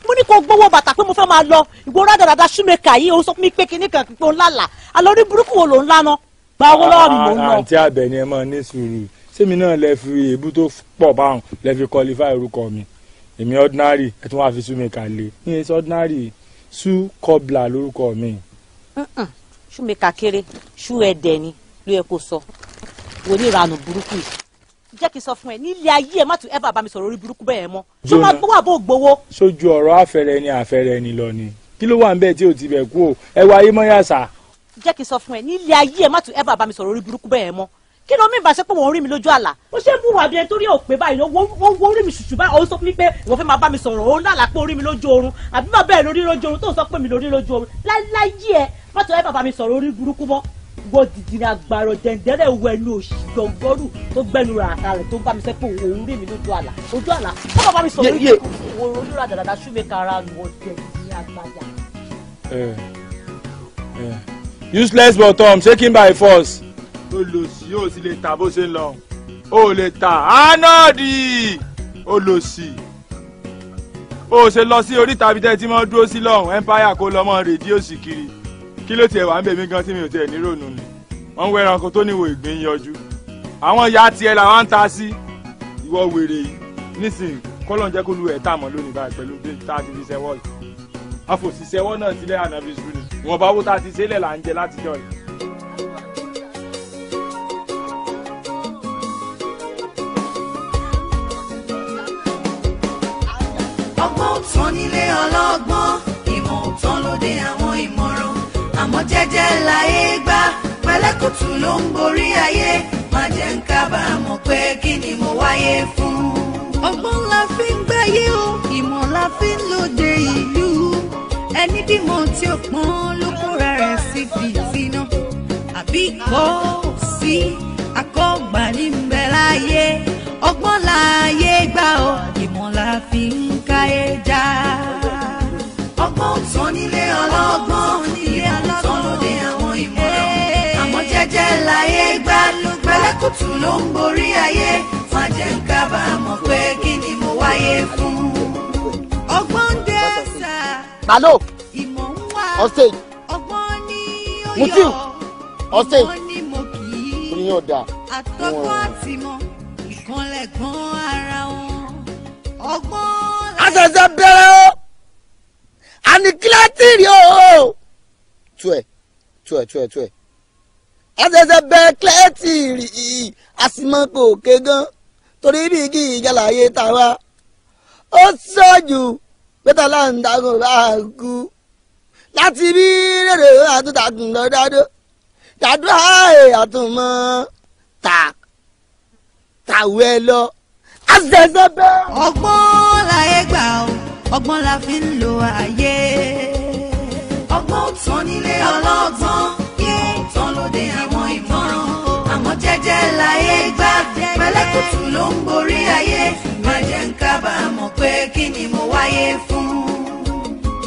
mo ní kó gbowó bàtà pé mo fẹ́ máa lọ ìwọ rádaràda ṣúmẹ́kà yìí o sọ fún mi pé kinní kan pé o ń lálàá alọ́rí burúkú wo ló ń lánà gba owó lọ́wọ́ mi mò ń lọ.
àǹtí àbẹ̀ ni ẹ máa ní sùúrù sẹ́mi náà lè fi èébú tó pọ̀ báwọn lè fi kọlifá orúkọ mi èmi ordinary ẹ tún wá fi shoemaker lé ní èsì ordinary shoe cobbler lórúkọ mi.
shoemaker kéré shoe ẹ̀dẹ̀ ni ló yẹ kó sọ wò ní ìranù burúkú yìí jẹ́ kí n sọ fún ẹ nílé ayé ẹ má tún ever bá mi sọ̀rọ̀ orí burúkú bẹ́ẹ̀ mọ́ tó máa
gbówó àbó gbowó. sójú ọ̀rọ̀ afẹ́rẹ́ ni afẹ́rẹ́ ni lọ ni kí ló wà ń bẹ̀ tí ò ti bẹ̀ kú o ẹ wá ayé mọ́ yàtsà.
jẹ́ kí n sọ fún ẹ nílé ayé ẹ má tún ever bá mi sọ̀rọ̀ orí burúkú bẹ́ẹ̀ mọ́ kí ló mi bá ṣe pé wọ́n rí mi lójú àlá ó ṣe mú wàbí ẹni tó òpè báyìí wọ́n wọ́n rí mi ṣùṣù báyìí òun sọ fún mi pé ìwọ fẹ́ máa bá mi sọ̀rọ̀ òun lálàá pé ó mi lójú oorun àbí bàbá ẹ̀ lórí
lójú oorun tó sọ pé mi lórí lójú oorun láyé ẹ mọ́tò ẹ bàbá mi sọ̀rọ̀ orí burúkú mọ́ wọ́n dìdì ní agbára dẹ̀ndẹ́rẹ́ wọ ẹnu òsì gbọ̀ngbọ́rù tó gbẹ́nu ra àká rẹ̀ tó bá mi sẹ́pọ̀ òun rí mi
lójú àlá lójú àlá kó bàbá mi sọ̀rọ̀ orí òun olúra dàdàdà ṣùmẹ̀kà ara wọ̀ dẹ̀ndẹ́ ní agbára.
Eh, eh. useless but um taken by force olòṣì ò sì lè ta bó ṣe ń lọ ò lè ta ánọ́ọ̀dì
olòṣì ó ṣe lọ sí oríta bíi tẹ́tí mọ́ dúró sí lọ́hùn empire kó lọ́mọ rédíò sì kiri kí ló tiẹ̀ wà ń bẹ̀ mí gan tí mi ò tiẹ̀ nírònú ni wọ́n ń wẹ ẹranko tó níwò ìgbín yọjú àwọn ìyá tiẹ̀ làwọn ń ta sí ìwọ wèrè yìí nísìnyí kọ́lọ́n jẹ́ kó lu ẹ̀ tà mọ́ lónìí báyìí pẹ̀lú bí tá a ti fi ṣẹ́wọ́ yìí àfòsíṣẹ́wọ́ náà sílẹ̀ ànábìsú ni ìwọ̀nba owó tá a ti ṣe é lẹ̀ là ń jẹ látijọ́ yìí
onílé ọlọ́gbọ́n ìmọ̀ òtán lóde àwọn ìmọ̀ràn àmọ́ jẹ́jẹ́ láyé gbà pẹ̀lẹ́kùtù ló ń borí ayé má jẹ́ ń kábàámọ̀ pé kí ni mo wáyé fún. ọgbọ́n la fi ń gbáyé o ìmọ̀ la fi ń lòde ìlú ẹni bímọ tí ó pọ́n ló kóra rẹ̀ sí fìtínà àbí kò sí akọ́gbà ní bẹ̀ láyé ọgbọ́n láyé gbà o ìmọ̀ la fi ń káyé já ọlọ́gbọ́n tó nílé ọlọ́gbọ́n nílé ọlọ́gbọ́n lóde àwọn ìmọ̀ràn àmọ́ jẹ́jẹ́ láyé gbá pẹ̀lẹ́kùtù ló ń borí ayé má jẹ́ ń kábàámọ̀ pé kí ni mo wáyé fún. ọgbọ́n dé sà. ìmọ̀ ń wá ọgbọ́n ní oyọ̀ ọ̀sẹ̀ ìmọ̀ ni mo kì í àtọ́kọ́ àtìmọ̀ ìkànlẹ̀ gbọ́n ara wọn ọgbọ́n. a ṣẹ̀ṣẹ̀ o.
anikilátìrì o tuẹ tuẹ tuẹ tuẹ àṣẹ̀ṣẹ̀ bẹẹ kílẹtìrì torí bí kí ìjàláyé ta wa. ó sọjù pẹtà láǹdàgùn bá a láti bí rèrè àtúntàkùn lọ dádó dádó àyè
ta tàwẹ́ lọ àṣẹ̀ṣẹ̀ bẹẹ. ọ̀pọ̀ láyé gbà ọgbọ́n la fi ń lo ayé. ọgbọ́n tán nílé ọlọ́gbọ́n yóò tán lóde àwọn ìmọ̀ràn àmọ́ jẹ́jẹ́ láyé gbà pẹ̀lẹ́kùtù ló ń borí ayé má jẹ́ ń kábàámọ̀ pé kí ni mo wáyé fún.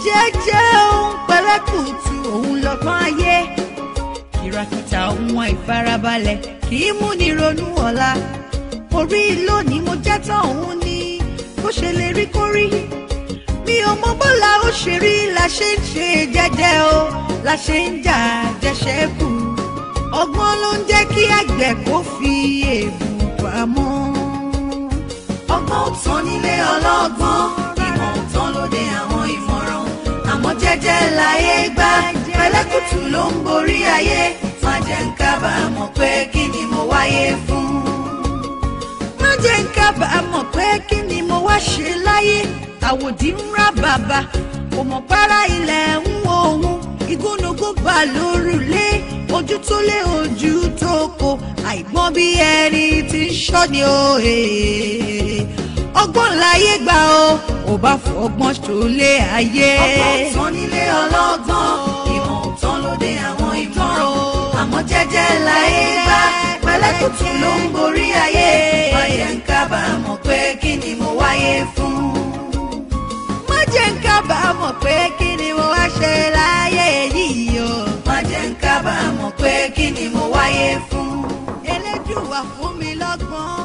jẹ́jẹ́ òun pẹ̀lẹ́kùtù òun lọ́gbọ́n ayé ìrakìtà òun àìfarabalẹ̀ kì í mú ni ronú ọ̀la orí lónìí mo jẹ́ tán òun ni bó ṣe lè rí kórí mi ò mọ bọ́lá ó ṣe rí la ṣe ń ṣe jẹ́jẹ́ o la ṣe ń jà jẹ́ṣẹ́kù ọgbọ́n ló ń jẹ́ kí àgbẹ̀ kó fi èèbù pamọ́. ọgbọ́n ò tán nílé ọlọ́gbọ́n ìmọ̀ ò tán lóde àwọn ìmọ̀ràn àmọ́ jẹ́jẹ́ láyé gbà pẹ̀lẹ́kùtù ló ń borí ayé má ń kábàámọ̀ pé kí ni mo wáyé fún jẹ́ ń kábàámọ̀ pé kí ni mo wá ṣe láyé àwòdì ń rà bàbà kò mọ̀ para ilẹ̀ ń wo òun igúnnugún bà lórùlé ojú tó lé ojú tó kò àìgbọ́n bí ẹni tí ń ṣọ́ni òye ọgbọ́n láyé gbà ó ò bá fọgbọ́n ṣòlé ayé. ọgbọ́n tán nílé ọlọ́gbọ́n ìmọ̀ tán lóde àwọn ìmọ̀ràn àmọ́ jẹ́jẹ́ láyé gbà alákòótún ló ń borí ayé má jẹ́ ń kábàámọ̀ pé kí ni mo wáyé fún. má jẹ́ ń kábàámọ̀ pé kí ni mo wá ṣe láyé yìí o. má jẹ́ ń kábàámọ̀ pé kí ni mo wáyé fún. elédùn wà fún mi lọ́gbọ́n.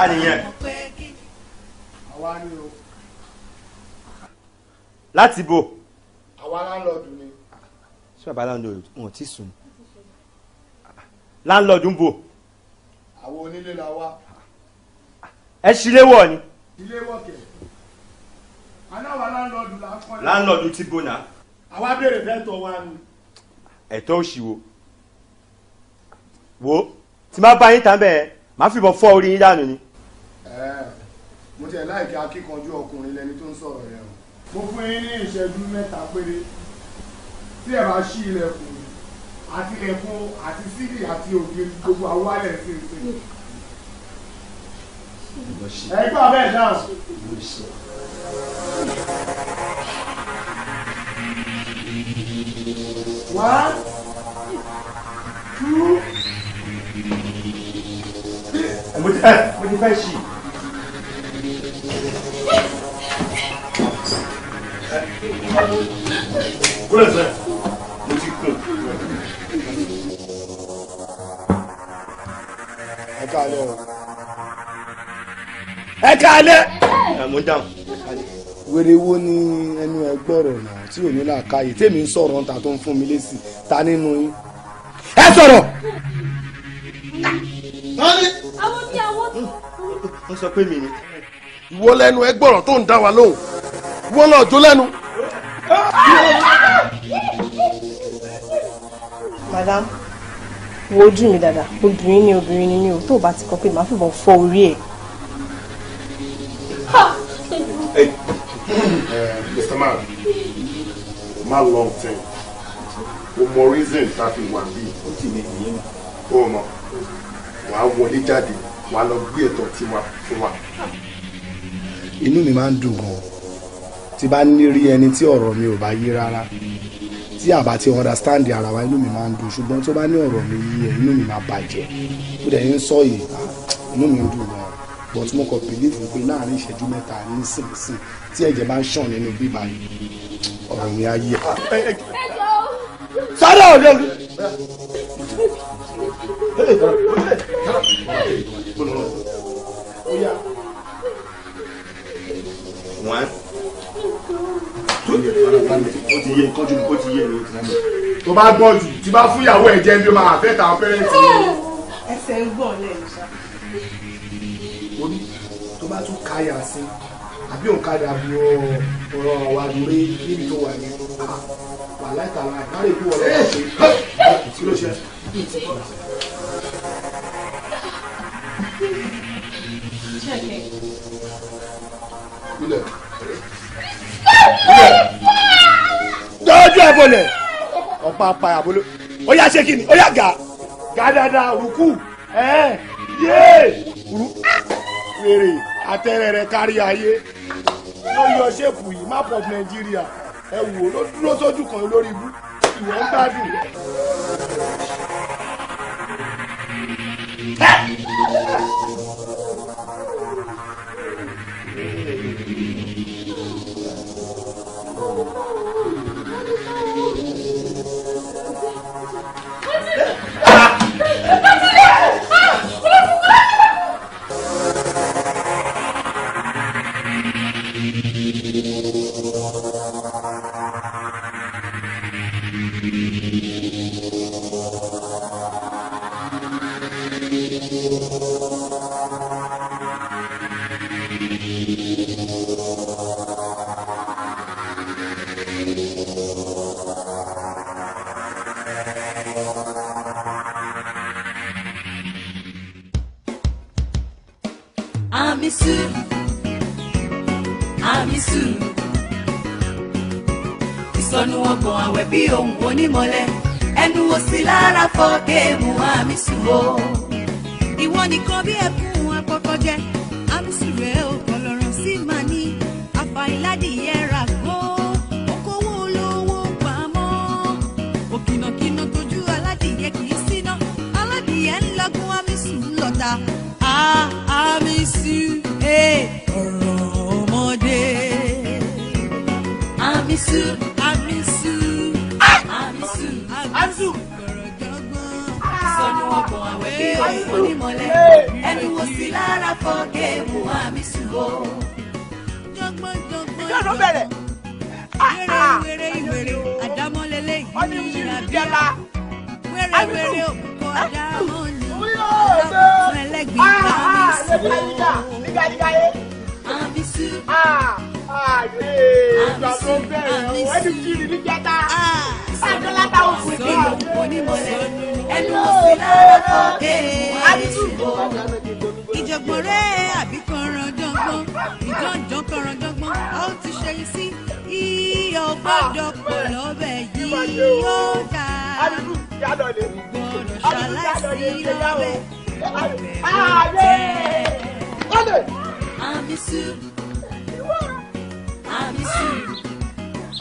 ta nìyẹn.
láti bo. àwa láńlọ́ọ̀dù ni. sí ti sùn. láńlọ́ọ̀dù ń bo. àwọn onílé la wá. ẹ ṣílé wọ̀ ni. ilé wọ̀ kẹ̀. aláwa láńlọ́ọ̀dù la kọ́. láńlọ́ọ̀dù ti bo náà. àwa béèrè fẹ́ wa ni. ẹ̀tọ́ òṣìwò wo tí má bá yín tán bẹ́ẹ̀ má fìbọn fọ́ orí yín dànù ni mo tiẹ̀ láìka akíkanjú ọkùnrin lẹni tó ń sọ̀rọ̀ rẹ̀ o. mo fún yín ní ìṣẹ́jú mẹ́ta péré tí ẹ bá ṣí ilẹ̀kùn àti ẹ̀kún àti sílì àti ògiri gbogbo àwálẹ̀ sí i.
ẹ gbọ́ bẹ́ẹ̀ náà. One, two, three. mo ti fẹ́ ṣí i.
kúrẹ̀ sẹ́ mo ti kàn. ẹ káalẹ́ o. wèrè wo ni ẹnu ẹgbẹ́ rẹ̀ náà tí ò ní làákàyè tèmi ń sọ̀rọ̀ ta tó ń fún mi lésì ta nínú yín. ẹ sọ̀rọ̀. Hmm. wọ́n lẹ́nu ẹgbọ̀rọ̀ tó ń dá wa lóhùn
ìwọ náà jó lẹ́nu madam wo ojú mi dáadáa obìnrin ni obìnrin ni mi ò tó bá ti kọ pé màá fìbọn fọ orí ẹ.
Mr. Man má long term o mọ reason tá a fi wà bí o mọ wàá wọlé jáde wàá lọ gbé ẹ̀tọ́ tiwa fún wa. inú mi máa ń dùn gan-an tí bá ní rí ẹni tí ọ̀rọ̀ mi ò bá yé rárá tí àbá ti understand ara wa inú mi máa ń dùn ṣùgbọ́n tó bá ní ọ̀rọ̀ mi yé ẹ inú mi máa bàjẹ́ ó dẹ̀ ń sọ yìí inú mi ń dùn gan but mo kàn believe pé láàrin ìṣẹ́jú mẹ́ta nísinsìn tí ẹ̀jẹ̀ bá ń ṣàn nínú bíbá yìí ọ̀rọ̀ mi á yé. sáré ọ̀rẹ́ mi. One ó ti yé kọ́jú ó ti yé ni tó bá gbọ́n jù tí bá fún ìyàwó ẹ̀ jẹ́ bí ó máa fẹ́ tàwọn pẹ́rẹ́ǹtì ni.
ẹsẹ̀ ń gbọ̀n lẹ́nu sá.
orí tó bá tún káyà sí àbí òǹkadà bu ọ̀rọ̀ wa lórí níbi tó wà ní wà láìtàlá àgbáre bí wọ́n lọ́wọ́ ṣe kí ló ṣe. Check it. ẹ bọlẹ̀ ọ̀pá apáyà bolo ó yá ṣé kíni ó yá gà gà ẹ yé rú rèrè àtẹrẹ rẹ kárí ayé ló yọ ṣépù yìí map of Nigeria ẹ wò ló dúró sójú kan lórí ibú ìwọ ń gbádùn. Hey!
àwẹ̀ bí òun onímọ̀lẹ́ ẹnu wo sí lára fọ́ géèmù àmísù ìwọ nìkan bí ẹkún àkọ́kọ́ jẹ àmísù rẹ ò kọlọrọ sí màá ní
àfàìládìyẹ
rà kó okòwò olówó pamọ́ òkìnàkìnà tójú aládìyẹ kì í síná aládìyẹ ńlọgún àmísù ńlọta àmísù ẹ eh, ọ̀rọ̀ ọmọdé àmísù. kí ẹnu wo sí lára fọ́ géèmù àmì ṣùgbọ́.
Ah, ah. ah, ìjọba bẹ̀rẹ̀.
wéré wéré àdámọ́lélẹ́ yìí ní abíyá wéré wéré òkú àdámọ́lélẹ́ ọ̀rọ̀ ẹlẹ́gbẹ̀ẹ́ àmì ṣùgbọ́. àmì ṣùgbọ́ àmì ṣùgbọ́ àmì ṣùgbọ́ àmì ṣùgbọ́ àmì ṣùgbọ́ àmì ṣùgbọ́ àmì ṣùgbọ́ àmì ṣùgbọ́ àmì ẹnu òsì lára kan àdúgbò. ìjọ̀gbọ̀n rẹ̀ àbí kọ̀ọ̀rọ̀ jọ̀gbọ́n ìjọ̀njọ̀n kọ̀ọ̀rọ̀ jọ̀gbọ́n a ó ti ṣe sí iyọ̀ gbọ́dọ̀ pọ̀ lọ́bẹ̀ yìí ó dà gbọ́dọ̀ ṣaláìsí lọ́bẹ̀
ọbẹ̀
tẹ̀. àmísù àmísù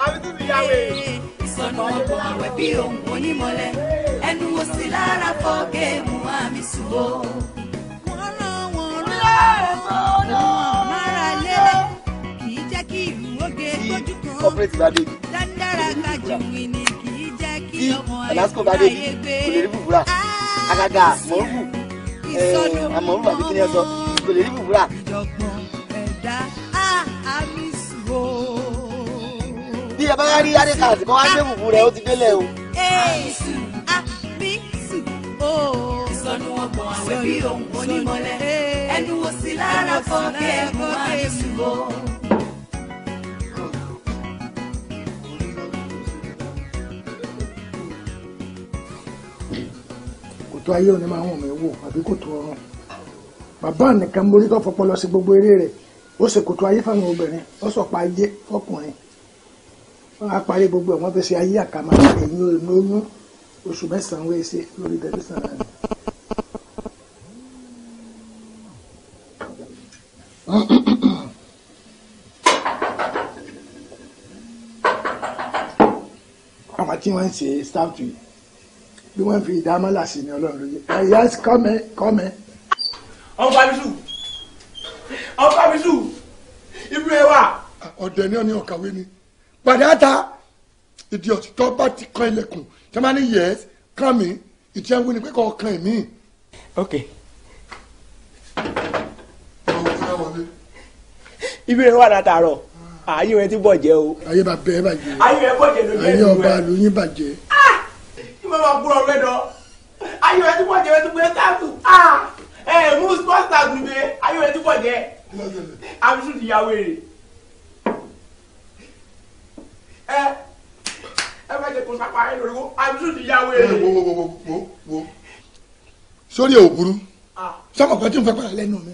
àmísù nìyàwó. Eh sọnù ọkọ̀ àwẹ̀ bí òun onímọ̀lẹ́ ẹnu wo sí lára fọ́ géèmù àmì ṣùgbọ́. wọ́n ràn wọ́n rán mára lélẹ̀ kì í jẹ́ kí ìlú oge lójú kan dáńdára kájùmí ni kì í jẹ́ kí ọmọ ayé gbé àgàgà mọ̀rúbù eh, àmọ̀rúbù
àbí kí ni ẹ sọ kò lè rí bùbúrà.
ẹ bá wá rí adékàtì kan wá gbé fùfú ó ti délẹ̀ o. sọnù ọgbọ̀n àwẹ̀ bí òun kò ní mọ́lẹ̀ ẹnu wo sí lára fọ́ọ̀kẹ́ ẹ̀kọ́ àdìsúgbò.
kòtò ayé òní máa ń wọ̀n mí wò àbí kòtò ọ̀run bàbá nìkan mórí tó fọpọlọ sí gbogbo eré rẹ̀ ó sì kòtò ayé fáwọn obìnrin ó sọ̀pá ayé fọkùnrin wọ́n á parí gbogbo ẹ̀ wọ́n fẹ́ ṣe ayé àkàmà ẹ̀yìn olóyún oṣù mẹ́sàn-án wọ́n ṣe lórí tẹlifíṣàn náà. àwọn tí wọ́n ń ṣe sáàtù yìí bí wọ́n fi ìdámọ́là sí ni ọlọ́run lóye ẹ̀yà kọ́mẹ kọ́mẹ. ọba bisu ọba bisu ibùdó ẹ wà. ọ̀dẹ̀ ni ọ̀ni ọ̀kàwé ni pàdáta ìdí ọ̀tí bá ti kan ilẹ̀kùn tí wọ́n ní yẹ́s kàn mí ìtí ẹ̀wọ̀n ni pé kò kan mí. ok. ibi rẹ wà látàárọ̀ ayé rẹ ti bọ̀jẹ́ o. ayé bá bẹ́ẹ̀ bàjẹ́. ayé rẹ bọ̀jẹ́ lójú ẹ̀rù rẹ. ayé ọba lóyún bàjẹ́. ah ìmọ̀ máa kúrò ọ̀rẹ́ dán ayé rẹ ti bọ̀jẹ́ rẹ ti gbé káàtù ah ẹ̀ mú sponsor gbùgbé ayé rẹ ti bọ̀jẹ́ àbísùn ah! ti yà wèrè ẹ ẹ fẹ́ ṣe kó sápá ẹ lórí kó àbísùn ti yáwó ẹ. wo wo wo wo wo sórí ẹ ò burú ah. sọmọ kan tí n fẹ́ padà lẹ́nu mi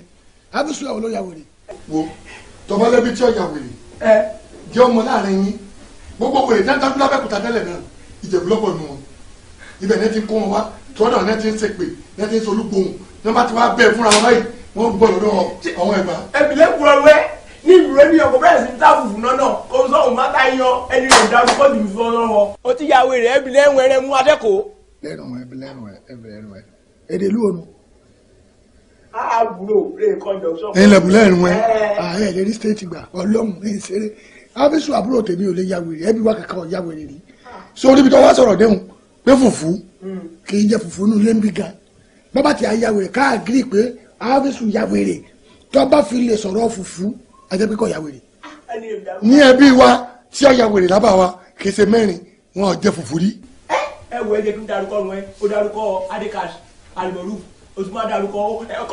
àbísùn làwọn olóyàwó rẹ. wo tọ́ba lẹ́bi tí ọ̀yà wèrè ẹ jẹ́ ọmọ láàrin yín gbogbo wèrè dáńtá ńlá bẹ́ẹ̀ kúta tẹ́lẹ̀ náà ìjẹ̀bú lọ́pọ̀ nù wọn ibẹ̀ ní ti kó wọn wá tọ́dọ̀ ní ti ń ṣèpè ní ti ń solúgbòhùn ní wọ́n bá ti wá bẹ́ẹ̀ fúnra wọn báyìí wọ́n gbọ́ lọ́dọ̀ ọ̀hún ẹ̀gbá. ẹ̀bìlẹ̀ kúrọ̀ ní ìlú rẹ ní ọkọ̀ bẹ́ẹ̀ sí ní tábùfù náà náà kò sọ òun má táyé yan ẹni rẹ̀ dá lóko jù sọ náà wọ. o ti ya wèrè ẹbí lẹ́rùn ẹrẹ mú adẹ́kọ̀ọ́. lẹ́rùn ẹbí lẹ́rùn ẹbí lẹ́rùn ẹ èdè ló nu. àbúrò rè kọjọ
sọ. ẹ lẹ́bùn lẹ́rùn ẹ
ààrẹ ìlérí stéètì gbà ọlọ́run ẹ ń ṣeré àbúrò tèmi ò lè ya wèrè ẹbí wa kankan ọ̀ wèrè rí sórí hmm. fi lè sọ̀rọ̀ fùfú ajẹ́ pé kọ́ ya wèrè ní ẹbí wa tí ó ya lábà wa kì í ṣe mẹ́rin wọn ò jẹ́ fùfú rí. ẹ wo ẹjẹ tó ń darúkọ ọrùn ẹ ó darúkọ adékash alimọlú o tún máa darúkọ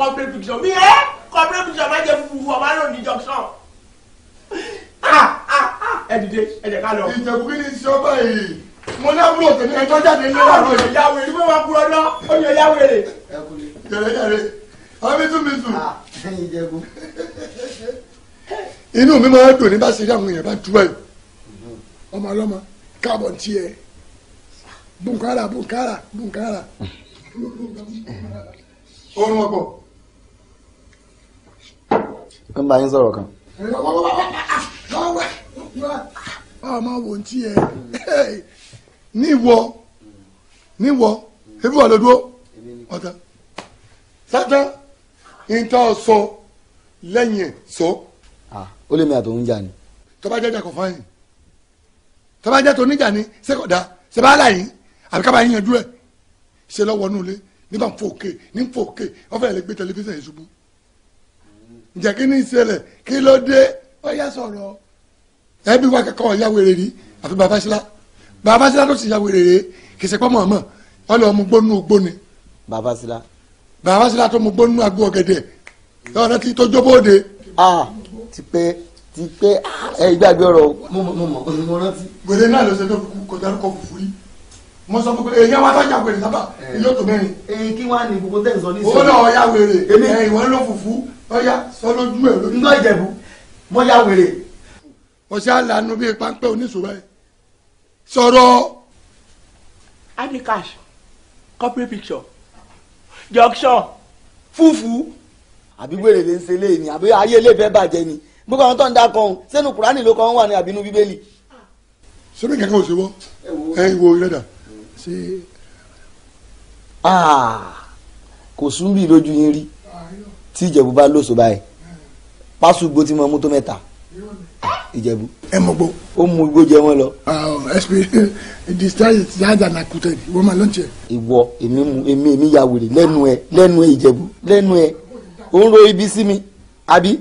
complete picture mi ẹ complete picture máa jẹ fùfú ọmọ àlọ ní junction ah, ah, ah, ẹ dìde ẹ jẹ ká lọ. ìjẹ̀bú kí ni iṣẹ́ ọba yìí mo ní àbúrò tèmi ẹjọ́ jáde ní ọ̀rọ̀ yìí. ìyá wèrè ló máa kúrò lọ ó yẹ ìyá wèrè. jẹrẹ jẹrẹ ọmọ mi tún mi tún. ìjẹ̀bú inú mi máa dùn ní bá ṣe rí àwọn èèyàn bá tú ẹ̀ ọmọ ọlọ́mọ káàbọ̀ ní tiẹ̀ bùnkárà bùnkárà bùnkárà orun ọkọ̀. ń bá yín sọ̀rọ̀ kan. ọmọ wo ní tiẹ̀ níwọ níwọ ebi wà lódúró ọ̀tá sátán ìtàn sọ lẹ́yìn sọ. So ó lè mi àtòun jà ni. tọ́ba jẹ́ jàkọ̀ fáyìn tọ́ba jẹ́ tó níjà ni sẹ́kọ̀dá sẹ́bàálà yìí àbí kábàá yín ẹ̀ ṣe lọ́wọ́ nù lé nígbà ń fòkè ní ń fòkè ọ̀fẹ́ lè gbé tẹlifíṣàn yìí ṣubú. ǹjẹ́ kí ni ìṣẹ̀lẹ̀ kí ló dé ó yá sọ̀rọ̀ ẹbí wa kẹ́kọ̀ọ́ ya wèrè ni àfi bàbá sílá tó sì ya wèrè rè kì í ṣe pọ́nmọ́ ọmọ ọlọ́ mu gbónú gbóni. bàbá sílá. bàbá sílá tó mu gbónú agbó ọ̀gẹ̀dẹ̀ lọ́wọ́ náà ti tó jóbóde ti pé ti pé ẹ gbàgbé ọ̀rọ̀ o. mo mọ mo mọ mo rántí. wèrè náà ló ṣe tó kú kò dárúkọ fùfúrí mo sọ fún pé èyí àwọn atájà wèrè sábà èyí eh. ó tó mẹ́rin. èyí kí wàá ní gbogbo tẹ̀sán ní sọ. ó lọ ọ̀ya wèrè eh, ìwọ ló fùfú ọ̀ya sọ lójú ẹ̀ lójú. ńlọ ìjẹ̀bú mo ya wèrè. ọ̀sẹ̀ àlànà bíi páńpẹ́ oníṣòwò ẹ̀ sọ̀rọ̀. id cash corporate picture junction fúfú àbí wèrè lè ń ṣe léyìí ni àbí ayé lè fẹ́ bàjẹ́ ni gbogbo àwọn tó ń da kan sẹ́nu kùránì ló kàn wà ní àbínú bíbélì. sẹ́mi kankan ò ṣe wọ́ ẹ ìwò ìrẹ́dà ṣe. kò sún bí lójú yín rí tí ìjẹ̀bú bá lóṣù báyìí pásùgbò tí mo mú tó mẹ́ta ìjẹ̀bú. ẹ mọ̀ gbó. ó mú igbó jẹ wọn lọ. Ah, the star is na kutẹ wọ́n máa lọ́n tiẹ̀. ìwọ èmi mu èmi èmi ya wèrè lẹ́nu ẹ lẹ́nu ẹ ìjẹ̀bú lẹ́nu ẹ ò ń ro ibi sí mi àbí.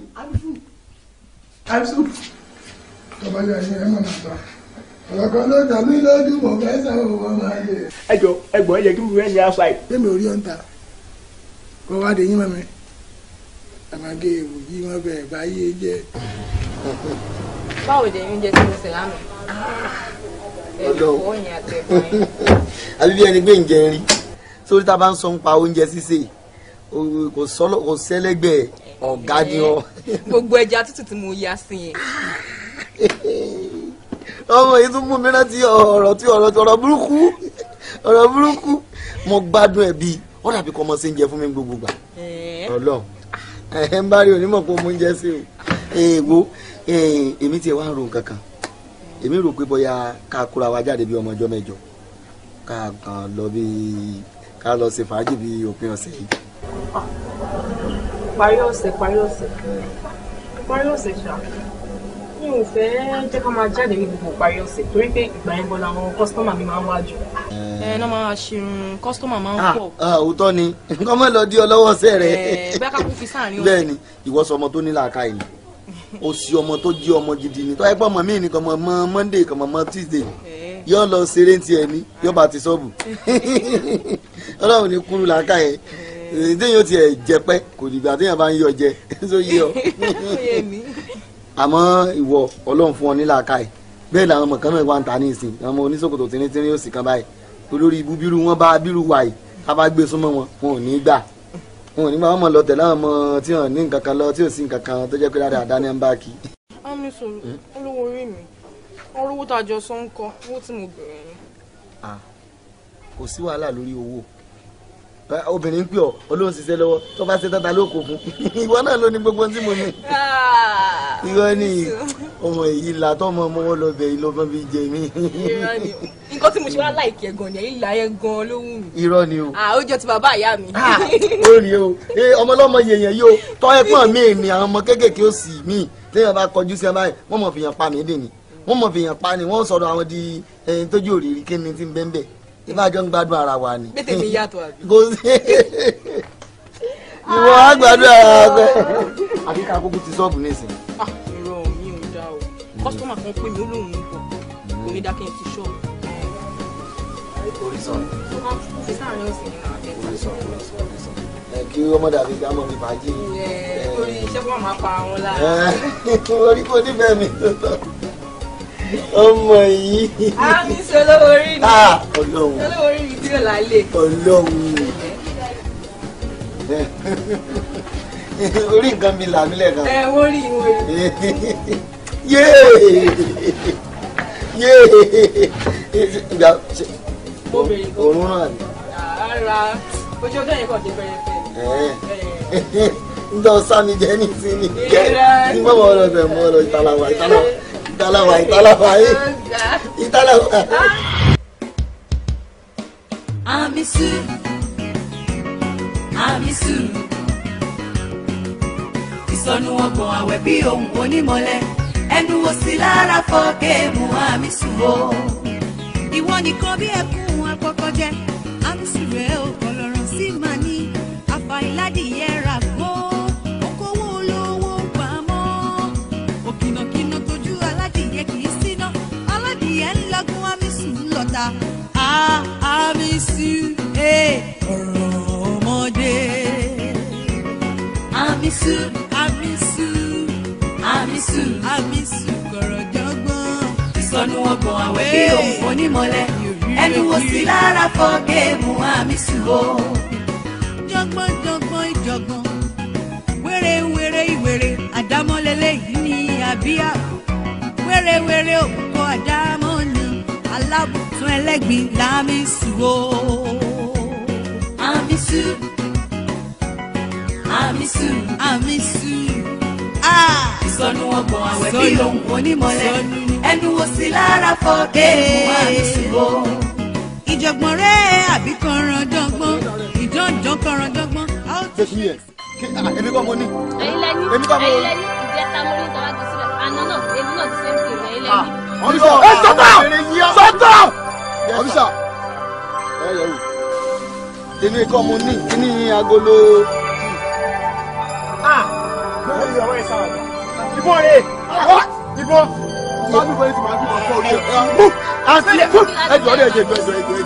ẹ jọ ẹgbọn ẹ jẹ kí n fún ẹ ní outside. bẹ́ẹ̀ mi ò rí ọ̀ ń ta kó wá dé yín mọ́ mi àmàgé ewu yí wọn bẹ̀rẹ̀ báyé jẹ́.
báwo dẹ̀ oúnjẹ tí mo sì lánàá. Ah, ọ̀dọ̀
àbí bí ẹni gbé ǹjẹ́ rí sórí tá a bá ń sọ ń pa oúnjẹ sísè kò sọ́lọ́ kò sẹ́lẹ́gbẹ̀ẹ́ ọ̀gá ni eh, ọ. gbogbo ẹja tútù tí mo ya sí yẹn. Ah. ọmọ yìí tún mú mi rántí ọ̀rọ̀ tí ọ̀rọ̀ tí ọ̀rọ̀ burúkú ọ̀rọ̀ burúkú mo gbádùn ẹ̀ bíi ó dàbí kọ́ ọmọ sí ń jẹ fún mi gbogbo gbà.
Eh. ọlọ́run
ẹ ń bá rí onímọ̀ pé mo ń jẹ sí o. èèwo eh, èmi tiẹ̀ wá ro nǹkan èmi rò pé bóyá ká kóra wa jáde bí ọmọ ọjọ́ mẹ́jọ ká kàn lọ bí ká lọ ṣe fàájì bí òpin ọ̀sẹ̀ yìí parí ọ̀sẹ̀ parí ọ̀sẹ̀ parí ọ̀sẹ̀ ṣá mi ò fẹ́ jẹ́ ká máa jáde ní gbogbo parí ọ̀sẹ̀ torí pé ìgbà yẹn bọ́lá àwọn kọ́sítọ́mà mi máa ń wá jù. ẹ ẹ náà
máa ṣerun kọ́sítọ́mà máa ń ah, pọ̀.
Ah, òótọ́ ni nǹkan mọ́ lọ dí ọ lọ́wọ́ ọ̀sẹ̀ rẹ. ẹ
bẹ́ẹ̀ ká kún fi sáàrin ọ̀sẹ̀. bẹ́ẹ̀ni
ìwọ sọ ọmọ tó ní làákàyè ni o sì ọmọ tó jí ọmọ gidi ni tọ́yẹ́pọ̀ mọ̀ mí nìkan mọ̀ mọ́ Monday kan mọ̀ mọ́ Tuesday yóò lọ ṣeré tiẹ̀ ní yóò bá ti sọ́ọ̀bù Ọlọ́run ní kúrú làákàyè téèyàn tiẹ̀ jẹpẹ́ kò dìgbà téèyàn bá ń yọ jẹ tó yé ọ. àmọ́ ìwọ ọlọ́run fún ọ ní làákàyè bẹ́ẹ̀ làwọn ọmọ kan náà wà ń ta ní ìsìn àwọn ọmọ oníṣòkòtò tínítínrín òsì kan báyìí olórí ibú bírú wọn bá bírú wàyí ká bá gbé súnmọ́ wọn wọn ò ní gbà wọn ò ní gbà wọn mọ̀ lọ tẹ̀lé àwọn ọmọ tí wọn ní nǹkan kan lọ tí ò sí nǹkan kan tó jẹ́ pé dáadáa àdáni ń bá kí.
ámì sọ̀rọ̀ olówó
orí mi ọ̀rọ̀ owó tá a
obìnrin ń pè ọ olóhùn ṣiṣẹ́ lọ́wọ́ tó bá ṣe tata ló kò fún ìwọ náà ló ní gbogbo tí mo ní. irọ́ ah, ni ọmọ èyí là tọmọ ọmọ wọn lọ bẹ ìlú ọmọ bíi jẹ mí. irọ́ ni
nǹkan tí mo ṣe wá láìkí ẹ̀gàn ni èyí là gan ló wù mí. irọ́ ni o. àwùjọ ah, ti bàbá ìyá mi. Ah, ó
rí o ọmọlọ́mọ yẹ̀yẹ̀ yìí o tọ́ ẹ̀pọ̀n mi ni àwọn ọmọ kéékèèké ó sì mí téèyàn bá kọjú sí ẹ báyìí wọ́n mọ̀ fìyàn pa mí dè ní wọ́n ìbájọ ń gbádùn ara wa ni. bẹ́tẹ̀ mi yàtọ̀ àbí. kò sí ìwọ á gbádùn ara rẹ. àbí ká kókó ti sọ́ọ̀bù nísìnyí. Ah, irọ́ mi ò dá o kọ́sítọ́mà
kan pè mí ó lóun ń bọ̀ kò ní dákẹ́ ti ṣọ́ọ̀bù. orí sọ orí sọ orí sọ
kí ọmọ dàbí ká mọ̀ mi fàájì.
torí iṣẹ́ fún ọmọ apá wọn lára.
orí kò nífẹ̀ẹ́ mi tó tọ́ ọmọ yìí. a mi sọ olówó orí mi. Ah,
ọlọ́run
olówó orí mi tí yóò
lálẹ́. ọlọ́run orí nǹkan mi là mí lẹ́ẹ̀kan. ẹ wọ́n rí ìwé. yéé yéé òórùn náà ni.
ara ojú ọjọ́ yẹn kàn dé
pẹ́rẹ́pẹ́. ń dọ̀ sani jẹ́ ní sí ni. ń bọ̀ wọ́n lọ bẹ̀ mọ́ ọ lọ ìtàlàwà ìtàlàwà ìtàlàwà ìtàlàwà
yìí
eh. ìtàlàwà. Amisu Amisu ìsọnù ọgbọ̀n àwẹ̀ bí ohun onímọ̀lẹ́ ẹnu wo sí lára fọ́ géèmù Amisu o. ìwọ nìkan bí ẹkún àkọ́kọ́ jẹ Amisu rẹ ò kọlọrọ sí màní àfàìládì. I miss you, hey, eh, ọ̀rọ̀ ọmọdé. I miss you, I miss you, I miss you, I miss you, kọ̀rọ̀ jọ̀gbọ́n. Ìsọnù ọgbọ̀n àwẹ̀ bí eh, òun kò ní mọ́lẹ̀, ẹnu wo sí lára fọ́ géèmù I miss you o. Jọ̀gbọ́n jọ̀gbọ́n ìjọ̀gbọ́n, wéré wéré ìwéré, àdámọ́lélẹ́yìn ni àbíyá, wéré wéré òkú kọ́ àdá alábùtún ẹlẹ́gbin lámìsù o. àmìsù àmìsù àmìsù. Ah. ìsọnù ọgbọ̀n àwẹ̀ bí lòun onímọ̀lẹ́ ẹnu wo sí lára fọ́ kéèkù àmìsù o. ìjọ̀gbọ̀n rẹ̀ àbí kọ̀ọ̀ràn dọ́gbọ́n ìdánjọ́ kọ̀ọ̀ràn dọ́gbọ́n. Ah, èmi kọ́ mo ní. èyí lẹ́ni èyí lẹ́ni ìjẹta mo ní tọ́wájú sílẹ̀ àná náà èmi náà ti ṣe é èyí lẹ́ni ọfisa
ẹ sọtọ sọtọ ọfisa ẹ yẹ wò kíní kọ́ mo ní kíní agolo. ìbọn rẹ ìbọn màálù bẹ́ẹ̀ ti màálù kan kọ́ orí ẹ̀ mú àti ẹ̀jọ̀ ẹ̀jọ̀ ẹ̀jọ̀ ẹ̀jọ̀ ẹ̀jọ̀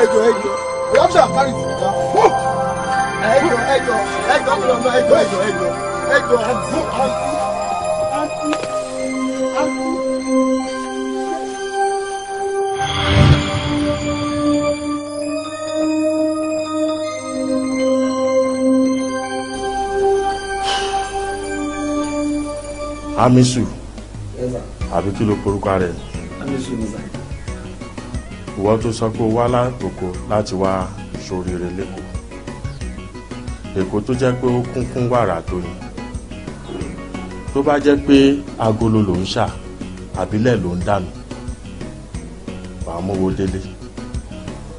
ẹ̀jọ̀ ẹ̀jọ̀ ẹ̀jọ̀ ọfisa kárí ìsìnká mú ẹ̀jọ̀ ẹ̀jọ̀ ẹ̀jọ̀ ẹ̀jọ̀ ẹ̀jọ̀
ẹ̀jọ̀ ẹ̀jọ̀ ẹ̀jọ̀ àti àti.
Hamisu àbí kí ló porúkọ rẹ ìwọ tó sọ pé o wá látòkò láti wá ṣoríire lẹkọọ èkó tó jẹ́ pé ó kún fún wàrà tó ní tó bá jẹ́ pé agolo ló ń ṣà àbílẹ̀ ló ń dànù wàá mówó délé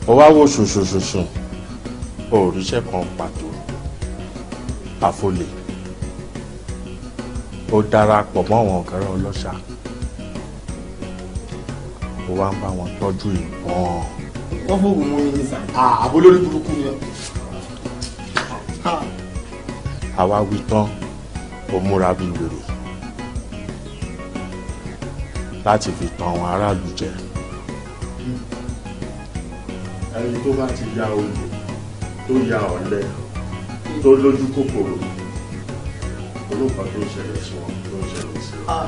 ó wá wo ṣùṣùṣùṣùn òòríṣẹ́ kan pàtó àfọlẹ̀ ó darapọ̀ mọ́ àwọn ọ̀kẹ́rẹ́ ọlọ́ṣà ó wá ń bá wọn tọ́jú ìbọn.
wọ́n fún òògùn mú mi ní sàn. àbó lórí burúkú ni.
àwa wí tán ó múra bíi wèrè láti fi tan àwọn aráàlú jẹ. ẹni tó bá ti ya olè tó ya ọ̀lẹ tó lójú kòkòrò
olóògbà tó ń ṣẹlẹ̀ sí wọn ló ń ṣẹlẹ̀ sí wọn. Ah.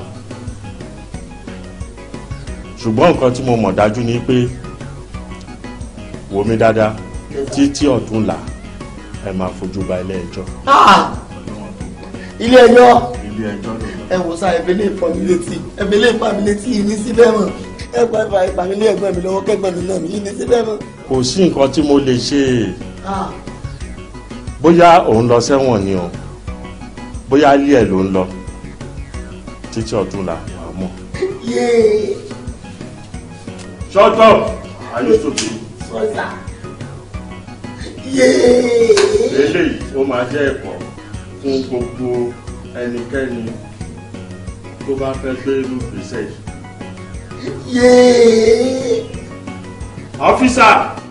ṣùgbọ́n nǹkan tí mo mọ̀ dájú ni pé wò mí dáadáa títí ọ̀túnla ẹ máa fojú ba ilé ẹjọ́.
Ah!
ilé ẹjọ́ ẹ wò sá ẹbílẹ̀ ìfọ̀mílétì ẹbílẹ̀ ìfọ̀mílétì yìí ní síbẹ̀ mọ̀ ẹgbẹ́ ìfàmílé ẹgbẹ́ mi lọ́wọ́ kẹgbẹ́ mi náà yìí ní síbẹ̀ kò sí nǹkan tí mo lè ṣe
ah.
bóyá òun lọ sẹ́wọ̀n ni o. Ah bóyá ilé ẹ̀ ló ń lọ títí ọdún là wà mọ̀. shut up ayé sókè. eléyìí ó máa jẹ́ ẹ̀kọ́ fún gbogbo ẹnikẹ́ni tó bá fẹ́ gbé irú ìgbésẹ̀
yìí.
ọ́fíìsà.